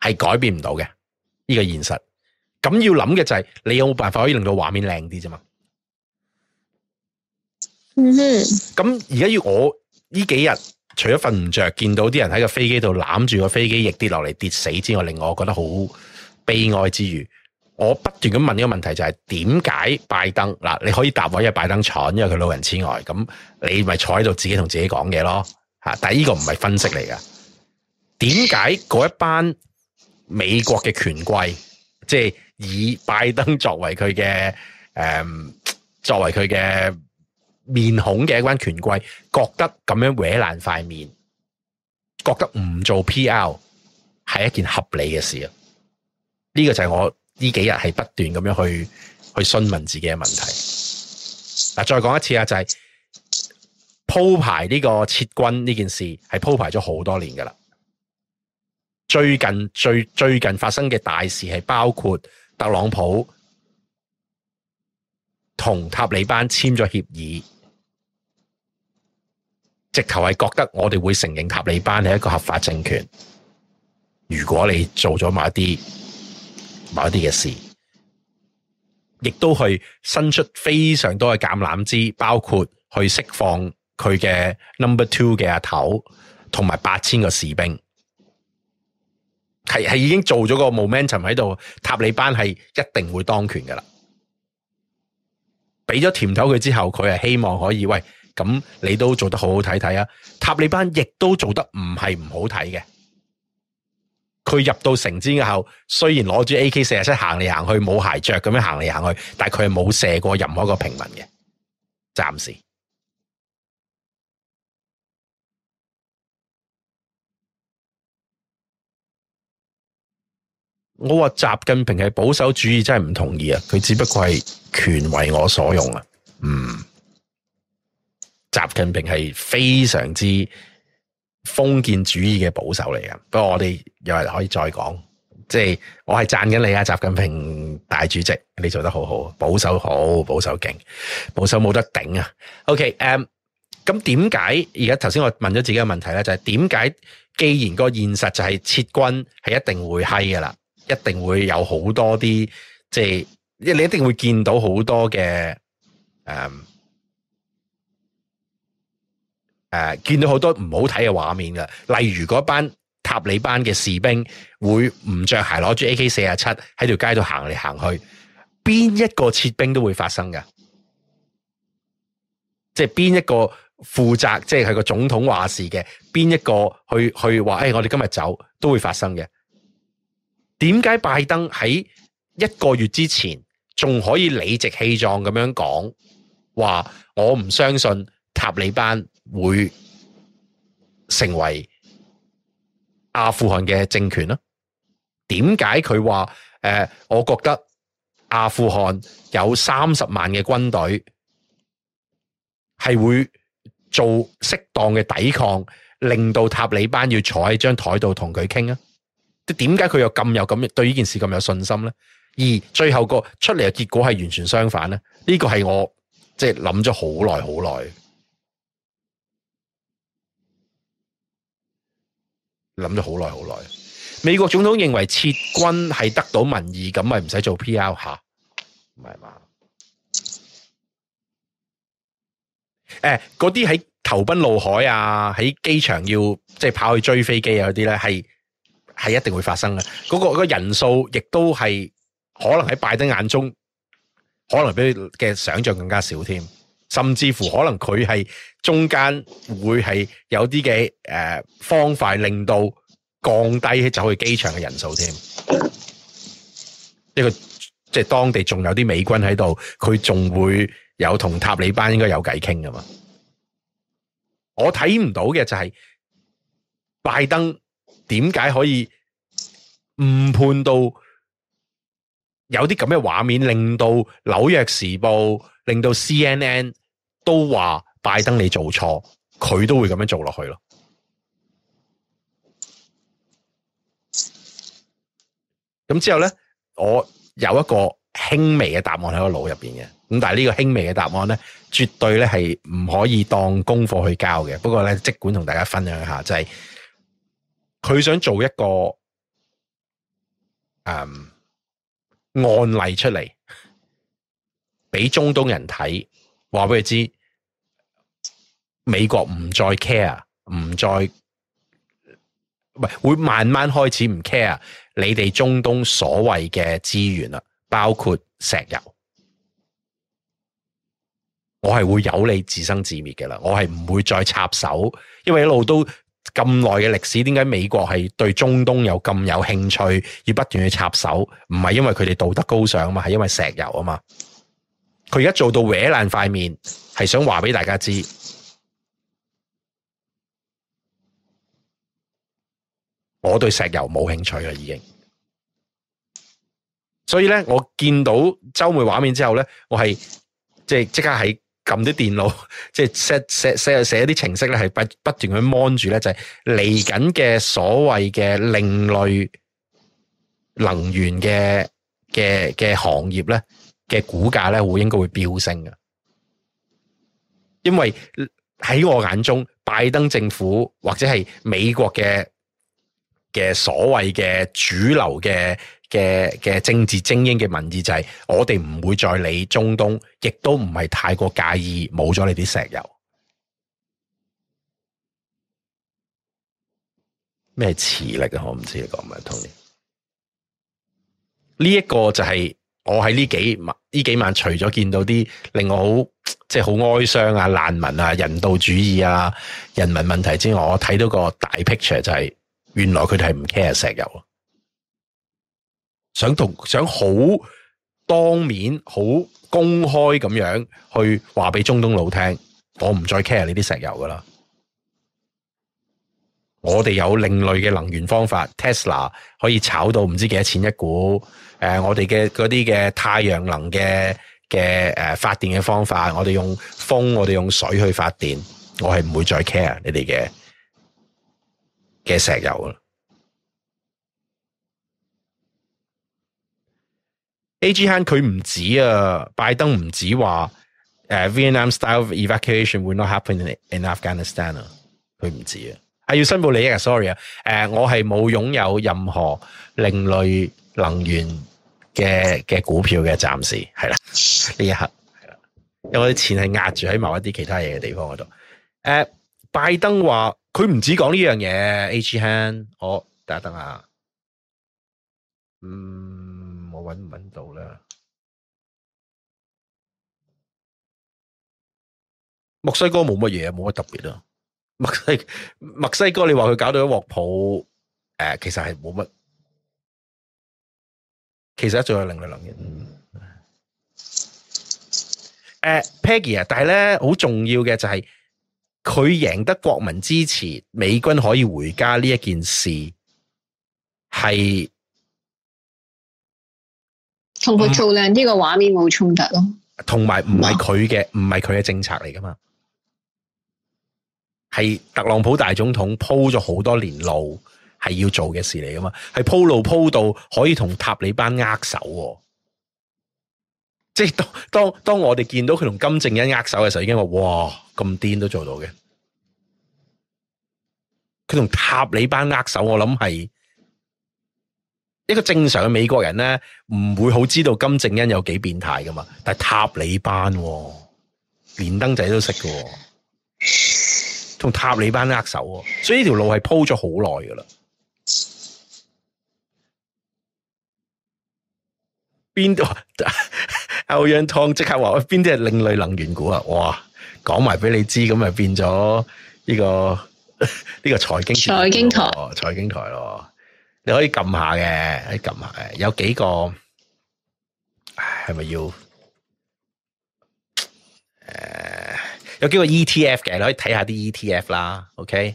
係改變唔到嘅呢個現實。咁要諗嘅就係你有冇辦法可以令到畫面靚啲啫嘛？咁而家要我呢幾日，除咗瞓唔着，見到啲人喺個飛機度攬住個飛機翼跌落嚟跌死之外，令我覺得好悲哀之餘，我不斷咁問呢個問題就係點解拜登嗱，你可以答我，因為拜登慘，因為佢老人痴呆，咁你咪坐喺度自己同自己講嘢咯吓，但係呢個唔係分析嚟噶點解嗰一班美國嘅權貴，即係以拜登作為佢嘅誒，作為佢嘅。面孔嘅一班權貴，覺得咁樣搲爛塊面，覺得唔做 PR 係一件合理嘅事啊！呢、呢個就係我呢幾日係不斷咁樣去去詢問自己嘅問題。嗱，再講一次啊，就係、係、鋪排呢個撤軍呢件事係鋪排咗好多年噶啦。最近最最近發生嘅大事係包括特朗普同塔利班簽咗協議。直頭係覺得我哋會承認塔利班係一個合法政權。如果你做咗某一啲、某一啲嘅事，亦都去伸出非常多嘅橄欖枝，包括去釋放佢嘅 number two 嘅阿頭，同埋八千個士兵，係係已經做咗個 momentum 喺度，塔利班係一定會當權噶啦。俾咗甜頭佢之後，佢係希望可以喂。咁你都做得好好睇睇啊！塔利班亦都做得唔係唔好睇嘅，佢入到城之後，雖然攞住 AK 四十七行嚟，行去，冇鞋着咁樣行嚟行去，但係佢係冇射過任何一個平民嘅，暫時。我話習近平係保守主義，真係唔同意啊！佢只不過係權為我所用啊，嗯。習近平係非常之封建主義嘅保守嚟嘅，不過我哋又係可以再講，即係我係讚緊你啊！習近平大主席，你做得好好，保守好，保守勁，保守冇得頂啊！OK，誒，咁點解而家頭先我問咗自己嘅問題呢？就係點解既然個現實就係撤軍係一定會閪噶啦，一定會有好多啲，即係你一定會見到好多嘅誒。Um, 誒、啊，見到好多唔好睇嘅畫面㗎。例如嗰班塔利班嘅士兵會唔着鞋，攞住 AK47 喺條街度行嚟行去，邊一個撤兵都會發生㗎？即係邊一個負責，即係係個總統話事嘅，邊一個去去話，誒、哎，我哋今日走都會發生嘅。點解拜登喺一個月之前仲可以理直氣壯咁樣講話？我唔相信塔利班。會成為阿富汗嘅政權啦？點解佢話誒？我覺得阿富汗有三十萬嘅軍隊係會做適當嘅抵抗，令到塔利班要坐喺張台度同佢傾啊！點解佢又咁有咁對呢件事咁有信心咧？而最後個出嚟嘅結果係完全相反咧？呢個係我即係諗咗好耐好耐。諗咗好耐，好耐。美國總統認為撤軍係得到民意，咁咪唔使做 PR 吓，啊，唔係嘛？誒、欸，嗰啲喺投奔怒海啊，喺機場要即係、就是、跑去追飛機啊嗰啲咧，係係一定會發生嘅。嗰、嗰個人數亦都係可能喺拜登眼中，可能比佢嘅想象更加少添。甚至乎可能佢係中間會係有啲嘅誒方法，令到降低走去機場嘅人數添。呢個即係當地仲有啲美軍喺度，佢仲會有同塔利班應該有偈傾噶嘛？我睇唔到嘅就係拜登點解可以誤判到有啲咁嘅畫面，令到紐約時報、令到 CNN。都話拜登你做錯，佢都會咁樣做落去咯。咁之後咧，我有一個輕微嘅答案喺個腦入邊嘅。咁但係呢個輕微嘅答案咧，絕對咧係唔可以當功課去交嘅。不過咧，即管同大家分享一下，就係、是，佢想做一個誒、嗯、案例出嚟，俾中東人睇。話俾佢知，美國唔再 care，唔再，唔會慢慢開始唔 care 你哋中東所謂嘅資源啦，包括石油。我係會由你自生自滅嘅啦，我係唔會再插手，因為一路都咁耐嘅歷史，點解美國係對中東有咁有興趣，要不斷去插手？唔係因為佢哋道德高尚啊嘛，係因為石油啊嘛。佢而家做到歪爛塊面，係想話俾大家知，我對石油冇興趣啦，已經。所以咧，我見到周末畫面之後咧，我係即係即刻喺撳啲電腦，即係 set set set 寫一啲程式咧，係不不斷去 mon 住咧，就係嚟緊嘅所謂嘅另類能源嘅嘅嘅行業咧。嘅股價咧會應該會飆升嘅，因為喺我眼中，拜登政府或者係美國嘅嘅所謂嘅主流嘅嘅嘅政治精英嘅民意就係，我哋唔會再理中東，亦都唔係太過介意冇咗你啲石油。咩磁力？嘅？我唔知你講唔係同你呢一個就係、是。我喺呢幾晚，呢幾晚除咗見到啲令我好即係好哀傷啊、難民啊、人道主義啊、人民問題之外，我睇到個大 picture 就係、是、原來佢哋係唔 care 石油，想同想好當面、好公開咁樣去話俾中東佬聽，我唔再 care 呢啲石油噶啦，我哋有另類嘅能源方法，Tesla 可以炒到唔知幾多錢一股。.呃、我哋嘅嗰啲嘅太陽能嘅嘅誒發電嘅方法，我哋用風，我哋用水去發電，我係唔會再 care 你哋嘅嘅石油啊！A. G. 亨佢唔止啊，拜登唔止話、uh, Vietnam style evacuation will not happen in, a, in Afghanistan 啊，佢唔止啊，係、啊、要申報利益啊，sorry 啊，誒，我係冇擁有任何另類能源。嘅嘅股票嘅暫時係啦，呢一刻係啦，因為我啲錢係壓住喺某一啲其他嘢嘅地方嗰度。誒、呃，拜登話佢唔止講呢樣嘢。A. G. Hand，我等一等啊。嗯，我搵唔搵到啦。墨西哥冇乜嘢，冇乜特別啊。墨西墨西哥，你話佢搞到一鑊鋪，誒、呃，其實係冇乜。其實仲有另外兩嘢。誒，uh，Peggy 啊，但係咧好重要嘅就係佢贏得國民支持，美軍可以回家呢一件事係同佢做靚啲個畫面冇衝突咯。同埋唔係佢嘅，唔係佢嘅政策嚟噶嘛。係特朗普大總統鋪咗好多年路。係要做嘅事嚟噶嘛？係鋪路鋪到可以同塔利班握手，啊，即係當當當我哋見到佢同金正恩握手嘅時候，已經話哇咁癲都做到嘅。佢同塔利班握手，我諗係一個正常嘅美國人咧，唔會好知道金正恩有幾變態噶嘛。但係塔利班，啊、連登仔都識喎，啊，同塔利班握手，啊，所以呢條路係鋪咗好耐噶啦。邊度歐陽棠即刻話：邊啲係另類能源股啊？哇，講埋俾你知，咁咪變咗呢、這個呢 個財經財經經台財經台咯。你可以撳下嘅，可以撳下嘅，有幾個係咪要？誒、uh，有幾個 E T F 嘅，你可以睇下啲 E T F 啦。OK。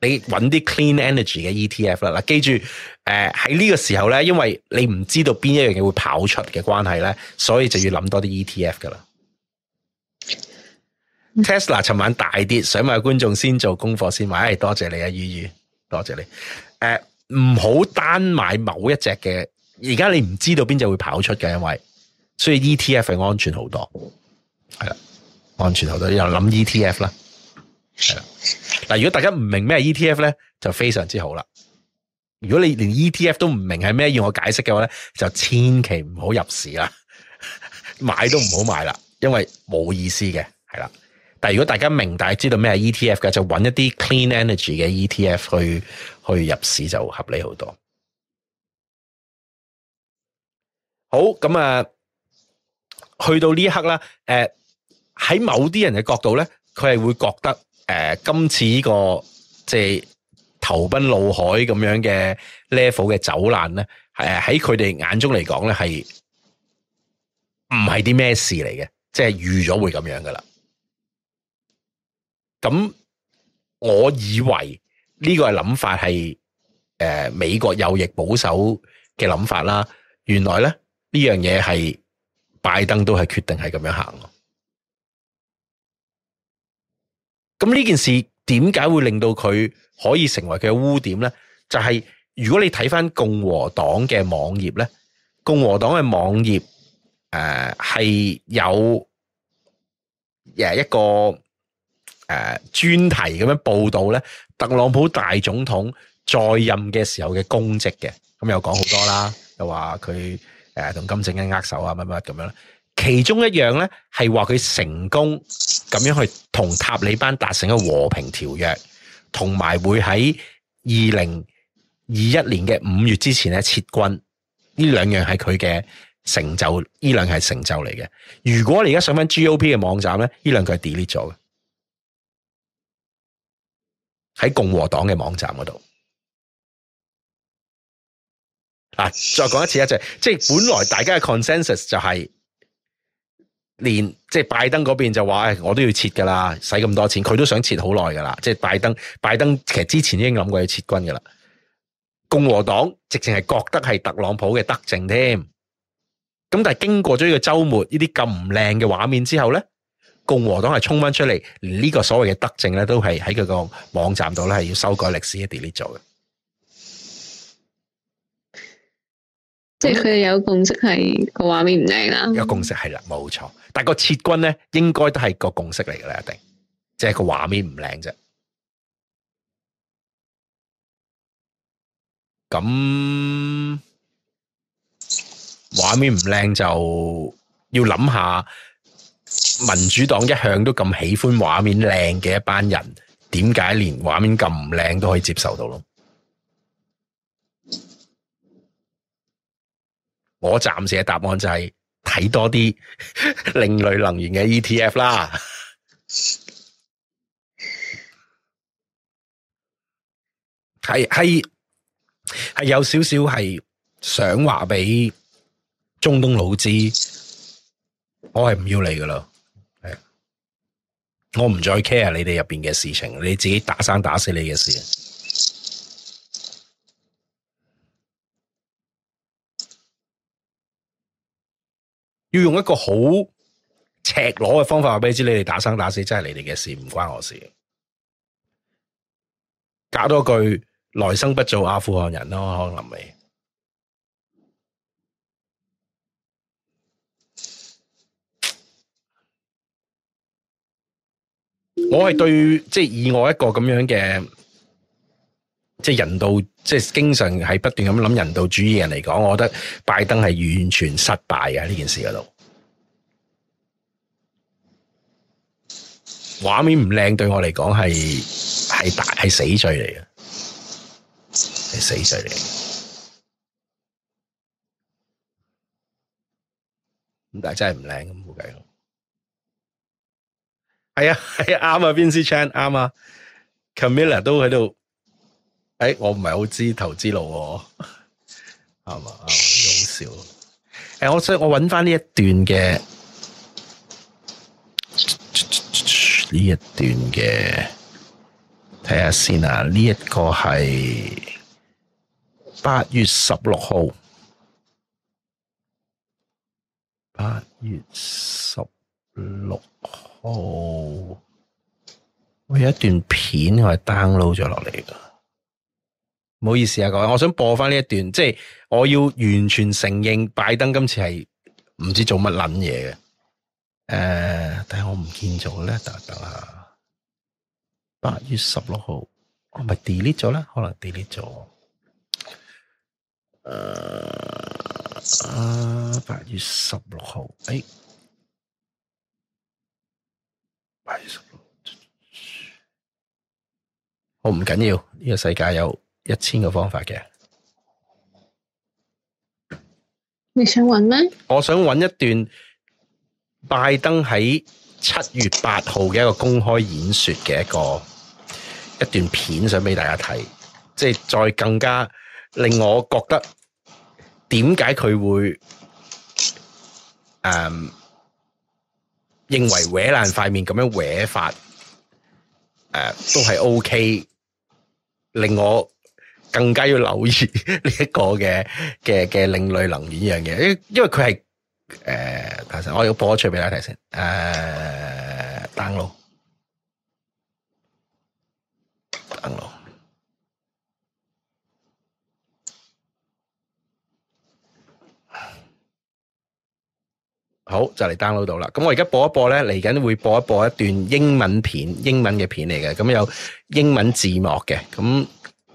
你揾啲 clean energy 嘅 ETF 啦，嗱，記住，誒喺呢個時候咧，因為你唔知道邊一樣嘢會跑出嘅關係咧，所以就要諗多啲 ETF 噶啦。Tesla 尋晚大跌，想問觀眾先做功課先買。哎，多謝你啊，于宇，多謝你。誒、呃，唔好單買某一隻嘅，而家你唔知道邊隻會跑出嘅，因為所以 ETF 係安全好多，係啦，安全好多，又諗 ETF 啦。係啦，但如果大家唔明咩 ETF 咧，就非常之好啦。如果你連 ETF 都唔明係咩，要我解釋嘅話咧，就千祈唔好入市啦， 買都唔好買啦，因為冇意思嘅，係啦。但係如果大家明，大家知道咩 ETF 嘅，就揾一啲 clean energy 嘅 ETF 去去入市就合理好多。好，咁啊，去到呢一刻啦，誒、呃，喺某啲人嘅角度咧，佢係會覺得。誒、呃，今次呢、這個即係投奔怒海咁樣嘅 level 嘅走難咧，係喺佢哋眼中嚟講咧，係唔係啲咩事嚟嘅？即係預咗會咁樣噶啦。咁我以為呢個係諗法係誒、呃、美國右翼保守嘅諗法啦。原來咧，呢樣嘢係拜登都係決定係咁樣行咁呢件事點解會令到佢可以成為佢嘅污點咧？就係、是，如果你睇翻共和黨嘅網頁咧，共和黨嘅網頁誒係、呃、有誒一個誒、呃、專題咁樣報道咧，特朗普，大總統在任嘅時候嘅功績嘅，咁又講好多啦，又話佢誒同金正恩握手啊乜乜咁樣。什麼什麼其中一樣咧，係話佢成功咁樣去同塔利班達成一個和平條約，同埋會喺二零二一年嘅五月之前咧撤軍。呢兩樣係佢嘅成就，呢兩係成就嚟嘅。如果你而家上翻 GOP 嘅網站咧，呢兩句係 delete 咗嘅，喺共和黨嘅網站嗰度。嗱、啊，再講一次一，一係即係本來大家嘅 consensus 就係、是。連即係拜登嗰邊就話，誒，我都要撤噶啦，使咁多錢，佢都想撤好耐噶啦。即係拜登，拜登其實之前已經諗過要撤軍噶啦。共和黨直情係覺得係特朗普嘅德政添，咁但係經過咗呢個周末呢啲咁唔靚嘅畫面之後咧，共和黨係衝翻出嚟，連呢個所謂嘅德政咧都係喺佢個網站度咧係要修改歷史 delete 咗嘅。一刷刷即係佢哋有共識係個畫面唔靚啦， 有共識係啦，冇錯。但個撤軍咧，應該都係個共識嚟嘅啦，一定。即係個畫面唔靚啫。咁畫面唔靚就要諗下，民主黨一向都咁喜歡畫面靚嘅一班人，點解連畫面咁唔靚都可以接受到咯？我暫時嘅答案就係、是。睇多啲另類能源嘅 ETF 啦，係係係，有少少係想話俾中東老知，我係唔要你噶啦，係我唔再 care 你哋入邊嘅事情，你自己打生打死你嘅事。要用一個好赤裸嘅方法話畀你知，你哋打生打死真係你哋嘅事，唔關我事。搞多一句來生不做阿富汗人咯，可能未。 我係對，即係以我一個咁樣嘅。即係人道，即係經常係不斷咁諗人道主義人嚟講，我覺得拜登係完全失敗啊！喺呢件事嗰度，畫面唔靚，對我嚟講係係大係死罪嚟嘅，係死罪嚟嘅。咁但係真係唔靚咁，冇計咯。係啊，係啊，啱啊，Vincent Chan 啱啊，Camilla 都喺度。誒，我唔係好知投資路喎，係嘛？好笑啊。誒，我想我揾翻呢一段嘅，呢一段嘅，睇下先啊。呢一個係八月十六號，八月十六號，我有一段片我係 download 咗落嚟嘅。唔好意思啊，各位，我想播翻呢一段，即係我要完全承認拜登今次係唔知做乜捻嘢嘅。誒，但係我唔見咗咧，等下，八月十六號，我係咪 delete 咗咧，可能 delete 咗。誒，八月十六號，誒，八月十六，好唔緊要，呢個世界有。一千個方法嘅，你想揾咩？我想揾一段拜登喺七月八號嘅一個公開演說嘅一個一段片，想俾大家睇，即係再更加令我覺得點解佢會誒、呃、認為搲爛塊面咁樣搲法誒、呃、都係 OK，令我。更加要留意呢一個嘅嘅嘅另類能源樣嘢，因因為佢係誒，我要播一出俾大家睇先。誒，download，download，好，就嚟 download 到啦。咁我而家播一播咧，嚟緊會播一播一段英文片，英文嘅片嚟嘅，咁有英文字幕嘅，咁。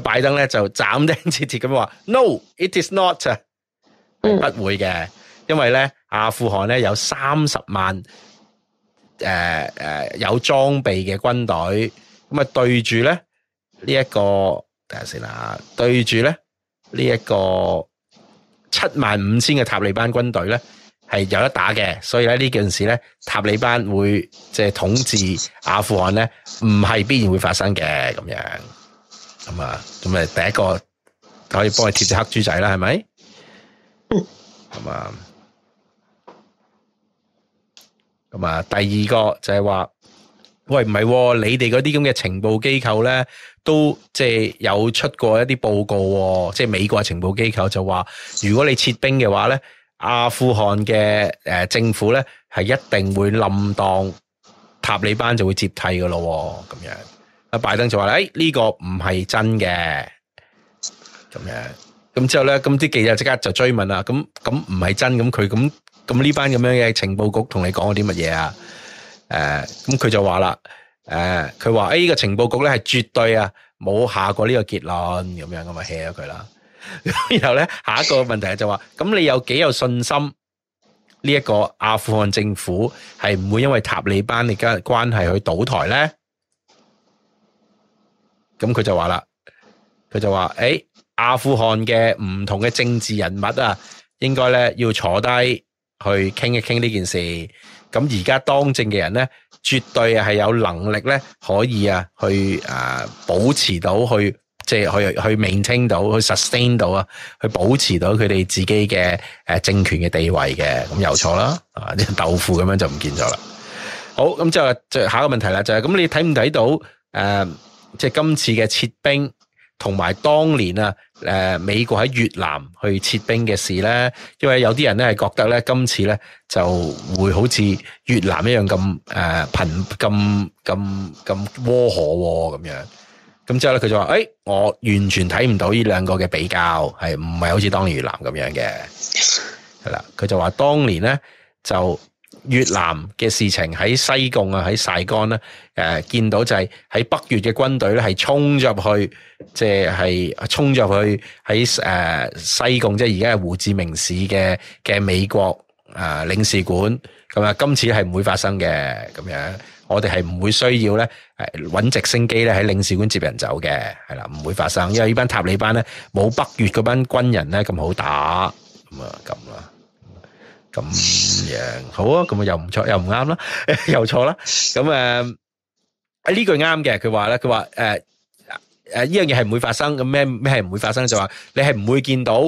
拜登咧就斬釘切鐵咁話：No，it is not，不會嘅，因為咧阿富汗咧有三十萬誒誒有裝備嘅軍隊，咁啊對住咧呢一個等下先啦，對住咧呢一個七萬五千嘅塔利班軍隊咧係有得打嘅，所以咧呢件事咧塔利班會即係統治阿富汗咧唔係必然會發生嘅咁樣。咁啊，咁咪第一個可以幫你貼隻黑豬仔啦，係咪？咁啊、嗯，咁啊，第二個就係話，喂，唔係、哦、你哋嗰啲咁嘅情報機構咧，都即係有出過一啲報告、哦，即、就、係、是、美國嘅情報機構就話，如果你撤兵嘅話咧，阿富汗嘅誒、呃、政府咧，係一定會冧檔，塔利班就會接替㗎喇、哦，咁樣。阿拜登就話：誒、哎，呢、這個唔係真嘅，咁樣，咁之後咧，咁啲記者即刻就追問啦。咁，咁唔係真，咁佢咁，咁呢班咁樣嘅情報局同你講咗啲乜嘢啊？誒、啊，咁佢就話啦，誒、啊，佢話呢個情報局咧係絕對啊，冇下過呢個結論，咁樣咁嘛 hea 咗佢啦。然後咧，下一個問題就話：咁你有幾有信心呢一個阿富汗政府係唔會因為塔利班嘅關係去倒台咧？咁佢就話啦，佢就話誒、哎，阿富汗嘅唔同嘅政治人物啊，應該咧要坐低去傾一傾呢件事。咁而家當政嘅人咧，絕對係有能力咧，可以啊，去誒、啊、保持到去，即係去去 maintain 到去 sustain 到啊，去保持到佢哋自己嘅誒、啊、政權嘅地位嘅。咁又錯啦，啲、啊、豆腐咁樣就唔見咗啦。好，咁之後就下一個問題啦，就係咁，你睇唔睇到誒？呃即係今次嘅撤兵，同埋當年啊，誒，美國喺越南去撤兵嘅事咧，因為有啲人咧係覺得咧，今次咧就會好似越南一樣咁誒，頻咁咁咁窩火咁樣，咁之後咧佢就話：誒、哎，我完全睇唔到呢兩個嘅比較係唔係好似當年越南咁樣嘅。係啦，佢就話當年咧就。越南嘅事情喺西貢啊，喺晒干啦。誒，見到就係喺北越嘅軍隊咧，係衝入去，即係係衝入去喺誒西貢，即係而家係胡志明市嘅嘅美國誒領事館。咁啊，今次係唔會發生嘅咁樣，我哋係唔會需要咧揾直升機咧喺領事館接人走嘅，係啦，唔會發生，因為呢班塔利班咧冇北越嗰班軍人咧咁好打，咁啊，咁啊。咁樣好啊，咁啊又唔錯又唔啱啦，又錯啦。咁誒，呢句啱嘅，佢話咧，佢話誒誒呢樣嘢係唔會發生。咁咩咩係唔會發生？就話你係唔會見到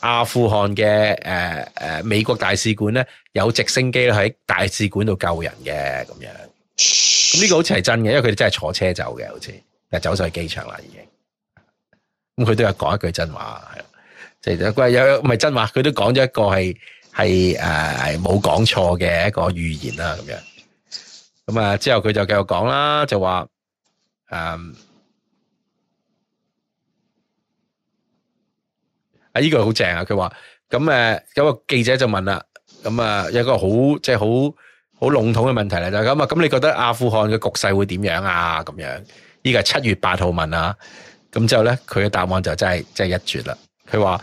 阿富汗嘅誒誒美國大使館咧有直升機咧喺大使館度救人嘅咁樣。咁呢個好似係真嘅，因為佢哋真係坐車走嘅，好似但係走晒去機場啦已經。咁佢都有講一句真話，係啦，即係佢有唔係真話，佢都講咗一個係。係誒冇講錯嘅一個預言啦，咁樣咁啊之後佢就繼續講啦，就話誒啊呢個好正啊！佢話咁誒有個記者就問啦，咁啊有個好即係好好籠統嘅問題嚟就咁啊，咁你覺得阿富汗嘅局勢會點樣啊？咁樣呢個七月八號問啊，咁之後咧佢嘅答案就真係真係一絕啦！佢話。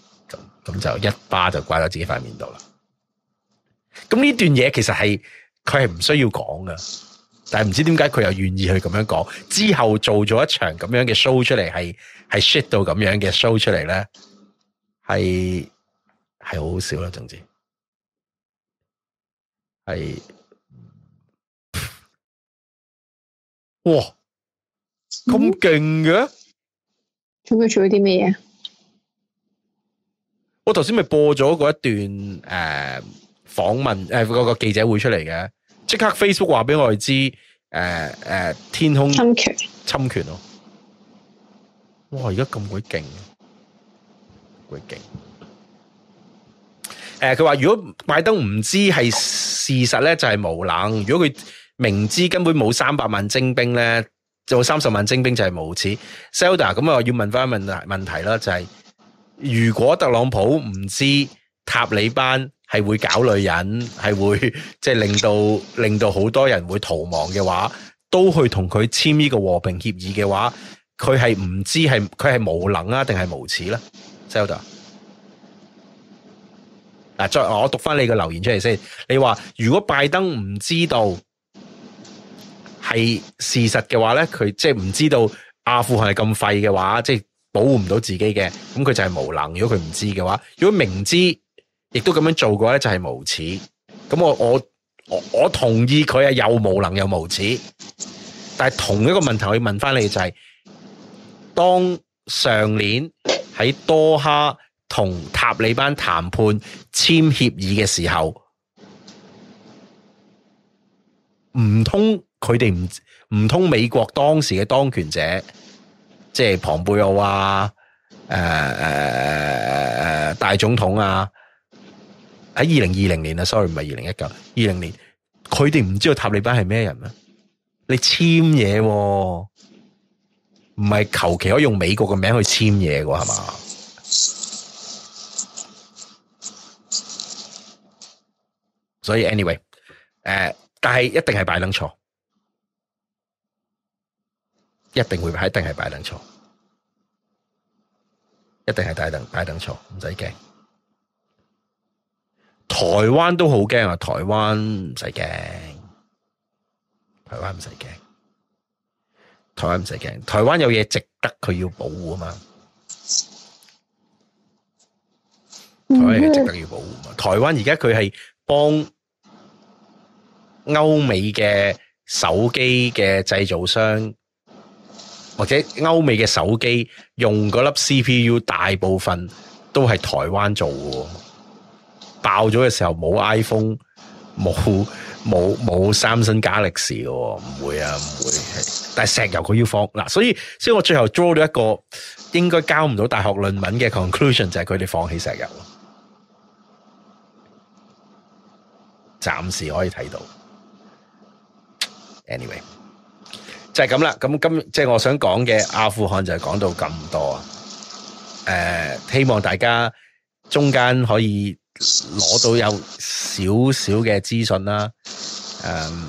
咁就一巴就刮咗自己塊面度啦。咁呢段嘢其實係佢係唔需要講噶，但係唔知點解佢又願意去咁樣講。之後做咗一場咁樣嘅 show 出嚟，係係 shit 到咁樣嘅 show 出嚟咧，係係好少啦，總之係 哇，咁勁噶！仲佢、嗯、做咗啲咩嘢？我頭先咪播咗嗰一段誒訪問誒嗰、呃呃、個記者會出嚟嘅，即刻 Facebook 話俾我哋知，誒、呃、誒、呃，天空侵權，侵權咯！哇，而家咁鬼勁，鬼勁！誒、呃，佢話如果拜登唔知係事實咧，就係、是、無能；如果佢明知根本冇三百萬精兵咧，就三十萬精兵就係無恥。Selda，咁啊，要問翻問問題啦，就係、是。如果特朗普唔知塔利班係會搞女人，係會即係、就是、令到令到好多人會逃亡嘅話，都去同佢簽呢個和平協議嘅話，佢係唔知係佢係無能啊，定係無恥咧？Sir，嗱，再我讀翻你個留言出嚟先，你話如果拜登唔知道係事實嘅話咧，佢即係唔知道阿富汗係咁廢嘅話，即係。保護唔到自己嘅，咁佢就係無能；如果佢唔知嘅話，如果明知亦都咁樣做嘅話就，就係無恥。咁我我我同意佢啊，又無能又無恥。但係同一個問題，我要問翻你就係，當上年喺多哈同塔利班談判簽協議嘅時候，唔通佢哋唔唔通美國當時嘅當權者？即係龐貝奧啊，誒誒誒大總統啊，喺二零二零年啊，sorry 唔係二零一九，二零年，佢哋唔知道塔利班係咩人簽啊？你簽嘢，唔係求其可以用美國嘅名字去簽嘢嘅係嘛？所以 anyway，誒、呃，但係一定係拜登錯。一定會，一定係拜登錯，一定係拜登拜登錯，唔使驚。台灣都好驚啊！台灣唔使驚，台灣唔使驚，台灣唔使驚。台灣有嘢值得佢要保護啊嘛，台灣有嘢值得要保護嘛。台灣而家佢係幫歐美嘅手機嘅製造商。或者歐美嘅手機用嗰粒 CPU 大部分都係台灣做嘅，爆咗嘅時候冇 iPhone，冇冇冇 Samsung Galaxy 嘅，唔會啊，唔會。但係石油佢要放嗱，所以所以我最後 draw 咗一個應該交唔到大學論文嘅 conclusion 就係佢哋放棄石油，暫時可以睇到。Anyway。就係咁啦，咁今即係我想講嘅阿富汗就係講到咁多，誒、呃，希望大家中間可以攞到有少少嘅資訊啦。誒、呃，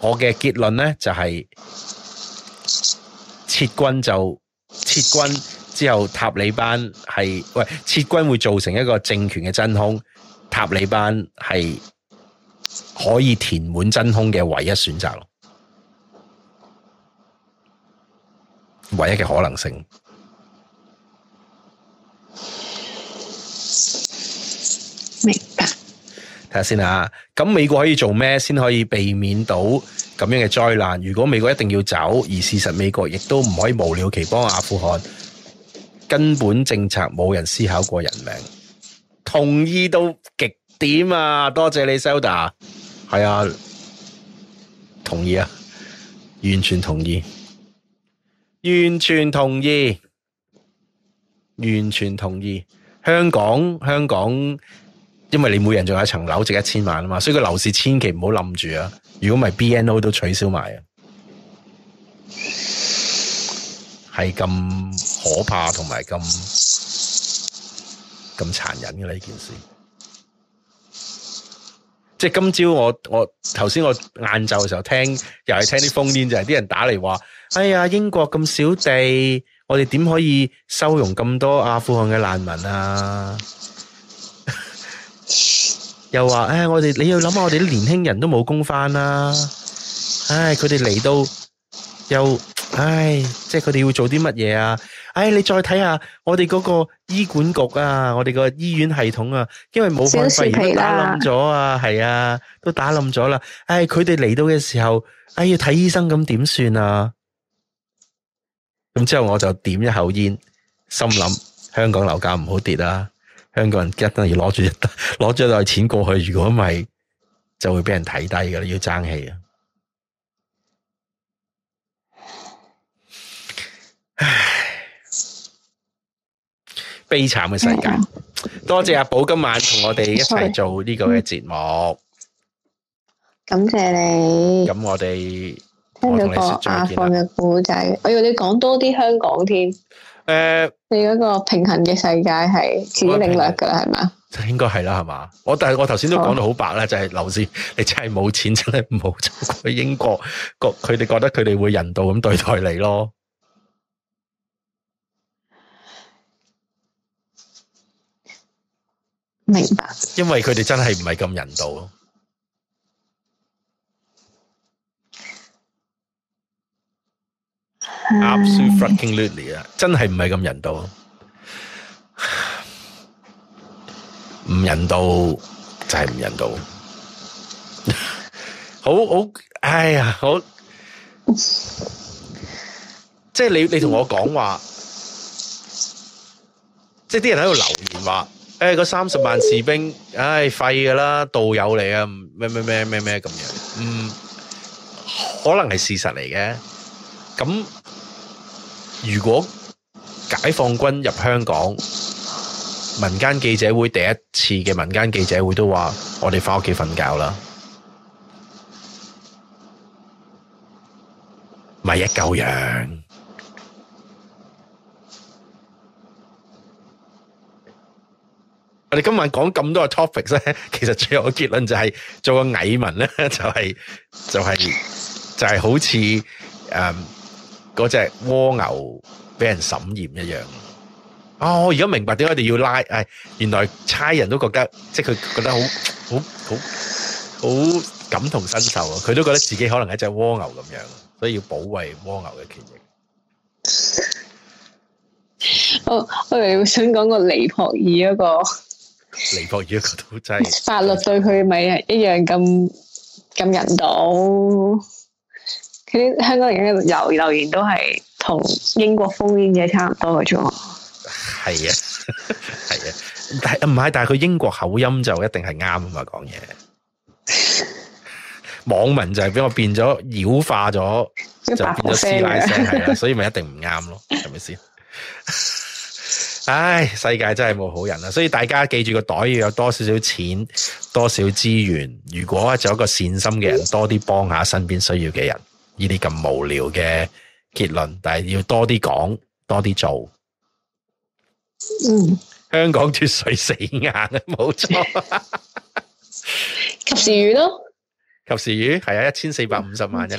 我嘅結論咧就係、是、撤軍就撤軍之後塔利班係喂撤軍會造成一個政權嘅真空，塔利班係可以填滿真空嘅唯一選擇咯。唯一嘅可能性，明白。睇下先啊。咁美國可以做咩先可以避免到咁樣嘅災難？如果美國一定要走，而事實美國亦都唔可以無了期幫阿富汗，根本政策冇人思考過人命，同意到極點啊！多謝你，Soda。係啊，同意啊，完全同意。完全同意，完全同意。香港，香港，因為你每人仲有一層樓值一千萬啊嘛，所以個樓市千祈唔好冧住啊！如果唔係，BNO 都取消埋啊，係咁可怕同埋咁咁殘忍嘅呢件事。即係今朝我我頭先我晏晝嘅時候聽，又係聽啲 phone in，就係啲人打嚟話，哎呀英國咁少地，我哋點可以收容咁多阿富汗嘅難民啊？又話，哎我哋你要諗下我哋啲年輕人都冇工返啦，唉佢哋嚟到又唉，即係佢哋要做啲乜嘢啊？哎，你再睇下我哋嗰個醫管局啊，我哋個醫院系統啊，因為武漢肺炎都打冧咗啊，係啊，都打冧咗啦。哎，佢哋嚟到嘅時候，哎要睇醫生咁點算啊？咁之後我就點一口煙，心諗香港樓價唔好跌啦，啊，香港人一定要攞住一攞咗一袋錢過去，如果唔係就會俾人睇低噶啦，要爭氣啊！唉悲慘嘅世界，多謝阿寶今晚同我哋一齊做呢個嘅節目。感謝你。咁我哋聽到個阿鳳嘅古仔，哎呀，啊、你講多啲香港添。誒，你嗰個平衡嘅世界係自己領略噶係嘛？吧應該係啦，係嘛？我但係我頭先都講到好白啦，哦、就係樓市，你真係冇錢，真係唔好去英國，國佢哋覺得佢哋會人道咁對待你咯。明白，因為佢哋真係唔係咁人道咯。Absolutely 啊，真係唔係咁人道，唔人道就係唔人道。好好，哎呀，好，即係你你同我講話，即係啲人喺度留言話。誒，個三十萬士兵，唉，廢㗎啦，道友嚟啊，咩咩咩咩咩咁樣，嗯，可能係事實嚟嘅。咁如果解放軍入香港，民間記者會第一次嘅民間記者會都話：我哋返屋企瞓覺啦，咪一嚿樣。你今晚講咁多個 topic 咧，其實最後結論就係做個蟻民咧，就係就係就係好似誒嗰隻蝸牛俾人審驗一樣。哦，我而家明白點解我哋要拉誒，原來差人都覺得即係佢覺得好好好好感同身受啊！佢都覺得自己可能係一隻蝸牛咁樣，所以要保衛蝸牛嘅權益。我我哋想講個尼泊爾嗰個。尼泊爾嗰套真係法律對佢咪一樣咁咁人道？佢啲香港人嘅留留言都係同英國風言嘅差唔多嘅啫喎。係啊，係啊，但係唔係？但係佢英國口音就一定係啱啊嘛，講嘢。網民就係俾我變咗妖化咗，就變咗師奶聲，係啊，所以咪一定唔啱咯，係咪先？唉、哎，世界真係冇好人啦，所以大家記住個袋要有多少少錢，多少資源。如果做一個善心嘅人，多啲幫下身邊需要嘅人。呢啲咁無聊嘅結論，但係要多啲講，多啲做。嗯，香港脫水死硬啊，冇錯。 及時雨咯，及時雨係啊，一千四百五十萬人。